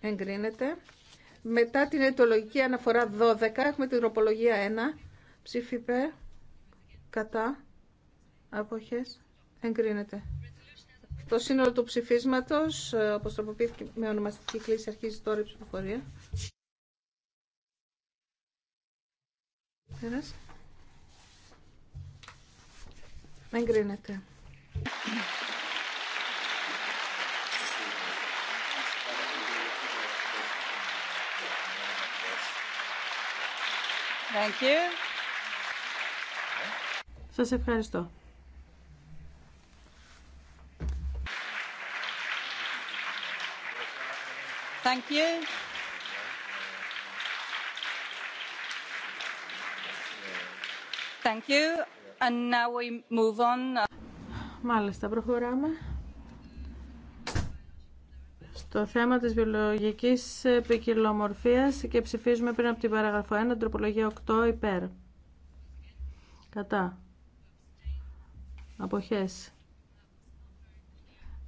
Εγκρίνεται. Μετά την αιτιολογική αναφορά 12 έχουμε την τροπολογία 1. Ψήφιπε Κατά. Αποχές. Εγκρίνεται. Το σύνολο του ψηφίσματος, ε, όπως τροποποιήθηκε με ονομαστική κλίση, αρχίζει τώρα η ψηφοφορία. Πέρας. Εγκρίνεται. Thank you. Σας ευχαριστώ. Thank you. Thank you. And now we move on. Μάλιστα, προχωράμε το θέμα της βιολογικής ποικιλομορφίας και ψηφίζουμε πριν από την παραγραφό 1, τροπολογία 8, υπέρ. Κατά. Αποχές.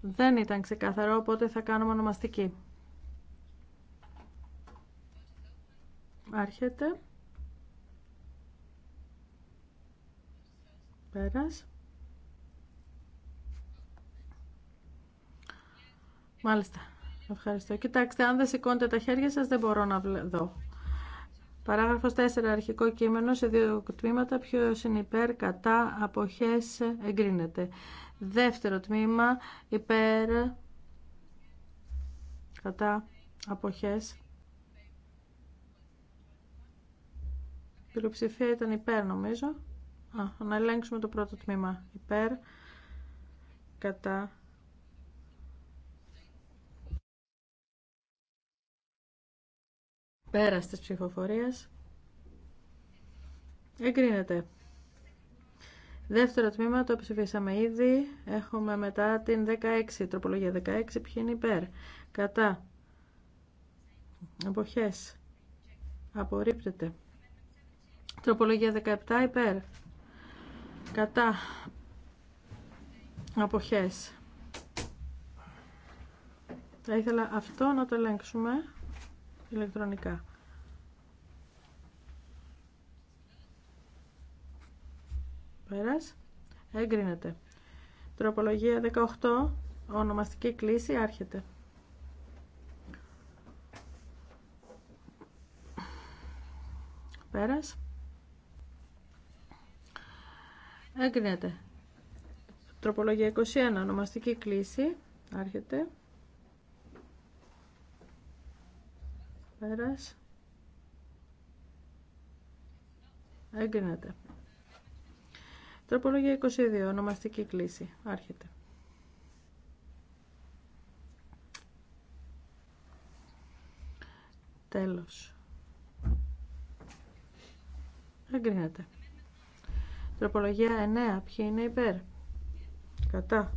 Δεν ήταν ξεκαθαρό, οπότε θα κάνουμε ονομαστική. Άρχεται. Πέρας. Μάλιστα. Ευχαριστώ. Κοιτάξτε, αν δεν σηκώνετε τα χέρια σας δεν μπορώ να δω. Παράγραφος 4. Αρχικό κείμενο σε δύο τμήματα. Ποιο είναι υπέρ, κατά, αποχές, εγκρίνεται. Δεύτερο τμήμα, υπέρ, κατά, αποχές. Η πλειοψηφία ήταν υπέρ νομίζω. Α, να ελέγξουμε το πρώτο τμήμα. Υπέρ, κατά, Πέρας της ψηφοφορία. Εγκρίνεται. Δεύτερο τμήμα το ψηφίσαμε ήδη. Έχουμε μετά την 16, τροπολογία 16. Ποιοι είναι υπέρ. Κατά. Αποχές. Απορρίπτεται. Τροπολογία 17 υπέρ. Κατά. Αποχές. Θα ήθελα αυτό να το ελέγξουμε ηλεκτρονικά. Πέρας. Εγκρίνεται. Τροπολογία 18. Ονομαστική κλίση άρχεται. Πέρας. Εγκρίνεται. Τροπολογία 21. Ονομαστική κλίση άρχεται. Πέρας. Έγκρινεται. Τροπολογία 22, ονομαστική κλίση. Άρχεται. Τέλος. Εγκρίνεται. Τροπολογία 9. Ποιοι είναι υπέρ. Κατά.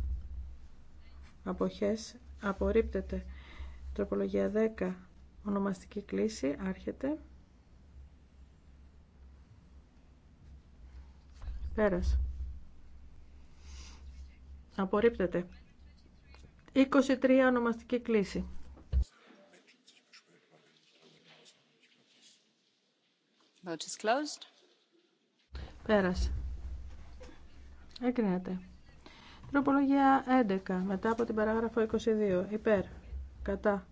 Αποχές. Απορρίπτεται. Τροπολογία 10. Ονομαστική κλίση άρχεται. Πέρας. Απορρίπτεται. 23 ονομαστική κλίση. Vote is closed. Πέρασε. Έκρινεται. Τροπολογία 11 μετά από την παράγραφο 22. Υπέρ. Κατά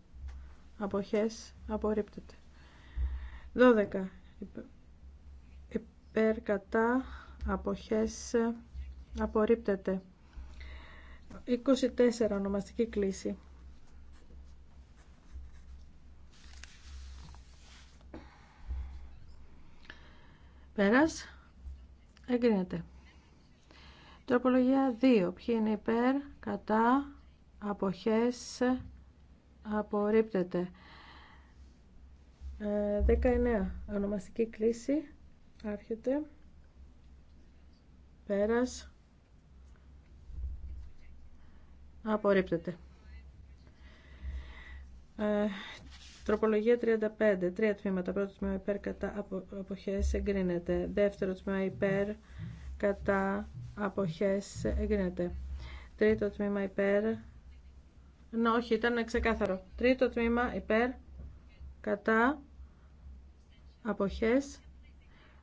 αποχές απορρίπτεται 12 υπέρ κατά αποχές απορρίπτεται 24 ονομαστική κλίση πέρας εγκρίνεται τροπολογία 2 ποιοι είναι υπέρ κατά αποχές απορρίπτεται. 19. Ε, Ονομαστική κλίση. Άρχεται. Πέρας. Απορρίπτεται. Ε, τροπολογία 35. Τρία τμήματα. Πρώτο τμήμα υπέρ κατά αποχές εγκρίνεται. Δεύτερο τμήμα υπέρ κατά αποχές εγκρίνεται. Τρίτο τμήμα υπέρ ναι, όχι, ήταν ξεκάθαρο. Τρίτο τμήμα υπέρ, κατά, αποχές.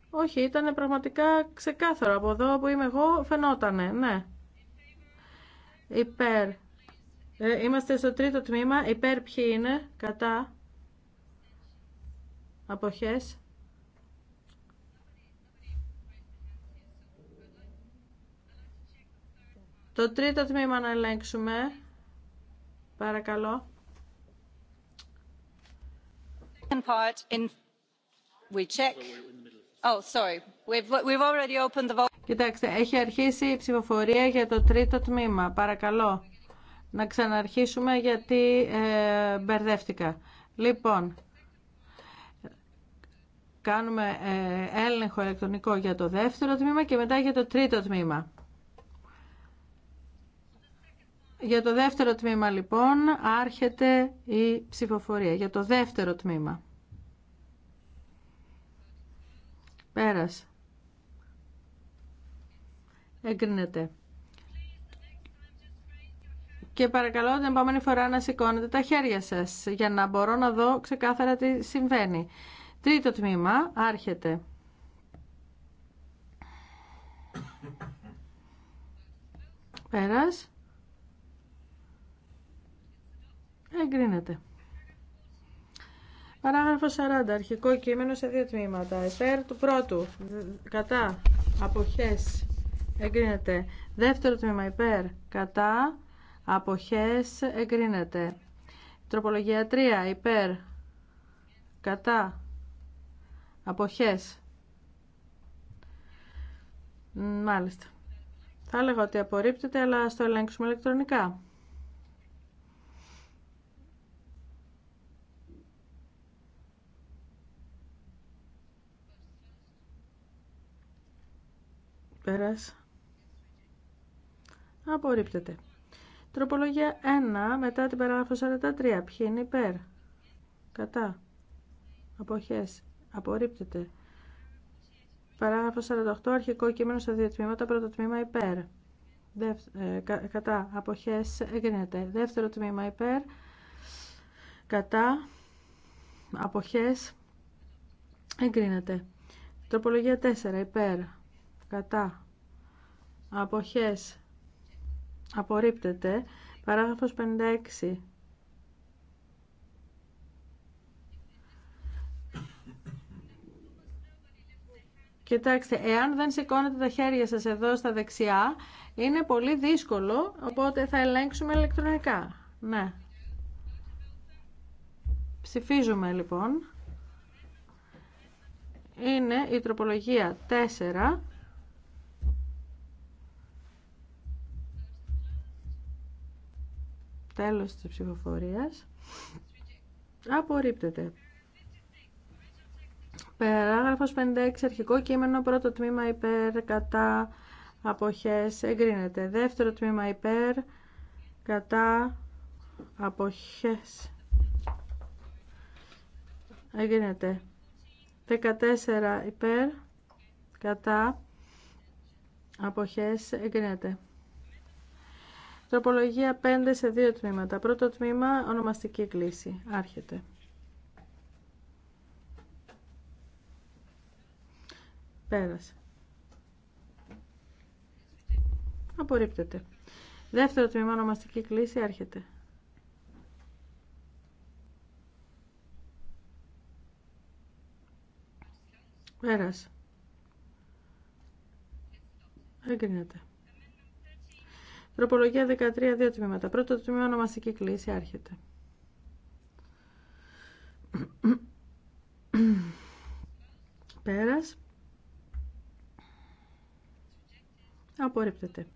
Όχι, ήταν πραγματικά ξεκάθαρο. Από εδώ που είμαι εγώ φαινότανε, ναι. Υπέρ. Ε, είμαστε στο τρίτο τμήμα. Υπέρ ποιοι είναι, κατά, αποχές. Το τρίτο τμήμα να ελέγξουμε. Παρακαλώ. Κοιτάξτε, έχει αρχίσει η ψηφοφορία για το τρίτο τμήμα. Παρακαλώ να ξαναρχίσουμε γιατί ε, μπερδεύτηκα. Λοιπόν, κάνουμε ε, έλεγχο ηλεκτρονικό για το δεύτερο τμήμα και μετά για το τρίτο τμήμα. Για το δεύτερο τμήμα λοιπόν άρχεται η ψηφοφορία. Για το δεύτερο τμήμα. Πέρας. Εγκρίνεται. Και παρακαλώ την επόμενη φορά να σηκώνετε τα χέρια σας για να μπορώ να δω ξεκάθαρα τι συμβαίνει. Τρίτο τμήμα άρχεται. Πέρας. Εγκρίνεται. Παράγραφο 40. Αρχικό κείμενο σε δύο τμήματα. Υπέρ του πρώτου. Κατά. Αποχές. Εγκρίνεται. Δεύτερο τμήμα. Υπέρ. Κατά. Αποχές. Εγκρίνεται. Τροπολογία 3. Υπέρ. Κατά. Αποχές. Μάλιστα. Θα έλεγα ότι απορρίπτεται, αλλά στο ελέγξουμε ηλεκτρονικά. Πέρας. Απορρίπτεται. Τροπολογία 1 μετά την παράγραφο 43. Ποιοι είναι υπέρ. Κατά. Αποχές. Απορρίπτεται. Παράγραφο 48. Αρχικό κείμενο σε δύο τμήματα. Πρώτο τμήμα υπέρ. Ε, κατά. Αποχές. Εγκρίνεται. Δεύτερο τμήμα υπέρ. Κατά. Αποχές. Εγκρίνεται. Τροπολογία 4. Υπέρ κατά αποχές απορρίπτεται παράγραφος 56 Κοιτάξτε, εάν δεν σηκώνετε τα χέρια σας εδώ στα δεξιά, είναι πολύ δύσκολο, οπότε θα ελέγξουμε ηλεκτρονικά. Ναι. Ψηφίζουμε λοιπόν. Είναι η τροπολογία 4. Τέλος της ψηφοφορίας. Απορρίπτεται. Παράγραφος 56 αρχικό κείμενο πρώτο τμήμα υπέρ κατά αποχές εγκρίνεται. Δεύτερο τμήμα υπέρ κατά αποχές εγκρίνεται. 14 υπέρ κατά αποχές εγκρίνεται. Τροπολογία 5 σε δύο τμήματα. Πρώτο τμήμα, ονομαστική κλίση. Άρχεται. Πέρασε. Απορρίπτεται. Δεύτερο τμήμα, ονομαστική κλίση. Άρχεται. Πέρασε. Εγκρίνεται. Τροπολογία 13, δύο τμήματα. Πρώτο τμήμα ονομαστική κλίση, άρχεται. Πέρας. Απορρίπτεται.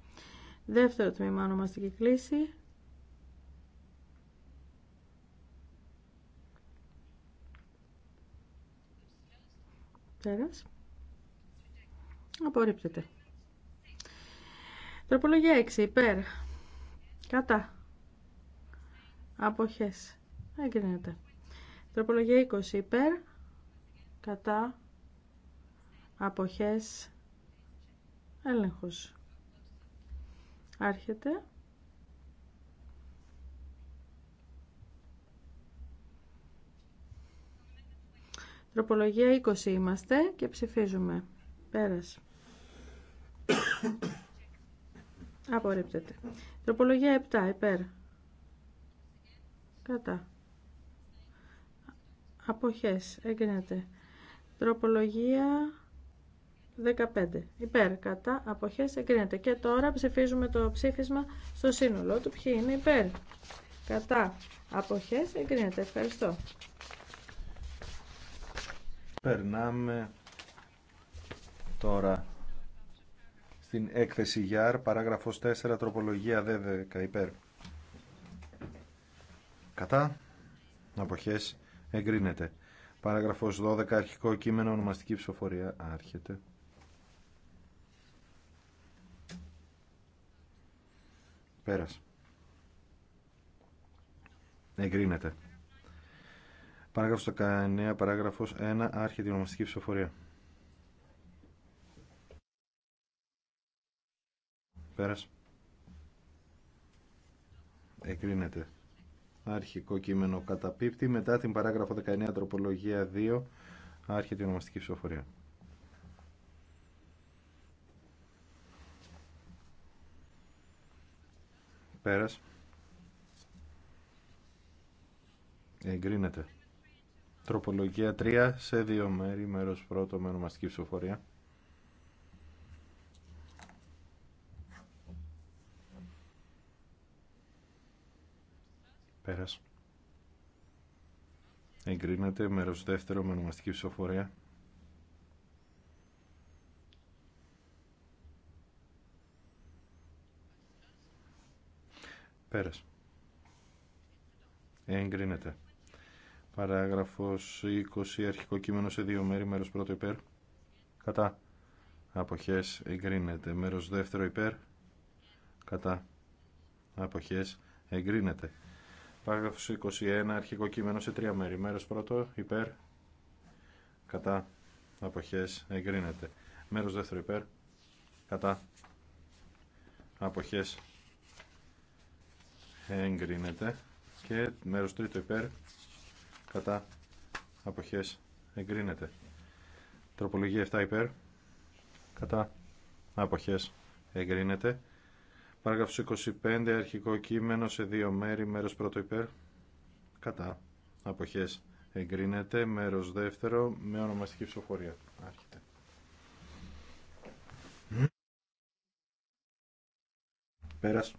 Δεύτερο τμήμα ονομαστική κλίση. Πέρας. Απορρίπτεται. Τροπολογία 6 υπέρ. Κατά. Αποχές. Εγκρίνεται. Τροπολογία 20 υπέρ. Κατά. Αποχές. Έλεγχος. Άρχεται. Τροπολογία 20 είμαστε και ψηφίζουμε. Πέρασε. Απορρίπτεται. Τροπολογία 7. Υπέρ. Κατά. Αποχές. Έγκρινεται. Τροπολογία 15. Υπέρ. Κατά. Αποχές. Εγκρίνεται. Και τώρα ψηφίζουμε το ψήφισμα στο σύνολό του. Ποιοι είναι υπέρ. Κατά. Αποχές. Εγκρίνεται. Ευχαριστώ. Περνάμε τώρα στην έκθεση ΓΙΑΡ, παράγραφος 4, τροπολογια ΔΕ, υπέρ. Κατά. Αποχές εγκρίνεται. Παράγραφος 12, αρχικό κείμενο, ονομαστική ψηφοφορία άρχεται. Πέρας. Εγκρίνεται. Παράγραφος 19, παράγραφος 1, άρχεται η ονομαστική ψηφοφορία. Πέρας. Εκρίνεται. Αρχικό κείμενο καταπίπτει. Μετά την παράγραφο 19 τροπολογία 2 άρχεται η ονομαστική ψηφοφορία. Πέρας. Εγκρίνεται. Τροπολογία 3 σε δύο μέρη, μέρος πρώτο με ονομαστική ψηφοφορία. Πέρας. Εγκρίνεται μέρος δεύτερο με ονομαστική ψηφοφορία. Πέρας. Εγκρίνεται. Παράγραφος 20. Αρχικό κείμενο σε δύο μέρη. Μέρος πρώτο υπέρ. Κατά. Αποχές. Εγκρίνεται. Μέρος δεύτερο υπέρ. Κατά. Αποχές. Εγκρίνεται. Παράγραφος 21, αρχικό κείμενο σε τρία μέρη. Μέρος πρώτο, υπέρ, κατά, αποχές, εγκρίνεται. Μέρος δεύτερο, υπέρ, κατά, αποχές, εγκρίνεται. Και μέρος τρίτο, υπέρ, κατά, αποχές, εγκρίνεται. Τροπολογία 7 υπέρ, κατά, αποχές, εγκρίνεται. Παράγραφος 25, αρχικό κείμενο σε δύο μέρη, μέρος πρώτο υπέρ, κατά, αποχές εγκρίνεται, μέρος δεύτερο με ονομαστική ψηφοφορία. Άρχεται. Πέρας.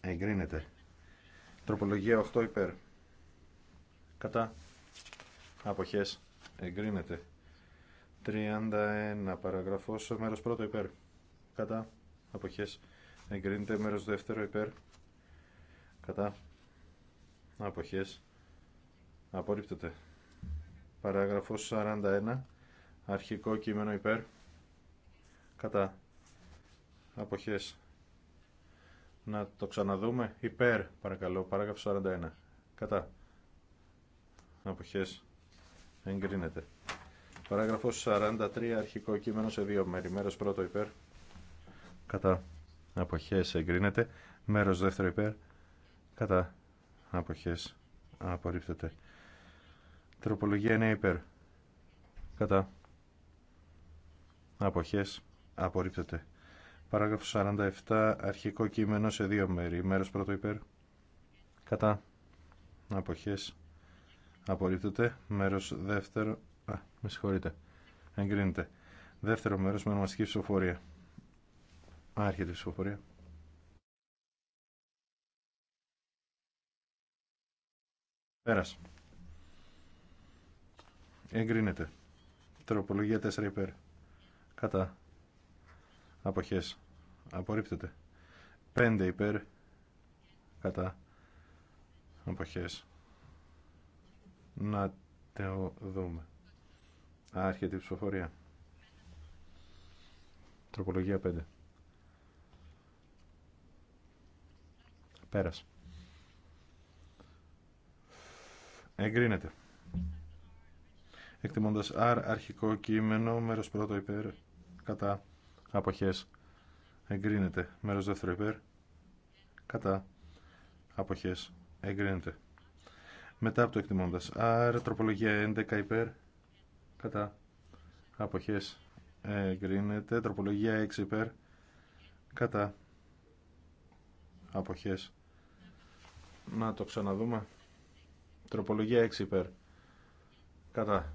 Εγκρίνεται. Τροπολογία 8 υπέρ. Κατά. Αποχές. Εγκρίνεται. 31 παραγραφός μέρος πρώτο υπέρ κατά αποχές εγκρίνεται μέρος δεύτερο υπέρ κατά αποχές απορρίπτεται παράγραφος 41 αρχικό κείμενο υπέρ κατά αποχές να το ξαναδούμε υπέρ παρακαλώ παράγραφος 41 κατά αποχές εγκρίνεται Παράγραφος 43, αρχικό κείμενο σε δύο μέρη. Μέρος πρώτο υπέρ, κατά αποχές εγκρίνεται μέρος δεύτερο υπέρ κατά αποχές απορρίπτεται τροπολογία 9 υπέρ κατά αποχές απορρίπτεται παράγραφος 47 αρχικό κείμενο σε δύο μέρη μέρος πρώτο υπέρ κατά αποχές απορρίπτεται μέρος δεύτερο α, με συγχωρείτε εγκρίνεται δεύτερο μέρος με ονομαστική ψηφοφορία Άρχεται η ψηφοφορία. Πέρασε. Εγκρίνεται. Τροπολογία 4 υπέρ. Κατά. Αποχές. Απορρίπτεται. 5 υπέρ. Κατά. Αποχές. Να το δούμε. Άρχεται η ψηφοφορία. Τροπολογία 5. Πέρασε. Εγκρίνεται. Εκτιμώντας R αρχικό κείμενο, μέρος πρώτο υπέρ, κατά, αποχές. Εγκρίνεται. Μέρος δεύτερο υπέρ, κατά, αποχές. Εγκρίνεται. Μετά από το εκτιμώντας R, τροπολογία 11 υπέρ, κατά, αποχές. Εγκρίνεται. Τροπολογία 6 υπέρ, κατά, αποχές να το ξαναδούμε. Τροπολογία 6 υπέρ. Κατά.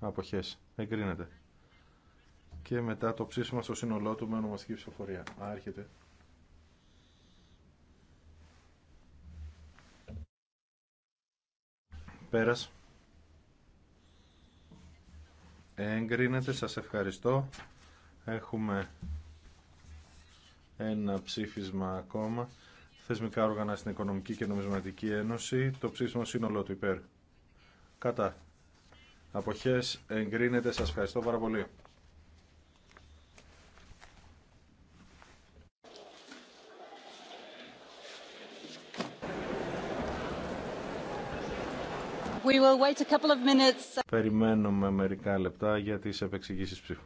Αποχές. Εγκρίνεται. Και μετά το ψήφισμα στο σύνολό του με ονομαστική ψηφοφορία. Άρχεται. Πέρας. Εγκρίνεται. Σας ευχαριστώ. Έχουμε ένα ψήφισμα ακόμα θεσμικά όργανα στην Οικονομική και Νομισματική Ένωση. Το ψήφισμα σύνολό του υπέρ. Κατά. Αποχές εγκρίνεται. Σας ευχαριστώ πάρα πολύ. Περιμένουμε μερικά λεπτά για τις επεξηγήσεις ψήφου.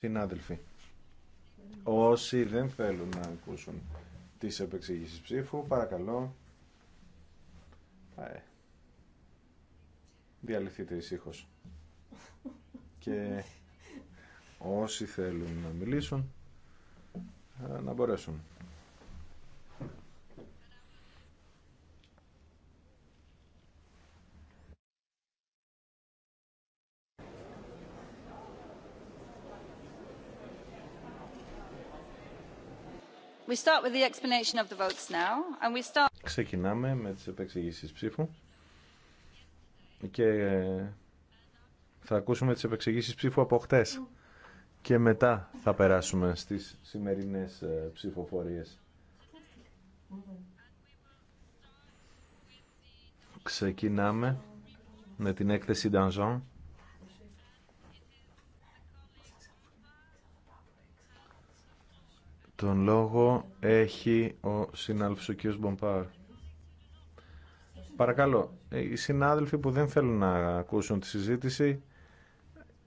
Συνάδελφοι, όσοι δεν θέλουν να ακούσουν τις επεξηγήσεις ψήφου, παρακαλώ, αε, διαλυθείτε ησύχως. Και όσοι θέλουν να μιλήσουν, να μπορέσουν. Ξεκινάμε με τις επεξηγήσεις ψήφου και ε, θα ακούσουμε τις επεξηγήσεις ψήφου από χτες και μετά θα περάσουμε στις σημερινές ε, ψηφοφορίες. Ξεκινάμε με την έκθεση Danjean. Τον λόγο έχει ο συνάδελφος ο κ. Μπομπάρ. Παρακαλώ, ε, οι συνάδελφοι που δεν θέλουν να ακούσουν τη συζήτηση,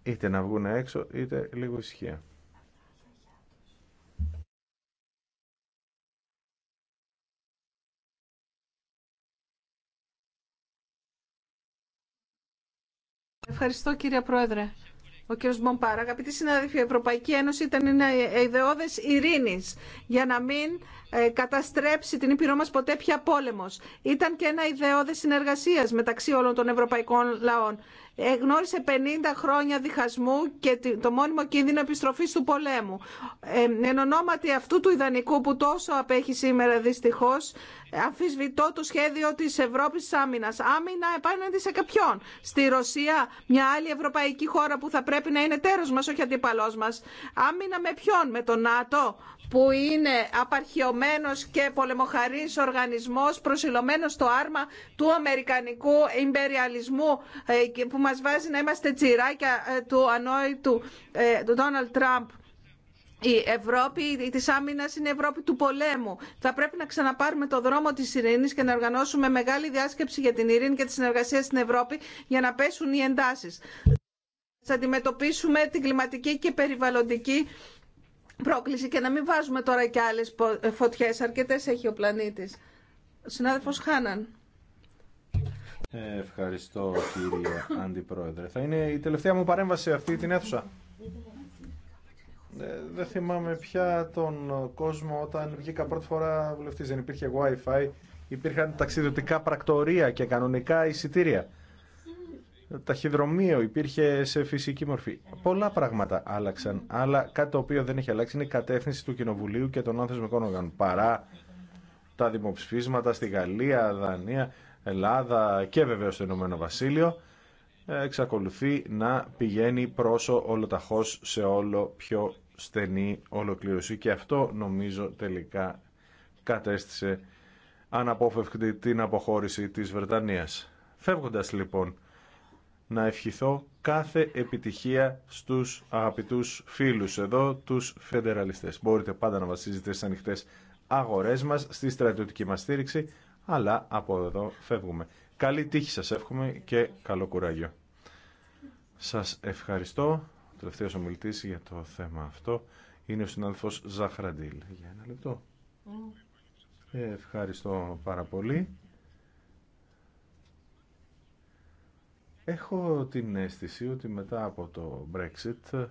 είτε να βγουν έξω, είτε λίγο ησυχία. Ευχαριστώ κύριε Πρόεδρε ο κ. Μπομπάρα. Αγαπητοί συνάδελφοι, η Ευρωπαϊκή Ένωση ήταν ένα ιδεώδες ειρήνης για να μην ε, καταστρέψει την Ήπειρό μας ποτέ πια πόλεμος. Ήταν και ένα ιδεώδες συνεργασίας μεταξύ όλων των ευρωπαϊκών λαών. Εγνώρισε 50 χρόνια διχασμού και το μόνιμο κίνδυνο επιστροφής του πολέμου. Ε, εν ονόματι αυτού του ιδανικού που τόσο απέχει σήμερα δυστυχώς, αμφισβητώ το σχέδιο της Ευρώπης άμυνας. Άμυνα επάνω σε κάποιον. Στη Ρωσία, μια άλλη ευρωπαϊκή χώρα που θα πρέπει να είναι τέρος μας, όχι αντίπαλός μας. Άμυνα με ποιον, με τον ΝΑΤΟ, που είναι απαρχιωμένος και πολεμοχαρής οργανισμός προσιλωμένος στο άρμα του αμερικανικού ιμπεριαλισμού ε, που μας βάζει να είμαστε τσιράκια ε, του ανόητου ε, του Ντόναλτ Τραμπ. Η Ευρώπη τη άμυνα είναι η Ευρώπη του πολέμου. Θα πρέπει να ξαναπάρουμε το δρόμο τη ειρήνη και να οργανώσουμε μεγάλη διάσκεψη για την ειρήνη και τη συνεργασία στην Ευρώπη για να πέσουν οι εντάσει. Θα αντιμετωπίσουμε την κλιματική και περιβαλλοντική πρόκληση και να μην βάζουμε τώρα και άλλες ε, φωτιές. Αρκετές έχει ο πλανήτης. Ο συνάδελφος Χάναν. Ευχαριστώ κύριε Αντιπρόεδρε. Θα είναι η τελευταία μου παρέμβαση αυτή την αίθουσα. Ε, δεν θυμάμαι πια τον κόσμο όταν βγήκα πρώτη φορά βουλευτής. Δεν υπήρχε wifi, υπήρχαν ταξιδιωτικά πρακτορία και κανονικά εισιτήρια ταχυδρομείο, υπήρχε σε φυσική μορφή. Πολλά πράγματα άλλαξαν, αλλά κάτι το οποίο δεν έχει αλλάξει είναι η κατεύθυνση του Κοινοβουλίου και των άνθρωπων οργάνων. Παρά τα δημοψηφίσματα στη Γαλλία, Δανία, Ελλάδα και βεβαίως στο Ηνωμένο Βασίλειο, εξακολουθεί να πηγαίνει πρόσω ολοταχώς σε όλο πιο στενή ολοκλήρωση και αυτό νομίζω τελικά κατέστησε αναπόφευκτη την αποχώρηση της Βρετανίας. Φεύγοντας λοιπόν να ευχηθώ κάθε επιτυχία στους αγαπητούς φίλους εδώ, τους φεντεραλιστές. Μπορείτε πάντα να βασίζετε στις ανοιχτέ αγορές μας, στη στρατιωτική μας στήριξη, αλλά από εδώ φεύγουμε. Καλή τύχη σας εύχομαι και καλό κουράγιο. Σας ευχαριστώ. Ο τελευταίος ομιλητής για το θέμα αυτό είναι ο συνάδελφος Ζαχραντήλ. Για ένα λεπτό. Mm. Ε, ευχαριστώ πάρα πολύ. Έχω την αίσθηση ότι μετά από το Brexit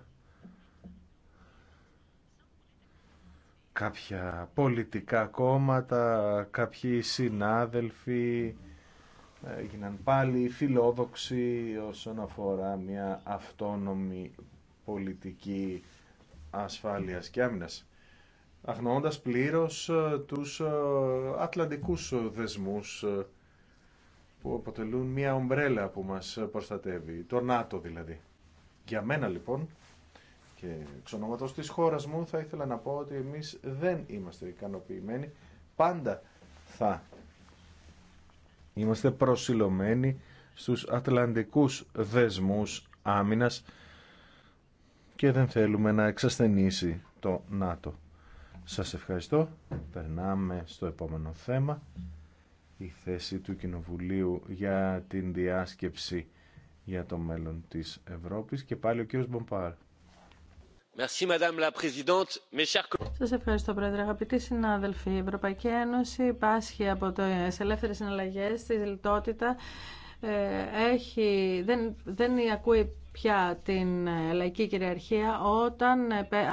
κάποια πολιτικά κόμματα, κάποιοι συνάδελφοι έγιναν πάλι φιλόδοξοι όσον αφορά μια αυτόνομη πολιτική ασφάλειας και άμυνας αγνοώντας πλήρως ε, τους ε, ατλαντικούς δεσμούς ε, που αποτελούν μια ομπρέλα που μας προστατεύει, το ΝΑΤΟ δηλαδή. Για μένα λοιπόν και εξ ονόματος της χώρας μου θα ήθελα να πω ότι εμείς δεν είμαστε ικανοποιημένοι, πάντα θα είμαστε προσιλωμένοι στους ατλαντικούς δεσμούς άμυνας και δεν θέλουμε να εξασθενήσει το ΝΑΤΟ. Σας ευχαριστώ. Περνάμε στο επόμενο θέμα η θέση του Κοινοβουλίου για την διάσκεψη για το μέλλον της Ευρώπης και πάλι ο κύριος Μπομπάρ. Σα ευχαριστώ, Πρόεδρε. Αγαπητοί συνάδελφοι, η Ευρωπαϊκή Ένωση πάσχει από τι ελεύθερε συναλλαγέ, τη λιτότητα ε, έχει, δεν, δεν ακούει πια την ε, λαϊκή κυριαρχία όταν,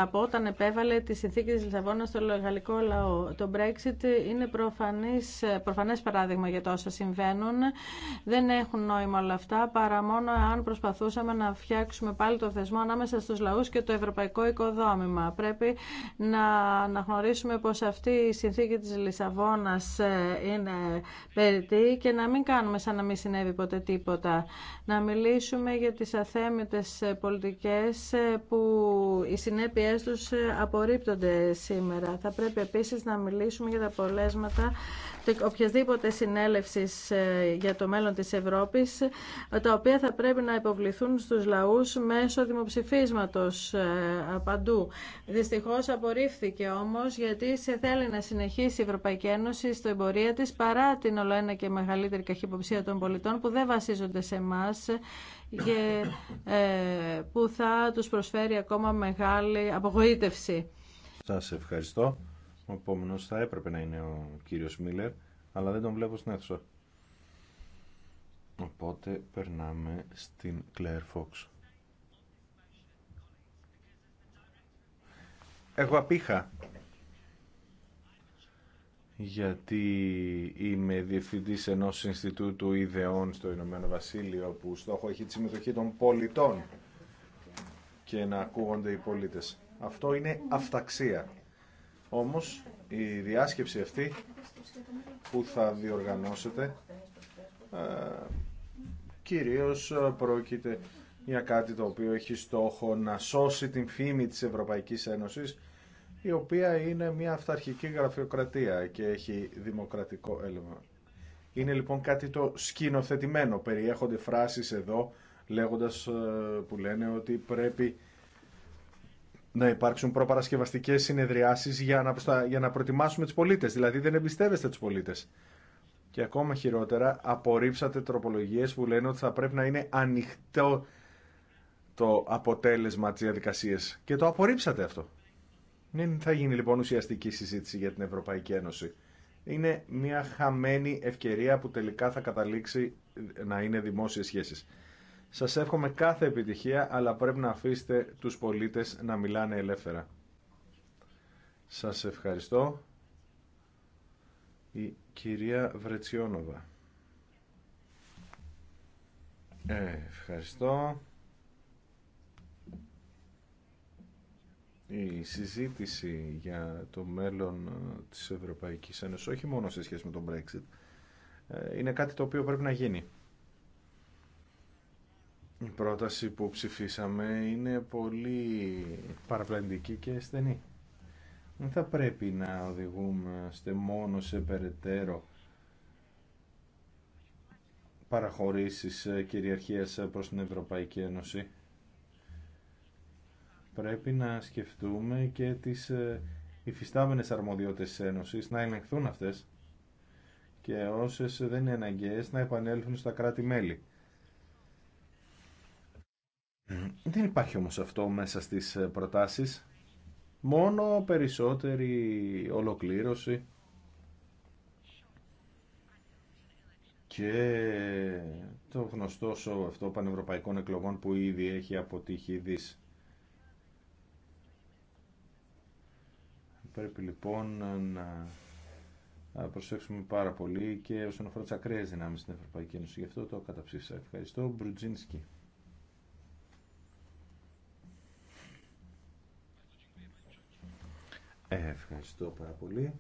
από όταν επέβαλε τη συνθήκη της Λισαβόνας στο γαλλικό λαό. Το Brexit είναι προφανής, ε, προφανές παράδειγμα για το όσα συμβαίνουν. Δεν έχουν νόημα όλα αυτά παρά μόνο αν προσπαθούσαμε να φτιάξουμε πάλι το θεσμό ανάμεσα στους λαούς και το ευρωπαϊκό οικοδόμημα. Πρέπει να γνωρίσουμε πως αυτή η συνθήκη της Λισαβόνας ε, είναι περιττή και να μην κάνουμε σαν να μην συνέβη ποτέ τίποτα. Να μιλήσουμε για τις με τις πολιτικές ε, που οι συνέπειές τους ε, απορρίπτονται σήμερα. Θα πρέπει επίσης να μιλήσουμε για τα απολέσματα οποιασδήποτε συνέλευση ε, για το μέλλον της Ευρώπης, τα οποία θα πρέπει να υποβληθούν στους λαούς μέσω δημοψηφίσματος παντού. Δυστυχώς απορρίφθηκε όμως γιατί σε θέλει να συνεχίσει η Ευρωπαϊκή Ένωση στο εμπορία της παρά την ολοένα και μεγαλύτερη καχυποψία των πολιτών που δεν βασίζονται σε εμά ε, που θα τους προσφέρει ακόμα μεγάλη απογοήτευση. Σας ευχαριστώ. Ο επόμενο θα έπρεπε να είναι ο κύριος Μίλλερ, αλλά δεν τον βλέπω στην αίθουσα. Οπότε περνάμε στην Claire Φόξ. Εγώ απήχα γιατί είμαι διευθυντής ενός Ινστιτούτου Ιδεών στο Ηνωμένο Βασίλειο που στόχο έχει τη συμμετοχή των πολιτών και να ακούγονται οι πολίτες. Αυτό είναι αυταξία. Όμως η διάσκεψη αυτή που θα διοργανώσετε ε, κυρίως ε, πρόκειται για κάτι το οποίο έχει στόχο να σώσει την φήμη της Ευρωπαϊκής Ένωσης η οποία είναι μια αυταρχική γραφειοκρατία και έχει δημοκρατικό έλεγμα. Είναι λοιπόν κάτι το σκηνοθετημένο. Περιέχονται φράσεις εδώ λέγοντας ε, που λένε ότι πρέπει να υπάρξουν προπαρασκευαστικές συνεδριάσεις για να, για να προετοιμάσουμε τους πολίτες. Δηλαδή δεν εμπιστεύεστε τους πολίτες. Και ακόμα χειρότερα απορρίψατε τροπολογίες που λένε ότι θα πρέπει να είναι ανοιχτό το αποτέλεσμα της διαδικασίας. Και το απορρίψατε αυτό. Δεν ναι, θα γίνει λοιπόν ουσιαστική συζήτηση για την Ευρωπαϊκή Ένωση. Είναι μια χαμένη ευκαιρία που τελικά θα καταλήξει να είναι δημόσιες σχέσεις. Σας εύχομαι κάθε επιτυχία, αλλά πρέπει να αφήσετε τους πολίτες να μιλάνε ελεύθερα. Σας ευχαριστώ. Η κυρία Βρετσιόνοβα. Ε, ευχαριστώ. η συζήτηση για το μέλλον ε, της Ευρωπαϊκής Ένωσης, όχι μόνο σε σχέση με τον Brexit, ε, είναι κάτι το οποίο πρέπει να γίνει. Η πρόταση που ψηφίσαμε είναι πολύ παραπλανητική και στενή. Δεν θα πρέπει να οδηγούμαστε μόνο σε περαιτέρω παραχωρήσεις ε, κυριαρχίας προς την Ευρωπαϊκή Ένωση πρέπει να σκεφτούμε και τις ε, υφιστάμενες αρμοδιότητες της Ένωσης, να ελεγχθούν αυτές και όσες δεν είναι αναγκαίες να επανέλθουν στα κράτη-μέλη. Δεν υπάρχει όμως αυτό μέσα στις ε, προτάσεις. Μόνο περισσότερη ολοκλήρωση και το γνωστό σοου αυτό πανευρωπαϊκών εκλογών που ήδη έχει αποτύχει Πρέπει λοιπόν να προσέξουμε πάρα πολύ και όσον αφορά τι ακραίε δυνάμει στην Ευρωπαϊκή Ένωση. Γι' αυτό το καταψήφισα. Ευχαριστώ. Μπρουτζίνσκι. Ευχαριστώ πάρα πολύ.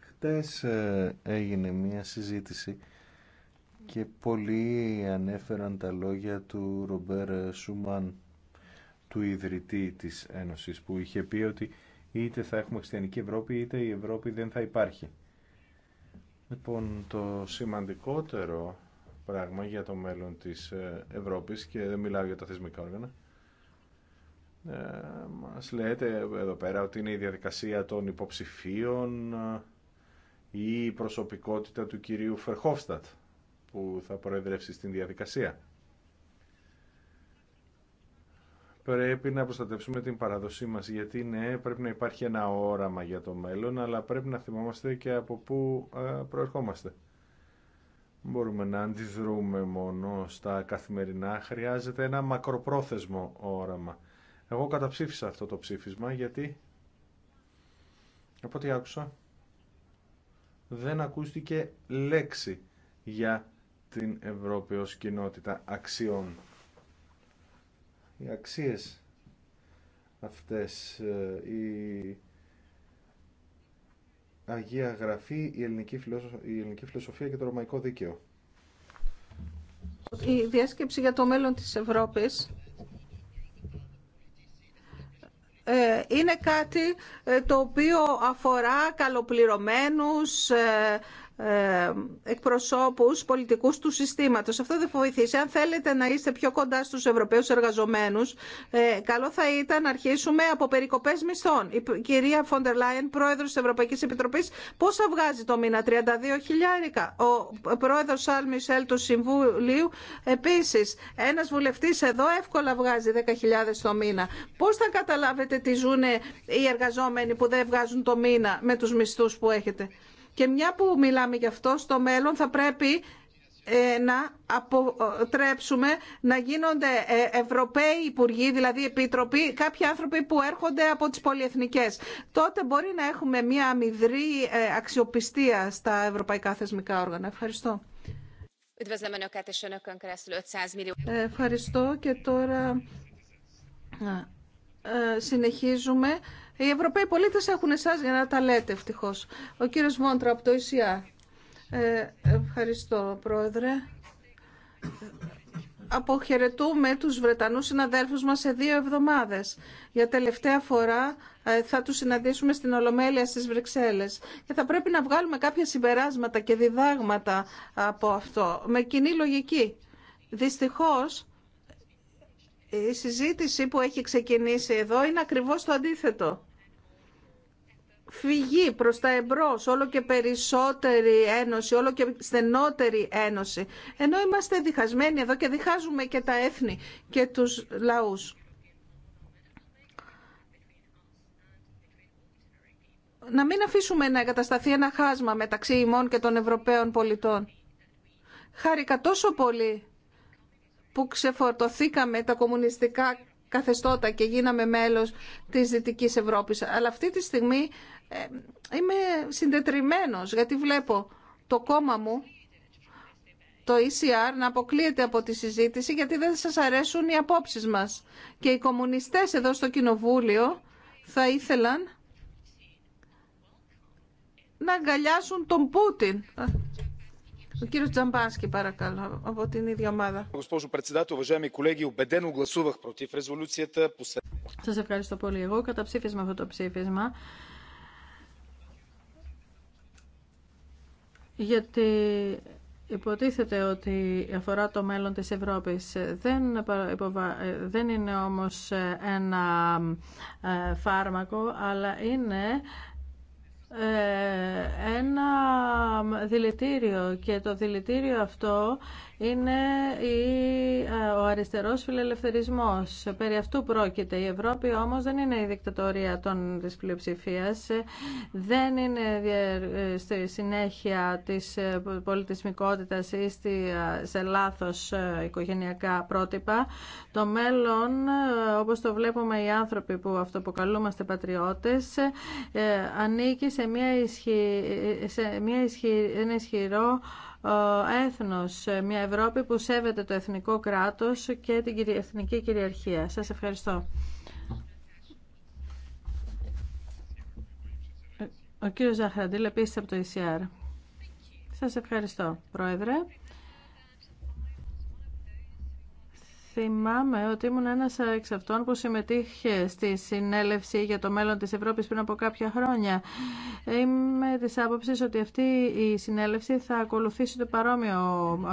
Χτες ε, έγινε μία συζήτηση και πολλοί ανέφεραν τα λόγια του Ρομπέρ Σούμαν του ιδρυτή της Ένωσης που είχε πει ότι είτε θα έχουμε χριστιανική Ευρώπη είτε η Ευρώπη δεν θα υπάρχει. Λοιπόν, το σημαντικότερο πράγμα για το μέλλον της ε, Ευρώπης και δεν μιλάω για τα θεσμικά όργανα ε, μας λέτε εδώ πέρα ότι είναι η διαδικασία των υποψηφίων ε, ή η προσωπικότητα του κυρίου Φερχόφστατ που θα προεδρεύσει στην διαδικασία. πρέπει να προστατεύσουμε την παραδοσή μας γιατί ναι πρέπει να υπάρχει ένα όραμα για το μέλλον αλλά πρέπει να θυμόμαστε και από πού ε, προερχόμαστε. Μπορούμε να αντιδρούμε μόνο στα καθημερινά, χρειάζεται ένα μακροπρόθεσμο όραμα. Εγώ καταψήφισα αυτό το ψήφισμα γιατί από ό,τι άκουσα δεν ακούστηκε λέξη για την Ευρώπη ως κοινότητα αξιών οι αξίες αυτές, ε, η Αγία Γραφή, η ελληνική, η ελληνική φιλοσοφία και το ρωμαϊκό δίκαιο. Η διάσκεψη για το μέλλον της Ευρώπης ε, είναι κάτι ε, το οποίο αφορά καλοπληρωμένους ε, εκπροσώπους πολιτικού του συστήματος. Αυτό δεν βοηθήσει. Αν θέλετε να είστε πιο κοντά στους Ευρωπαίους εργαζομένους, ε, καλό θα ήταν να αρχίσουμε από περικοπές μισθών. Η κυρία Φοντερ Λάιεν, πρόεδρος της Ευρωπαϊκής Επιτροπής, θα βγάζει το μήνα, 32 χιλιάρικα. Ο πρόεδρος Σαλ Μισελ του Συμβουλίου, επίσης, ένας βουλευτής εδώ εύκολα βγάζει 10.000 το μήνα. Πώς θα καταλάβετε τι ζουν οι εργαζόμενοι που δεν βγάζουν το μήνα με τους μισθούς που έχετε. Και μια που μιλάμε γι' αυτό, στο μέλλον θα πρέπει ε, να αποτρέψουμε να γίνονται ε, Ευρωπαίοι Υπουργοί, δηλαδή Επίτροποι, κάποιοι άνθρωποι που έρχονται από τις πολυεθνικές. Τότε μπορεί να έχουμε μια αμυδρή ε, αξιοπιστία στα ευρωπαϊκά θεσμικά όργανα. Ευχαριστώ. Ευχαριστώ και τώρα συνεχίζουμε. Οι Ευρωπαίοι πολίτες έχουν εσά για να τα λέτε ευτυχώς. Ο κύριος Μόντρα από το ΙΣΙΑ. Ε, ευχαριστώ πρόεδρε. Αποχαιρετούμε τους Βρετανούς συναδέλφους μας σε δύο εβδομάδες. Για τελευταία φορά ε, θα τους συναντήσουμε στην Ολομέλεια στις Βρυξέλλες και θα πρέπει να βγάλουμε κάποια συμπεράσματα και διδάγματα από αυτό με κοινή λογική. Δυστυχώς η συζήτηση που έχει ξεκινήσει εδώ είναι ακριβώς το αντίθετο φυγή προς τα εμπρός, όλο και περισσότερη ένωση, όλο και στενότερη ένωση. Ενώ είμαστε διχασμένοι εδώ και διχάζουμε και τα έθνη και τους λαούς. Να μην αφήσουμε να εγκατασταθεί ένα χάσμα μεταξύ ημών και των Ευρωπαίων πολιτών. Χάρηκα τόσο πολύ που ξεφορτωθήκαμε τα κομμουνιστικά καθεστώτα και γίναμε μέλος της Δυτικής Ευρώπης. Αλλά αυτή τη στιγμή ε, είμαι συντετριμένος γιατί βλέπω το κόμμα μου, το ECR, να αποκλείεται από τη συζήτηση γιατί δεν σας αρέσουν οι απόψεις μας. Και οι κομμουνιστές εδώ στο Κοινοβούλιο θα ήθελαν να αγκαλιάσουν τον Πούτιν. Ο κύριος Τζαμπάσκι, παρακαλώ, από την ίδια ομάδα. Σας ευχαριστώ πολύ. Εγώ καταψήφισμα αυτό το ψήφισμα γιατί υποτίθεται ότι αφορά το μέλλον της Ευρώπης. Δεν, δεν είναι όμως ένα ε, φάρμακο, αλλά είναι ε, ένα δηλητήριο και το δηλητήριο αυτό είναι ε, ο αριστερός φιλελευθερισμός. Περί αυτού πρόκειται. Η Ευρώπη όμως δεν είναι η δικτατορία των, της δεν είναι στη συνέχεια της ε, πολιτισμικότητας ή στη, σε λάθος οικογενειακά πρότυπα. Το μέλλον, όπως το βλέπουμε οι άνθρωποι που αυτοποκαλούμαστε πατριώτες, ανήκει σε, μια σε μια ένα ισχυρό ε, έθνος, μια Ευρώπη που σέβεται το εθνικό κράτος και την εθνική κυριαρχία. Σας ευχαριστώ. Ο κύριος Ζαχραντήλ επίσης από το ECR. Σας ευχαριστώ, Πρόεδρε. Θυμάμαι ότι ήμουν ένας εξ αυτών που συμμετείχε στη συνέλευση για το μέλλον της Ευρώπης πριν από κάποια χρόνια. Είμαι της άποψης ότι αυτή η συνέλευση θα ακολουθήσει το παρόμοιο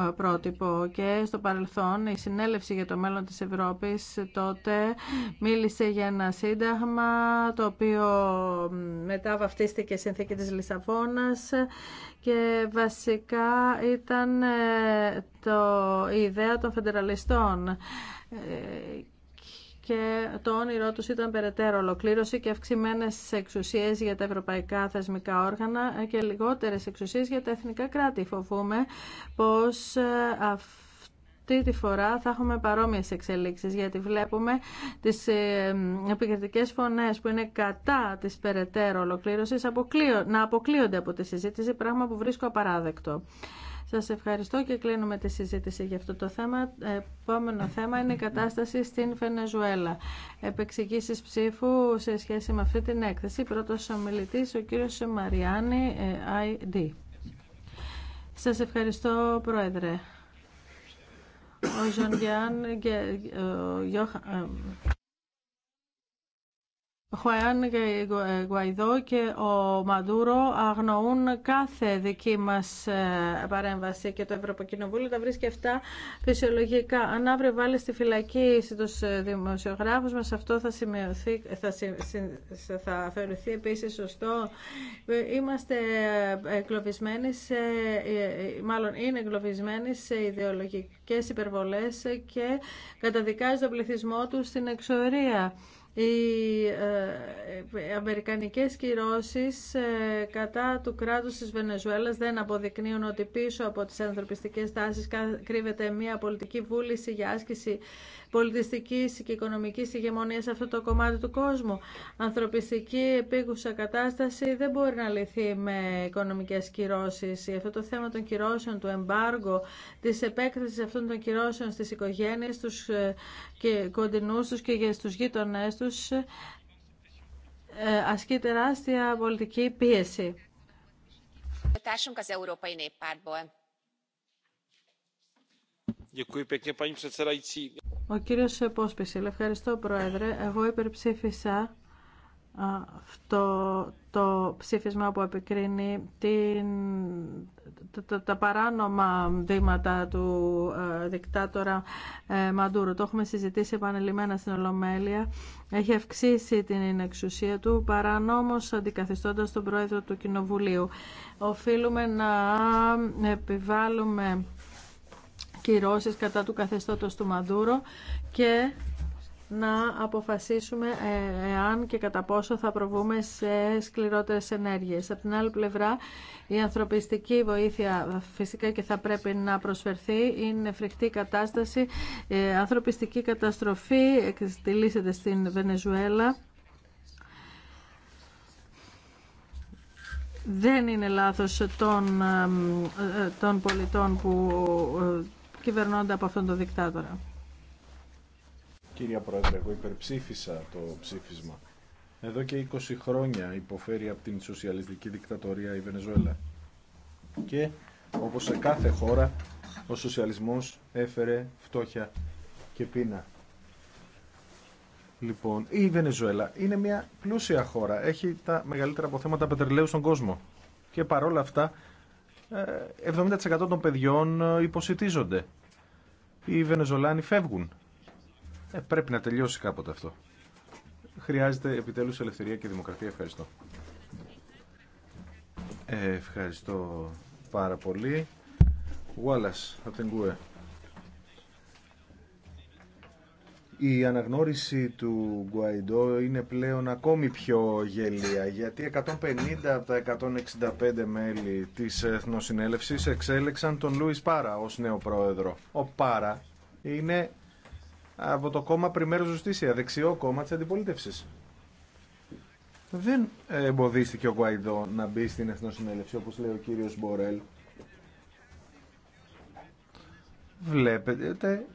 ε, πρότυπο και στο παρελθόν η συνέλευση για το μέλλον της Ευρώπης τότε μίλησε για ένα σύνταγμα το οποίο μετά βαφτίστηκε συνθήκη της Λισαβόνας και βασικά ήταν ε, το, η ιδέα των φεντεραλιστών ε, και το όνειρό τους ήταν περαιτέρω ολοκλήρωση και αυξημένες εξουσίες για τα ευρωπαϊκά θεσμικά όργανα ε, και λιγότερες εξουσίες για τα εθνικά κράτη. Φοβούμε πως αυτό τη φορά θα έχουμε παρόμοιες εξελίξεις γιατί βλέπουμε τις ε, επικριτικές φωνές που είναι κατά της περαιτέρω ολοκλήρωσης να αποκλείονται από τη συζήτηση, πράγμα που βρίσκω απαράδεκτο. Σας ευχαριστώ και κλείνουμε τη συζήτηση για αυτό το θέμα. Επόμενο θέμα είναι η κατάσταση στην Φενεζουέλα. Επεξηγήσεις ψήφου σε σχέση με αυτή την έκθεση. Πρώτος ομιλητής ο κύριος Μαριάννη ε, ID. Σας ευχαριστώ Πρόεδρε. Ο Γιώργο και ε, ο Γιώργο. Ε, Χουαϊάν Γουαϊδό και ο Μαντούρο αγνοούν κάθε δική μας ε, παρέμβαση και το Ευρωκοινοβούλιο τα βρίσκει αυτά φυσιολογικά. Αν αύριο βάλει στη φυλακή στους ε, δημοσιογράφους μας αυτό θα, σημειωθεί, θα, θα αφαιρεθεί επίσης σωστό. Ε, είμαστε εγκλωβισμένοι σε, μάλλον είναι εγκλωβισμένοι σε ιδεολογικές υπερβολές και καταδικάζει τον πληθυσμό του στην εξορία. Ε, οι αμερικανικές κυρώσεις ε, κατά του κράτους της Βενεζουέλας δεν αποδεικνύουν ότι πίσω από τις ανθρωπιστικές τάσεις κρύβεται μια πολιτική βούληση για άσκηση πολιτιστική και οικονομική ηγεμονία σε αυτό το κομμάτι του κόσμου. Ανθρωπιστική επίγουσα κατάσταση δεν μπορεί να λυθεί με οικονομικές κυρώσει. Αυτό το θέμα των κυρώσεων, του εμπάργου, τη επέκταση αυτών των κυρώσεων στις οικογένειε, τους ε, και κοντινούς τους και στου γείτονές τους ε, ασκεί τεράστια πολιτική πίεση. Ο κύριος Πόσπισιλ, ευχαριστώ Πρόεδρε. Εγώ υπερψήφισα αυτό το ψήφισμα που επικρίνει τα, παράνομα βήματα του ε, δικτάτορα ε, Μαντούρου. Το έχουμε συζητήσει επανελειμμένα στην Ολομέλεια. Έχει αυξήσει την εξουσία του, παρανόμως αντικαθιστώντας τον πρόεδρο του Κοινοβουλίου. Οφείλουμε να επιβάλλουμε κυρώσεις κατά του καθεστώτος του Μαντούρο και να αποφασίσουμε ε, εάν και κατά πόσο θα προβούμε σε σκληρότερες ενέργειες. Από την άλλη πλευρά, η ανθρωπιστική βοήθεια φυσικά και θα πρέπει να προσφερθεί. Είναι φρικτή κατάσταση. Ε, ανθρωπιστική καταστροφή εκτελήσεται στην Βενεζουέλα. Δεν είναι λάθος των, ε, των πολιτών που κυβερνώνται από αυτόν τον δικτάτορα. Κυρία Πρόεδρε, εγώ υπερψήφισα το ψήφισμα. Εδώ και 20 χρόνια υποφέρει από την σοσιαλιστική δικτατορία η Βενεζουέλα. Και όπως σε κάθε χώρα, ο σοσιαλισμός έφερε φτώχεια και πείνα. Λοιπόν, η Βενεζουέλα είναι μια πλούσια χώρα. Έχει τα μεγαλύτερα αποθέματα πετρελαίου στον κόσμο. Και παρόλα αυτά 70% ε, των παιδιών ε, υποσυτίζονται. Οι Βενεζολάνοι φεύγουν. Ε, πρέπει να τελειώσει κάποτε αυτό. Χρειάζεται επιτέλους ελευθερία και δημοκρατία. Ευχαριστώ. Ε, ευχαριστώ πάρα πολύ. Wallace, από την η αναγνώριση του Γκουαϊντό είναι πλέον ακόμη πιο γελία γιατί 150 από τα 165 μέλη της Εθνοσυνέλευσης εξέλεξαν τον Λούις Πάρα ως νέο πρόεδρο. Ο Πάρα είναι από το κόμμα Πριμέρου Ζουστήσια, δεξιό κόμμα της αντιπολίτευσης. Δεν εμποδίστηκε ο Γκουαϊντό να μπει στην Εθνοσυνέλευση όπως λέει ο κύριος Μπορέλ βλέπετε,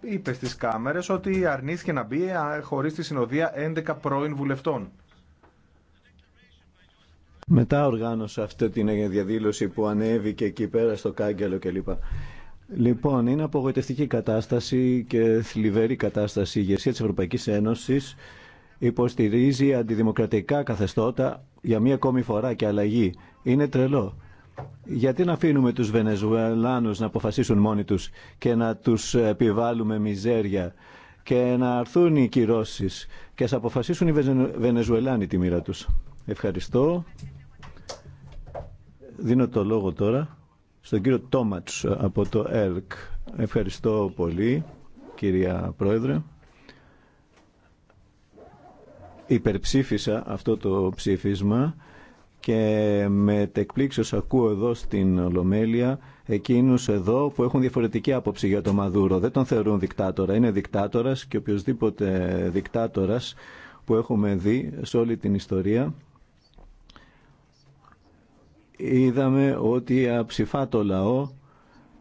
είπε στις κάμερες ότι αρνήθηκε να μπει χωρίς τη συνοδεία 11 πρώην βουλευτών. Μετά οργάνωσε αυτή την διαδήλωση που ανέβηκε εκεί πέρα στο κάγκελο κλπ. Λοιπόν, είναι απογοητευτική κατάσταση και θλιβερή κατάσταση. Η ηγεσία της Ευρωπαϊκής Ένωσης υποστηρίζει αντιδημοκρατικά καθεστώτα για μία ακόμη φορά και αλλαγή. Είναι τρελό. Γιατί να αφήνουμε τους Βενεζουελάνους να αποφασίσουν μόνοι τους και να τους επιβάλλουμε μιζέρια και να αρθούν οι κυρώσεις και να αποφασίσουν οι Βενεζουελάνοι τη μοίρα τους. Ευχαριστώ. Δίνω το λόγο τώρα στον κύριο Τόματς από το ΕΛΚ. Ευχαριστώ πολύ, κυρία Πρόεδρε. Υπερψήφισα αυτό το ψήφισμα και με τεκπλήξεως ακούω εδώ στην Ολομέλεια εκείνους εδώ που έχουν διαφορετική άποψη για τον Μαδούρο. Δεν τον θεωρούν δικτάτορα. Είναι δικτάτορας και οποιοδήποτε δικτάτορας που έχουμε δει σε όλη την ιστορία είδαμε ότι αψηφά το λαό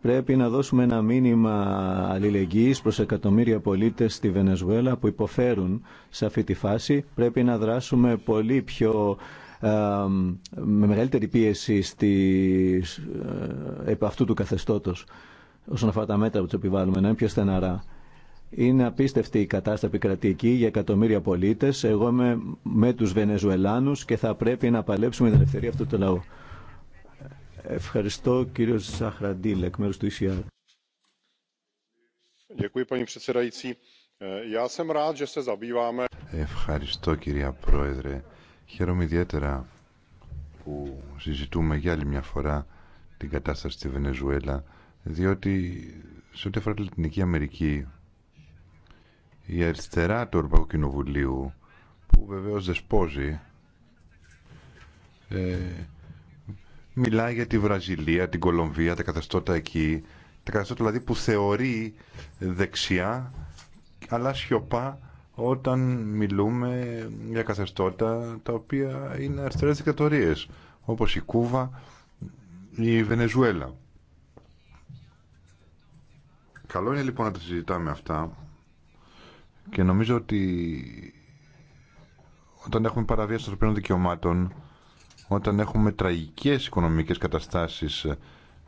πρέπει να δώσουμε ένα μήνυμα αλληλεγγύης προς εκατομμύρια πολίτες στη Βενεζουέλα που υποφέρουν σε αυτή τη φάση. Πρέπει να δράσουμε πολύ πιο με μεγαλύτερη πίεση στις, ε, επ' αυτού του καθεστώτος όσον αφορά τα μέτρα που του επιβάλλουμε, να είναι πιο στεναρά. Είναι απίστευτη η κατάσταση επικρατική για εκατομμύρια πολίτε. Εγώ είμαι με του Βενεζουελάνου και θα πρέπει να παλέψουμε την ελευθερία αυτού του λαού. Ευχαριστώ κύριο Σαχραντήλ, εκ μέρου του ΙΣΙΑΡ. Ευχαριστώ κυρία Πρόεδρε. Χαίρομαι ιδιαίτερα που συζητούμε για άλλη μια φορά την κατάσταση στη Βενεζουέλα, διότι σε ό,τι αφορά τη Λατινική Αμερική, η αριστερά του Ευρωπαϊκού Κοινοβουλίου, που βεβαίως δεσπόζει, ε, μιλάει για τη Βραζιλία, την Κολομβία, τα καθεστώτα εκεί, τα καθεστώτα δηλαδή που θεωρεί δεξιά, αλλά σιωπά όταν μιλούμε για καθεστώτα τα οποία είναι αριστερές δικτατορίες όπως η Κούβα ή η Βενεζουέλα. Καλό είναι λοιπόν να τα συζητάμε αυτά και νομίζω ότι όταν έχουμε παραβίαση των ανθρωπίνων δικαιωμάτων, όταν έχουμε τραγικές οικονομικές καταστάσεις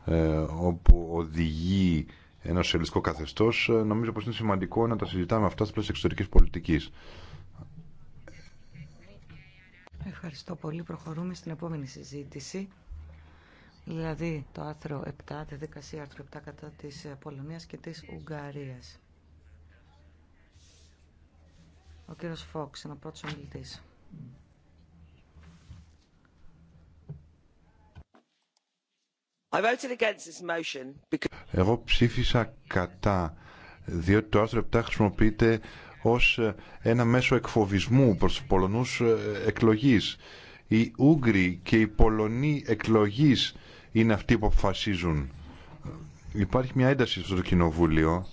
ε, όπου οδηγεί ένα σοσιαλιστικό καθεστώ, ε, νομίζω πω είναι σημαντικό να τα συζητάμε αυτά στο πλαίσιο εξωτερική πολιτική. Ευχαριστώ πολύ. Προχωρούμε στην επόμενη συζήτηση. Δηλαδή το άρθρο 7, τη δικασία άρθρο 7 κατά της ε, Πολωνίας και της Ουγγαρίας. Ο κύριος Φόξ, ένα ο πρώτος ομιλητής. Εγώ ψήφισα κατά, διότι το άρθρο 7 χρησιμοποιείται ως ε, ένα μέσο εκφοβισμού προς τους Πολωνούς ε, εκλογής. Οι Ούγγροι και οι Πολωνοί εκλογής είναι αυτοί που αποφασίζουν. Υπάρχει μια ένταση στο Κοινοβούλιο,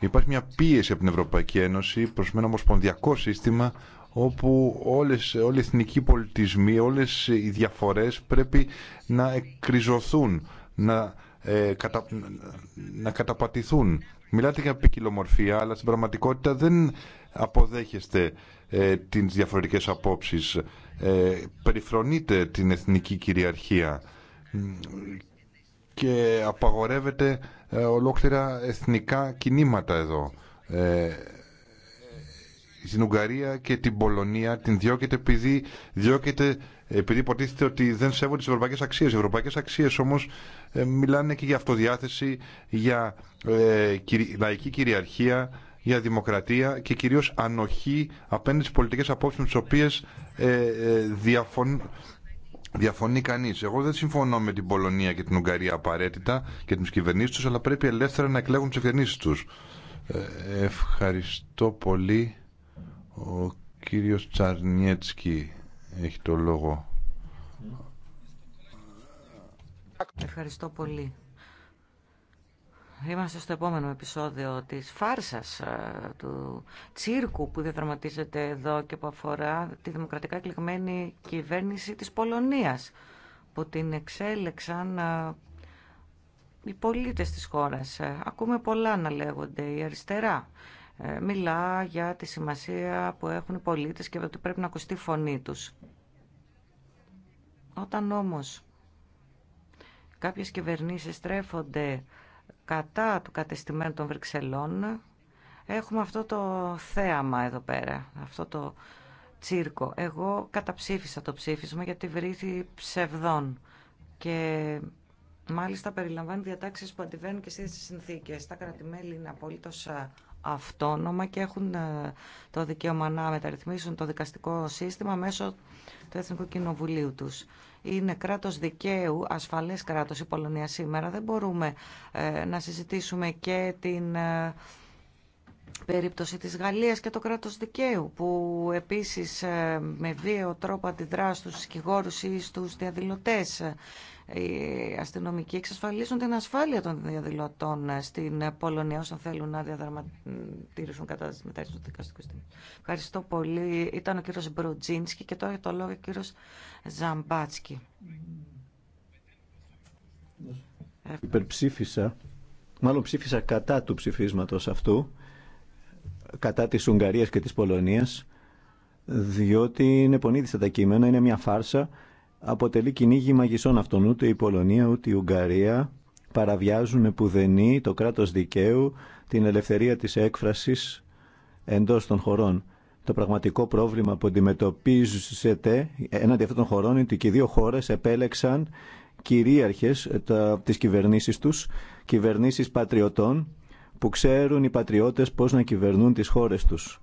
υπάρχει μια πίεση από την Ευρωπαϊκή Ένωση προς ένα ομοσπονδιακό σύστημα όπου όλες, όλοι οι εθνικοί πολιτισμοί, όλες οι διαφορές πρέπει να εκκριζωθούν, να, ε, κατα, να καταπατηθούν. Μιλάτε για ποικιλομορφία, αλλά στην πραγματικότητα δεν αποδέχεστε ε, τις διαφορετικές απόψεις. Ε, περιφρονείτε την εθνική κυριαρχία και απαγορεύεται ε, ολόκληρα εθνικά κινήματα εδώ στην Ουγγαρία και την Πολωνία την διώκεται επειδή διώκεται επειδή υποτίθεται ότι δεν σέβονται τι ευρωπαϊκέ αξίε. Οι ευρωπαϊκέ αξίε όμω ε, μιλάνε και για αυτοδιάθεση, για ε, λαϊκή κυριαρχία, για δημοκρατία και κυρίω ανοχή απέναντι στι πολιτικέ απόψει με τι οποίε ε, διαφων, διαφωνεί κανεί. Εγώ δεν συμφωνώ με την Πολωνία και την Ουγγαρία απαραίτητα και του κυβερνήσει του, αλλά πρέπει ελεύθερα να εκλέγουν τι κυβερνήσει του. Ευχαριστώ πολύ. Ο κύριος Τσαρνιέτσκι έχει το λόγο. Ευχαριστώ πολύ. Είμαστε στο επόμενο επεισόδιο της φάρσας ε, του τσίρκου που διαδραματίζεται εδώ και που αφορά τη δημοκρατικά εκλεγμένη κυβέρνηση της Πολωνίας που την εξέλεξαν ε, οι πολίτες της χώρας. Ε, ακούμε πολλά να λέγονται η αριστερά ε, μιλά για τη σημασία που έχουν οι πολίτες και ότι πρέπει να ακουστεί η φωνή τους. Όταν όμως κάποιες κυβερνήσεις στρέφονται κατά του κατεστημένου των Βρυξελών, έχουμε αυτό το θέαμα εδώ πέρα, αυτό το τσίρκο. Εγώ καταψήφισα το ψήφισμα γιατί βρήθη ψευδών και μάλιστα περιλαμβάνει διατάξεις που αντιβαίνουν και στις συνθήκες. Τα κρατημέλη είναι αυτόνομα και έχουν ε, το δικαίωμα να μεταρρυθμίσουν το δικαστικό σύστημα μέσω του Εθνικού Κοινοβουλίου τους. Είναι κράτος δικαίου, ασφαλές κράτος η Πολωνία σήμερα. Δεν μπορούμε ε, να συζητήσουμε και την ε, περίπτωση της Γαλλίας και το κράτος δικαίου που επίσης ε, με βίαιο τρόπο αντιδρά στους σκηγόρους ή στους διαδηλωτές οι αστυνομικοί εξασφαλίζουν την ασφάλεια των διαδηλωτών στην Πολωνία όσων θέλουν να διαδραματήσουν κατά τις μεταρρύθμιση του δικαστικού Ευχαριστώ πολύ. Ήταν ο κύριο Μπροτζίνσκι και τώρα το λόγο ο κύριο Ζαμπάτσκι. Υπερψήφισα, μάλλον ψήφισα κατά του ψηφίσματος αυτού κατά της Ουγγαρίας και της Πολωνίας διότι είναι πονίδιστα τα κείμενα, είναι μια φάρσα αποτελεί κυνήγι μαγισσών αυτών ούτε η Πολωνία ούτε η Ουγγαρία παραβιάζουν πουδενή το κράτος δικαίου την ελευθερία της έκφρασης εντός των χωρών. Το πραγματικό πρόβλημα που αντιμετωπίζεται έναντι αυτών των χωρών είναι ότι και οι δύο χώρες επέλεξαν κυρίαρχες τα, τις κυβερνήσεις τους, κυβερνήσεις πατριωτών που ξέρουν οι πατριώτες πώς να κυβερνούν τις χώρες τους,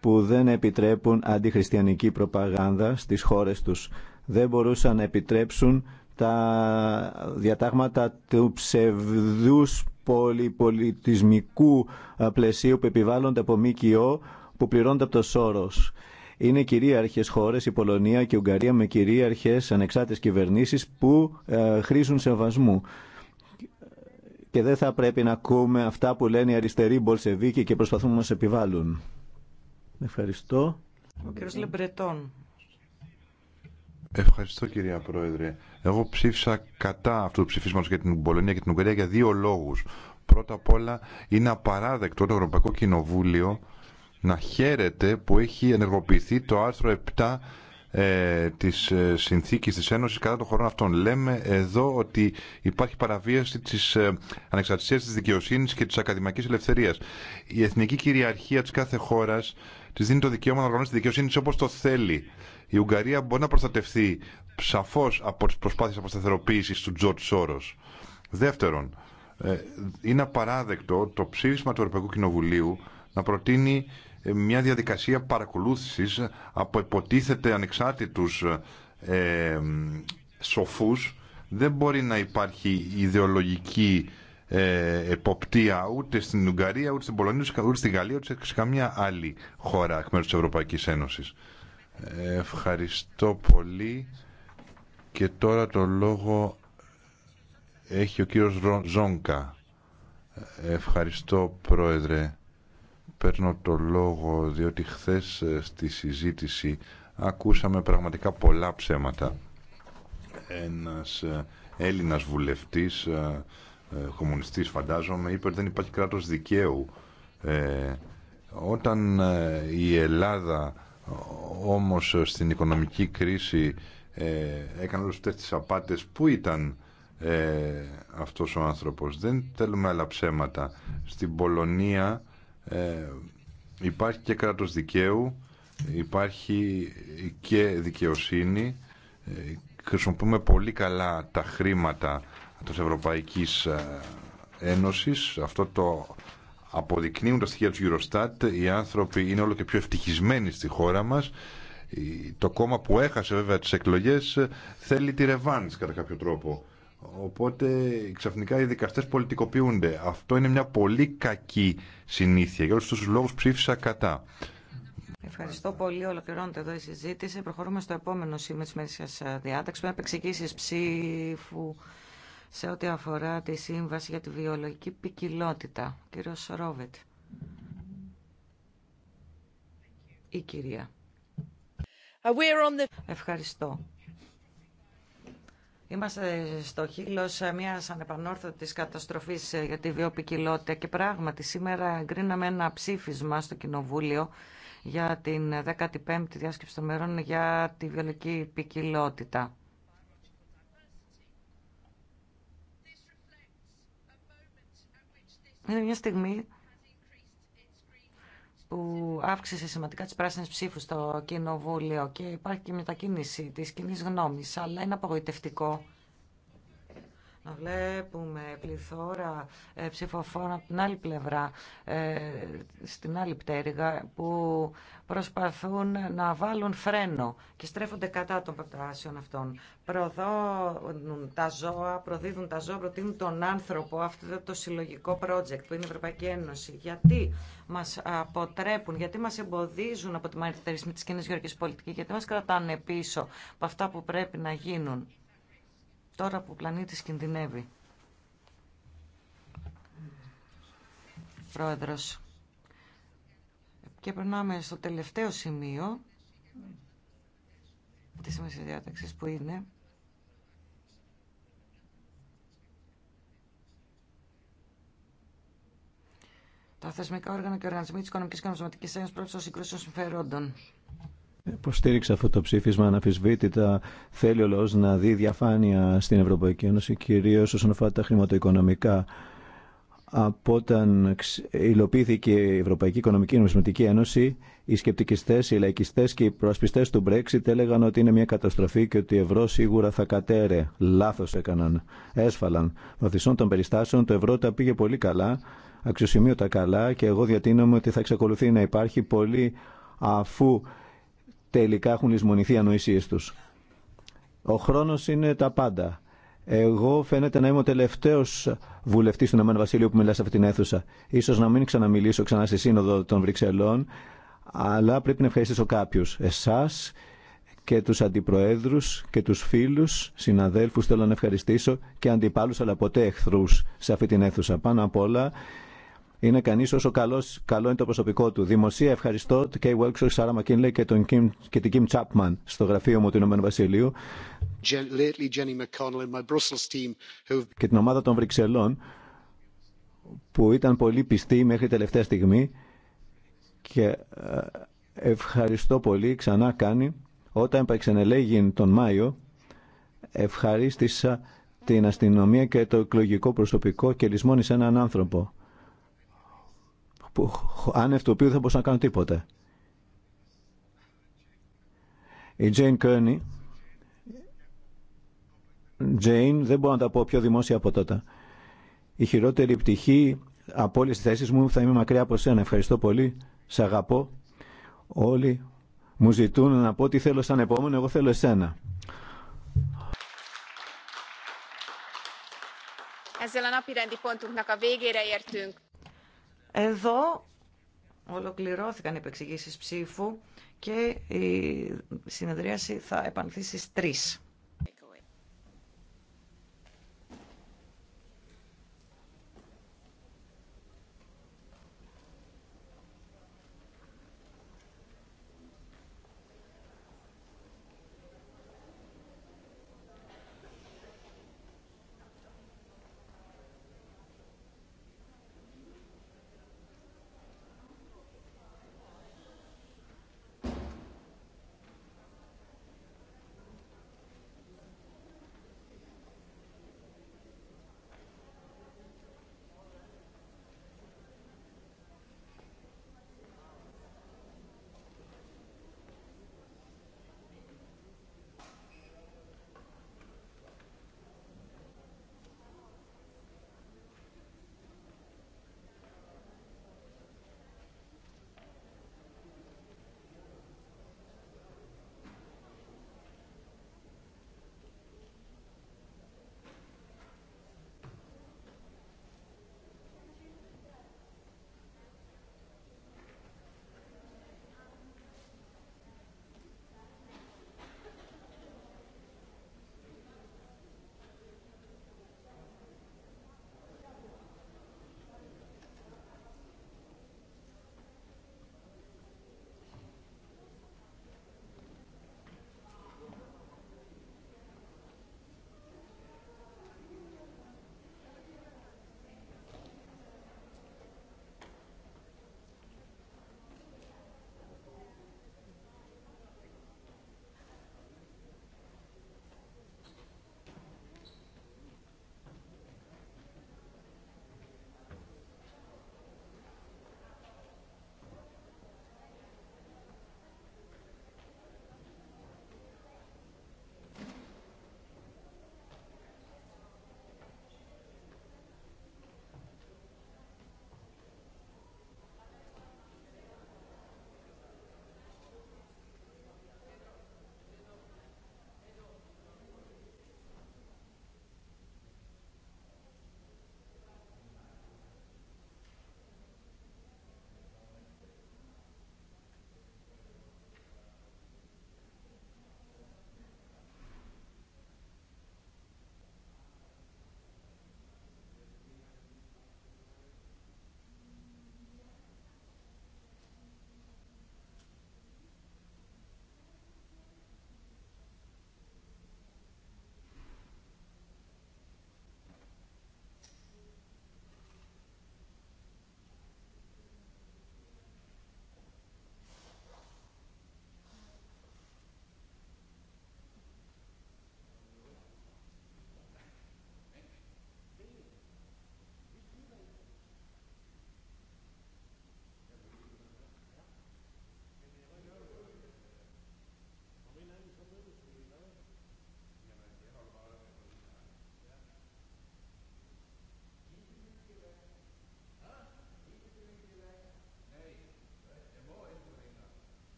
που δεν επιτρέπουν αντιχριστιανική προπαγάνδα στις χώρες τους, δεν μπορούσαν να επιτρέψουν τα διατάγματα του ψευδούς πολυπολιτισμικού ε, πλαισίου που επιβάλλονται από ΜΚΟ που πληρώνται από το Σόρος. Είναι κυρίαρχες χώρες η Πολωνία και η Ουγγαρία με κυρίαρχε ανεξάρτητε κυβερνήσει που ε, χρήζουν σεβασμού και δεν θα πρέπει να ακούμε αυτά που λένε οι αριστεροί Μπολσεβίκοι και προσπαθούν να μα επιβάλλουν. Ευχαριστώ. Ο κύριος Λεμπρετών. Ευχαριστώ κυρία Πρόεδρε. Εγώ ψήφισα κατά αυτού του ψηφίσματος για την Πολωνία και την Ουγγαρία για δύο λόγους. Πρώτα απ' όλα είναι απαράδεκτο το Ευρωπαϊκό Κοινοβούλιο να χαίρεται που έχει ενεργοποιηθεί το άρθρο 7 ε, της ε, συνθήκης της Ένωσης κατά των χωρών αυτών. Λέμε εδώ ότι υπάρχει παραβίαση της ε, ανεξαρτησίας της δικαιοσύνης και της ακαδημαϊκής ελευθερίας. Η εθνική κυριαρχία της κάθε χώρας της δίνει το δικαίωμα να οργανώσει τη δικαιοσύνη όπως το θέλει. Η Ουγγαρία μπορεί να προστατευτεί σαφώς από τις προσπάθειες αποσταθεροποίησης του Τζορτ Σόρο. Δεύτερον, ε, είναι απαράδεκτο το ψήφισμα του Ευρωπαϊκού Κοινοβουλίου να προτείνει ε, μια διαδικασία παρακολούθησης ε, από υποτίθεται ανεξάρτητους ε, ε, σοφούς. Δεν μπορεί να υπάρχει ιδεολογική ε, εποπτεία ούτε στην Ουγγαρία, ούτε στην Πολωνία, ούτε στην Γαλλία, ούτε σε καμία άλλη χώρα εκ μέρους της Ευρωπαϊκής Ένωσης. ευχαριστώ πολύ. Και τώρα το λόγο έχει ο κύριος Ζόγκα. Ευχαριστώ, Πρόεδρε παίρνω το λόγο διότι χθες ε, στη συζήτηση ακούσαμε πραγματικά πολλά ψέματα. Ένας ε, Έλληνας βουλευτής, ε, κομμουνιστής φαντάζομαι, είπε ότι δεν υπάρχει κράτος δικαίου. όταν η Ελλάδα όμως στην οικονομική κρίση ε, έκανε όλες αυτές τις απάτες, πού ήταν ε, αυτός ο άνθρωπος. Δεν θέλουμε άλλα ψέματα. Στην Πολωνία ε, υπάρχει και κράτος δικαίου, υπάρχει και δικαιοσύνη. Ε, χρησιμοποιούμε πολύ καλά τα χρήματα της Ευρωπαϊκής ε, Ένωσης. Αυτό το αποδεικνύουν τα στοιχεία του Eurostat. Οι άνθρωποι είναι όλο και πιο ευτυχισμένοι στη χώρα μας. Το κόμμα που έχασε βέβαια τις εκλογές ε, θέλει τη ρεβάνς κατά κάποιο τρόπο. Οπότε ξαφνικά οι δικαστέ πολιτικοποιούνται. Αυτό είναι μια πολύ κακή συνήθεια. Για όλου του λόγου ψήφισα κατά. Ευχαριστώ πολύ. Ολοκληρώνεται εδώ η συζήτηση. Προχωρούμε στο επόμενο σήμερα τη μέσα διάταξη. με επεξηγήσει ψήφου σε ό,τι αφορά τη Σύμβαση για τη Βιολογική Ποικιλότητα. Κύριο Ρόβετ. Η κυρία. Uh, Ευχαριστώ. Είμαστε στο χείλο μιας ανεπανόρθωτης καταστροφής για τη βιοπικιλότητα και πράγματι σήμερα εγκρίναμε ένα ψήφισμα στο Κοινοβούλιο για την 15η διάσκεψη των μερών για τη βιολογική ποικιλότητα. Είναι μια στιγμή που αύξησε σημαντικά τις πράσινες ψήφους στο Κοινοβούλιο και υπάρχει και μετακίνηση της κοινή γνώμης, αλλά είναι απογοητευτικό να βλέπουμε πληθώρα ε, ψηφοφόρων από την άλλη πλευρά, ε, στην άλλη πτέρυγα, που προσπαθούν να βάλουν φρένο και στρέφονται κατά των προτάσεων αυτών. Προδώνουν τα ζώα, προδίδουν τα ζώα, προτείνουν τον άνθρωπο, αυτό το συλλογικό project που είναι η Ευρωπαϊκή Ένωση. Γιατί μας αποτρέπουν, γιατί μας εμποδίζουν από τη μαριτερισμή της κοινής γεωργικής πολιτικής, γιατί μας κρατάνε πίσω από αυτά που πρέπει να γίνουν τώρα που ο πλανήτης κινδυνεύει. Πρόεδρος. Και περνάμε στο τελευταίο σημείο της σημερινής διάταξης που είναι τα θεσμικά όργανα και οργανισμοί της Οικονομικής και Ένωσης πρόκειται των συγκρούσεων συμφερόντων υποστήριξε αυτό το ψήφισμα αναφυσβήτητα. Θέλει ο λαός να δει διαφάνεια στην Ευρωπαϊκή Ένωση, κυρίως όσον αφορά τα χρηματοοικονομικά. Από όταν υλοποιήθηκε η Ευρωπαϊκή Οικονομική Νομισματική Ένωση, οι σκεπτικιστέ, οι λαϊκιστές και οι προασπιστέ του Brexit έλεγαν ότι είναι μια καταστροφή και ότι η ευρώ σίγουρα θα κατέρε. Λάθο έκαναν. Έσφαλαν. Βαθισών των περιστάσεων το ευρώ τα πήγε πολύ καλά, αξιοσημείωτα καλά και εγώ διατείνομαι ότι θα εξακολουθεί να υπάρχει πολύ αφού τελικά έχουν λησμονηθεί ανοήσίε τους. Ο χρόνος είναι τα πάντα. Εγώ φαίνεται να είμαι ο τελευταίο βουλευτή του Ηνωμένου Βασίλειου που μιλά σε αυτήν την αίθουσα. σω να μην ξαναμιλήσω ξανά στη Σύνοδο των Βρυξελών, αλλά πρέπει να ευχαριστήσω κάποιου. Εσά και του αντιπροέδρου και του φίλου, συναδέλφου θέλω να ευχαριστήσω και αντιπάλου, αλλά ποτέ εχθρού σε αυτή την αίθουσα. Πάνω απ' όλα είναι κανεί όσο καλός, καλό είναι το προσωπικό του. Δημοσία ευχαριστώ την Κέι Βέλξορ, Σάρα Μακίνλε και, την Κιμ Τσάπμαν στο γραφείο μου του Ηνωμένου Βασιλείου και την ομάδα των Βρυξελών που ήταν πολύ πιστή μέχρι τελευταία στιγμή και ε, ευχαριστώ πολύ ξανά κάνει όταν επαξενελέγει τον Μάιο ευχαρίστησα την αστυνομία και το εκλογικό προσωπικό και λησμόνησε έναν άνθρωπο που, άνευ του οποίου δεν μπορούσα να κάνω τίποτα. Η Τζέιν Kearney, Τζέιν, δεν μπορώ να τα πω πιο δημόσια από τότε. Η χειρότερη πτυχή από όλε τι θέσει μου θα είμαι μακριά από σένα. Ευχαριστώ πολύ. Σε αγαπώ. Όλοι μου ζητούν να πω τι θέλω σαν επόμενο. Εγώ θέλω εσένα. Ezzel a napi rendi pontunknak a végére értünk. Εδώ ολοκληρώθηκαν οι επεξηγήσεις ψήφου και η συνεδρίαση θα επανθήσει στις 3.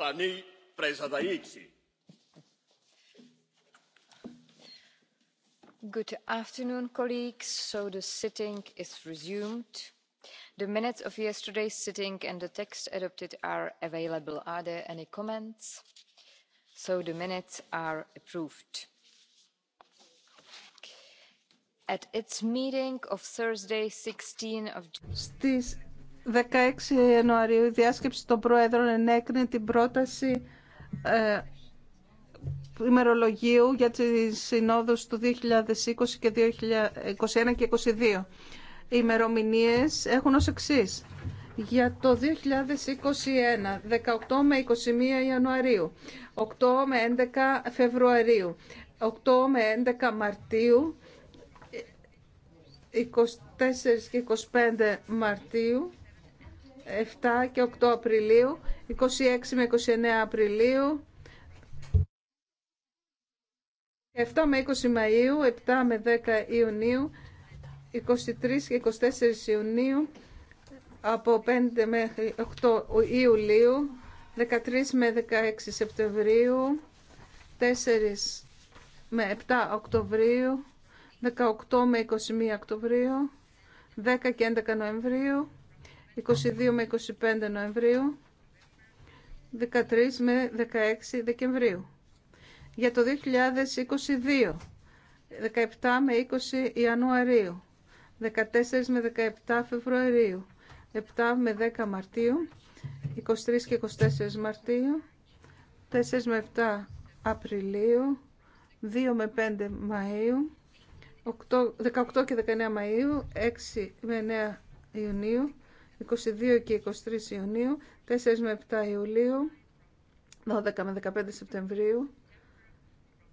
pa ni presa Good afternoon, colleagues. So the sitting is resumed. The minutes of yesterday's sitting and the text adopted are available. Are there any comments? So the minutes are approved. At its meeting of Thursday, 16 of Στις 16 Ιανουαρίου η διάσκεψη των Προέδρων ενέκρινε την πρόταση ε, ημερολογίου για τις συνόδους του 2020 και 2021 και 2022. Οι ημερομηνίες έχουν ως εξής. Για το 2021, 18 με 21 Ιανουαρίου, 8 με 11 Φεβρουαρίου, 8 με 11 Μαρτίου, 24 και 25 Μαρτίου, 7 και 8 Απριλίου, 26 με 29 Απριλίου, 7 με 20 Μαΐου, 7 με 10 Ιουνίου, 23 και 24 Ιουνίου, από 5 μέχρι 8 Ιουλίου, 13 με 16 Σεπτεμβρίου, 4 με 7 Οκτωβρίου, 18 με 21 Οκτωβρίου, 10 και 11 Νοεμβρίου, 22 με 25 Νοεμβρίου, 13 με 16 Δεκεμβρίου. Για το 2022, 17 με 20 Ιανουαρίου, 14 με 17 Φεβρουαρίου, 7 με 10 Μαρτίου, 23 και 24 Μαρτίου, 4 με 7 Απριλίου, 2 με 5 Μαΐου, 18 και 19 Μαΐου, 6 με 9 Ιουνίου, 22 και 23 Ιουνίου, 4 με 7 Ιουλίου, 12 με 15 Σεπτεμβρίου,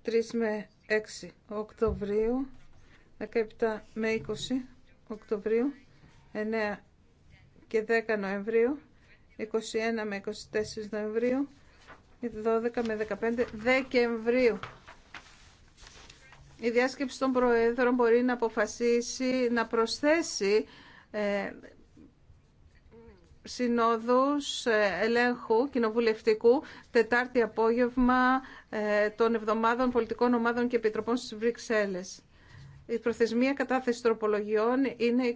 3 με 6 Οκτωβρίου, 17 με 20 Οκτωβρίου, 9 και 10 Νοεμβρίου, 21 με 24 Νοεμβρίου, 12 με 15 Δεκεμβρίου. Η διάσκεψη των Προέδρων μπορεί να αποφασίσει να προσθέσει ε, συνόδους ε, ελέγχου κοινοβουλευτικού Τετάρτη απόγευμα ε, των εβδομάδων πολιτικών ομάδων και επιτροπών στις Βρυξέλλες. Η προθεσμία κατάθεση τροπολογιών είναι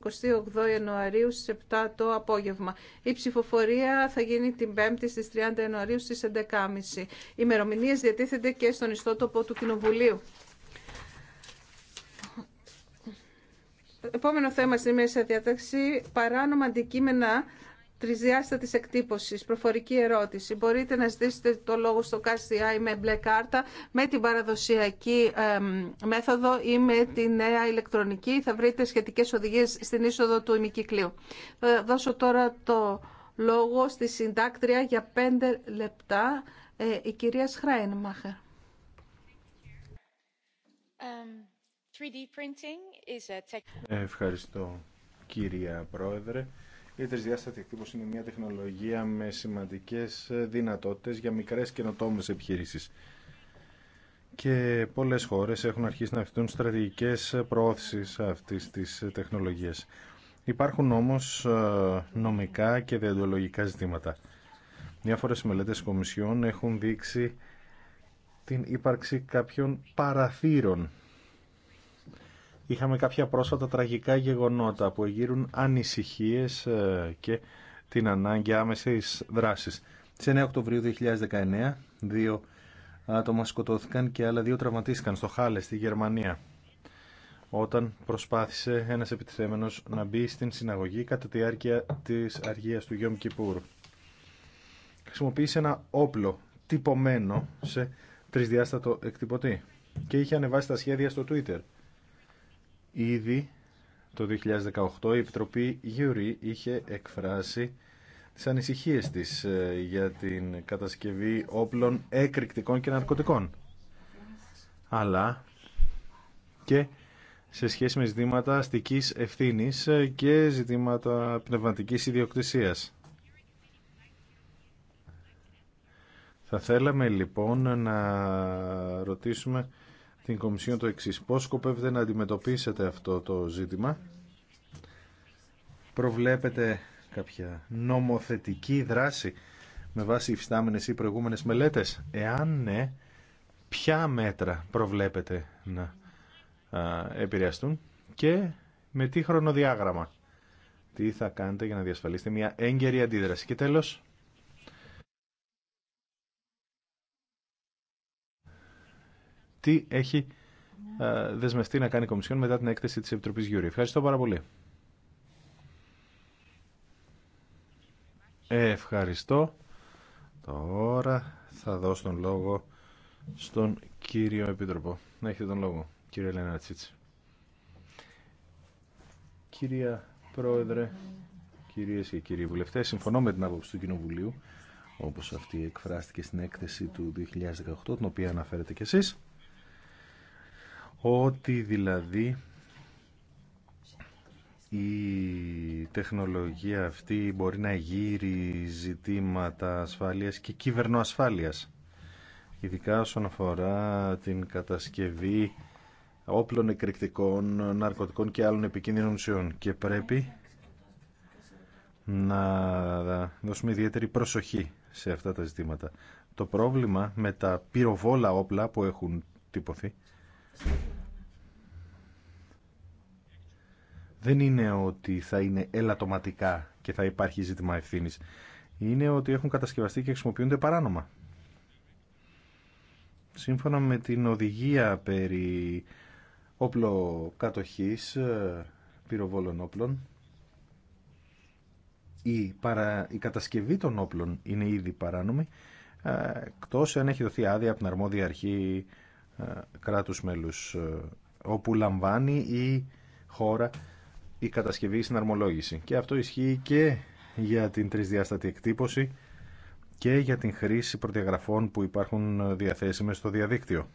28 Ιανουαρίου στις 7 το απόγευμα. Η ψηφοφορία θα γίνει την 5η στις 30 Ιανουαρίου στις 11.30. Οι ημερομηνίες διατίθενται και στον ιστότοπο του Κοινοβουλίου. Επόμενο θέμα στη μέσα διάταξη, παράνομα αντικείμενα τρισδιάστατη εκτύπωση. προφορική ερώτηση. Μπορείτε να ζητήσετε το λόγο στο ΚΑΣΤΙΑΙ με μπλε κάρτα, με την παραδοσιακή μέθοδο ή με τη νέα ηλεκτρονική. Θα βρείτε σχετικές οδηγίες στην είσοδο του ημικυκλίου. Θα ε, δώσω τώρα το λόγο στη συντάκτρια για πέντε λεπτά, ε, η κυρία Σχράινμαχερ. Ευχαριστώ, κυρία Πρόεδρε. Η τρισδιάστατη εκτύπωση είναι μια τεχνολογία με σημαντικές ε, δυνατότητες για μικρές καινοτόμες επιχειρήσεις. Και πολλές χώρες έχουν αρχίσει να αυτούν στρατηγικές προώθησης αυτής της ε, τεχνολογίας. Υπάρχουν όμως ε, νομικά και διαντολογικά ζητήματα. Διάφορες μελέτες κομισιών έχουν δείξει την ύπαρξη κάποιων παραθύρων είχαμε κάποια πρόσφατα τραγικά γεγονότα που εγείρουν ανησυχίες ε, και την ανάγκη άμεσης δράσης. Σε 9 Οκτωβρίου 2019, δύο άτομα σκοτώθηκαν και άλλα δύο τραυματίστηκαν στο Χάλε, στη Γερμανία, όταν προσπάθησε ένας επιτιθέμενος να μπει στην συναγωγή κατά τη διάρκεια της αργίας του Γιώμ Κιπούρ. Χρησιμοποίησε ένα όπλο τυπωμένο σε τρισδιάστατο εκτυπωτή και είχε ανεβάσει τα σχέδια στο Twitter – Ήδη το 2018 η Επιτροπή Γιουρή είχε εκφράσει τις ανησυχίες της ε, για την κατασκευή όπλων εκρηκτικών και ναρκωτικών. Αλλά και σε σχέση με ζητήματα αστικής ευθύνης ε, και ζητήματα πνευματικής ιδιοκτησίας. Θα θέλαμε λοιπόν να ρωτήσουμε την Κομισιόν το εξής. Πώς σκοπεύετε να αντιμετωπίσετε αυτό το ζήτημα. Προβλέπετε κάποια νομοθετική δράση με βάση υφιστάμενες ή προηγούμενες μελέτες. Εάν ναι, ποια μέτρα προβλέπετε να επηρεαστούν και με τι χρονοδιάγραμμα. Τι θα κάνετε για να διασφαλίσετε μια έγκαιρη αντίδραση. Και τέλος, τι έχει ε, δεσμευτεί να κάνει η Κομισιόν μετά την έκθεση της Επιτροπής Γιούρη. Ευχαριστώ πάρα πολύ. Ευχαριστώ. Τώρα θα δώσω τον λόγο στον κύριο Επίτροπο. Να έχετε τον λόγο, κύριε Ελένα Τσίτση. Κυρία Πρόεδρε, κυρίες και κύριοι βουλευτές, συμφωνώ με την άποψη του Κοινοβουλίου, όπως αυτή εκφράστηκε στην έκθεση του 2018, την οποία αναφέρετε κι εσείς ότι δηλαδή η τεχνολογία αυτή μπορεί να γύρει ζητήματα ασφάλειας και κυβερνοασφάλειας ειδικά όσον αφορά την κατασκευή όπλων εκρηκτικών, ναρκωτικών και άλλων επικίνδυνων ουσιών και πρέπει να δώσουμε ιδιαίτερη προσοχή σε αυτά τα ζητήματα. Το πρόβλημα με τα πυροβόλα όπλα που έχουν τυπωθεί δεν είναι ότι θα είναι ελαττωματικά και θα υπάρχει ζήτημα ευθύνη. Είναι ότι έχουν κατασκευαστεί και χρησιμοποιούνται παράνομα. Σύμφωνα με την οδηγία περί όπλο κατοχής, ε, πυροβόλων όπλων, η, παρα... η κατασκευή των όπλων είναι ήδη παράνομη, ε, εκτός αν έχει δοθεί άδεια από την αρμόδια αρχή ε, κράτους μέλους ε, όπου λαμβάνει η χώρα η κατασκευή συναρμολόγηση. Και αυτό ισχύει και για την τρισδιάστατη εκτύπωση και για την χρήση προδιαγραφών που υπάρχουν ε, διαθέσιμες στο διαδίκτυο.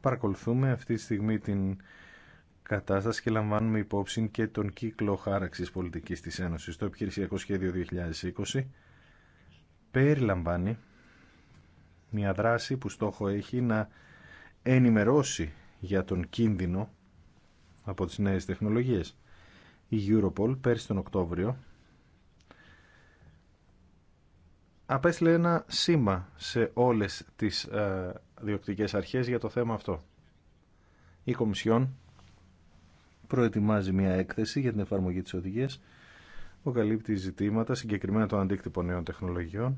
Παρακολουθούμε αυτή τη στιγμή την κατάσταση και λαμβάνουμε υπόψη και τον κύκλο χάραξης πολιτικής της Ένωσης. Το επιχειρησιακό σχέδιο 2020 περιλαμβάνει μια δράση που στόχο έχει να ενημερώσει για τον κίνδυνο από τις νέες τεχνολογίες. Η Europol πέρσι τον Οκτώβριο απέστειλε ένα σήμα σε όλες τις ε, διοκτικές αρχές για το θέμα αυτό. Η Κομισιόν προετοιμάζει μια έκθεση για την εφαρμογή της οδηγίας που καλύπτει ζητήματα συγκεκριμένα των αντίκτυπων νέων τεχνολογιών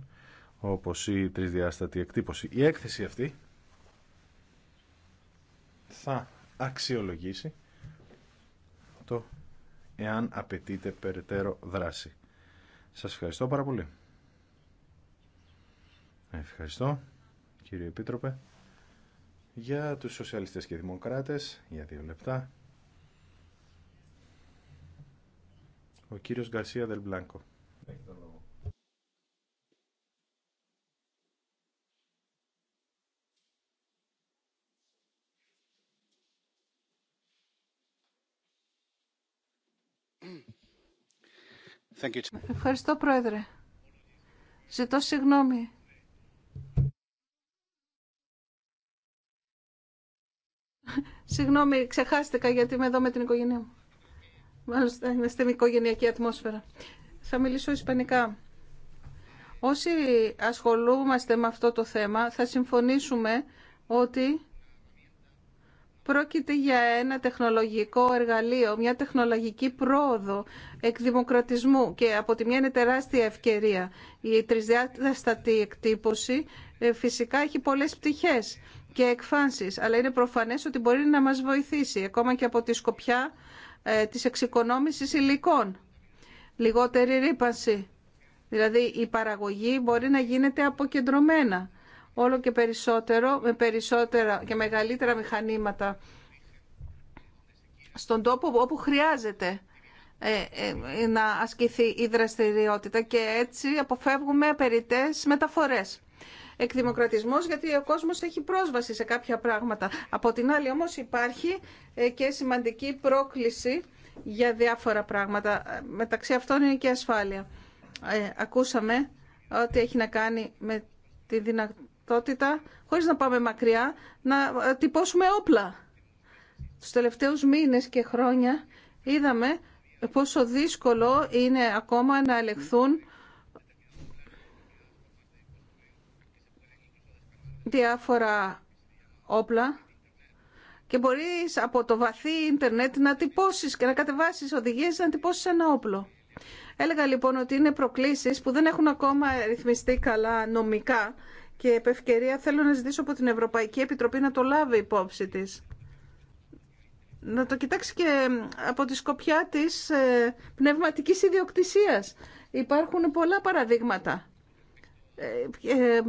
όπως η τρισδιάστατη εκτύπωση. Η έκθεση αυτή θα αξιολογήσει το εάν απαιτείται περαιτέρω δράση. Σας ευχαριστώ πάρα πολύ. Ευχαριστώ κύριε Επίτροπε για τους σοσιαλιστές και δημοκράτες για δύο λεπτά. Ο κύριος Γκαρσία Δελμπλάνκο. Ευχαριστώ, Πρόεδρε. Ζητώ συγγνώμη. Συγγνώμη, ξεχάστηκα γιατί είμαι εδώ με την οικογένειά μου. Μάλιστα, είμαστε στην οικογενειακή ατμόσφαιρα. Θα μιλήσω ισπανικά. Όσοι ασχολούμαστε με αυτό το θέμα, θα συμφωνήσουμε ότι Πρόκειται για ένα τεχνολογικό εργαλείο, μια τεχνολογική πρόοδο εκδημοκρατισμού και από τη μια είναι τεράστια ευκαιρία. Η τρισδιάστατη εκτύπωση ε, φυσικά έχει πολλές πτυχές και εκφάνσεις, αλλά είναι προφανές ότι μπορεί να μας βοηθήσει ακόμα και από τη σκοπιά ε, της εξοικονόμησης υλικών. Λιγότερη ρήπανση, δηλαδή η παραγωγή μπορεί να γίνεται αποκεντρωμένα όλο και περισσότερο, με περισσότερα και μεγαλύτερα μηχανήματα στον τόπο όπου χρειάζεται ε, ε, να ασκηθεί η δραστηριότητα και έτσι αποφεύγουμε περιττές μεταφορές. Εκδημοκρατισμός γιατί ο κόσμος έχει πρόσβαση σε κάποια πράγματα. Από την άλλη όμως υπάρχει ε, και σημαντική πρόκληση για διάφορα πράγματα. Μεταξύ αυτών είναι και ασφάλεια. ακούσαμε ότι έχει να κάνει με τη δυνατότητα δυνατότητα, χωρίς να πάμε μακριά, να ε, τυπώσουμε όπλα. Τους τελευταίους μήνες και χρόνια είδαμε πόσο δύσκολο είναι ακόμα να ελεγχθούν διάφορα όπλα και μπορείς από το βαθύ ίντερνετ να τυπώσεις και να κατεβάσεις οδηγίες να τυπώσεις ένα όπλο. Έλεγα λοιπόν ότι είναι προκλήσεις που δεν έχουν ακόμα ρυθμιστεί καλά νομικά και επ' ευκαιρία θέλω να ζητήσω από την Ευρωπαϊκή Επιτροπή να το λάβει υπόψη της. Να το κοιτάξει και από τη σκοπιά της ε, πνευματικής ιδιοκτησίας. Υπάρχουν πολλά παραδείγματα. Ε, ε,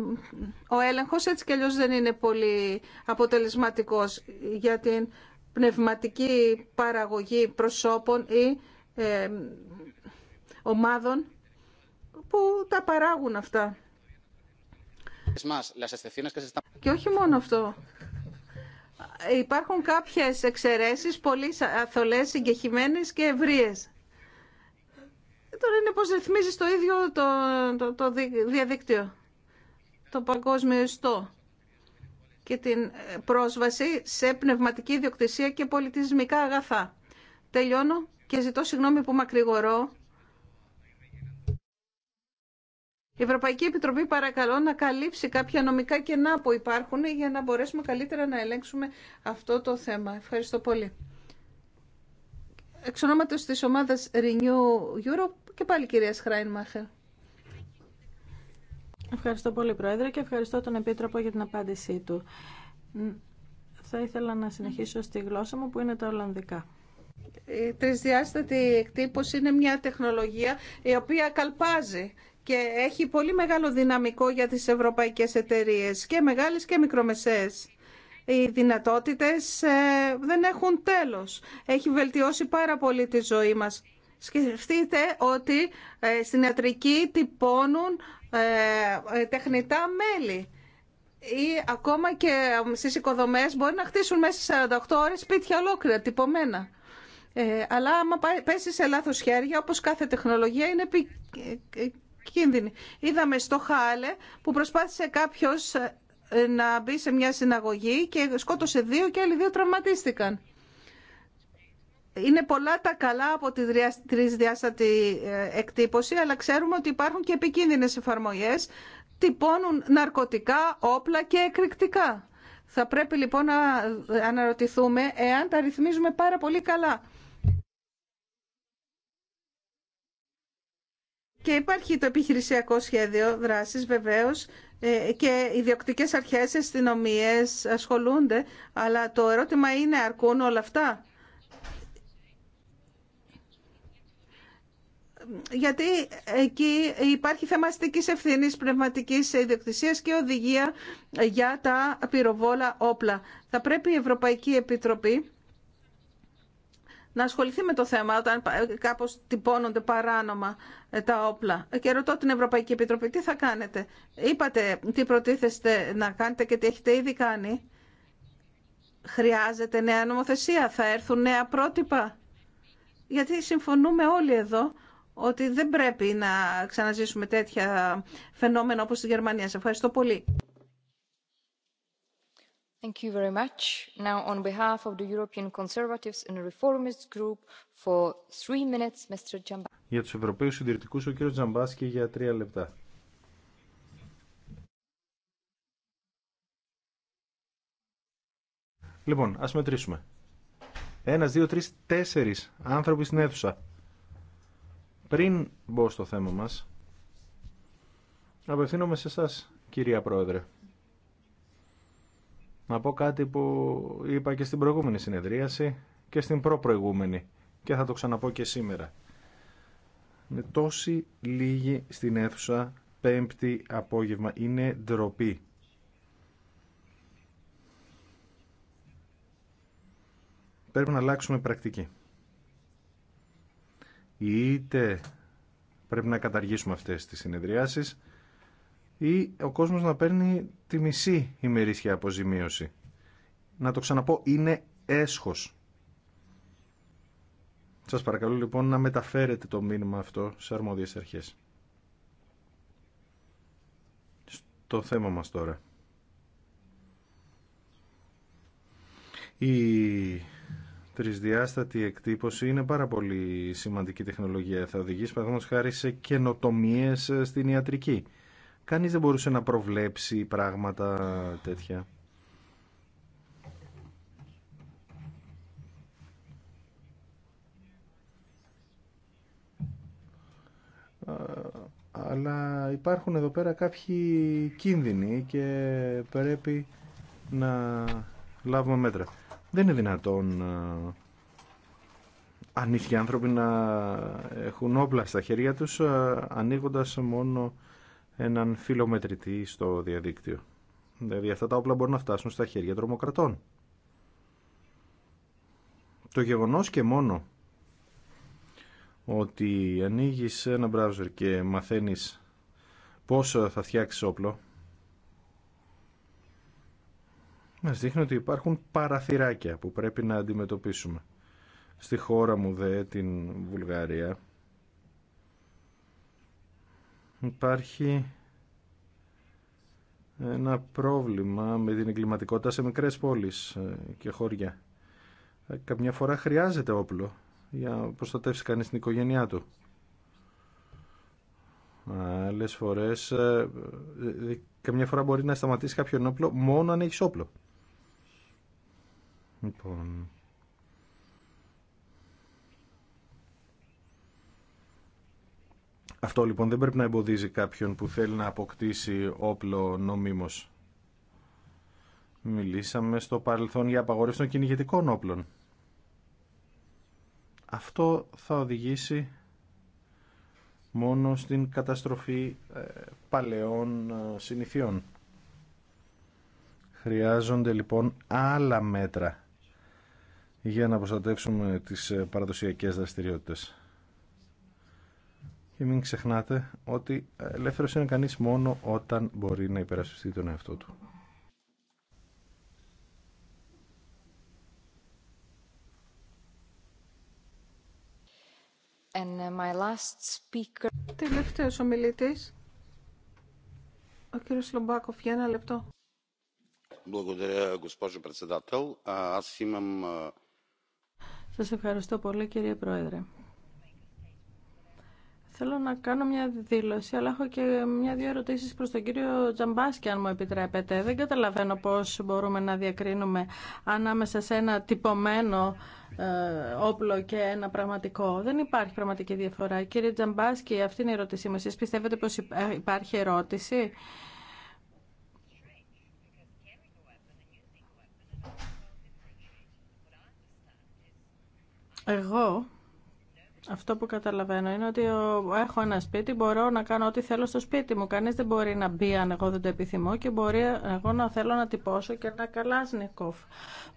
ο έλεγχος έτσι κι αλλιώς δεν είναι πολύ αποτελεσματικός για την πνευματική παραγωγή προσώπων ή ομάδων που τα παράγουν αυτά. Και όχι μόνο αυτό. Υπάρχουν κάποιες εξαιρέσεις πολύ αθολές, συγκεχημένες και ευρείες. Τώρα είναι πώς ρυθμίζεις το ίδιο το, διαδίκτυο, το παγκόσμιο ιστό και την ε, πρόσβαση σε πνευματική ιδιοκτησία και πολιτισμικά αγαθά. Τελειώνω και ζητώ συγγνώμη που μακρηγορώ Η Ευρωπαϊκή Επιτροπή παρακαλώ να καλύψει κάποια νομικά κενά που υπάρχουν για να μπορέσουμε καλύτερα να ελέγξουμε αυτό το θέμα. Ευχαριστώ πολύ. Εξ ονόματος της ομάδας Renew Europe και πάλι κυρία Σχράινμαχερ. Ευχαριστώ πολύ Πρόεδρε και ευχαριστώ τον Επίτροπο για την απάντησή του. Θα ήθελα να συνεχίσω στη γλώσσα μου που είναι τα Ολλανδικά. Η τρισδιάστατη εκτύπωση είναι μια τεχνολογία η οποία καλπάζει και έχει πολύ μεγάλο δυναμικό για τις ευρωπαϊκές εταιρείες και μεγάλες και μικρομεσαίες. Οι δυνατότητες ε, δεν έχουν τέλος. Έχει βελτιώσει πάρα πολύ τη ζωή μας. Σκεφτείτε ότι ε, στην ιατρική τυπώνουν ε, τεχνητά μέλη ή ακόμα και στις οικοδομές μπορεί να χτίσουν μέσα σε 48 ώρες σπίτια ολόκληρα τυπωμένα. Ε, αλλά άμα πέσει σε λάθος χέρια, όπως κάθε τεχνολογία, είναι επικίνδυνη. Ε, Είδαμε στο Χάλε που προσπάθησε κάποιος ε, να μπει σε μια συναγωγή και σκότωσε δύο και άλλοι δύο τραυματίστηκαν. Είναι πολλά τα καλά από τη τρισδιάστατη ε, εκτύπωση, αλλά ξέρουμε ότι υπάρχουν και επικίνδυνες εφαρμογές, τυπώνουν ναρκωτικά, όπλα και εκρηκτικά. Θα πρέπει λοιπόν να αναρωτηθούμε εάν τα ρυθμίζουμε πάρα πολύ καλά. Και υπάρχει το επιχειρησιακό σχέδιο δράση βεβαίω ε, και οι διοκτικές αρχές, οι ασχολούνται, αλλά το ερώτημα είναι αρκούν όλα αυτά. γιατί εκεί υπάρχει θέμα ευθύνη ευθύνης πνευματικής ιδιοκτησίας και οδηγία για τα πυροβόλα όπλα. Θα πρέπει η Ευρωπαϊκή Επιτροπή να ασχοληθεί με το θέμα όταν κάπως τυπώνονται παράνομα ε, τα όπλα. Και ρωτώ την Ευρωπαϊκή Επιτροπή τι θα κάνετε. Είπατε τι προτίθεστε να κάνετε και τι έχετε ήδη κάνει. Χρειάζεται νέα νομοθεσία, θα έρθουν νέα πρότυπα. Γιατί συμφωνούμε όλοι εδώ ότι δεν πρέπει να ξαναζήσουμε τέτοια φαινόμενα όπως στη Γερμανία. Σε ευχαριστώ πολύ. Για τους Ευρωπαίους Συντηρητικούς, ο κύριος Τζαμπάσκη για τρία λεπτά. Λοιπόν, ας μετρήσουμε. Ένας, δύο, τρεις, τέσσερις άνθρωποι στην αίθουσα. Πριν μπω στο θέμα μας, απευθύνομαι σε εσά, κυρία Πρόεδρε να πω κάτι που είπα και στην προηγούμενη συνεδρίαση και στην προπροηγούμενη και θα το ξαναπώ και σήμερα. Με τόση λίγη στην αίθουσα πέμπτη απόγευμα είναι ντροπή. Πρέπει να αλλάξουμε πρακτική. Είτε πρέπει να καταργήσουμε αυτές τις συνεδριάσεις ή ο κόσμος να παίρνει τη μισή ημερήσια αποζημίωση. Να το ξαναπώ, είναι έσχος. Σας παρακαλώ λοιπόν να μεταφέρετε το μήνυμα αυτό σε αρμόδιες αρχές. Στο θέμα μας τώρα. Η τρισδιάστατη εκτύπωση είναι πάρα πολύ σημαντική τεχνολογία. Θα οδηγήσει παραδείγματος χάρη σε καινοτομίες ε, στην ιατρική. Κανείς δεν μπορούσε να προβλέψει πράγματα τέτοια. αλλά υπάρχουν εδώ πέρα κάποιοι κίνδυνοι και πρέπει να λάβουμε μέτρα. Δεν είναι δυνατόν ανήθιοι άνθρωποι να έχουν όπλα στα χέρια τους ανοίγοντας μόνο έναν φιλομετρητή στο διαδίκτυο. Δηλαδή αυτά τα όπλα μπορούν να φτάσουν στα χέρια τρομοκρατών. Το γεγονός και μόνο ότι ανοίγεις ένα browser και μαθαίνεις πόσο θα φτιάξεις όπλο μας δείχνει ότι υπάρχουν παραθυράκια που πρέπει να αντιμετωπίσουμε. Στη χώρα μου δε, την Βουλγαρία, υπάρχει ένα πρόβλημα με την εγκληματικότητα σε μικρές πόλεις ε, και χώρια. Ε, καμιά φορά χρειάζεται όπλο για να προστατεύσει κανείς την οικογένειά του. Άλλες φορές, ε, καμιά φορά μπορεί να σταματήσει κάποιον όπλο μόνο αν έχει όπλο. Λοιπόν, Αυτό λοιπόν δεν πρέπει να εμποδίζει κάποιον που θέλει να αποκτήσει όπλο νομίμως. Μιλήσαμε στο παρελθόν για απαγορεύση των κυνηγετικών όπλων. Αυτό θα οδηγήσει μόνο στην καταστροφή ε, παλαιών ε, συνηθιών. Χρειάζονται λοιπόν άλλα μέτρα για να προστατεύσουμε τις ε, παραδοσιακές δραστηριότητες. Και μην ξεχνάτε ότι ελεύθερο είναι κανείς μόνο όταν μπορεί να υπερασπιστεί τον εαυτό του. And uh, my last speaker... Τελευταίος ομιλητής, ο κύριος Λομπάκοφ, για ένα λεπτό. Σας ευχαριστώ πολύ κύριε Πρόεδρε. Θέλω να κάνω μια δήλωση, αλλά έχω και μια-δύο ερωτήσεις προς τον κύριο Τζαμπάσκι, αν μου επιτρέπετε. Δεν καταλαβαίνω πώς μπορούμε να διακρίνουμε ανάμεσα σε ένα τυπωμένο ε, όπλο και ένα πραγματικό. Δεν υπάρχει πραγματική διαφορά. Κύριε Τζαμπάσκη, αυτή είναι η ερώτησή μου. Εσείς πιστεύετε πως υπάρχει ερώτηση. η ερωτηση μου εσει πιστευετε πω υπαρχει ερωτηση εγω αυτό που καταλαβαίνω είναι ότι έχω ένα σπίτι, μπορώ να κάνω ό,τι θέλω στο σπίτι μου. Κανείς δεν μπορεί να μπει αν εγώ δεν το επιθυμώ και μπορεί εγώ να θέλω να τυπώσω και να καλάσνικοφ.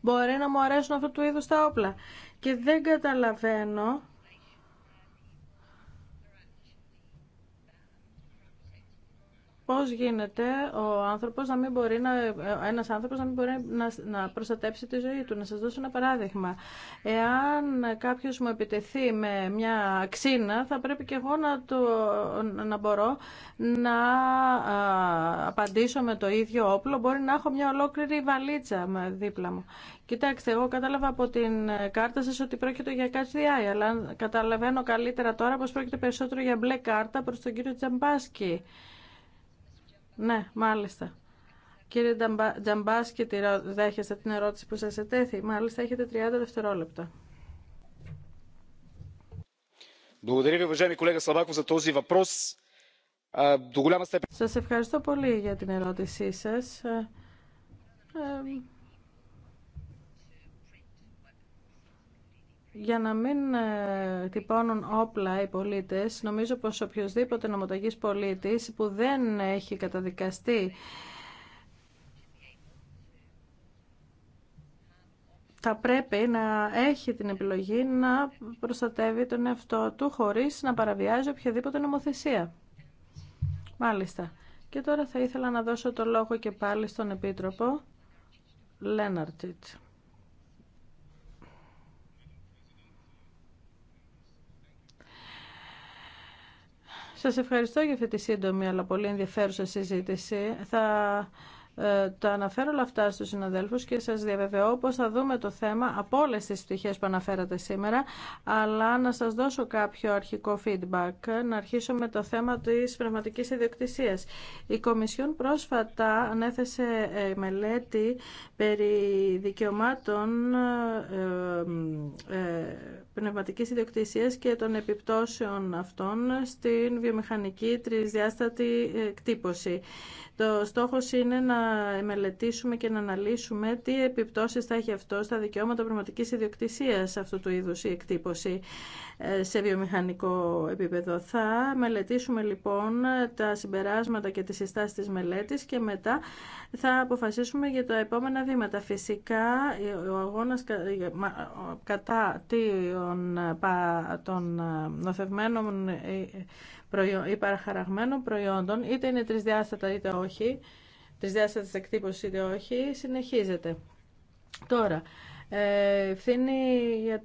Μπορεί να μου αρέσουν αυτού του είδους τα όπλα. Και δεν καταλαβαίνω Πώ γίνεται ο άνθρωπο να μην μπορεί να, ένας άνθρωπος να μην μπορεί να, να προστατέψει τη ζωή του. Να σα δώσω ένα παράδειγμα. Εάν κάποιο μου επιτεθεί με μια αξίνα, θα πρέπει και εγώ να, το, να μπορώ να α, απαντήσω με το ίδιο όπλο. Μπορεί να έχω μια ολόκληρη βαλίτσα δίπλα μου. Κοιτάξτε, εγώ κατάλαβα από την κάρτα σα ότι πρόκειται για κάτι αλλά καταλαβαίνω καλύτερα τώρα πώ πρόκειται περισσότερο για μπλε κάρτα προ τον κύριο Τζαμπάσκι. Ναι, μάλιστα. Κύριε Τζαμπάσκη, δέχεστε την ερώτηση που σας ετέθη. Μάλιστα, έχετε 30 δευτερόλεπτα. Σας ευχαριστώ πολύ για την ερώτησή σας. για να μην ε, τυπώνουν όπλα οι πολίτες, νομίζω πως οποιοδήποτε νομοταγής πολίτης που δεν έχει καταδικαστεί θα πρέπει να έχει την επιλογή να προστατεύει τον εαυτό του χωρίς να παραβιάζει οποιαδήποτε νομοθεσία. Μάλιστα. Και τώρα θα ήθελα να δώσω το λόγο και πάλι στον Επίτροπο Λέναρτιτ. Σας ευχαριστώ για αυτή τη σύντομη αλλά πολύ ενδιαφέρουσα συζήτηση. Θα ε, τα αναφέρω όλα αυτά στους συναδέλφους και σας διαβεβαιώ πως θα δούμε το θέμα από όλε τις πτυχές που αναφέρατε σήμερα, αλλά να σας δώσω κάποιο αρχικό feedback. Να αρχίσω με το θέμα της πνευματικής ιδιοκτησίας. Η Κομισιόν πρόσφατα ανέθεσε ε, μελέτη περί δικαιωμάτων ε, πνευματικής ιδιοκτησίας και των επιπτώσεων αυτών στην βιομηχανική τρισδιάστατη εκτύπωση. Το στόχος είναι να μελετήσουμε και να αναλύσουμε τι επιπτώσεις θα έχει αυτό στα δικαιώματα πνευματικής ιδιοκτησίας αυτού του είδους η εκτύπωση σε βιομηχανικό επίπεδο. Θα μελετήσουμε λοιπόν τα συμπεράσματα και τις συστάσεις της μελέτης και μετά θα αποφασίσουμε για τα επόμενα βήματα. Φυσικά ο αγώνας κατά των νοθευμένων ή παραχαραγμένων προϊόντων, είτε είναι τρισδιάστατα είτε όχι, τρισδιάστατη εκτύπωση είτε όχι, συνεχίζεται. Τώρα, ε, ευθύνη για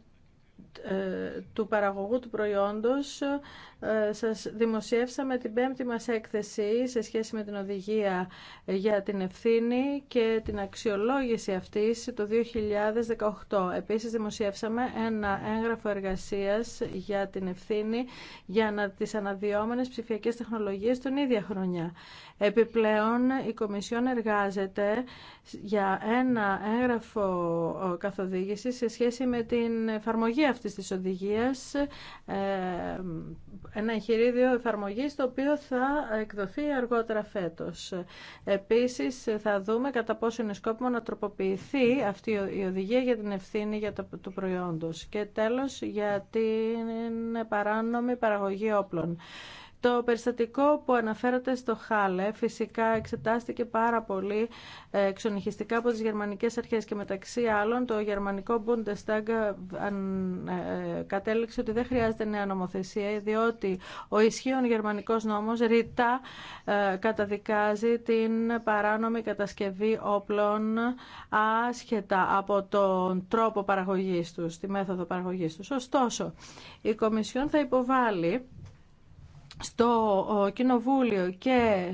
ε, του παραγωγού του προϊόντος ε, σας δημοσιεύσαμε την πέμπτη μας έκθεση σε σχέση με την οδηγία για την ευθύνη και την αξιολόγηση αυτής το 2018. Επίσης δημοσιεύσαμε ένα έγγραφο εργασίας για την ευθύνη για τις αναδυόμενες ψηφιακές τεχνολογίες τον ίδια χρονιά. Επιπλέον η Κομισιόν εργάζεται για ένα έγγραφο ε, καθοδήγησης σε σχέση με την εφαρμογή αυτής της οδηγίας ε, ένα εγχειρίδιο εφαρμογής το οποίο θα εκδοθεί αργότερα φέτος. Επίσης θα δούμε κατά πόσο είναι σκόπιμο να τροποποιηθεί αυτή η οδηγία για την ευθύνη για το, του προϊόντος. Και τέλος για την παράνομη παραγωγή όπλων. Το περιστατικό που αναφέρατε στο Χάλε φυσικά εξετάστηκε πάρα πολύ ε, εξονυχιστικά από τις γερμανικές αρχές και μεταξύ άλλων το γερμανικό Bundestag ε, κατέληξε ότι δεν χρειάζεται νέα νομοθεσία διότι ο ισχύων γερμανικός νόμος ρητά ε, καταδικάζει την παράνομη κατασκευή όπλων άσχετα από τον τρόπο παραγωγής τους, τη μέθοδο παραγωγής τους. Ωστόσο, η Κομισιόν θα υποβάλει στο Κοινοβούλιο και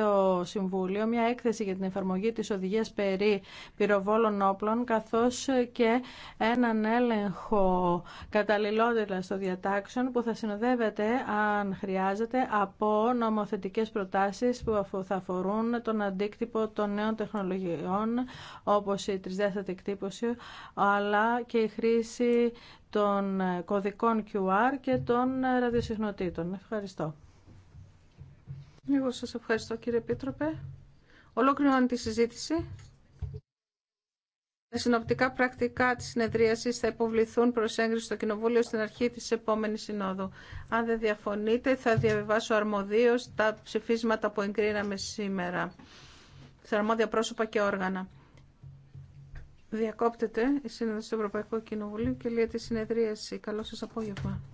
το Συμβούλιο μια έκθεση για την εφαρμογή της οδηγίας περί πυροβόλων όπλων καθώς και έναν έλεγχο καταλληλότητα των διατάξεων που θα συνοδεύεται αν χρειάζεται από νομοθετικές προτάσεις που θα αφορούν τον αντίκτυπο των νέων τεχνολογιών όπως η τρισδιάστατη εκτύπωση αλλά και η χρήση των κωδικών QR και των ραδιοσυχνοτήτων. Ευχαριστώ. Εγώ σας ευχαριστώ κύριε Επίτροπε. Ολόκληρον τη συζήτηση. Τα συνοπτικά πρακτικά της συνεδρίασης θα υποβληθούν προς έγκριση στο Κοινοβούλιο στην αρχή της επόμενης συνόδου. Αν δεν διαφωνείτε θα διαβιβάσω αρμοδίως τα ψηφίσματα που εγκρίναμε σήμερα. Σε αρμόδια πρόσωπα και όργανα. Διακόπτεται η Σύνοδος του Ευρωπαϊκού Κοινοβουλίου και λέει τη συνεδρίαση. Καλό σας απόγευμα.